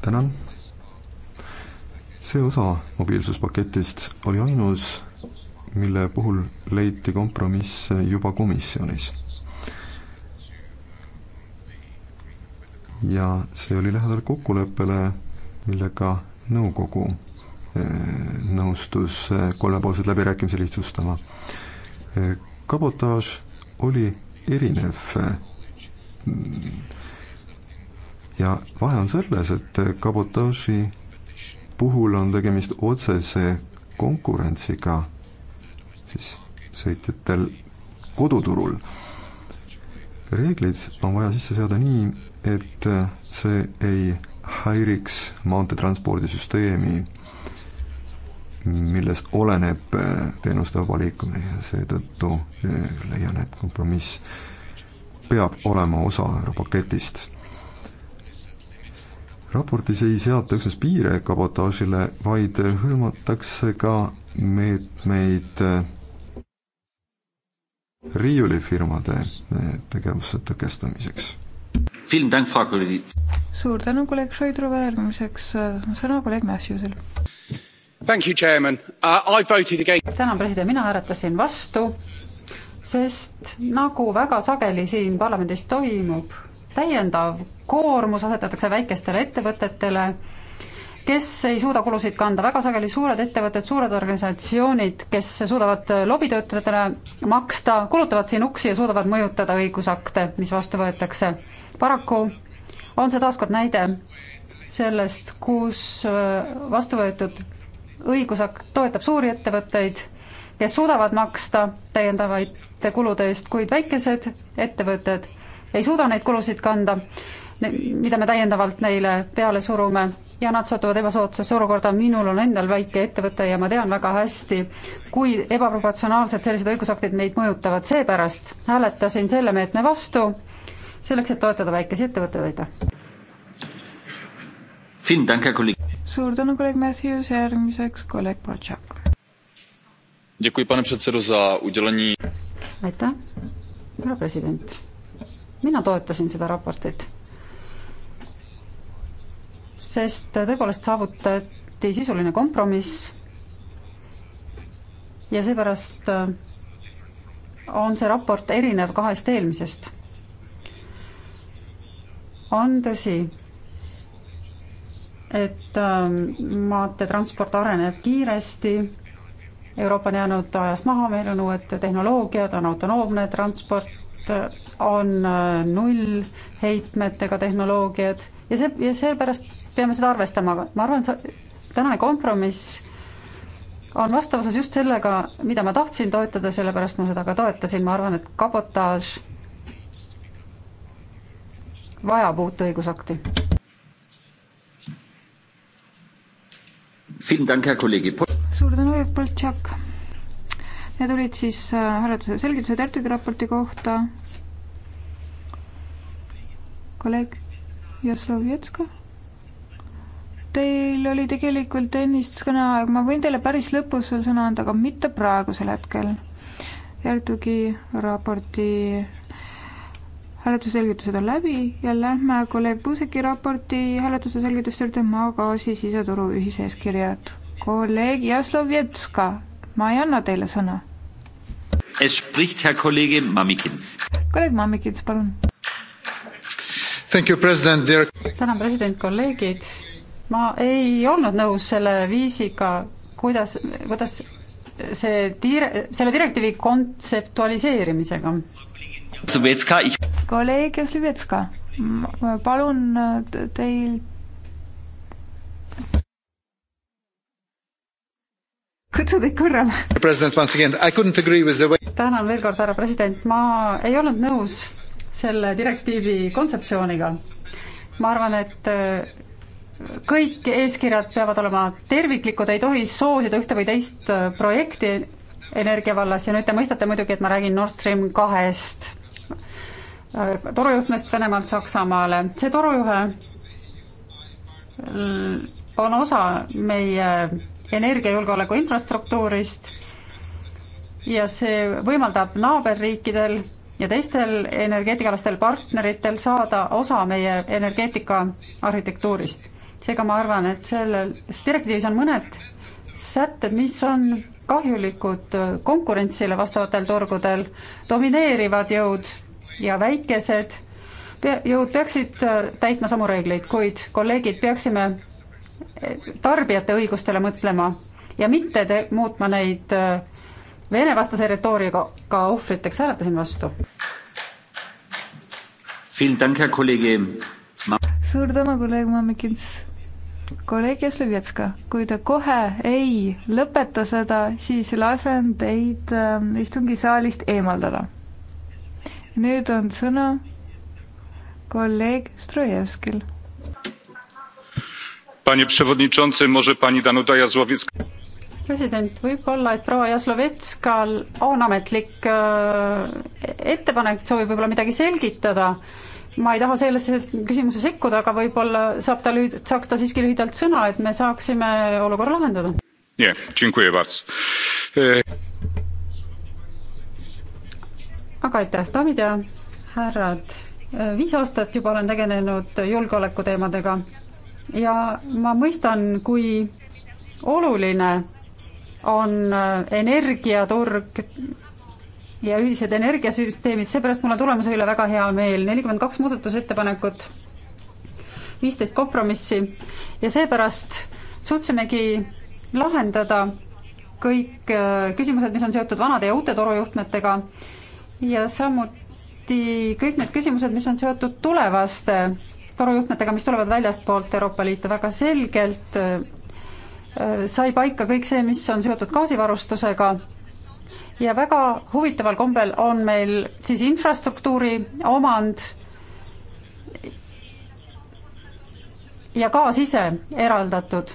tänan. see osa mobiilsuspaketist oli ainus, mille puhul leiti kompromiss juba komisjonis. ja see oli lähedal kokkuleppele, millega nõukogu eh, nõustus eh, kolmepoolseid läbirääkimisi lihtsustama. Eh, kabotaaž oli erinev ja vahe on selles, et kabotaaži puhul on tegemist otsese konkurentsiga siis sõitjatel koduturul. reeglid on vaja sisse seada nii, et see ei häiriks maanteetranspordisüsteemi, millest oleneb teenuste vaba liikumine ja seetõttu leian, et kompromiss peab olema osa paketist raportis ei seata üksnes piire kabotaažile, vaid hõlmatakse ka meetmeid riiulifirmade tegevuse tõkestamiseks. suur tänu, kolleeg Šoidrova, järgmiseks äh, sõna kolleeg Matthewsel. Uh, tänan, president, mina hääletasin vastu, sest nagu väga sageli siin parlamendis toimub, täiendav koormus asetatakse väikestele ettevõtetele, kes ei suuda kulusid kanda, väga sageli suured ettevõtted, suured organisatsioonid, kes suudavad lobitöötajatele maksta, kulutavad siin uksi ja suudavad mõjutada õigusakte, mis vastu võetakse. paraku on see taaskord näide sellest, kus äh, vastu võetud õigusakt toetab suuri ettevõtteid, kes suudavad maksta täiendavaid kulude eest, kuid väikesed ettevõtted ei suuda neid kulusid kanda, mida me täiendavalt neile peale surume ja nad satuvad ebasoodsasse olukorda, minul on endal väike ettevõte ja ma tean väga hästi, kui ebaproportsionaalselt sellised õigusaktid meid mõjutavad, seepärast hääletasin selle meetme vastu, selleks, et toetada väikesi ettevõtteid, aitäh! suur tänu, kolleeg Matthews, järgmiseks kolleeg Potšak. aitäh, härra president mina toetasin seda raportit. sest tõepoolest saavutati sisuline kompromiss ja seepärast äh, on see raport erinev kahest eelmisest. on tõsi, et äh, maanteetransport areneb kiiresti, Euroopa on jäänud ajast maha, meil on uued tehnoloogiad, on autonoomne transport, poolt äh, on äh, nullheitmetega tehnoloogiad ja see, ja seepärast peame seda arvestama, aga ma arvan, tänane kompromiss on vastavuses just sellega, mida ma tahtsin toetada, sellepärast ma seda ka toetasin, ma arvan, et kabotaaž vajab uut õigusakti. suur tänu, Jevgeni Poltšak. Need olid siis äh, hääletuse selgitused Ertügi raporti kohta. kolleeg Jaslovjetska. Teil oli tegelikult ennist kõneaeg, ma võin teile päris lõpus veel sõna anda, aga mitte praegusel hetkel. Ertügi raporti hääletuse selgitused on läbi ja lähme kolleeg Puuseki raporti hääletuse selgituste juurde maagaasi siseturu ühiseeskirjad. kolleeg Jaslovjetska, ma ei anna teile sõna Es spricht Herr Kollege Mamikins. kolleeg Mamikins, palun. Thank you, president, dear. tänan, president, kolleegid. ma ei olnud nõus selle viisiga, kuidas, kuidas see dire-, selle direktiivi kontseptualiseerimisega. kolleeg Jaslovetska, palun teilt kutsu teid korrale. tänan veel kord, härra president, ma ei olnud nõus selle direktiivi kontseptsiooniga. ma arvan, et äh, kõik eeskirjad peavad olema terviklikud, ei tohi soosida ühte või teist äh, projekti energia vallas ja nüüd te mõistate muidugi, et ma räägin Nord Stream kahest äh, torujuhtmest Venemaalt Saksamaale. see torujuhe on osa meie energiajulgeoleku infrastruktuurist ja see võimaldab naaberriikidel ja teistel energeetikalastel partneritel saada osa meie energeetika arhitektuurist. seega ma arvan, et selles direktiivis on mõned sätted, mis on kahjulikud konkurentsile vastavatel turgudel, domineerivad jõud ja väikesed jõud peaksid täitma samu reegleid, kuid kolleegid, peaksime tarbijate õigustele mõtlema ja mitte te-, muutma neid äh, Vene-vastase retoorikaga ohvriteks, hääletasin vastu. suur tänu, kolleeg Mamikins. kolleeg Jaslovetska, kui te kohe ei lõpeta seda, siis lasen teid äh, istungisaalist eemaldada. nüüd on sõna kolleeg Strojevskil panie przewodniczący może pani danuta jazłowiecka president võib-olla et proua Jaslovetskal on ametlik e, ettepanek soovib võib-olla midagi selgitada ma ei taha sellesse küsimusse sekkuda aga võib-olla saab ta lühid- saaks ta siiski lühidalt sõna et me saaksime olukorra lahendada yeah, e- aga aitäh daamid ja härrad e, viis aastat juba olen tegelenud julgeolekuteemadega ja ma mõistan, kui oluline on äh, energiaturg ja ühised energiasüsteemid, seepärast mul on tulemuse üle väga hea meel, nelikümmend kaks muudatusettepanekut, viisteist kompromissi ja seepärast suutsimegi lahendada kõik äh, küsimused, mis on seotud vanade ja uute torujuhtmetega ja samuti kõik need küsimused, mis on seotud tulevaste torujuhtmetega, mis tulevad väljastpoolt Euroopa Liitu väga selgelt, äh, sai paika kõik see, mis on seotud gaasivarustusega ja väga huvitaval kombel on meil siis infrastruktuuri omand ja gaas ise eraldatud.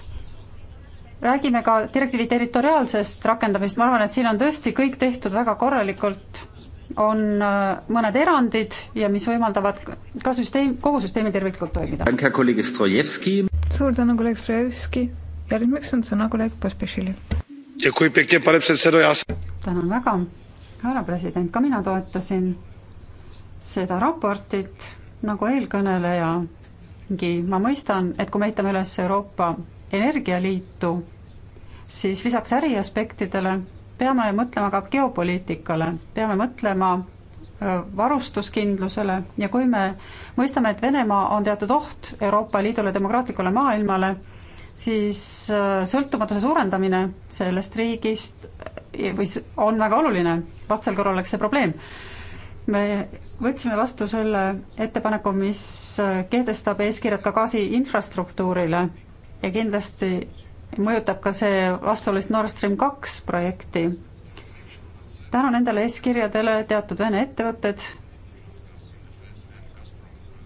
räägime ka direktiivi territoriaalsest rakendamist, ma arvan, et siin on tõesti kõik tehtud väga korralikult on äh, mõned erandid ja mis võimaldavad ka süsteem, kogu süsteemi terviklikult toimida. suur tänu, kolleeg Strojevski. järgmiseks on sõna kolleeg Pospešilil. tänan väga, härra president, ka mina toetasin seda raportit nagu eelkõneleja. ma mõistan, et kui me ehitame üles Euroopa Energialiitu, siis lisaks äriaspektidele peame mõtlema ka geopoliitikale, peame mõtlema äh, varustuskindlusele ja kui me mõistame, et Venemaa on teatud oht Euroopa Liidule, demokraatlikule maailmale, siis äh, sõltumatuse suurendamine sellest riigist äh, või on väga oluline, vastasel korral oleks see probleem. me võtsime vastu selle ettepaneku, mis kehtestab eeskirjad ka gaasi infrastruktuurile ja kindlasti mõjutab ka see vastuolist Nord Stream kaks projekti. tänu nendele eeskirjadele teatud Vene ettevõtted,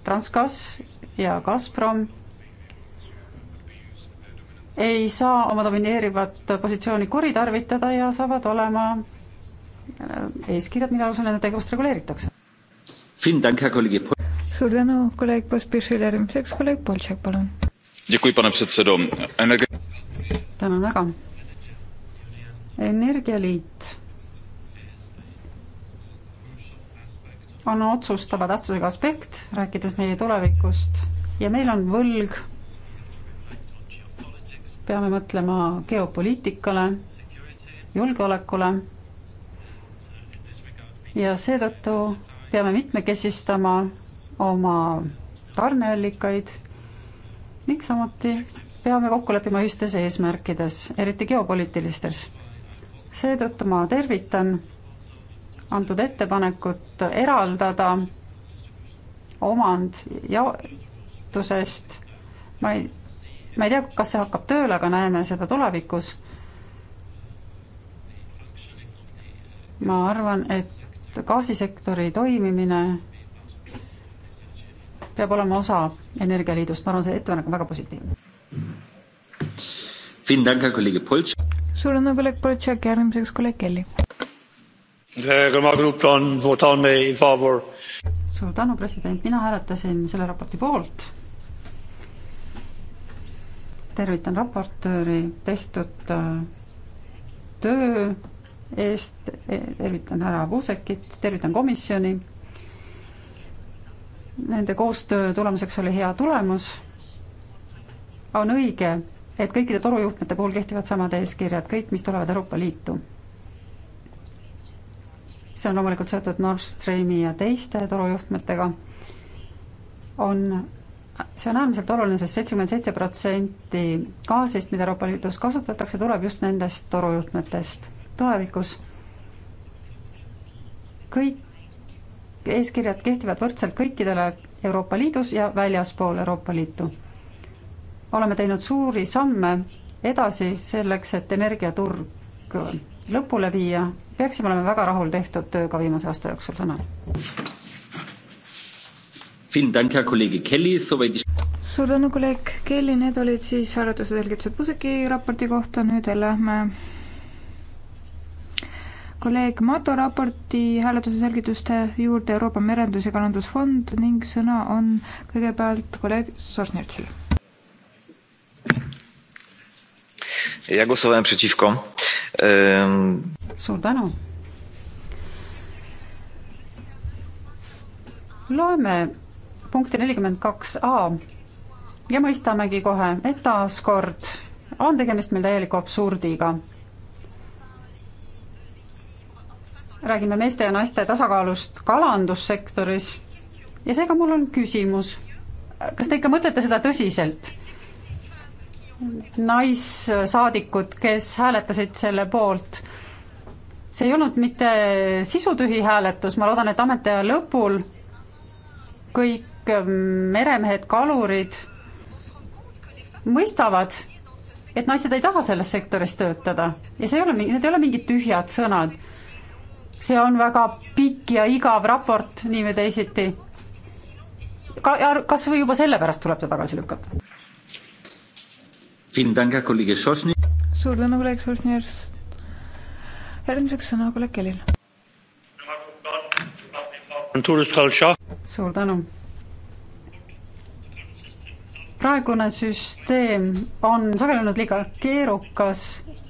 Transgas ja Gazprom ei saa oma domineerivat positsiooni kuritarvitada ja saavad olema äh, eeskirjad, mille alusel nende tegevust reguleeritakse. suur tänu, kolleeg Pospišil, järgmiseks kolleeg Boltšak, palun tänan väga. energialiit on otsustava tähtsusega aspekt, rääkides meie tulevikust ja meil on võlg. peame mõtlema geopoliitikale, julgeolekule. ja seetõttu peame mitmekesistama oma tarneallikaid ning samuti peame kokku leppima ühistes eesmärkides, eriti geopoliitilistes. seetõttu ma tervitan antud ettepanekut eraldada omand jaotusest, ma ei, ma ei tea, kas see hakkab tööle, aga näeme seda tulevikus. ma arvan, et gaasisektori toimimine peab olema osa Energialiidust, ma arvan, see ettepanek on väga positiivne suur tänu, kolleeg Poltšak ja järgmiseks kolleeg Kelly. suur tänu, president, mina hääletasin selle raporti poolt. tervitan raportööri tehtud äh, töö eest, e, tervitan härra Vuusekit, tervitan komisjoni. Nende koostöö tulemuseks oli hea tulemus. on õige et kõikide torujuhtmete puhul kehtivad samad eeskirjad, kõik, mis tulevad Euroopa Liitu. see on loomulikult seotud Nord Streami ja teiste torujuhtmetega, on, see on äärmiselt oluline sest, sest seitsekümmend seitse protsenti gaasist, mida Euroopa Liidus kasutatakse, tuleb just nendest torujuhtmetest. tulevikus kõik eeskirjad kehtivad võrdselt kõikidele Euroopa Liidus ja väljaspool Euroopa Liitu oleme teinud suuri samme edasi selleks, et energiaturg lõpule viia, peaksime olema väga rahul tehtud tööga viimase aasta jooksul, tänan. suur tänu, kolleeg Kelly, need olid siis arvutuse selgitused Puseki raporti kohta, nüüd lähme kolleeg Mato raporti hääletuse selgituste juurde Euroopa Merendus- ja Kalandusfond ning sõna on kõigepealt kolleeg Sosnitšil ja głosowałem przeciwko. suur tänu. loeme punkti nelikümmend kaks A ja mõistamegi kohe, et taaskord on tegemist meil täieliku absurdiga. räägime meeste ja naiste tasakaalust kalandussektoris ja seega mul on küsimus, kas te ikka mõtlete seda tõsiselt? naissaadikud, kes hääletasid selle poolt. see ei olnud mitte sisutühi hääletus, ma loodan, et ametiaja lõpul kõik ähm, meremehed, kalurid mõistavad, et naised ei taha selles sektoris töötada ja see ei ole, need ei ole mingid tühjad sõnad. see on väga pikk ja igav raport nii või teisiti. ka, kas või juba sellepärast tuleb ta tagasi lükata suur tänu, kolleeg Sosnjev. järgmiseks sõna kolleeg Kelil. suur tänu. praegune süsteem on sageli olnud liiga keerukas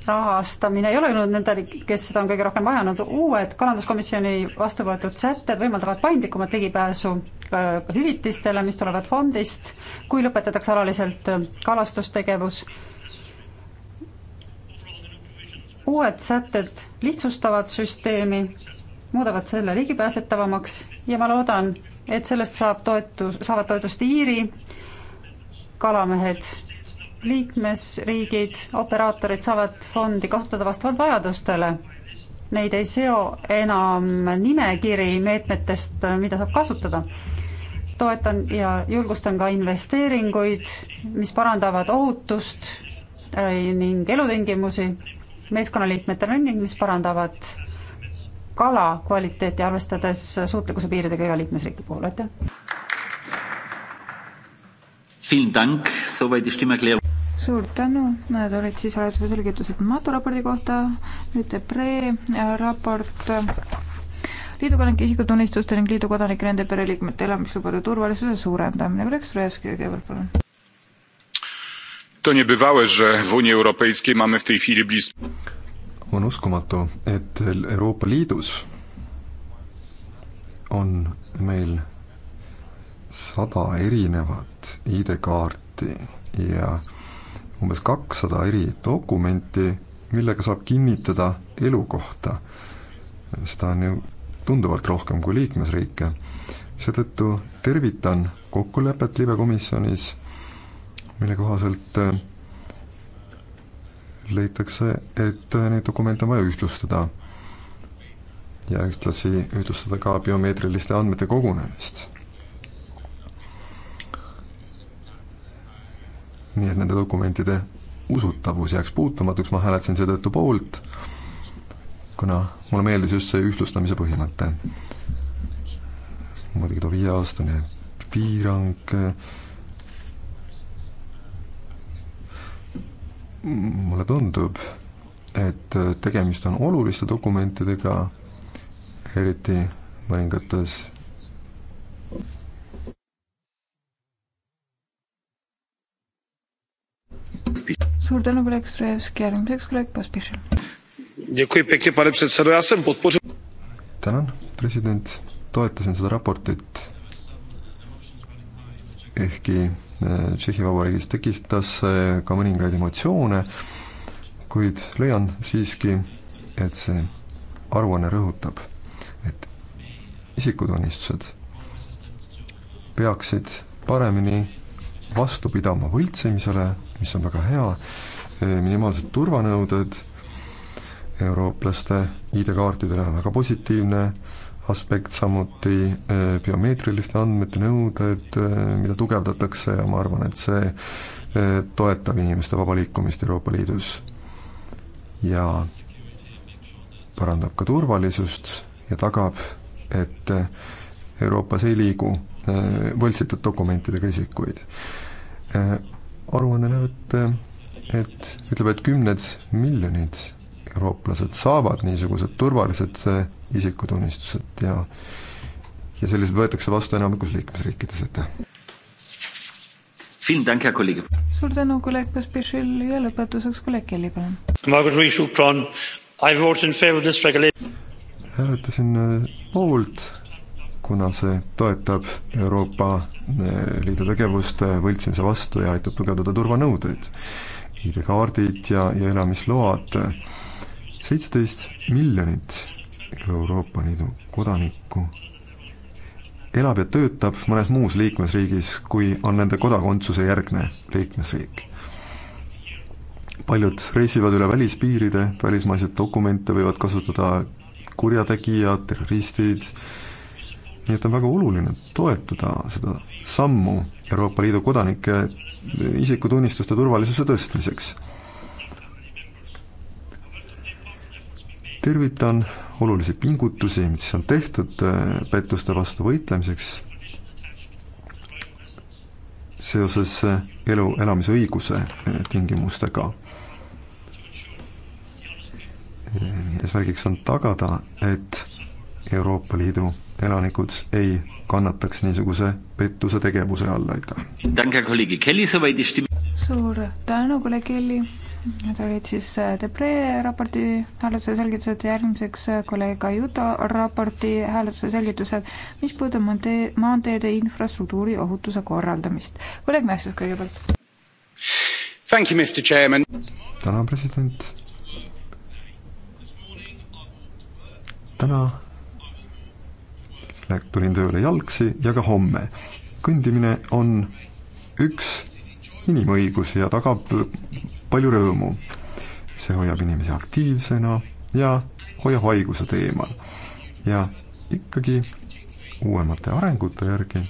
rahastamine ei ole olnud nendel, kes seda on kõige rohkem vajanud, uued kalanduskomisjoni vastu võetud sätted võimaldavad paindlikumat ligipääsu äh, hüvitistele, mis tulevad fondist, kui lõpetatakse alaliselt äh, kalastustegevus. uued sätted lihtsustavad süsteemi, muudavad selle ligipääsetavamaks ja ma loodan, et sellest saab toetus, saavad toetust Iiri kalamehed liikmesriigid, operaatorid saavad fondi kasutada vastavalt vajadustele. Neid ei seo enam nimekiri meetmetest, mida saab kasutada. toetan ja julgustan ka investeeringuid, mis parandavad ohutust äh, ning elutingimusi meeskonnaliikmetele ning mis parandavad kala kvaliteeti, arvestades suutlikkuse piiridega iga liikmesriigi puhul, aitäh! suur tänu, need olid siis hääletuse selgitused NATO raporti kohta, nüüd Debre äh, raport äh, liidu kodanike isikutunnistuste ning liidu kodanike nende pereliikmete elamislubade turvalisuse suurendamine. Oleg Strojevski kõigepealt, palun. To niebywałe, że w Unii Europejskiej mamy w tej chwili blisko on uskumatu, et Euroopa Liidus on meil sada erinevat ID-kaarti ja umbes kakssada eri dokumenti, millega saab kinnitada elukohta. seda on ju tunduvalt rohkem kui liikmesriike. seetõttu tervitan kokkulepet libekomisjonis, mille kohaselt äh, leitakse, et äh, neid dokumente on vaja ühtlustada ja ühtlasi ühtlustada ka biomeetriliste andmete kogunemist nii et nende dokumentide usutavus jääks puutumatuks, ma hääletasin seetõttu poolt, kuna mulle meeldis just see ühtlustamise põhimõte. muidugi too viieaastane piirang, mulle tundub, et tegemist on oluliste dokumentidega, eriti mõningates suur tänu, kolleeg Strojevski, järgmiseks kolleeg Pospišil. tänan, president, toetasin seda raportit. ehkki eh, Tšehhi Vabariigis tekitas ka mõningaid emotsioone, kuid leian siiski, et see aruanne rõhutab, et isikutunnistused peaksid paremini vastu pidama võltsimisele mis on väga hea, e, minimaalsed turvanõuded eurooplaste ID-kaartidele on väga positiivne aspekt, samuti e, biomeetriliste andmete nõuded, e, mida tugevdatakse ja ma arvan, et see toetab inimeste vaba liikumist Euroopa Liidus ja parandab ka turvalisust ja tagab, et Euroopas ei liigu võltsitud dokumentidega isikuid aruanne näeb, et, et ütleb, et kümned miljonid eurooplased saavad niisugused turvalised isikutunnistused ja ja sellised võetakse vastu enamikus liikmesriikides, aitäh. suur tänu, kolleeg Pospišil ja lõpetuseks kolleeg Kelly, palun. hääletasin äh, poolt kuna see toetab Euroopa eh, Liidu tegevust eh, võltsimise vastu ja aitab tugevdada turvanõudeid, ID-kaardid ja, ja elamisload. Eh, seitseteist miljonit Euroopa Liidu kodanikku elab ja töötab mõnes muus liikmesriigis, kui on nende kodakondsuse järgne liikmesriik. paljud reisivad üle välispiiride, välismaiseid dokumente võivad kasutada kurjategijad, terroristid, nii et on väga oluline toetada seda sammu Euroopa Liidu kodanike isikutunnistuste turvalisuse tõstmiseks. tervitan olulisi pingutusi, mis on tehtud äh, pettuste vastu võitlemiseks seoses äh, elu elamisõiguse äh, tingimustega eesmärgiks on tagada, et Euroopa Liidu elanikud ei kannataks niisuguse pettuse tegevuse all, aitäh. suur tänu, kolleeg Kelly. Need olid siis äh, Debre raporti hääletuse selgitused ja järgmiseks äh, kolleeg Ajuto raporti hääletuse selgitused, mis puudutab maantee, maanteede infrastruktuuri ohutuse korraldamist. kolleeg Mässus kõigepealt. tänan, president. täna Läk-, tulin tööle jalgsi ja ka homme. kõndimine on üks inimõigus ja tagab palju rõõmu. see hoiab inimesi aktiivsena ja hoiab haigused eemal. ja ikkagi uuemate arengute järgi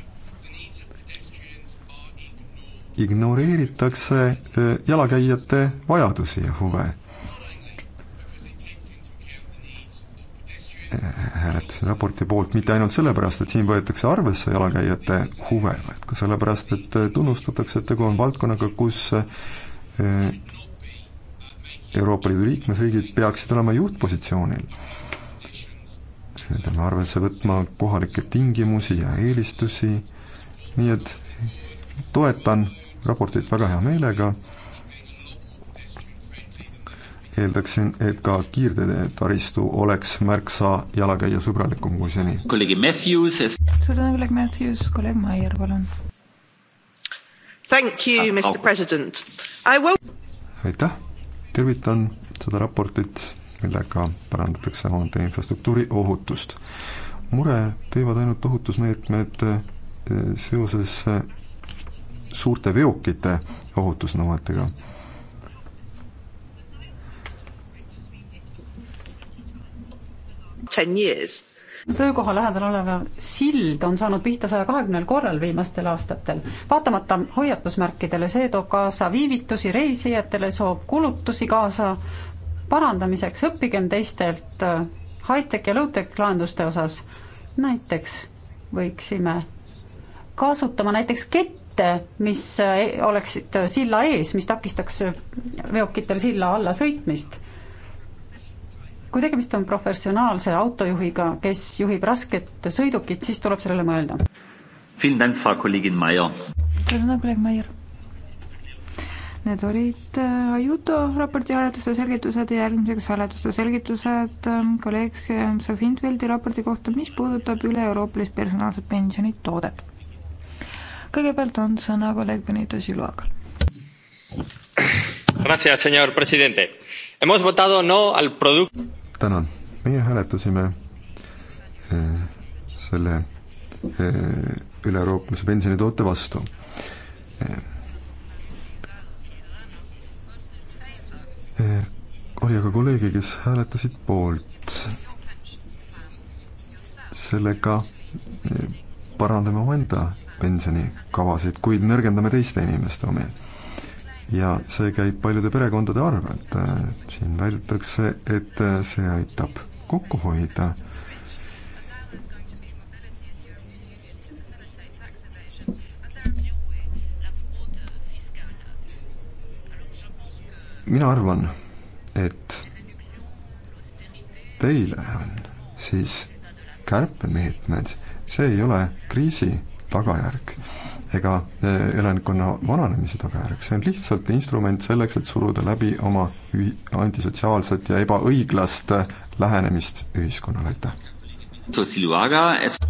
ignoreeritakse äh, jalakäijate vajadusi ja huve hääled raporti poolt mitte ainult sellepärast, et siin võetakse arvesse jalakäijate huve, vaid ka sellepärast, et tunnustatakse, et tegu on valdkonnaga, kus eh, Euroopa Liidu liikmesriigid peaksid olema juhtpositsioonil. me peame arvesse võtma kohalikke tingimusi ja eelistusi, nii et toetan raportit väga hea meelega eeldaksin, et ka kiirtee taristu oleks märksa jalakäijasõbralikum kui seni. kolleeg Matthews. suur tänu, kolleeg Matthews, kolleeg Maier, palun. Thank you, ah, Mr President. I will aitäh, tervitan seda raportit, millega parandatakse maanteeinfrastruktuuri ohutust. mure teevad ainult ohutusmeetmed eh, seoses eh, suurte veokite ohutusnõuetega töökoha lähedal olev sild on saanud pihta saja kahekümnel korral viimastel aastatel. vaatamata hoiatusmärkidele, see toob kaasa viivitusi reisijatele, soob kulutusi kaasa parandamiseks, õppigem teistelt äh, high-tech ja low-tech lahenduste osas. näiteks võiksime kasutama näiteks kette, mis äh, e-, oleksid silla ees, mis takistaks veokitel silla alla sõitmist kui tegemist on professionaalse autojuhiga, kes juhib rasket sõidukit, siis tuleb sellele mõelda. tänan, kolleeg Maier. Need olid äh, Ajuto raporti hääletuste selgitused ja järgmiseks hääletuste selgitused ähm, kolleeg ähm, Sofintveldi raporti kohta, mis puudutab üle-euroopalist personaalset pensionitoodet. kõigepealt on sõna kolleeg Benito Siluagal. Gracias, señor presidente. Hemos votado no al producto tänan, meie hääletasime eh, selle eh, üle-euroopalise pensionitoote vastu. Eh, oli aga kolleege, kes hääletasid poolt. sellega parandame omaenda pensionikavasid, kuid nõrgendame teiste inimeste omi ja see käib paljude perekondade arvelt. siin väidetakse, et see aitab kokku hoida. mina arvan, et teile on siis kärpemeetmed, see ei ole kriisi tagajärg ega eh, elanikkonna vananemise tagajärg, see on lihtsalt instrument selleks, et suruda läbi oma ühi-, antisotsiaalset ja ebaõiglast eh, lähenemist ühiskonnale, aitäh!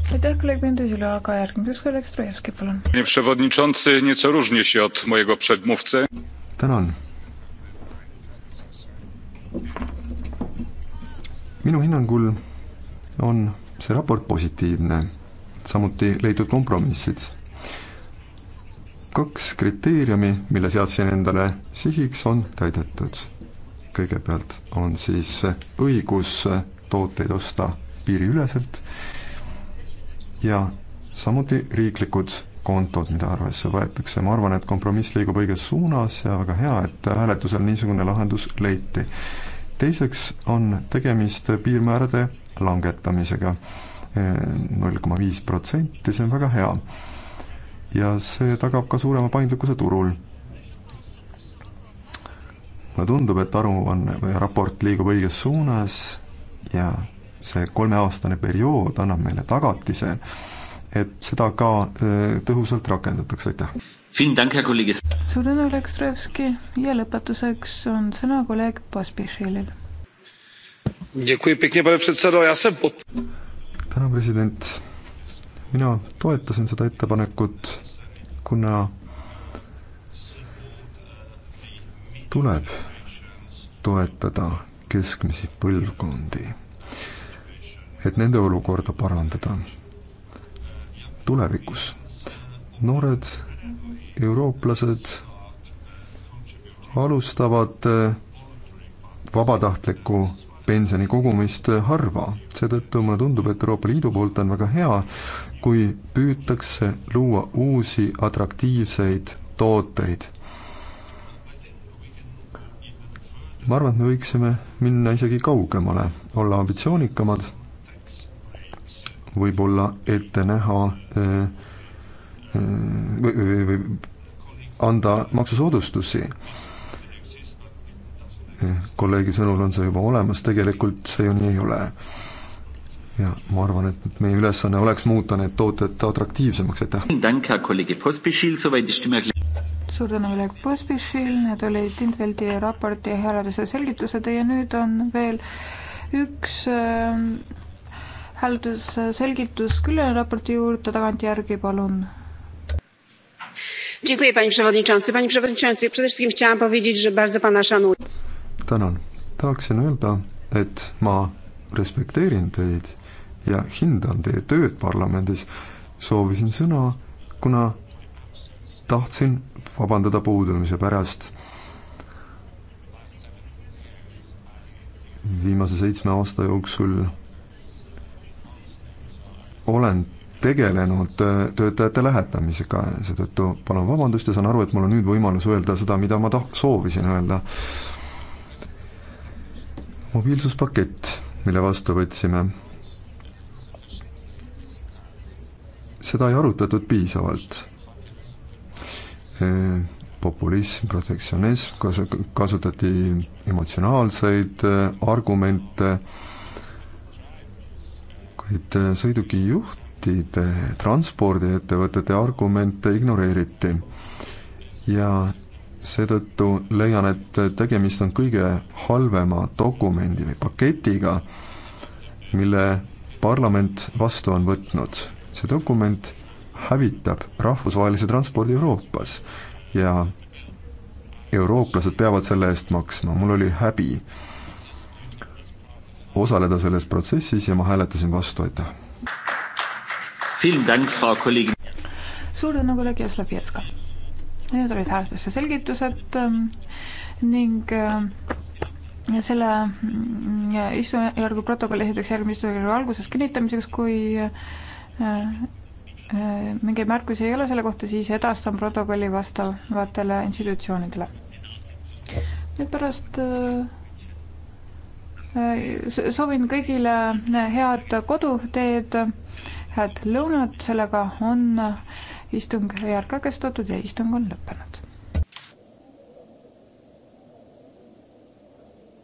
aitäh, kolleeg Mendes-Iluaga, järgmiseks kolleeg Strojevski, palun! tänan! minu hinnangul on see raport positiivne, samuti leitud kompromissid kaks kriteeriumi, mille seadsin endale sihiks, on täidetud. kõigepealt on siis õigus tooteid osta piiriüleselt ja samuti riiklikud kontod, mida arvesse võetakse, ma arvan, et kompromiss liigub õiges suunas ja väga hea, et hääletusel niisugune lahendus leiti. teiseks on tegemist piirmäärade langetamisega, null koma viis protsenti, see on väga hea ja see tagab ka suurema paindlikkuse turul. mulle tundub, et aruanne või raport liigub õiges suunas ja see kolmeaastane periood annab meile tagatise, et seda ka tõhusalt rakendatakse, aitäh. suur tänu, Lekstrevski ja lõpetuseks on sõna kolleeg Pospišilil. tänan, president mina toetasin seda ettepanekut, kuna tuleb toetada keskmisi põlvkondi, et nende olukorda parandada tulevikus. noored eurooplased alustavad eh, vabatahtlikku pensioni kogumist eh, harva, seetõttu mulle tundub, et Euroopa Liidu poolt on väga hea kui püütakse luua uusi atraktiivseid tooteid. ma arvan, et me võiksime minna isegi kaugemale, olla ambitsioonikamad, võib-olla ette näha eh, eh, või, või, või anda maksusoodustusi eh, kolleegi sõnul on see juba olemas, tegelikult see ju nii ei ole ja ma arvan, et meie ülesanne oleks muuta need tooted atraktiivsemaks, aitäh. suur tänu, kolleeg Pospišil, need olid Tintveldi raporti hääletuse selgitused ja nüüd on veel üks ähm, äh, hääletuse selgitus Küllane raporti juurde, tagantjärgi palun. tänan, tahaksin öelda, et ma respekteerin teid ja hindan teie tööd parlamendis. soovisin sõna, kuna tahtsin vabandada puudumise pärast. viimase seitsme aasta jooksul olen tegelenud töötajate lähetamisega, seetõttu palun vabandust ja saan aru, et mul on nüüd võimalus öelda seda, mida ma tah-, soovisin öelda. mobiilsuspakett, mille vastu võtsime seda ei arutatud piisavalt. Eh, populism, protektsionism, kasu-, kasutati emotsionaalseid eh, argumente, kuid eh, sõidukijuhtide, transpordiettevõtete argumente ignoreeriti. ja seetõttu leian, et tegemist on kõige halvema dokumendi või paketiga, mille parlament vastu on võtnud see dokument hävitab rahvusvahelise transpordi Euroopas ja eurooplased peavad selle eest maksma, mul oli häbi osaleda selles protsessis ja ma hääletasin vastu, aitäh. suur tänu, kolleeg Jaslovjetska. Need olid hääletuste selgitused ähm, ning äh, ja selle mm, istujärgu protokoll esitatakse järgmise istungjärgu alguses kinnitamiseks, kui äh, Äh, äh, mingeid märkusi ei ole selle kohta, siis edastan protokolli vastavatele institutsioonidele. nüüd pärast äh, soovin kõigile head koduteed, head lõunat, sellega on istung järk katkestatud ja istung on lõppenud.